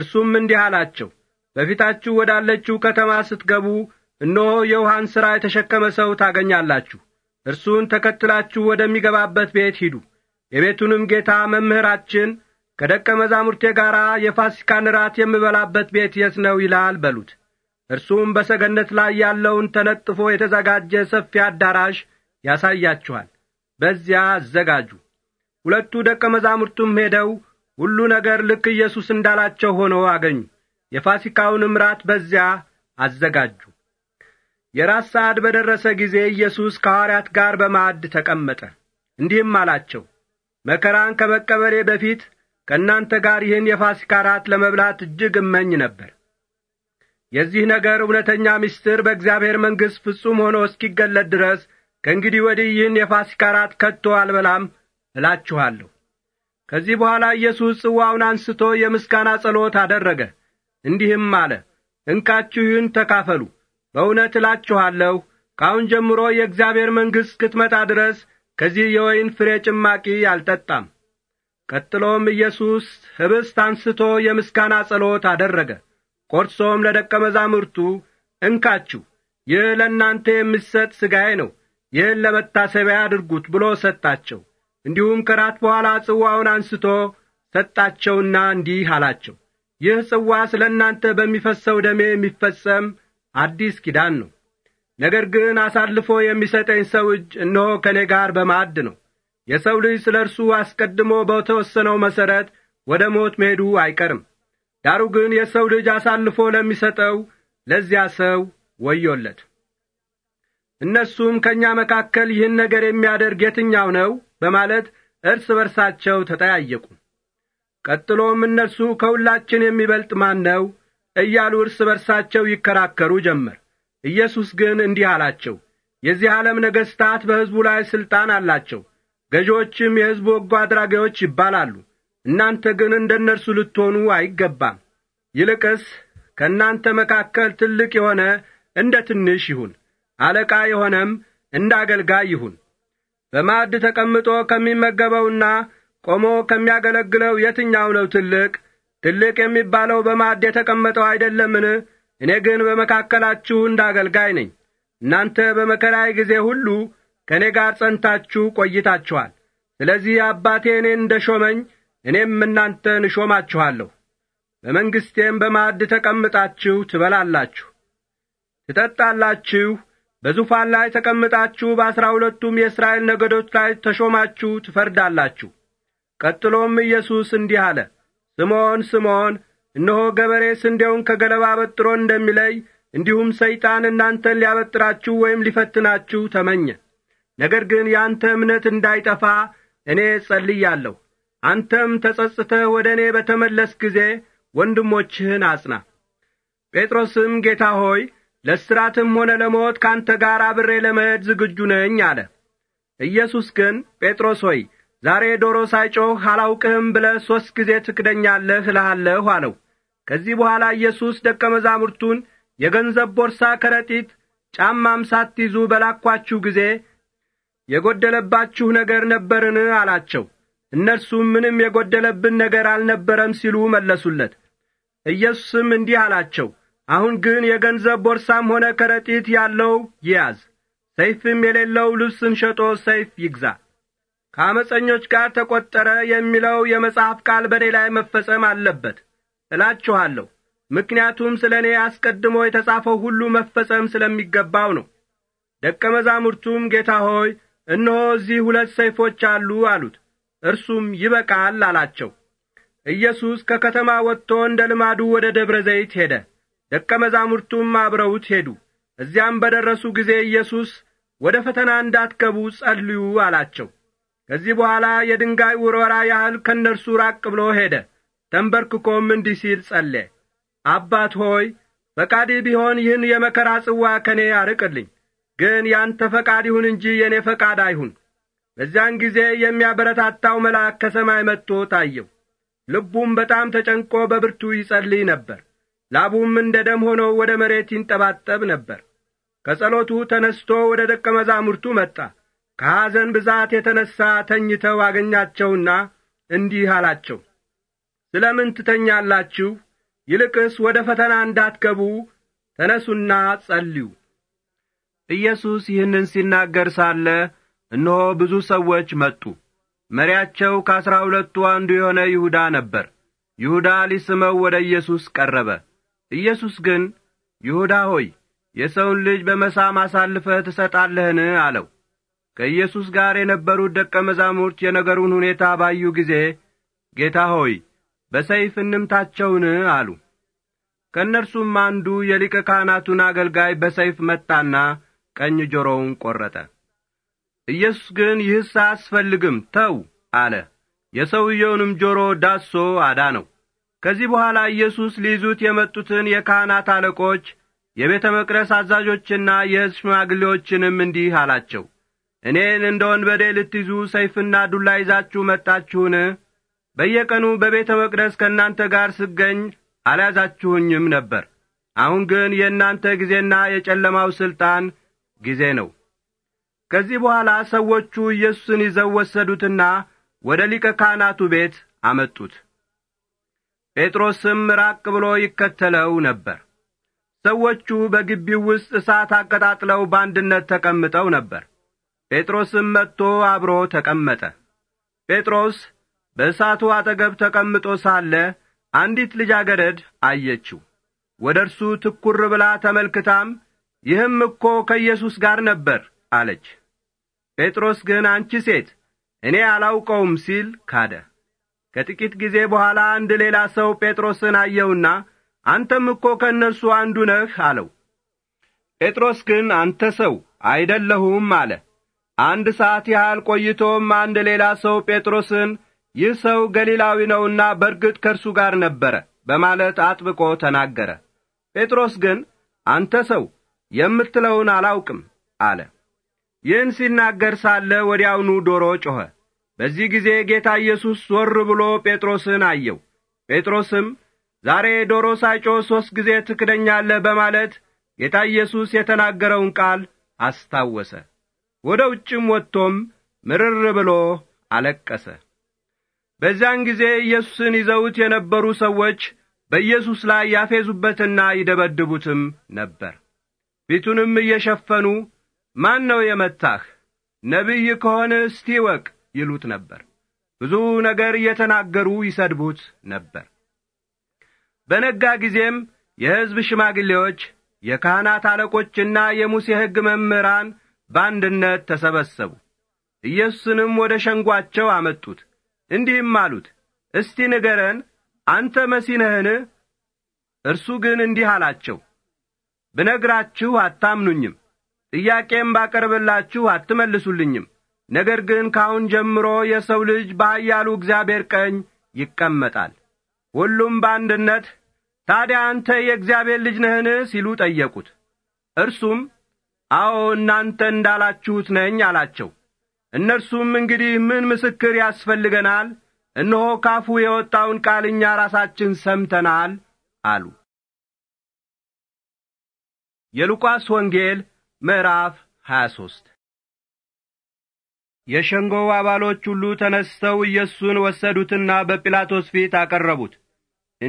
እርሱም እንዲህ አላቸው፣ በፊታችሁ ወዳለችው ከተማ ስትገቡ እነሆ የውሃን ሥራ የተሸከመ ሰው ታገኛላችሁ። እርሱን ተከትላችሁ ወደሚገባበት ቤት ሂዱ። የቤቱንም ጌታ መምህራችን ከደቀ መዛሙርቴ ጋር የፋሲካን ራት የምበላበት ቤት የት ነው ይላል በሉት። እርሱም በሰገነት ላይ ያለውን ተነጥፎ የተዘጋጀ ሰፊ አዳራሽ ያሳያችኋል። በዚያ አዘጋጁ። ሁለቱ ደቀ መዛሙርቱም ሄደው ሁሉ ነገር ልክ ኢየሱስ እንዳላቸው ሆኖ አገኙ። የፋሲካውንም ራት በዚያ አዘጋጁ። የራት ሰዓት በደረሰ ጊዜ ኢየሱስ ከሐዋርያት ጋር በማዕድ ተቀመጠ። እንዲህም አላቸው፣ መከራን ከመቀበሌ በፊት ከእናንተ ጋር ይህን የፋሲካ ራት ለመብላት እጅግ እመኝ ነበር። የዚህ ነገር እውነተኛ ምስጢር በእግዚአብሔር መንግሥት ፍጹም ሆኖ እስኪገለጥ ድረስ ከእንግዲህ ወዲህ ይህን የፋሲካ ራት ከቶ አልበላም እላችኋለሁ። ከዚህ በኋላ ኢየሱስ ጽዋውን አንስቶ የምስጋና ጸሎት አደረገ፣ እንዲህም አለ፣ እንካችሁ ይህን ተካፈሉ በእውነት እላችኋለሁ ከአሁን ጀምሮ የእግዚአብሔር መንግሥት እስክትመጣ ድረስ ከዚህ የወይን ፍሬ ጭማቂ አልጠጣም። ቀጥሎም ኢየሱስ ኅብስት አንስቶ የምስጋና ጸሎት አደረገ። ቆርሶም ለደቀ መዛሙርቱ እንካችሁ፣ ይህ ለእናንተ የምሰጥ ሥጋዬ ነው፣ ይህን ለመታሰቢያ አድርጉት ብሎ ሰጣቸው። እንዲሁም ከራት በኋላ ጽዋውን አንስቶ ሰጣቸውና እንዲህ አላቸው፣ ይህ ጽዋ ስለ እናንተ በሚፈሰው ደሜ የሚፈጸም አዲስ ኪዳን ነው። ነገር ግን አሳልፎ የሚሰጠኝ ሰው እጅ እነሆ ከእኔ ጋር በማዕድ ነው። የሰው ልጅ ስለ እርሱ አስቀድሞ በተወሰነው መሠረት ወደ ሞት መሄዱ አይቀርም። ዳሩ ግን የሰው ልጅ አሳልፎ ለሚሰጠው ለዚያ ሰው ወዮለት። እነሱም ከእኛ መካከል ይህን ነገር የሚያደርግ የትኛው ነው በማለት እርስ በርሳቸው ተጠያየቁ። ቀጥሎም እነርሱ ከሁላችን የሚበልጥ ማን ነው እያሉ እርስ በርሳቸው ይከራከሩ ጀመር። ኢየሱስ ግን እንዲህ አላቸው፣ የዚህ ዓለም ነገሥታት በሕዝቡ ላይ ሥልጣን አላቸው፣ ገዢዎችም የሕዝቡ ወጎ አድራጊዎች ይባላሉ። እናንተ ግን እንደ እነርሱ ልትሆኑ አይገባም። ይልቅስ ከእናንተ መካከል ትልቅ የሆነ እንደ ትንሽ ይሁን፣ አለቃ የሆነም እንደ አገልጋይ ይሁን። በማዕድ ተቀምጦ ከሚመገበውና ቆሞ ከሚያገለግለው የትኛው ነው ትልቅ? ትልቅ የሚባለው በማዕድ የተቀመጠው አይደለምን? እኔ ግን በመካከላችሁ እንደ አገልጋይ ነኝ። እናንተ በመከራዬ ጊዜ ሁሉ ከእኔ ጋር ጸንታችሁ ቆይታችኋል። ስለዚህ አባቴ እኔን እንደ ሾመኝ እኔም እናንተን እሾማችኋለሁ። በመንግሥቴም በማዕድ ተቀምጣችሁ ትበላላችሁ፣ ትጠጣላችሁ። በዙፋን ላይ ተቀምጣችሁ በአሥራ ሁለቱም የእስራኤል ነገዶች ላይ ተሾማችሁ ትፈርዳላችሁ። ቀጥሎም ኢየሱስ እንዲህ አለ፦ ስምዖን ስምዖን እነሆ ገበሬ ስንዴውን ከገለባ አበጥሮ እንደሚለይ እንዲሁም ሰይጣን እናንተን ሊያበጥራችሁ ወይም ሊፈትናችሁ ተመኘ። ነገር ግን የአንተ እምነት እንዳይጠፋ እኔ ጸልያለሁ። አንተም ተጸጽተህ ወደ እኔ በተመለስ ጊዜ ወንድሞችህን አጽና። ጴጥሮስም ጌታ ሆይ ለእስራትም ሆነ ለሞት ካንተ ጋር አብሬ ለመሄድ ዝግጁ ነኝ አለ። ኢየሱስ ግን ጴጥሮስ ሆይ ዛሬ ዶሮ ሳይጮህ አላውቅህም ብለህ ሦስት ጊዜ ትክደኛለህ እልሃለሁ አለው። ከዚህ በኋላ ኢየሱስ ደቀ መዛሙርቱን የገንዘብ ቦርሳ፣ ከረጢት፣ ጫማም ሳትይዙ በላኳችሁ ጊዜ የጎደለባችሁ ነገር ነበርን አላቸው። እነርሱም ምንም የጎደለብን ነገር አልነበረም ሲሉ መለሱለት። ኢየሱስም እንዲህ አላቸው፣ አሁን ግን የገንዘብ ቦርሳም ሆነ ከረጢት ያለው ይያዝ፣ ሰይፍም የሌለው ልብስን ሸጦ ሰይፍ ይግዛ። ከአመፀኞች ጋር ተቈጠረ የሚለው የመጽሐፍ ቃል በእኔ ላይ መፈጸም አለበት እላችኋለሁ። ምክንያቱም ስለ እኔ አስቀድሞ የተጻፈው ሁሉ መፈጸም ስለሚገባው ነው። ደቀ መዛሙርቱም ጌታ ሆይ፣ እነሆ እዚህ ሁለት ሰይፎች አሉ አሉት። እርሱም ይበቃል አላቸው። ኢየሱስ ከከተማ ወጥቶ እንደ ልማዱ ወደ ደብረ ዘይት ሄደ። ደቀ መዛሙርቱም አብረውት ሄዱ። እዚያም በደረሱ ጊዜ ኢየሱስ ወደ ፈተና እንዳትገቡ ጸልዩ አላቸው። ከዚህ በኋላ የድንጋይ ውርወራ ያህል ከእነርሱ ራቅ ብሎ ሄደ። ተንበርክኮም እንዲህ ሲል ጸሌ! አባት ሆይ ፈቃድ ቢሆን ይህን የመከራ ጽዋ ከእኔ አርቅልኝ፣ ግን ያንተ ፈቃድ ይሁን እንጂ የእኔ ፈቃድ አይሁን። በዚያን ጊዜ የሚያበረታታው መልአክ ከሰማይ መጥቶ ታየው። ልቡም በጣም ተጨንቆ በብርቱ ይጸልይ ነበር። ላቡም እንደ ደም ሆኖ ወደ መሬት ይንጠባጠብ ነበር። ከጸሎቱ ተነስቶ ወደ ደቀ መዛሙርቱ መጣ። ከሐዘን ብዛት የተነሣ ተኝተው አገኛቸውና እንዲህ አላቸው፣ ስለ ምን ትተኛላችሁ? ይልቅስ ወደ ፈተና እንዳትገቡ ተነሱና ጸልዩ። ኢየሱስ ይህንን ሲናገር ሳለ እነሆ ብዙ ሰዎች መጡ። መሪያቸው ከአሥራ ሁለቱ አንዱ የሆነ ይሁዳ ነበር። ይሁዳ ሊስመው ወደ ኢየሱስ ቀረበ። ኢየሱስ ግን ይሁዳ ሆይ የሰውን ልጅ በመሳም አሳልፈህ ትሰጣለህን? አለው። ከኢየሱስ ጋር የነበሩት ደቀ መዛሙርት የነገሩን ሁኔታ ባዩ ጊዜ ጌታ ሆይ በሰይፍ እንምታቸውን አሉ። ከእነርሱም አንዱ የሊቀ ካህናቱን አገልጋይ በሰይፍ መታና ቀኝ ጆሮውን ቈረጠ። ኢየሱስ ግን ይህስ አያስፈልግም ተው አለ። የሰውየውንም ጆሮ ዳሶ አዳነው። ከዚህ በኋላ ኢየሱስ ሊይዙት የመጡትን የካህናት አለቆች፣ የቤተ መቅደስ አዛዦችና የሕዝብ ሽማግሌዎችንም እንዲህ አላቸው እኔን እንደ ወንበዴ ልትይዙ ሰይፍና ዱላ ይዛችሁ መጣችሁን? በየቀኑ በቤተ መቅደስ ከእናንተ ጋር ስገኝ አልያዛችሁኝም ነበር። አሁን ግን የእናንተ ጊዜና የጨለማው ሥልጣን ጊዜ ነው። ከዚህ በኋላ ሰዎቹ ኢየሱስን ይዘው ወሰዱትና ወደ ሊቀ ካህናቱ ቤት አመጡት። ጴጥሮስም ራቅ ብሎ ይከተለው ነበር። ሰዎቹ በግቢው ውስጥ እሳት አቀጣጥለው በአንድነት ተቀምጠው ነበር። ጴጥሮስም መጥቶ አብሮ ተቀመጠ። ጴጥሮስ በእሳቱ አጠገብ ተቀምጦ ሳለ አንዲት ልጃገረድ አየችው። ወደ እርሱ ትኩር ብላ ተመልክታም ይህም እኮ ከኢየሱስ ጋር ነበር አለች። ጴጥሮስ ግን አንቺ ሴት እኔ አላውቀውም ሲል ካደ። ከጥቂት ጊዜ በኋላ አንድ ሌላ ሰው ጴጥሮስን አየውና አንተም እኮ ከእነርሱ አንዱ ነህ አለው። ጴጥሮስ ግን አንተ ሰው አይደለሁም አለ። አንድ ሰዓት ያህል ቆይቶም አንድ ሌላ ሰው ጴጥሮስን ይህ ሰው ገሊላዊ ነውና በርግጥ ከእርሱ ጋር ነበረ በማለት አጥብቆ ተናገረ። ጴጥሮስ ግን አንተ ሰው የምትለውን አላውቅም አለ። ይህን ሲናገር ሳለ ወዲያውኑ ዶሮ ጮኸ። በዚህ ጊዜ ጌታ ኢየሱስ ዞር ብሎ ጴጥሮስን አየው። ጴጥሮስም ዛሬ ዶሮ ሳይጮህ ሦስት ጊዜ ትክደኛለህ በማለት ጌታ ኢየሱስ የተናገረውን ቃል አስታወሰ። ወደ ውጭም ወጥቶም ምርር ብሎ አለቀሰ። በዚያን ጊዜ ኢየሱስን ይዘውት የነበሩ ሰዎች በኢየሱስ ላይ ያፌዙበትና ይደበድቡትም ነበር። ፊቱንም እየሸፈኑ ማን ነው የመታህ? ነቢይ ከሆነ እስቲ ወቅ ይሉት ነበር። ብዙ ነገር እየተናገሩ ይሰድቡት ነበር። በነጋ ጊዜም የሕዝብ ሽማግሌዎች፣ የካህናት አለቆችና የሙሴ ሕግ መምህራን በአንድነት ተሰበሰቡ። ኢየሱስንም ወደ ሸንጓቸው አመጡት። እንዲህም አሉት፣ እስቲ ንገረን፣ አንተ መሲህ ነህን? እርሱ ግን እንዲህ አላቸው፣ ብነግራችሁ አታምኑኝም፣ ጥያቄም ባቀርብላችሁ አትመልሱልኝም። ነገር ግን ካሁን ጀምሮ የሰው ልጅ በኃያሉ እግዚአብሔር ቀኝ ይቀመጣል። ሁሉም በአንድነት ታዲያ አንተ የእግዚአብሔር ልጅ ነህን? ሲሉ ጠየቁት። እርሱም አዎ እናንተ እንዳላችሁት ነኝ አላቸው እነርሱም እንግዲህ ምን ምስክር ያስፈልገናል እነሆ ካፉ የወጣውን ቃል እኛ ራሳችን ሰምተናል አሉ የሉቃስ ወንጌል ምዕራፍ 23 የሸንጎው አባሎች ሁሉ ተነስተው ኢየሱስን ወሰዱትና በጲላቶስ ፊት አቀረቡት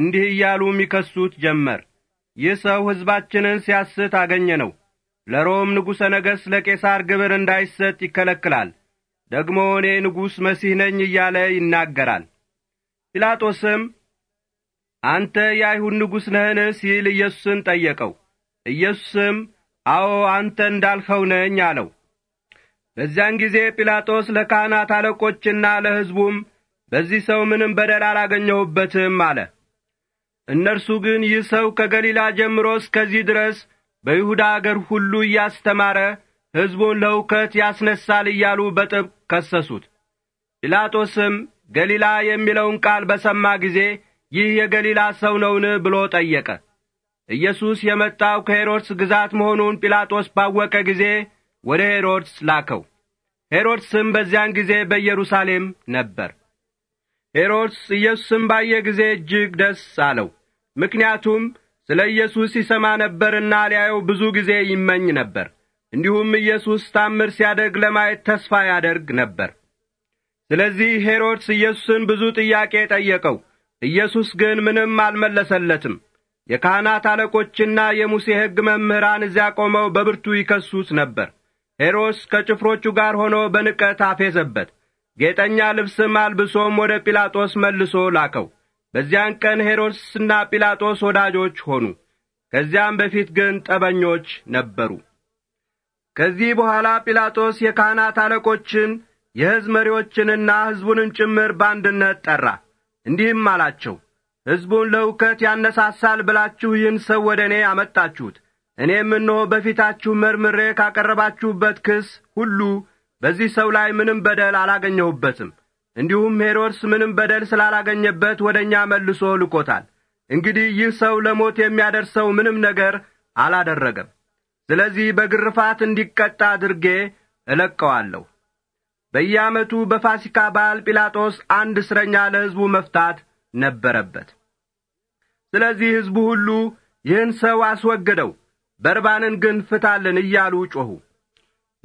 እንዲህ እያሉ የሚከሱት ጀመር ይህ ሰው ሕዝባችንን ሲያስት አገኘ ነው ለሮም ንጉሠ ነገሥት ለቄሳር ግብር እንዳይሰጥ ይከለክላል። ደግሞ እኔ ንጉሥ መሲህ ነኝ እያለ ይናገራል። ጲላጦስም አንተ የአይሁድ ንጉሥ ነህን ሲል ኢየሱስን ጠየቀው። ኢየሱስም አዎ አንተ እንዳልኸው ነኝ አለው። በዚያን ጊዜ ጲላጦስ ለካህናት አለቆችና ለሕዝቡም በዚህ ሰው ምንም በደል አላገኘሁበትም አለ። እነርሱ ግን ይህ ሰው ከገሊላ ጀምሮ እስከዚህ ድረስ በይሁዳ አገር ሁሉ እያስተማረ ሕዝቡን ለውከት ያስነሳል እያሉ በጥብቅ ከሰሱት። ጲላጦስም ገሊላ የሚለውን ቃል በሰማ ጊዜ ይህ የገሊላ ሰው ነውን ብሎ ጠየቀ። ኢየሱስ የመጣው ከሄሮድስ ግዛት መሆኑን ጲላጦስ ባወቀ ጊዜ ወደ ሄሮድስ ላከው። ሄሮድስም በዚያን ጊዜ በኢየሩሳሌም ነበር። ሄሮድስ ኢየሱስም ባየ ጊዜ እጅግ ደስ አለው። ምክንያቱም ስለ ኢየሱስ ይሰማ ነበርና ሊያየው ብዙ ጊዜ ይመኝ ነበር። እንዲሁም ኢየሱስ ታምር ሲያደርግ ለማየት ተስፋ ያደርግ ነበር። ስለዚህ ሄሮድስ ኢየሱስን ብዙ ጥያቄ ጠየቀው። ኢየሱስ ግን ምንም አልመለሰለትም። የካህናት አለቆችና የሙሴ ሕግ መምህራን እዚያ ቆመው በብርቱ ይከሱት ነበር። ሄሮድስ ከጭፍሮቹ ጋር ሆኖ በንቀት አፌዘበት። ጌጠኛ ልብስም አልብሶም ወደ ጲላጦስ መልሶ ላከው። በዚያን ቀን ሄሮድስና ጲላጦስ ወዳጆች ሆኑ። ከዚያም በፊት ግን ጠበኞች ነበሩ። ከዚህ በኋላ ጲላጦስ የካህናት አለቆችን፣ የሕዝብ መሪዎችንና ሕዝቡንም ጭምር በአንድነት ጠራ። እንዲህም አላቸው፣ ሕዝቡን ለውከት ያነሳሳል ብላችሁ ይህን ሰው ወደ እኔ አመጣችሁት። እኔም እነሆ በፊታችሁ መርምሬ ካቀረባችሁበት ክስ ሁሉ በዚህ ሰው ላይ ምንም በደል አላገኘሁበትም። እንዲሁም ሄሮድስ ምንም በደል ስላላገኘበት ወደ እኛ መልሶ ልኮታል። እንግዲህ ይህ ሰው ለሞት የሚያደርሰው ምንም ነገር አላደረገም። ስለዚህ በግርፋት እንዲቀጣ አድርጌ እለቀዋለሁ። በየዓመቱ በፋሲካ በዓል ጲላጦስ አንድ እስረኛ ለሕዝቡ መፍታት ነበረበት። ስለዚህ ሕዝቡ ሁሉ ይህን ሰው አስወግደው፣ በርባንን ግን ፍታልን እያሉ ጮኹ።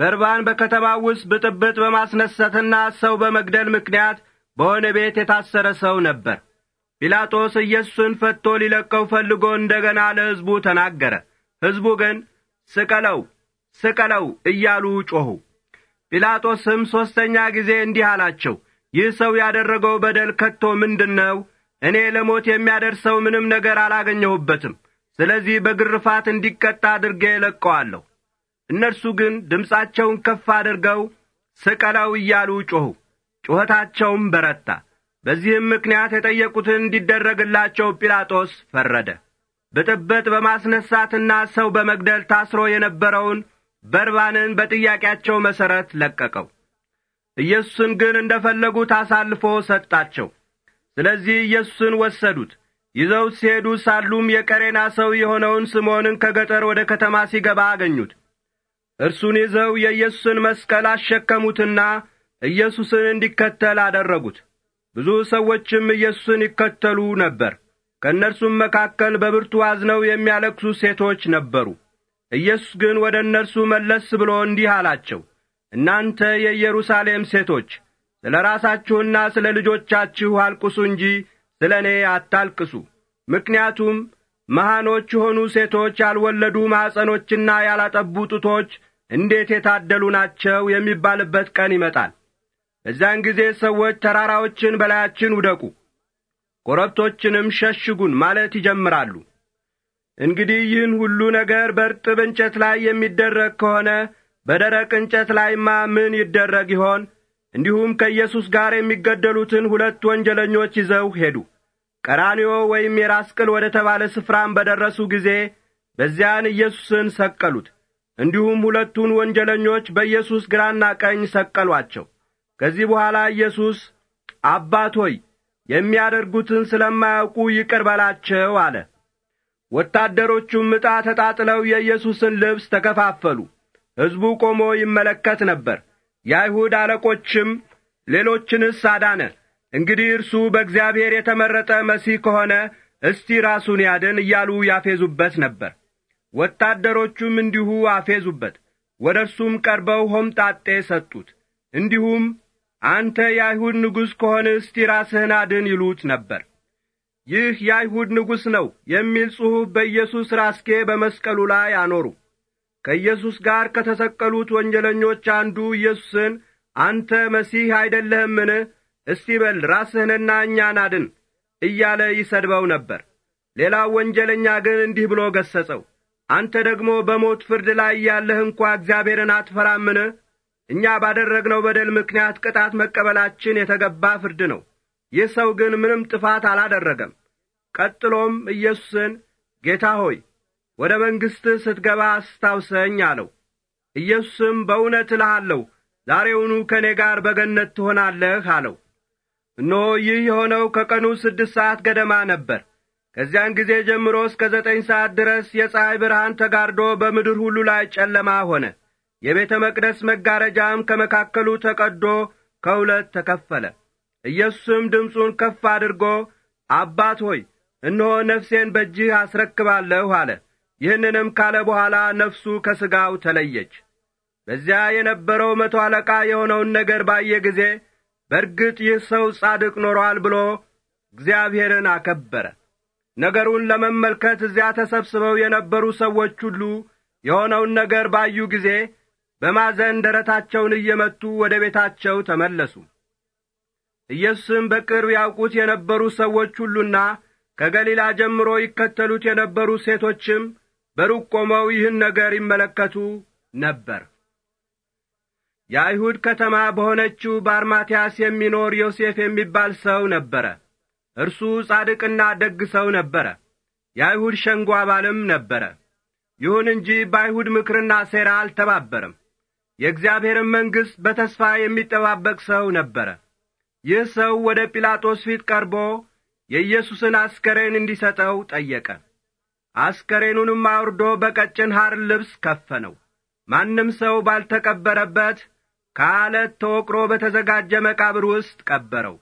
በርባን በከተማ ውስጥ ብጥብጥ በማስነሳትና ሰው በመግደል ምክንያት በሆነ ቤት የታሰረ ሰው ነበር። ጲላጦስ ኢየሱስን ፈቶ ሊለቀው ፈልጎ እንደ ገና ለሕዝቡ ተናገረ። ሕዝቡ ግን ስቀለው፣ ስቀለው እያሉ ጮኹ። ጲላጦስም ሦስተኛ ጊዜ እንዲህ አላቸው፣ ይህ ሰው ያደረገው በደል ከቶ ምንድን ነው? እኔ ለሞት የሚያደርሰው ምንም ነገር አላገኘሁበትም። ስለዚህ በግርፋት እንዲቀጣ አድርጌ እለቀዋለሁ። እነርሱ ግን ድምፃቸውን ከፍ አድርገው ስቀለው እያሉ ጮኹ። ጩኸታቸውም በረታ። በዚህም ምክንያት የጠየቁትን እንዲደረግላቸው ጲላጦስ ፈረደ። ብጥብጥ በማስነሳትና ሰው በመግደል ታስሮ የነበረውን በርባንን በጥያቄያቸው መሠረት ለቀቀው። ኢየሱስን ግን እንደ ፈለጉት አሳልፎ ሰጣቸው። ስለዚህ ኢየሱስን ወሰዱት። ይዘው ሲሄዱ ሳሉም የቀሬና ሰው የሆነውን ስምዖንን ከገጠር ወደ ከተማ ሲገባ አገኙት። እርሱን ይዘው የኢየሱስን መስቀል አሸከሙትና ኢየሱስን እንዲከተል አደረጉት። ብዙ ሰዎችም ኢየሱስን ይከተሉ ነበር። ከእነርሱም መካከል በብርቱ አዝነው የሚያለቅሱ ሴቶች ነበሩ። ኢየሱስ ግን ወደ እነርሱ መለስ ብሎ እንዲህ አላቸው፣ እናንተ የኢየሩሳሌም ሴቶች ስለ ራሳችሁና ስለ ልጆቻችሁ አልቅሱ እንጂ ስለ እኔ አታልቅሱ። ምክንያቱም መሃኖች የሆኑ ሴቶች ያልወለዱ ማኅፀኖችና ያላጠቡ ጡቶች እንዴት የታደሉ ናቸው የሚባልበት ቀን ይመጣል። በዚያን ጊዜ ሰዎች ተራራዎችን በላያችን ውደቁ፣ ኮረብቶችንም ሸሽጉን ማለት ይጀምራሉ። እንግዲህ ይህን ሁሉ ነገር በርጥብ እንጨት ላይ የሚደረግ ከሆነ በደረቅ እንጨት ላይማ ምን ይደረግ ይሆን? እንዲሁም ከኢየሱስ ጋር የሚገደሉትን ሁለት ወንጀለኞች ይዘው ሄዱ። ቀራንዮ ወይም የራስ ቅል ወደ ተባለ ስፍራም በደረሱ ጊዜ በዚያን ኢየሱስን ሰቀሉት። እንዲሁም ሁለቱን ወንጀለኞች በኢየሱስ ግራና ቀኝ ሰቀሏቸው። ከዚህ በኋላ ኢየሱስ አባት ሆይ የሚያደርጉትን ስለማያውቁ ይቅር በላቸው አለ። ወታደሮቹም ዕጣ ተጣጥለው የኢየሱስን ልብስ ተከፋፈሉ። ሕዝቡ ቆሞ ይመለከት ነበር። የአይሁድ አለቆችም ሌሎችንስ አዳነ፣ እንግዲህ እርሱ በእግዚአብሔር የተመረጠ መሲህ ከሆነ እስቲ ራሱን ያድን እያሉ ያፌዙበት ነበር። ወታደሮቹም እንዲሁ አፌዙበት። ወደ እርሱም ቀርበው ሆምጣጤ ሰጡት። እንዲሁም አንተ የአይሁድ ንጉሥ ከሆን እስቲ ራስህን አድን ይሉት ነበር። ይህ የአይሁድ ንጉሥ ነው የሚል ጽሑፍ በኢየሱስ ራስጌ በመስቀሉ ላይ አኖሩ። ከኢየሱስ ጋር ከተሰቀሉት ወንጀለኞች አንዱ ኢየሱስን አንተ መሲህ አይደለህምን? እስቲ በል ራስህንና እኛን አድን እያለ ይሰድበው ነበር። ሌላው ወንጀለኛ ግን እንዲህ ብሎ ገሠጸው። አንተ ደግሞ በሞት ፍርድ ላይ ያለህ እንኳ እግዚአብሔርን አትፈራምን? እኛ ባደረግነው በደል ምክንያት ቅጣት መቀበላችን የተገባ ፍርድ ነው። ይህ ሰው ግን ምንም ጥፋት አላደረገም። ቀጥሎም ኢየሱስን ጌታ ሆይ ወደ መንግሥትህ ስትገባ አስታውሰኝ አለው። ኢየሱስም በእውነት እልሃለሁ ዛሬውኑ ከእኔ ጋር በገነት ትሆናለህ አለው። እነሆ ይህ የሆነው ከቀኑ ስድስት ሰዓት ገደማ ነበር። ከዚያን ጊዜ ጀምሮ እስከ ዘጠኝ ሰዓት ድረስ የፀሐይ ብርሃን ተጋርዶ በምድር ሁሉ ላይ ጨለማ ሆነ። የቤተ መቅደስ መጋረጃም ከመካከሉ ተቀዶ ከሁለት ተከፈለ። ኢየሱስም ድምፁን ከፍ አድርጎ አባት ሆይ እነሆ ነፍሴን በእጅህ አስረክባለሁ አለ። ይህንንም ካለ በኋላ ነፍሱ ከሥጋው ተለየች። በዚያ የነበረው መቶ አለቃ የሆነውን ነገር ባየ ጊዜ በርግጥ ይህ ሰው ጻድቅ ኖሯል ብሎ እግዚአብሔርን አከበረ። ነገሩን ለመመልከት እዚያ ተሰብስበው የነበሩ ሰዎች ሁሉ የሆነውን ነገር ባዩ ጊዜ በማዘን ደረታቸውን እየመቱ ወደ ቤታቸው ተመለሱ። ኢየሱስም በቅርብ ያውቁት የነበሩ ሰዎች ሁሉና ከገሊላ ጀምሮ ይከተሉት የነበሩ ሴቶችም በሩቅ ቆመው ይህን ነገር ይመለከቱ ነበር። የአይሁድ ከተማ በሆነችው በአርማትያስ የሚኖር ዮሴፍ የሚባል ሰው ነበረ። እርሱ ጻድቅና ደግ ሰው ነበረ። የአይሁድ ሸንጎ አባልም ነበረ። ይሁን እንጂ በአይሁድ ምክርና ሴራ አልተባበረም። የእግዚአብሔርን መንግሥት በተስፋ የሚጠባበቅ ሰው ነበረ። ይህ ሰው ወደ ጲላጦስ ፊት ቀርቦ የኢየሱስን አስከሬን እንዲሰጠው ጠየቀ። አስከሬኑንም አውርዶ በቀጭን ሐር ልብስ ከፈነው። ማንም ሰው ባልተቀበረበት ከአለት ተወቅሮ በተዘጋጀ መቃብር ውስጥ ቀበረው።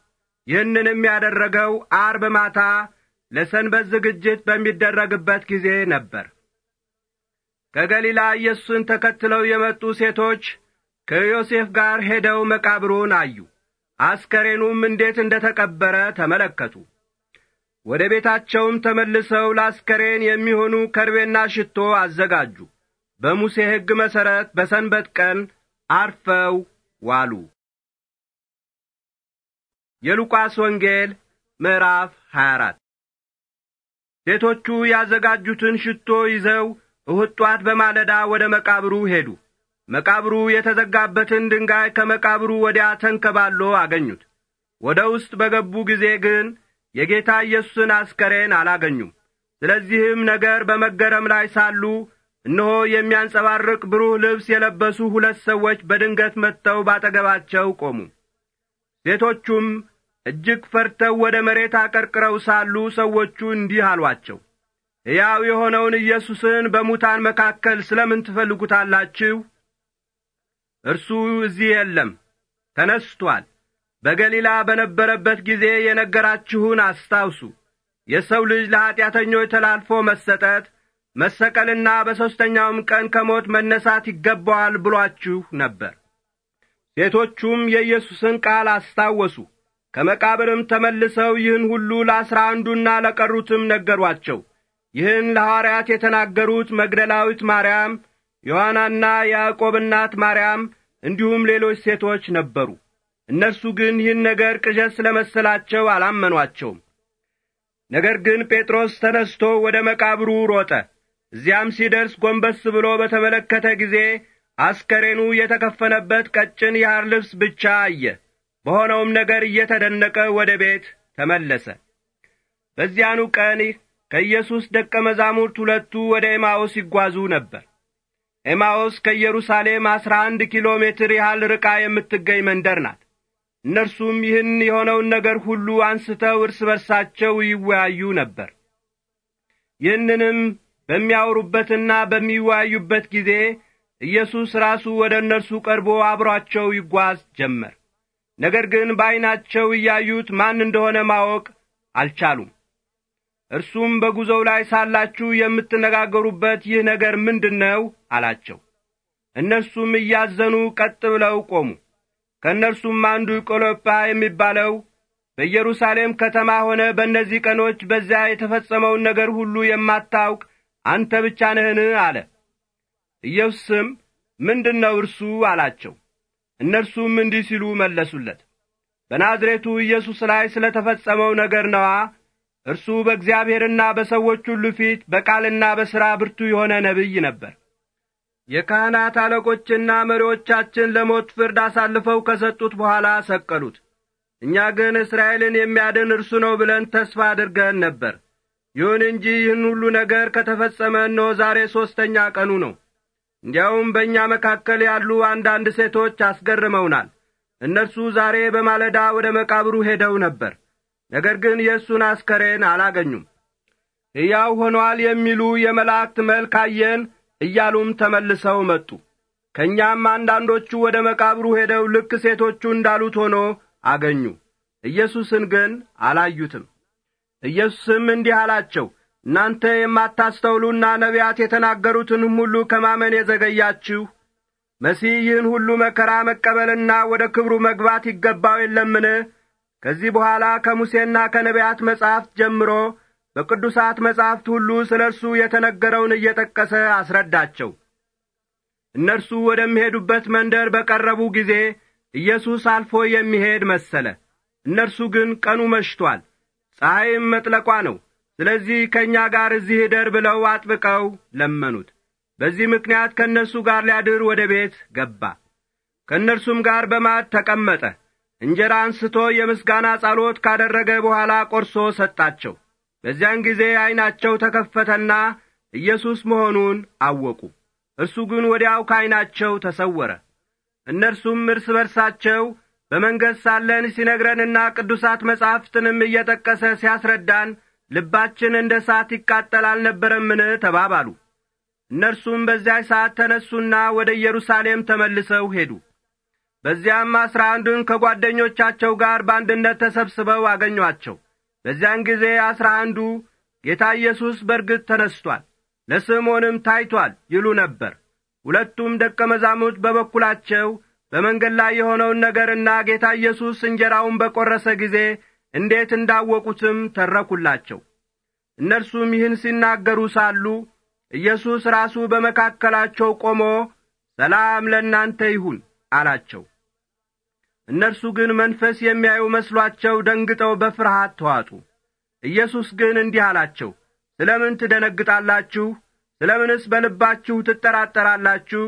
ይህንንም ያደረገው አርብ ማታ ለሰንበት ዝግጅት በሚደረግበት ጊዜ ነበር። ከገሊላ ኢየሱስን ተከትለው የመጡ ሴቶች ከዮሴፍ ጋር ሄደው መቃብሩን አዩ። አስከሬኑም እንዴት እንደ ተቀበረ ተመለከቱ። ወደ ቤታቸውም ተመልሰው ለአስከሬን የሚሆኑ ከርቤና ሽቶ አዘጋጁ። በሙሴ ሕግ መሠረት በሰንበት ቀን አርፈው ዋሉ። የሉቃስ ወንጌል ምዕራፍ 24 ሴቶቹ ያዘጋጁትን ሽቶ ይዘው እሁድ ጧት በማለዳ ወደ መቃብሩ ሄዱ። መቃብሩ የተዘጋበትን ድንጋይ ከመቃብሩ ወዲያ ተንከባሎ አገኙት። ወደ ውስጥ በገቡ ጊዜ ግን የጌታ ኢየሱስን አስከሬን አላገኙም። ስለዚህም ነገር በመገረም ላይ ሳሉ እነሆ የሚያንጸባርቅ ብሩህ ልብስ የለበሱ ሁለት ሰዎች በድንገት መጥተው ባጠገባቸው ቆሙ። ሴቶቹም እጅግ ፈርተው ወደ መሬት አቀርቅረው ሳሉ ሰዎቹ እንዲህ አሏቸው፣ ሕያው የሆነውን ኢየሱስን በሙታን መካከል ስለ ምን ትፈልጉታላችሁ? እርሱ እዚህ የለም፣ ተነስቶአል። በገሊላ በነበረበት ጊዜ የነገራችሁን አስታውሱ። የሰው ልጅ ለኀጢአተኞች ተላልፎ መሰጠት፣ መሰቀልና በሦስተኛውም ቀን ከሞት መነሳት ይገባዋል ብሏችሁ ነበር። ሴቶቹም የኢየሱስን ቃል አስታወሱ። ከመቃብርም ተመልሰው ይህን ሁሉ ለአሥራ አንዱና ለቀሩትም ነገሯቸው። ይህን ለሐዋርያት የተናገሩት መግደላዊት ማርያም፣ ዮሐናና ያዕቆብ እናት ማርያም እንዲሁም ሌሎች ሴቶች ነበሩ። እነርሱ ግን ይህን ነገር ቅዠት ስለ መሰላቸው አላመኗቸውም። ነገር ግን ጴጥሮስ ተነስቶ ወደ መቃብሩ ሮጠ። እዚያም ሲደርስ ጐንበስ ብሎ በተመለከተ ጊዜ አስከሬኑ የተከፈነበት ቀጭን የሐር ልብስ ብቻ አየ። በሆነውም ነገር እየተደነቀ ወደ ቤት ተመለሰ። በዚያኑ ቀን ከኢየሱስ ደቀ መዛሙርት ሁለቱ ወደ ኤማዎስ ይጓዙ ነበር። ኤማዎስ ከኢየሩሳሌም አሥራ አንድ ኪሎ ሜትር ያህል ርቃ የምትገኝ መንደር ናት። እነርሱም ይህን የሆነውን ነገር ሁሉ አንስተው እርስ በርሳቸው ይወያዩ ነበር። ይህንንም በሚያወሩበትና በሚወያዩበት ጊዜ ኢየሱስ ራሱ ወደ እነርሱ ቀርቦ አብሯቸው ይጓዝ ጀመር። ነገር ግን በዐይናቸው እያዩት ማን እንደሆነ ማወቅ አልቻሉም። እርሱም በጉዞው ላይ ሳላችሁ የምትነጋገሩበት ይህ ነገር ምንድን ነው አላቸው። እነርሱም እያዘኑ ቀጥ ብለው ቆሙ። ከእነርሱም አንዱ ቆሎጳ የሚባለው በኢየሩሳሌም ከተማ ሆነ በእነዚህ ቀኖች በዚያ የተፈጸመውን ነገር ሁሉ የማታውቅ አንተ ብቻ ነህን? አለ። ኢየሱስም ምንድን ነው እርሱ አላቸው። እነርሱም እንዲህ ሲሉ መለሱለት፣ በናዝሬቱ ኢየሱስ ላይ ስለ ተፈጸመው ነገር ነዋ። እርሱ በእግዚአብሔርና በሰዎች ሁሉ ፊት በቃልና በሥራ ብርቱ የሆነ ነቢይ ነበር። የካህናት አለቆችና መሪዎቻችን ለሞት ፍርድ አሳልፈው ከሰጡት በኋላ ሰቀሉት። እኛ ግን እስራኤልን የሚያድን እርሱ ነው ብለን ተስፋ አድርገን ነበር። ይሁን እንጂ ይህን ሁሉ ነገር ከተፈጸመ እነሆ ዛሬ ሦስተኛ ቀኑ ነው። እንዲያውም በእኛ መካከል ያሉ አንዳንድ ሴቶች አስገርመውናል። እነርሱ ዛሬ በማለዳ ወደ መቃብሩ ሄደው ነበር፣ ነገር ግን የእሱን አስከሬን አላገኙም። ሕያው ሆኗል የሚሉ የመላእክት መልክ አየን እያሉም ተመልሰው መጡ። ከእኛም አንዳንዶቹ ወደ መቃብሩ ሄደው ልክ ሴቶቹ እንዳሉት ሆኖ አገኙ። ኢየሱስን ግን አላዩትም። ኢየሱስም እንዲህ አላቸው፣ እናንተ የማታስተውሉና ነቢያት የተናገሩትንም ሁሉ ከማመን የዘገያችሁ መሲህ ይህን ሁሉ መከራ መቀበልና ወደ ክብሩ መግባት ይገባው የለምን? ከዚህ በኋላ ከሙሴና ከነቢያት መጻሕፍት ጀምሮ በቅዱሳት መጻሕፍት ሁሉ ስለ እርሱ የተነገረውን እየጠቀሰ አስረዳቸው። እነርሱ ወደሚሄዱበት መንደር በቀረቡ ጊዜ ኢየሱስ አልፎ የሚሄድ መሰለ። እነርሱ ግን ቀኑ መሽቶአል፣ ፀሐይም መጥለቋ ነው ስለዚህ ከእኛ ጋር እዚህ እደር ብለው አጥብቀው ለመኑት በዚህ ምክንያት ከእነርሱ ጋር ሊያድር ወደ ቤት ገባ ከእነርሱም ጋር በማዕድ ተቀመጠ እንጀራ አንስቶ የምስጋና ጸሎት ካደረገ በኋላ ቈርሶ ሰጣቸው በዚያን ጊዜ ዐይናቸው ተከፈተና ኢየሱስ መሆኑን አወቁ እርሱ ግን ወዲያው ከዐይናቸው ተሰወረ እነርሱም እርስ በርሳቸው በመንገድ ሳለን ሲነግረንና ቅዱሳት መጻሕፍትንም እየጠቀሰ ሲያስረዳን ልባችን እንደ ሰዓት ይቃጠል አልነበረምን? ተባባሉ። እነርሱም በዚያ ሰዓት ተነሱና ወደ ኢየሩሳሌም ተመልሰው ሄዱ። በዚያም አሥራ አንዱን ከጓደኞቻቸው ጋር በአንድነት ተሰብስበው አገኟቸው። በዚያን ጊዜ አሥራ አንዱ ጌታ ኢየሱስ በርግጥ ተነስቷል፣ ለስምዖንም ታይቷል ይሉ ነበር። ሁለቱም ደቀ መዛሙርት በበኩላቸው በመንገድ ላይ የሆነውን ነገርና ጌታ ኢየሱስ እንጀራውን በቈረሰ ጊዜ እንዴት እንዳወቁትም ተረኩላቸው። እነርሱም ይህን ሲናገሩ ሳሉ ኢየሱስ ራሱ በመካከላቸው ቆሞ ሰላም ለእናንተ ይሁን አላቸው። እነርሱ ግን መንፈስ የሚያዩ መስሏቸው ደንግጠው በፍርሃት ተዋጡ። ኢየሱስ ግን እንዲህ አላቸው፣ ስለ ምን ትደነግጣላችሁ? ስለ ምንስ በልባችሁ ትጠራጠራላችሁ?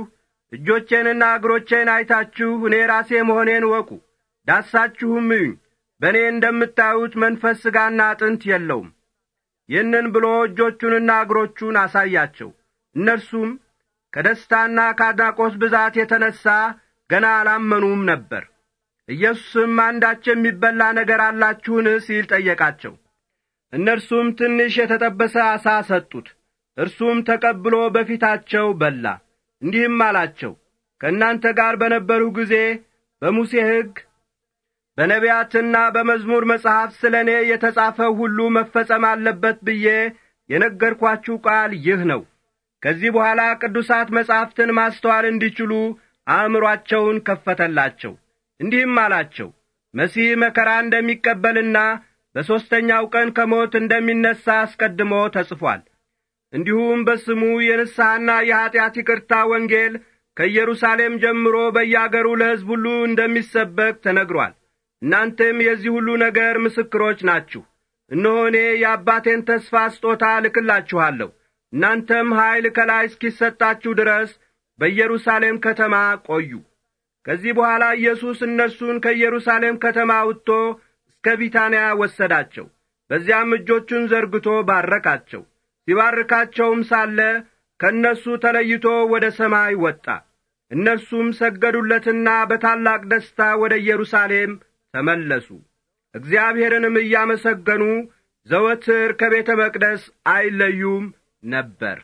እጆቼንና እግሮቼን አይታችሁ እኔ ራሴ መሆኔን ወቁ። ዳሳችሁም እዩኝ፣ በእኔ እንደምታዩት መንፈስ ሥጋና አጥንት የለውም። ይህንን ብሎ እጆቹንና እግሮቹን አሳያቸው። እነርሱም ከደስታና ከአድናቆት ብዛት የተነሣ ገና አላመኑም ነበር። ኢየሱስም አንዳች የሚበላ ነገር አላችሁን ሲል ጠየቃቸው። እነርሱም ትንሽ የተጠበሰ ዓሣ ሰጡት። እርሱም ተቀብሎ በፊታቸው በላ። እንዲህም አላቸው ከእናንተ ጋር በነበሩ ጊዜ በሙሴ ሕግ በነቢያትና በመዝሙር መጽሐፍ ስለ እኔ የተጻፈ ሁሉ መፈጸም አለበት ብዬ የነገርኳችሁ ቃል ይህ ነው። ከዚህ በኋላ ቅዱሳት መጻሕፍትን ማስተዋል እንዲችሉ አእምሮአቸውን ከፈተላቸው። እንዲህም አላቸው፣ መሲህ መከራ እንደሚቀበልና በሦስተኛው ቀን ከሞት እንደሚነሣ አስቀድሞ ተጽፏል። እንዲሁም በስሙ የንስሐና የኀጢአት ይቅርታ ወንጌል ከኢየሩሳሌም ጀምሮ በያገሩ ለሕዝብ ሁሉ እንደሚሰበክ ተነግሯል። እናንተም የዚህ ሁሉ ነገር ምስክሮች ናችሁ። እነሆ እኔ የአባቴን ተስፋ ስጦታ ልክላችኋለሁ። እናንተም ኀይል ከላይ እስኪሰጣችሁ ድረስ በኢየሩሳሌም ከተማ ቆዩ። ከዚህ በኋላ ኢየሱስ እነርሱን ከኢየሩሳሌም ከተማ አውጥቶ እስከ ቢታንያ ወሰዳቸው። በዚያም እጆቹን ዘርግቶ ባረካቸው። ሲባርካቸውም ሳለ ከእነርሱ ተለይቶ ወደ ሰማይ ወጣ። እነርሱም ሰገዱለትና በታላቅ ደስታ ወደ ኢየሩሳሌም ተመለሱ። እግዚአብሔርንም እያመሰገኑ ዘወትር ከቤተ መቅደስ አይለዩም ነበር።